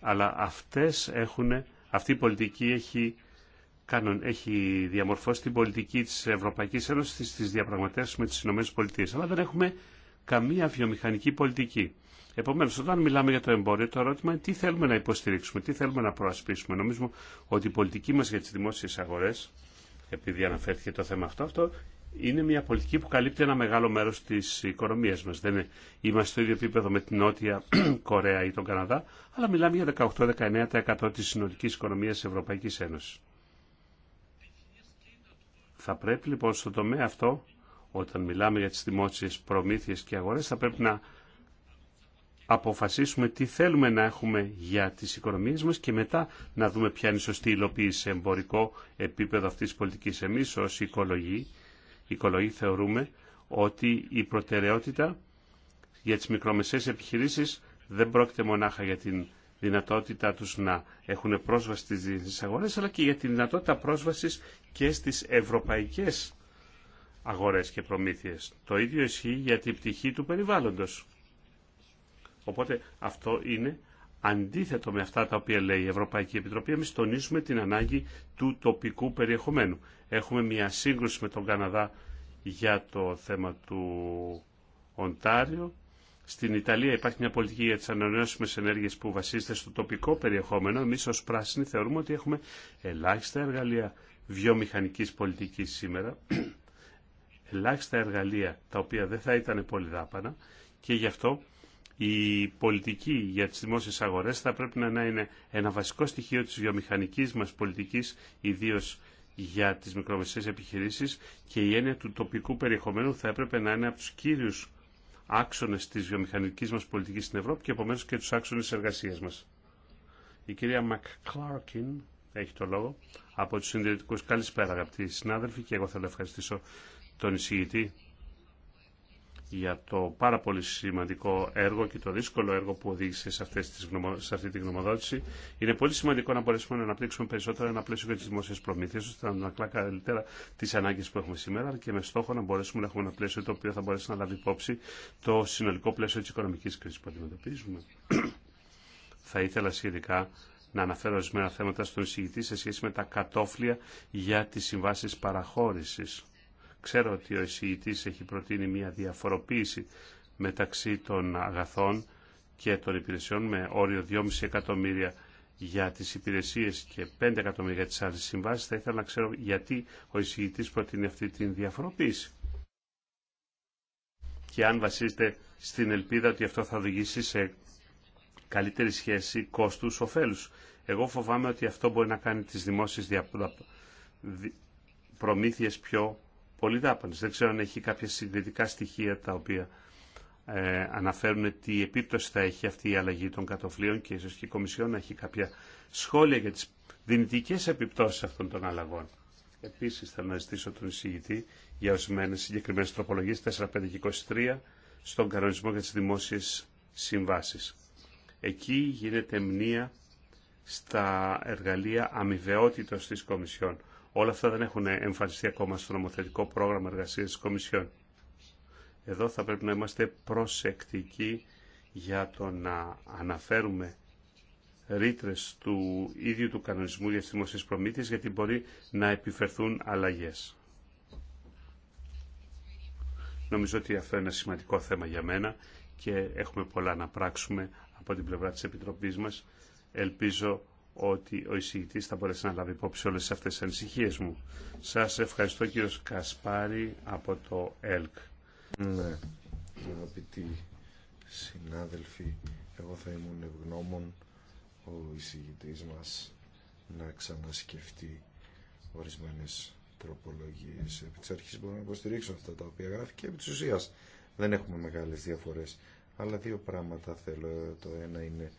αλλά αυτές έχουν, αυτή η πολιτική έχει κάνον, έχει διαμορφώσει την πολιτική της Ευρωπαϊκής Ένωσης στις διαπραγματεύσεις με τις Ηνωμένες Πολιτείες. Αλλά δεν έχουμε καμία βιομηχανική πολιτική. Επομένως, όταν μιλάμε για το εμπόριο, το ερώτημα είναι τι θέλουμε να υποστηρίξουμε, τι θέλουμε να προασπίσουμε. Νομίζουμε ότι η πολιτική μας για τις δημόσιες αγορές, επειδή αναφέρθηκε το θέμα αυτό, αυτό είναι μια πολιτική που καλύπτει ένα μεγάλο μέρος της οικονομίας μας. Δεν είμαστε στο ίδιο επίπεδο με την Νότια Κορέα ή τον Καναδά, αλλά μιλάμε για 18-19% της συνολικής οικονομίας της Ευρωπαϊκής Ένωσης. Θα πρέπει λοιπόν στο τομέα αυτό, όταν μιλάμε για τις δημόσιες προμήθειες και αγορές, θα πρέπει να αποφασίσουμε τι θέλουμε να έχουμε για τις οικονομίες μας και μετά να δούμε ποια είναι η σωστή υλοποίηση σε εμπορικό επίπεδο αυτής της πολιτικής. Εμείς ως οικολογοί, οικολογοί θεωρούμε ότι η προτεραιότητα για τις μικρομεσαίες επιχειρήσεις δεν πρόκειται μονάχα για την δυνατότητά τους να έχουν πρόσβαση στις διεθνείς αγορές, αλλά και για τη δυνατότητα πρόσβασης και στις ευρωπαϊκές αγορές και προμήθειες. Το ίδιο ισχύει για την πτυχή του περιβάλλοντος. Οπότε αυτό είναι αντίθετο με αυτά τα οποία λέει η Ευρωπαϊκή Επιτροπή. Εμείς τονίζουμε την ανάγκη του τοπικού περιεχομένου. Έχουμε μια σύγκρουση με τον Καναδά για το θέμα του Οντάριο στην Ιταλία υπάρχει μια πολιτική για τι ανανεώσιμε ενέργειε που βασίζεται στο τοπικό περιεχόμενο. Εμεί ω πράσινοι θεωρούμε ότι έχουμε ελάχιστα εργαλεία βιομηχανική πολιτική σήμερα, ελάχιστα εργαλεία τα οποία δεν θα ήταν πολυδάπανα και γι' αυτό η πολιτική για τις δημόσιες αγορές θα πρέπει να είναι ένα βασικό στοιχείο της βιομηχανικής μας πολιτικής, ιδίως για τις μικρομεσαίες επιχειρήσεις και η έννοια του τοπικού περιεχομένου θα έπρεπε να είναι από του κύριου άξονες της βιομηχανικής μας πολιτικής στην Ευρώπη και επομένως και τους άξονες της εργασίας μας. Η κυρία Μακκλάρκιν έχει το λόγο από τους συντηρητικούς. Καλησπέρα αγαπητοί συνάδελφοι και εγώ θέλω να ευχαριστήσω τον εισηγητή για το πάρα πολύ σημαντικό έργο και το δύσκολο έργο που οδήγησε σε, αυτές τις σε αυτή τη γνωμοδότηση. Είναι πολύ σημαντικό να μπορέσουμε να αναπτύξουμε περισσότερο ένα πλαίσιο για τι δημόσιε προμήθειε, ώστε να ανακλά καλύτερα τι ανάγκε που έχουμε σήμερα και με στόχο να μπορέσουμε να έχουμε ένα πλαίσιο το οποίο θα μπορέσει να λάβει υπόψη το συνολικό πλαίσιο τη οικονομική κρίση που αντιμετωπίζουμε. θα ήθελα σχετικά να αναφέρω ορισμένα θέματα στον εισηγητή σε σχέση με τα κατόφλια για τι συμβάσει παραχώρηση Ξέρω ότι ο εισηγητής έχει προτείνει μια διαφοροποίηση μεταξύ των αγαθών και των υπηρεσιών με όριο 2,5 εκατομμύρια για τις υπηρεσίες και 5 εκατομμύρια για τις άλλες συμβάσεις. Θα ήθελα να ξέρω γιατί ο εισηγητής προτείνει αυτή την διαφοροποίηση και αν βασίζεται στην ελπίδα ότι αυτό θα οδηγήσει σε καλύτερη σχέση κόστους-οφέλους. Εγώ φοβάμαι ότι αυτό μπορεί να κάνει τις δημόσιες προμήθειες πιο πολύ δάπανε. Δεν ξέρω αν έχει κάποια συγκριτικά στοιχεία τα οποία ε, αναφέρουν τι επίπτωση θα έχει αυτή η αλλαγή των κατοφλίων και ίσως και η Κομισιόν έχει κάποια σχόλια για τις δυνητικές επιπτώσεις αυτών των αλλαγών. Επίσης θέλω να ζητήσω τον εισηγητή για ορισμένε συγκεκριμένε τροπολογίες 4, 5 και 23 στον κανονισμό για τις δημόσιες συμβάσεις. Εκεί γίνεται μνήα στα εργαλεία αμοιβαιότητα της Κομισιόν Όλα αυτά δεν έχουν εμφανιστεί ακόμα στο νομοθετικό πρόγραμμα εργασία τη Κομισιόν. Εδώ θα πρέπει να είμαστε προσεκτικοί για το να αναφέρουμε ρήτρε του ίδιου του κανονισμού για τι δημοσίε προμήθειε, γιατί μπορεί να επιφερθούν αλλαγέ. Νομίζω ότι αυτό είναι ένα σημαντικό θέμα για μένα και έχουμε πολλά να πράξουμε από την πλευρά της Επιτροπής μας. Ελπίζω ότι ο εισηγητής θα μπορέσει να λάβει υπόψη όλες αυτές τις ανησυχίες μου. Σας ευχαριστώ κύριος Κασπάρη από το ΕΛΚ. Ναι, αγαπητοί συνάδελφοι, εγώ θα ήμουν ευγνώμων ο εισηγητής μας να ξανασκεφτεί ορισμένες τροπολογίες. Επί της αρχής μπορώ να υποστηρίξω αυτά τα οποία γράφει και επί της ουσίας δεν έχουμε μεγάλες διαφορές. Αλλά δύο πράγματα θέλω. Το ένα είναι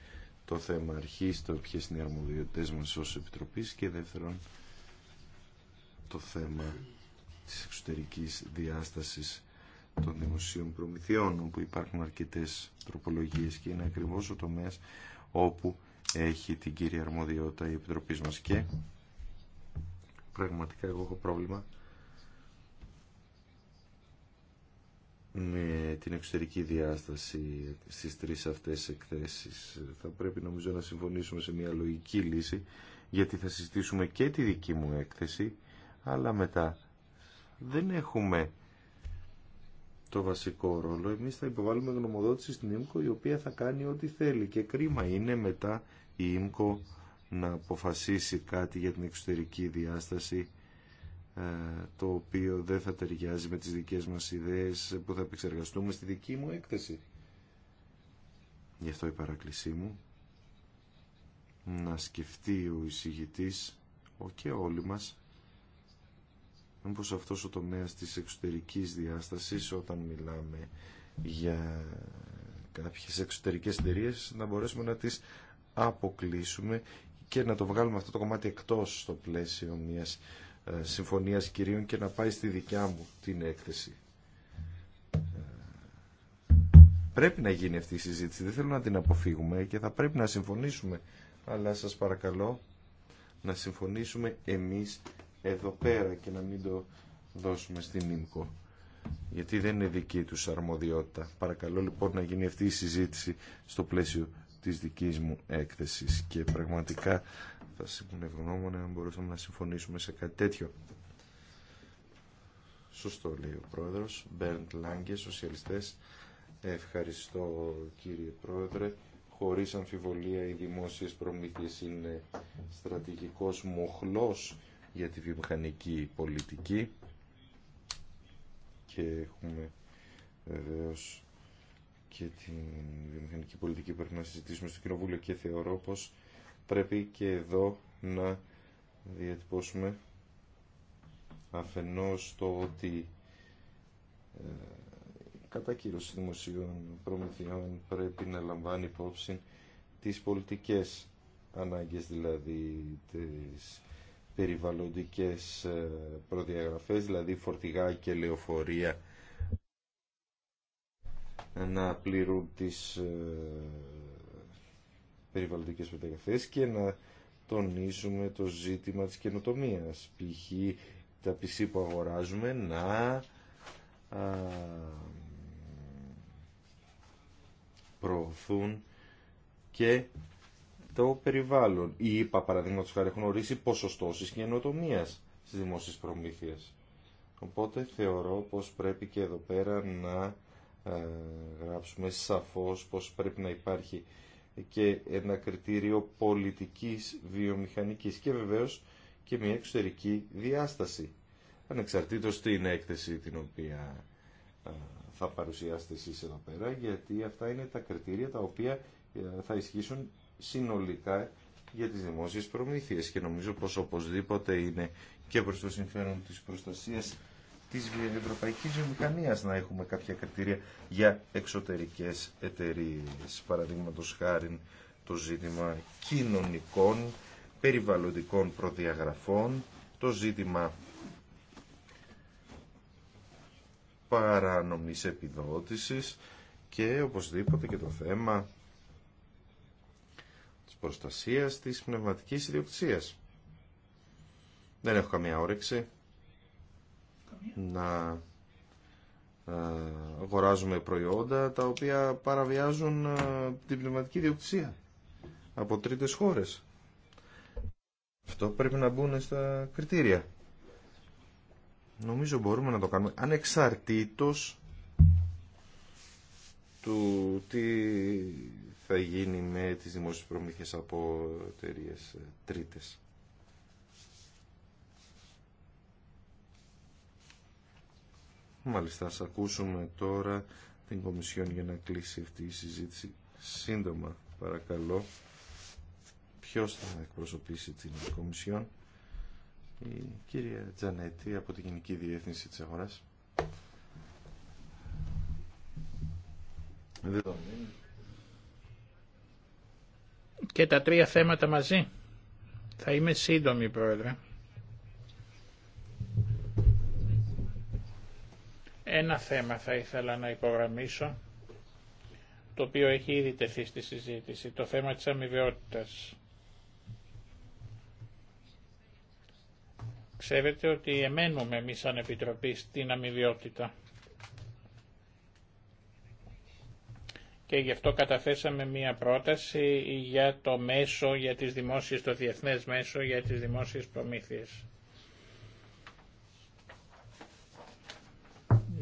το θέμα αρχή, το ποιε είναι οι αρμοδιότητε μα ω Επιτροπής και δεύτερον το θέμα της εξωτερικής διάστασης των δημοσίων προμηθειών όπου υπάρχουν αρκετέ τροπολογίες και είναι ακριβώ ο τομέας όπου έχει την κύρια αρμοδιότητα η Επιτροπή μας και πραγματικά εγώ έχω πρόβλημα με την εξωτερική διάσταση στις τρεις αυτές εκθέσεις. Θα πρέπει νομίζω να συμφωνήσουμε σε μια λογική λύση γιατί θα συζητήσουμε και τη δική μου έκθεση αλλά μετά δεν έχουμε το βασικό ρόλο. Εμείς θα υποβάλουμε γνωμοδότηση στην ΙΜΚΟ η οποία θα κάνει ό,τι θέλει και κρίμα είναι μετά η ΙΜΚΟ να αποφασίσει κάτι για την εξωτερική διάσταση ε, το οποίο δεν θα ταιριάζει με τις δικές μας ιδέες που θα επεξεργαστούμε στη δική μου έκθεση. Γι' αυτό η παράκλησή μου να σκεφτεί ο εισηγητής και όλοι μας μήπως αυτός ο τομέας της εξωτερικής διάστασης όταν μιλάμε για κάποιες εξωτερικές εταιρείε να μπορέσουμε να τις αποκλείσουμε και να το βγάλουμε αυτό το κομμάτι εκτός στο πλαίσιο μιας συμφωνίας κυρίων και να πάει στη δικιά μου την έκθεση. Πρέπει να γίνει αυτή η συζήτηση, δεν θέλω να την αποφύγουμε και θα πρέπει να συμφωνήσουμε, αλλά σας παρακαλώ να συμφωνήσουμε εμείς εδώ πέρα και να μην το δώσουμε στην ΙΜΚΟ. Γιατί δεν είναι δική τους αρμοδιότητα. Παρακαλώ λοιπόν να γίνει αυτή η συζήτηση στο πλαίσιο της δικής μου έκθεσης και πραγματικά θα ήμουν αν μπορούσαμε να συμφωνήσουμε σε κάτι τέτοιο. Σωστό λέει ο πρόεδρος. Μπέρντ Λάγκε, σοσιαλιστές. Ευχαριστώ κύριε πρόεδρε. Χωρίς αμφιβολία οι δημόσιες προμήθειες είναι στρατηγικός μοχλός για τη βιομηχανική πολιτική και έχουμε βεβαίω και την βιομηχανική πολιτική που πρέπει να συζητήσουμε στο Κοινοβούλιο και θεωρώ πως πρέπει και εδώ να διατυπώσουμε αφενός το ότι ε, κατά κύρωση δημοσίων προμηθειών πρέπει να λαμβάνει υπόψη τις πολιτικές ανάγκες, δηλαδή τις περιβαλλοντικές ε, προδιαγραφές, δηλαδή φορτηγά και λεωφορεία να πληρούν τις ε, περιβαλλοντικές προδιαγραφές και να τονίσουμε το ζήτημα της καινοτομίας. Π.χ. τα PC που αγοράζουμε να προωθούν και το περιβάλλον. Οι ΕΠΑ, παραδείγματος χάρη, έχουν ορίσει ποσοστώσεις καινοτομίας στις δημόσιες προμήθειες. Οπότε θεωρώ πως πρέπει και εδώ πέρα να ε, γράψουμε σαφώς πως πρέπει να υπάρχει και ένα κριτήριο πολιτικής βιομηχανικής και βεβαίως και μια εξωτερική διάσταση. Ανεξαρτήτως την έκθεση την οποία θα παρουσιάσετε εσείς εδώ πέρα, γιατί αυτά είναι τα κριτήρια τα οποία ε, θα ισχύσουν συνολικά για τις δημόσιες προμήθειες και νομίζω πως οπωσδήποτε είναι και προς το συμφέρον της προστασίας της ευρωπαϊκής βιομηχανίας να έχουμε κάποια κριτήρια για εξωτερικές εταιρείες. Παραδείγματο χάρη το ζήτημα κοινωνικών, περιβαλλοντικών προδιαγραφών, το ζήτημα παράνομης επιδότησης και οπωσδήποτε και το θέμα της προστασίας της πνευματικής ιδιοκτησίας. Δεν έχω καμία όρεξη να ε, αγοράζουμε προϊόντα τα οποία παραβιάζουν ε, την πνευματική διοκτησία από τρίτες χώρες. Αυτό πρέπει να μπουν στα κριτήρια. Νομίζω μπορούμε να το κάνουμε ανεξαρτήτως του τι θα γίνει με τις δημόσιες προμήθειες από εταιρείε ε, τρίτες. Μάλιστα, ας ακούσουμε τώρα την Κομισιόν για να κλείσει αυτή η συζήτηση. Σύντομα, παρακαλώ, ποιος θα εκπροσωπήσει την Κομισιόν. Η κυρία Τζανέτη από την Γενική Διεύθυνση της Αγοράς. Και τα τρία θέματα μαζί. Θα είμαι σύντομη, Πρόεδρε. Ένα θέμα θα ήθελα να υπογραμμίσω, το οποίο έχει ήδη τεθεί στη συζήτηση, το θέμα της αμοιβαιότητας. Ξέρετε ότι εμένουμε εμεί σαν Επιτροπή στην αμοιβαιότητα. Και γι' αυτό καταθέσαμε μία πρόταση για το μέσο, για τις δημόσιες, το διεθνές μέσο για τις δημόσιες προμήθειες.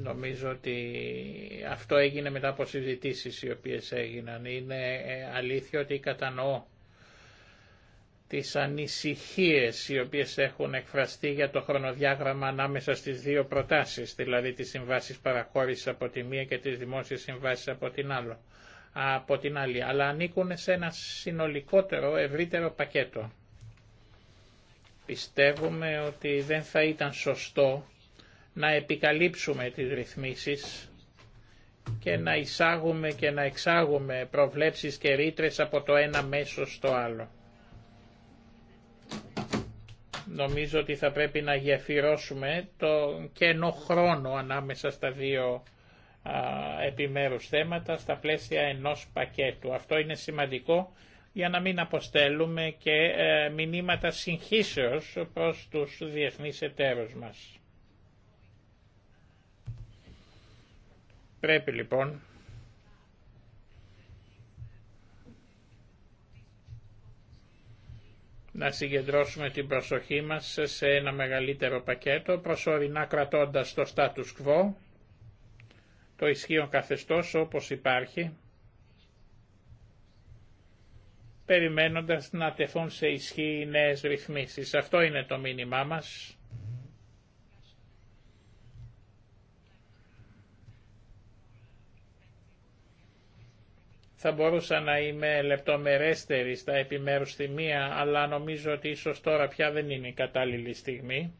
Νομίζω ότι αυτό έγινε μετά από συζητήσεις οι οποίες έγιναν. Είναι ε, αλήθεια ότι κατανοώ τις ανησυχίες οι οποίες έχουν εκφραστεί για το χρονοδιάγραμμα ανάμεσα στις δύο προτάσεις, δηλαδή τις συμβάσεις παραχώρησης από τη μία και τις δημόσιες συμβάσεις από την, άλλο, από την άλλη, αλλά ανήκουν σε ένα συνολικότερο, ευρύτερο πακέτο. Πιστεύουμε ότι δεν θα ήταν σωστό να επικαλύψουμε τις ρυθμίσεις και να εισάγουμε και να εξάγουμε προβλέψεις και ρήτρε από το ένα μέσο στο άλλο. Νομίζω ότι θα πρέπει να γεφυρώσουμε το κενό χρόνο ανάμεσα στα δύο α, επιμέρους θέματα στα πλαίσια ενός πακέτου. Αυτό είναι σημαντικό για να μην αποστέλουμε και ε, μηνύματα συγχύσεως προς τους διεθνείς εταίρους μας. Πρέπει λοιπόν να συγκεντρώσουμε την προσοχή μας σε ένα μεγαλύτερο πακέτο, προσωρινά κρατώντας το status quo, το ισχύον καθεστώς όπως υπάρχει, περιμένοντας να τεθούν σε ισχύ οι νέες ρυθμίσεις. Αυτό είναι το μήνυμά μας. Θα μπορούσα να είμαι λεπτομερέστερη στα επιμέρους θυμία, αλλά νομίζω ότι ίσως τώρα πια δεν είναι η κατάλληλη στιγμή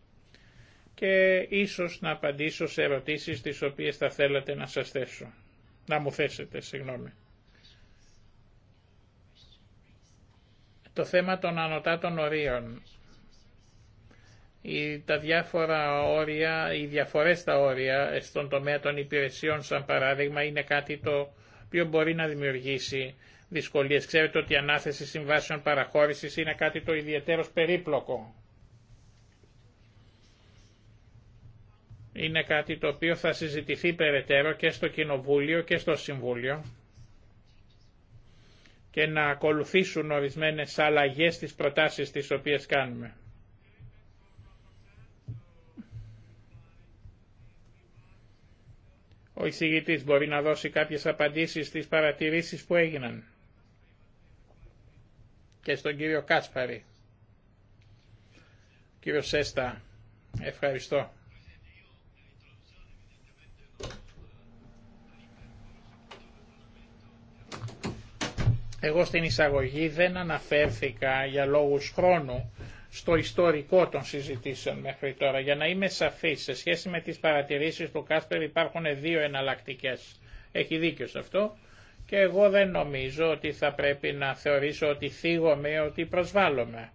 και ίσως να απαντήσω σε ερωτήσεις τις οποίες θα θέλατε να σας θέσω. Να μου θέσετε, συγγνώμη. Το θέμα των ανωτάτων ορίων. τα διάφορα όρια, οι διαφορές στα όρια στον τομέα των υπηρεσιών σαν παράδειγμα είναι κάτι το οποίο μπορεί να δημιουργήσει δυσκολίες. Ξέρετε ότι η ανάθεση συμβάσεων παραχώρησης είναι κάτι το ιδιαίτερος περίπλοκο. Είναι κάτι το οποίο θα συζητηθεί περαιτέρω και στο Κοινοβούλιο και στο Συμβούλιο και να ακολουθήσουν ορισμένες αλλαγές στις προτάσεις τις οποίες κάνουμε. Ο εισηγητής μπορεί να δώσει κάποιες απαντήσεις στις παρατηρήσεις που έγιναν. Και στον κύριο Κάσπαρη. Κύριο Σέστα, ευχαριστώ. Εγώ στην εισαγωγή δεν αναφέρθηκα για λόγους χρόνου στο ιστορικό των συζητήσεων μέχρι τώρα. Για να είμαι σαφής, σε σχέση με τις παρατηρήσεις του Κάσπερ υπάρχουν δύο εναλλακτικέ. Έχει δίκιο σε αυτό και εγώ δεν νομίζω ότι θα πρέπει να θεωρήσω ότι θίγομαι, ότι προσβάλλομαι.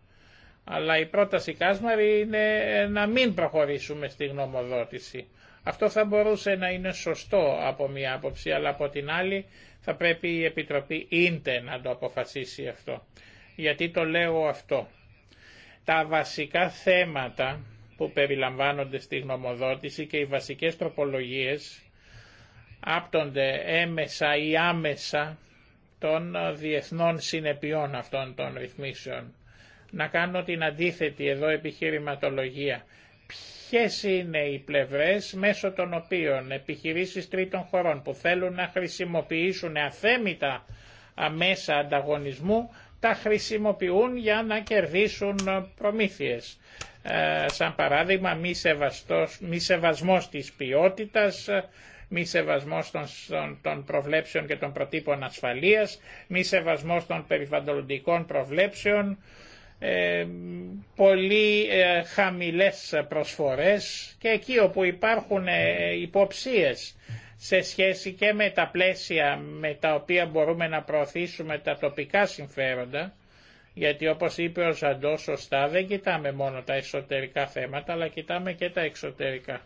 Αλλά η πρόταση Κάσμαρη είναι να μην προχωρήσουμε στη γνωμοδότηση. Αυτό θα μπορούσε να είναι σωστό από μία άποψη, αλλά από την άλλη θα πρέπει η Επιτροπή ίντε να το αποφασίσει αυτό. Γιατί το λέω αυτό. Τα βασικά θέματα που περιλαμβάνονται στη γνωμοδότηση και οι βασικές τροπολογίες άπτονται έμεσα ή άμεσα των διεθνών συνεπειών αυτών των ρυθμίσεων. Να κάνω την αντίθετη εδώ επιχειρηματολογία. Ποιες είναι οι πλευρές μέσω των οποίων επιχειρήσεις τρίτων χωρών που θέλουν να χρησιμοποιήσουν αθέμητα μέσα ανταγωνισμού τα χρησιμοποιούν για να κερδίσουν προμήθειες. Ε, σαν παράδειγμα μη, σεβαστός, μη σεβασμός της ποιότητας, μη σεβασμός των, των προβλέψεων και των προτύπων ασφαλείας, μη σεβασμός των περιβαλλοντικών προβλέψεων, ε, πολύ ε, χαμηλές προσφορές και εκεί όπου υπάρχουν ε, υποψίες σε σχέση και με τα πλαίσια με τα οποία μπορούμε να προωθήσουμε τα τοπικά συμφέροντα, γιατί όπως είπε ο Ζαντός σωστά δεν κοιτάμε μόνο τα εσωτερικά θέματα, αλλά κοιτάμε και τα εξωτερικά.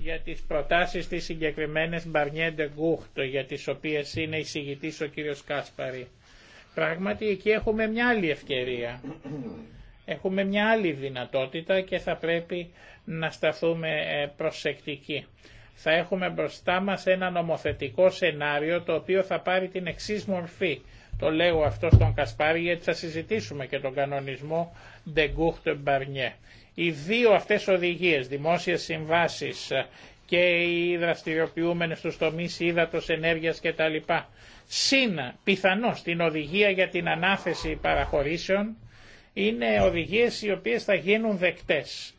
Για τις προτάσεις της συγκεκριμένες Μπαρνιέντε Γκούχτο, για τις οποίες είναι εισηγητής ο κύριος Κάσπαρη. Πράγματι εκεί έχουμε μια άλλη ευκαιρία. Έχουμε μια άλλη δυνατότητα και θα πρέπει να σταθούμε ε, προσεκτικοί θα έχουμε μπροστά μας ένα νομοθετικό σενάριο το οποίο θα πάρει την εξή μορφή. Το λέω αυτό στον Κασπάρη γιατί θα συζητήσουμε και τον κανονισμό de Gucht Barnier. Οι δύο αυτές οδηγίες, δημόσιες συμβάσεις και οι δραστηριοποιούμενες στους τομείς ύδατος, ενέργειας κτλ. Συν πιθανώς την οδηγία για την ανάθεση παραχωρήσεων είναι οδηγίες οι οποίες θα γίνουν δεκτές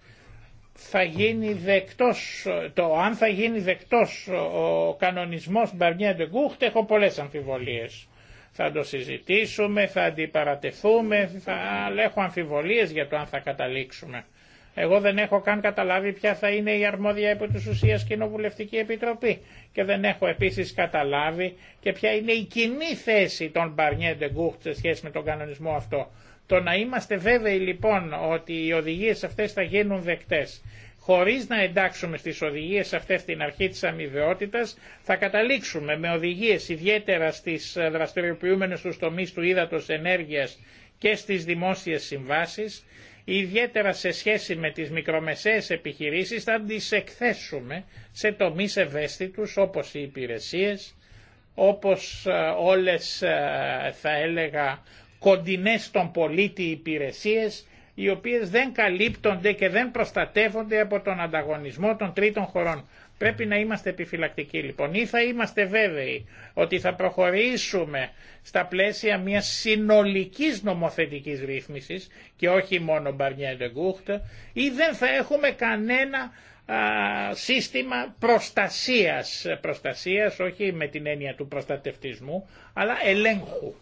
θα γίνει δεκτός, το αν θα γίνει δεκτός ο κανονισμός Μπαρνιέ Γκούχτ έχω πολλές αμφιβολίες. Θα το συζητήσουμε, θα αντιπαρατεθούμε, θα, αλλά έχω αμφιβολίες για το αν θα καταλήξουμε. Εγώ δεν έχω καν καταλάβει ποια θα είναι η αρμόδια επί της ουσίας Κοινοβουλευτική Επιτροπή και δεν έχω επίσης καταλάβει και ποια είναι η κοινή θέση των Μπαρνιέ Γκούχτ σε σχέση με τον κανονισμό αυτό. Το να είμαστε βέβαιοι λοιπόν ότι οι οδηγίες αυτές θα γίνουν δεκτές χωρίς να εντάξουμε στις οδηγίες αυτές την αρχή της αμοιβαιότητας, θα καταλήξουμε με οδηγίες ιδιαίτερα στις δραστηριοποιούμενες του τομείς του ύδατος ενέργειας και στις δημόσιες συμβάσεις, ιδιαίτερα σε σχέση με τις μικρομεσαίες επιχειρήσεις θα τις εκθέσουμε σε τομείς ευαίσθητους όπως οι υπηρεσίες, όπως ε, όλες ε, θα έλεγα κοντινές στον πολίτη υπηρεσίες οι οποίες δεν καλύπτονται και δεν προστατεύονται από τον ανταγωνισμό των τρίτων χωρών. Πρέπει να είμαστε επιφυλακτικοί λοιπόν ή θα είμαστε βέβαιοι ότι θα προχωρήσουμε στα πλαίσια μιας συνολικής νομοθετικής ρύθμισης και όχι μόνο Μπαρνιέ Γκούχτ ή δεν θα έχουμε κανένα σύστημα προστασίας, προστασίας όχι με την έννοια του προστατευτισμού αλλά ελέγχου.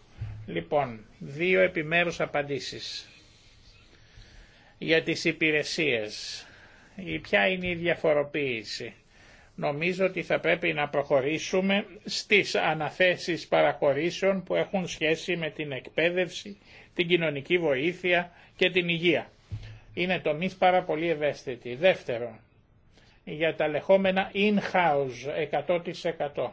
Λοιπόν, δύο επιμέρους απαντήσεις για τις υπηρεσίες. Η ποια είναι η διαφοροποίηση. Νομίζω ότι θα πρέπει να προχωρήσουμε στις αναθέσεις παραχωρήσεων που έχουν σχέση με την εκπαίδευση, την κοινωνική βοήθεια και την υγεία. Είναι τομείς πάρα πολύ ευαίσθητοι. Δεύτερο, για τα λεχόμενα in-house 100%.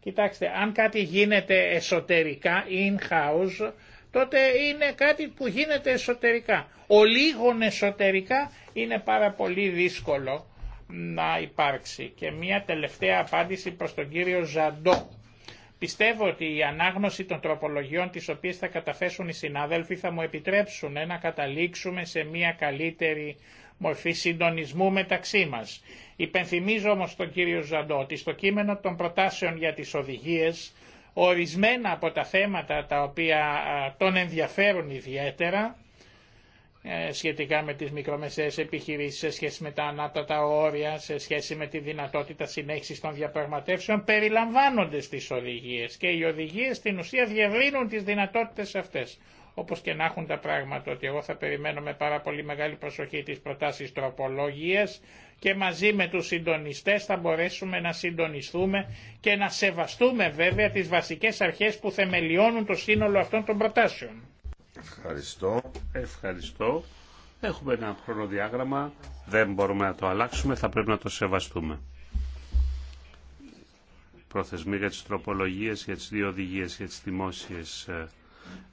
Κοιτάξτε, αν κάτι γίνεται εσωτερικά, in-house, τότε είναι κάτι που γίνεται εσωτερικά. Ο λίγων εσωτερικά είναι πάρα πολύ δύσκολο να υπάρξει. Και μια τελευταία απάντηση προς τον κύριο Ζαντό. Πιστεύω ότι η ανάγνωση των τροπολογιών τις οποίες θα καταφέσουν οι συνάδελφοι θα μου επιτρέψουν να καταλήξουμε σε μια καλύτερη μορφή συντονισμού μεταξύ μας. Υπενθυμίζω όμως τον κύριο Ζαντό ότι στο κείμενο των προτάσεων για τις οδηγίες ορισμένα από τα θέματα τα οποία τον ενδιαφέρουν ιδιαίτερα ε, σχετικά με τις μικρομεσαίες επιχειρήσεις σε σχέση με τα ανάτατα όρια, σε σχέση με τη δυνατότητα συνέχισης των διαπραγματεύσεων, περιλαμβάνονται στις οδηγίες και οι οδηγίες στην ουσία διευρύνουν τις δυνατότητες αυτές. Όπω και να έχουν τα πράγματα, ότι εγώ θα περιμένω με πάρα πολύ μεγάλη προσοχή τις προτάσεις τροπολογία και μαζί με τους συντονιστές θα μπορέσουμε να συντονιστούμε και να σεβαστούμε βέβαια τις βασικές αρχές που θεμελιώνουν το σύνολο αυτών των προτάσεων. Ευχαριστώ. Ευχαριστώ. Έχουμε ένα χρονοδιάγραμμα, δεν μπορούμε να το αλλάξουμε, θα πρέπει να το σεβαστούμε. Προθεσμοί για τις τροπολογίες, για τις δύο οδηγίες, για τις δημόσιες ε,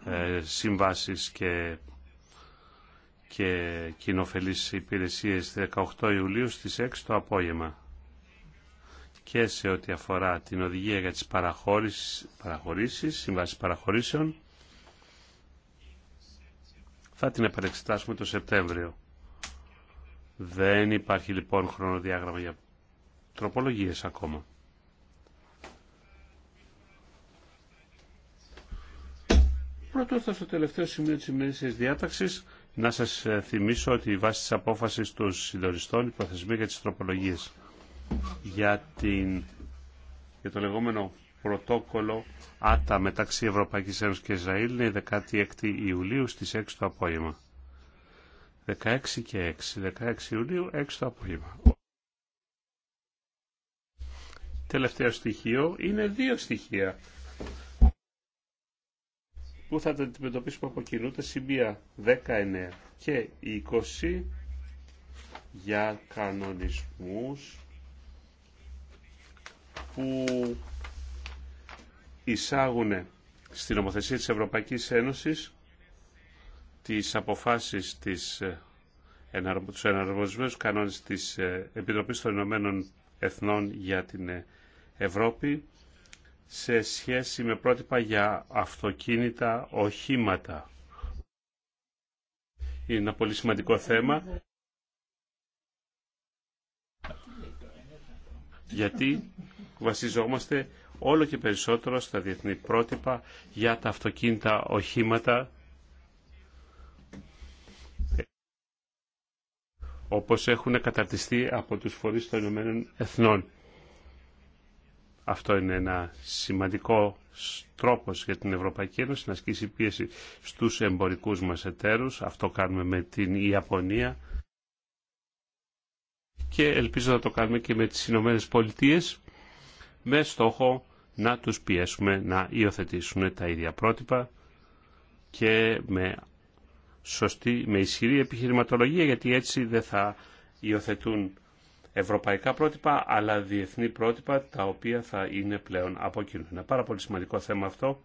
ε, συμβάσεις και, και κοινοφελείς υπηρεσίες 18 Ιουλίου στις 6 το απόγευμα και σε ό,τι αφορά την οδηγία για τις παραχωρήσεις, παραχωρήσεις παραχωρήσεων θα την επανεξετάσουμε το Σεπτέμβριο. Δεν υπάρχει λοιπόν χρονοδιάγραμμα για τροπολογίες ακόμα. Πρώτο ήρθα στο τελευταίο σημείο της ημερήσιας διάταξης να σας ε, θυμίσω ότι βάσει της απόφασης των συντοριστών η προθεσμία για τις τροπολογίες για, την, για το λεγόμενο πρωτόκολλο ΆΤΑ μεταξύ Ευρωπαϊκής Ένωσης και Ισραήλ είναι η 16 Ιουλίου στις 6 το απόγευμα. 16 και 6. 16 Ιουλίου, 6 το απόγευμα. Τελευταίο στοιχείο είναι δύο στοιχεία που θα τα αντιμετωπίσουμε από κοινού τα σημεία 19 και 20 για κανονισμούς που εισάγουν στην Ομοθεσία της Ευρωπαϊκής Ένωσης τις αποφάσεις της, ε, τους εναρμοσμένους κανόνες της ε, Επιτροπής των Ηνωμένων Εθνών για την ε, Ευρώπη σε σχέση με πρότυπα για αυτοκίνητα οχήματα. Είναι ένα πολύ σημαντικό θέμα. Γιατί βασιζόμαστε όλο και περισσότερο στα διεθνή πρότυπα για τα αυτοκίνητα οχήματα όπως έχουν καταρτιστεί από τους φορείς των Ηνωμένων Εθνών. Αυτό είναι ένα σημαντικό τρόπος για την Ευρωπαϊκή Ένωση να ασκήσει πίεση στους εμπορικούς μας εταίρους. Αυτό κάνουμε με την Ιαπωνία και ελπίζω να το κάνουμε και με τις Ηνωμένε Πολιτείε με στόχο να τους πιέσουμε να υιοθετήσουν τα ίδια πρότυπα και με, σωστή, με ισχυρή επιχειρηματολογία γιατί έτσι δεν θα υιοθετούν ευρωπαϊκά πρότυπα αλλά διεθνή πρότυπα τα οποία θα είναι πλέον από κοινού. Είναι πάρα πολύ σημαντικό θέμα αυτό.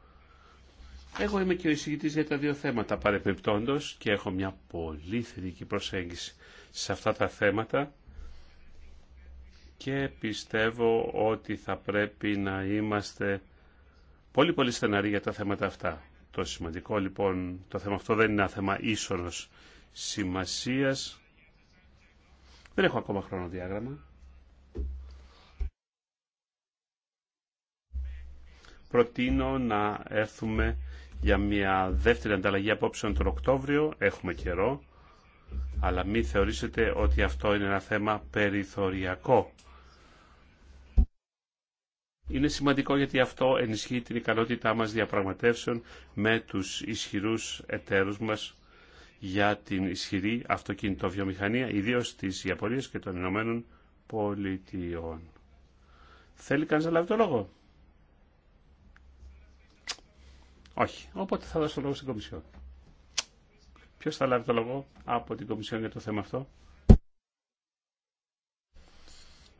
Εγώ είμαι και ο εισηγητής για τα δύο θέματα παρεπιπτόντω και έχω μια πολύ θετική προσέγγιση σε αυτά τα θέματα και πιστεύω ότι θα πρέπει να είμαστε πολύ πολύ στεναροί για τα θέματα αυτά. Το σημαντικό λοιπόν, το θέμα αυτό δεν είναι ένα θέμα ίσονος σημασίας, δεν έχω ακόμα χρονοδιάγραμμα. Προτείνω να έρθουμε για μια δεύτερη ανταλλαγή απόψεων τον Οκτώβριο. Έχουμε καιρό. Αλλά μην θεωρήσετε ότι αυτό είναι ένα θέμα περιθωριακό. Είναι σημαντικό γιατί αυτό ενισχύει την ικανότητά μας διαπραγματεύσεων με τους ισχυρούς εταίρους μας για την ισχυρή αυτοκινητοβιομηχανία, ιδίως της Ιαπωνίας και των Ηνωμένων Πολιτειών. Θέλει κανείς να λάβει το λόγο. Όχι. Οπότε θα δώσω το λόγο στην Κομισιόν. Ποιος θα λάβει το λόγο από την Κομισιόν για το θέμα αυτό.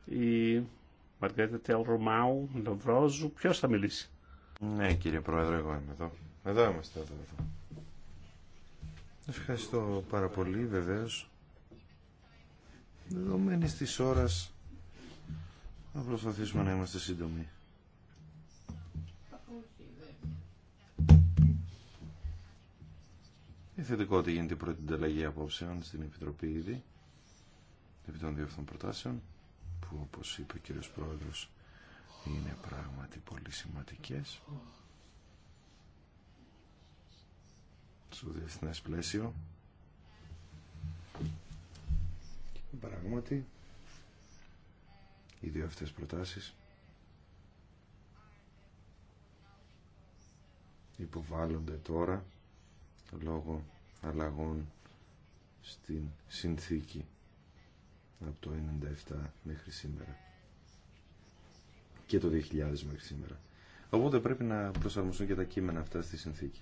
Η Μαργαρίτα Τελρομάου Λοβρόζου. Ποιος θα μιλήσει. Ναι κύριε Πρόεδρε, εγώ είμαι εδώ. Εδώ είμαστε εδώ. Ευχαριστώ πάρα πολύ βεβαίως. Δεδομένης της ώρας θα προσπαθήσουμε να είμαστε σύντομοι. Είναι θετικό ότι γίνεται η πρώτη ανταλλαγή απόψεων στην Επιτροπή ήδη επί των δύο αυτών προτάσεων που όπως είπε ο κύριος Πρόεδρος είναι πράγματι πολύ σημαντικές. στο διεθνές πλαίσιο. Και πράγματι, οι δύο αυτές προτάσεις υποβάλλονται τώρα λόγω αλλαγών στην συνθήκη από το 97 μέχρι σήμερα και το 2000 μέχρι σήμερα. Οπότε πρέπει να προσαρμοστούν και τα κείμενα αυτά στη συνθήκη.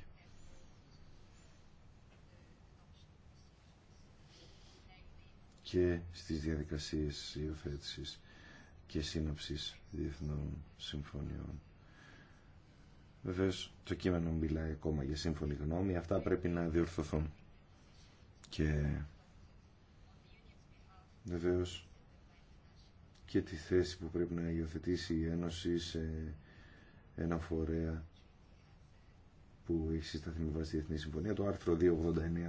και στις διαδικασίες υιοθέτηση και σύναψης διεθνών συμφωνιών. Βεβαίω το κείμενο μιλάει ακόμα για σύμφωνη γνώμη, αυτά πρέπει να διορθωθούν. Και βεβαίω και τη θέση που πρέπει να υιοθετήσει η Ένωση σε ένα φορέα που έχει συσταθεί με βάση τη Διεθνή Συμφωνία. Το άρθρο 289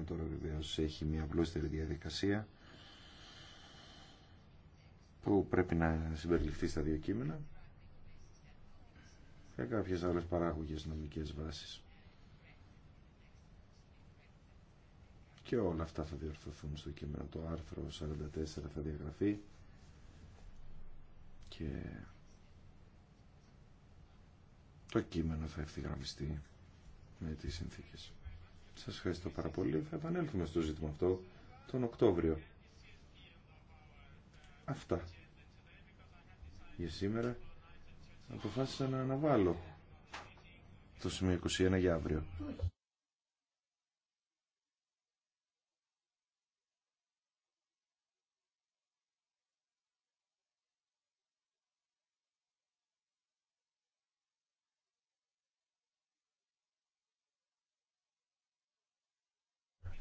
τώρα βεβαίω έχει μια απλούστερη διαδικασία που πρέπει να συμπεριληφθεί στα δύο κείμενα και κάποιες άλλες παράγωγες νομικές βάσεις. Και όλα αυτά θα διορθωθούν στο κείμενο. Το άρθρο 44 θα διαγραφεί και το κείμενο θα ευθυγραμμιστεί με τις συνθήκες. Σας ευχαριστώ πάρα πολύ. Θα επανέλθουμε στο ζήτημα αυτό τον Οκτώβριο. Αυτά. Για σήμερα αποφάσισα να αναβάλω το σημείο 21 για αύριο.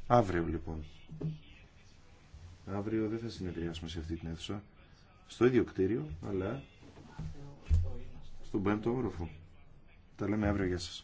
Αύριο λοιπόν. Αύριο δεν θα συνεδριάσουμε σε αυτή την αίθουσα. Στο ίδιο κτίριο, αλλά στον πέμπτο όροφο. Τα λέμε αύριο Γεια σας.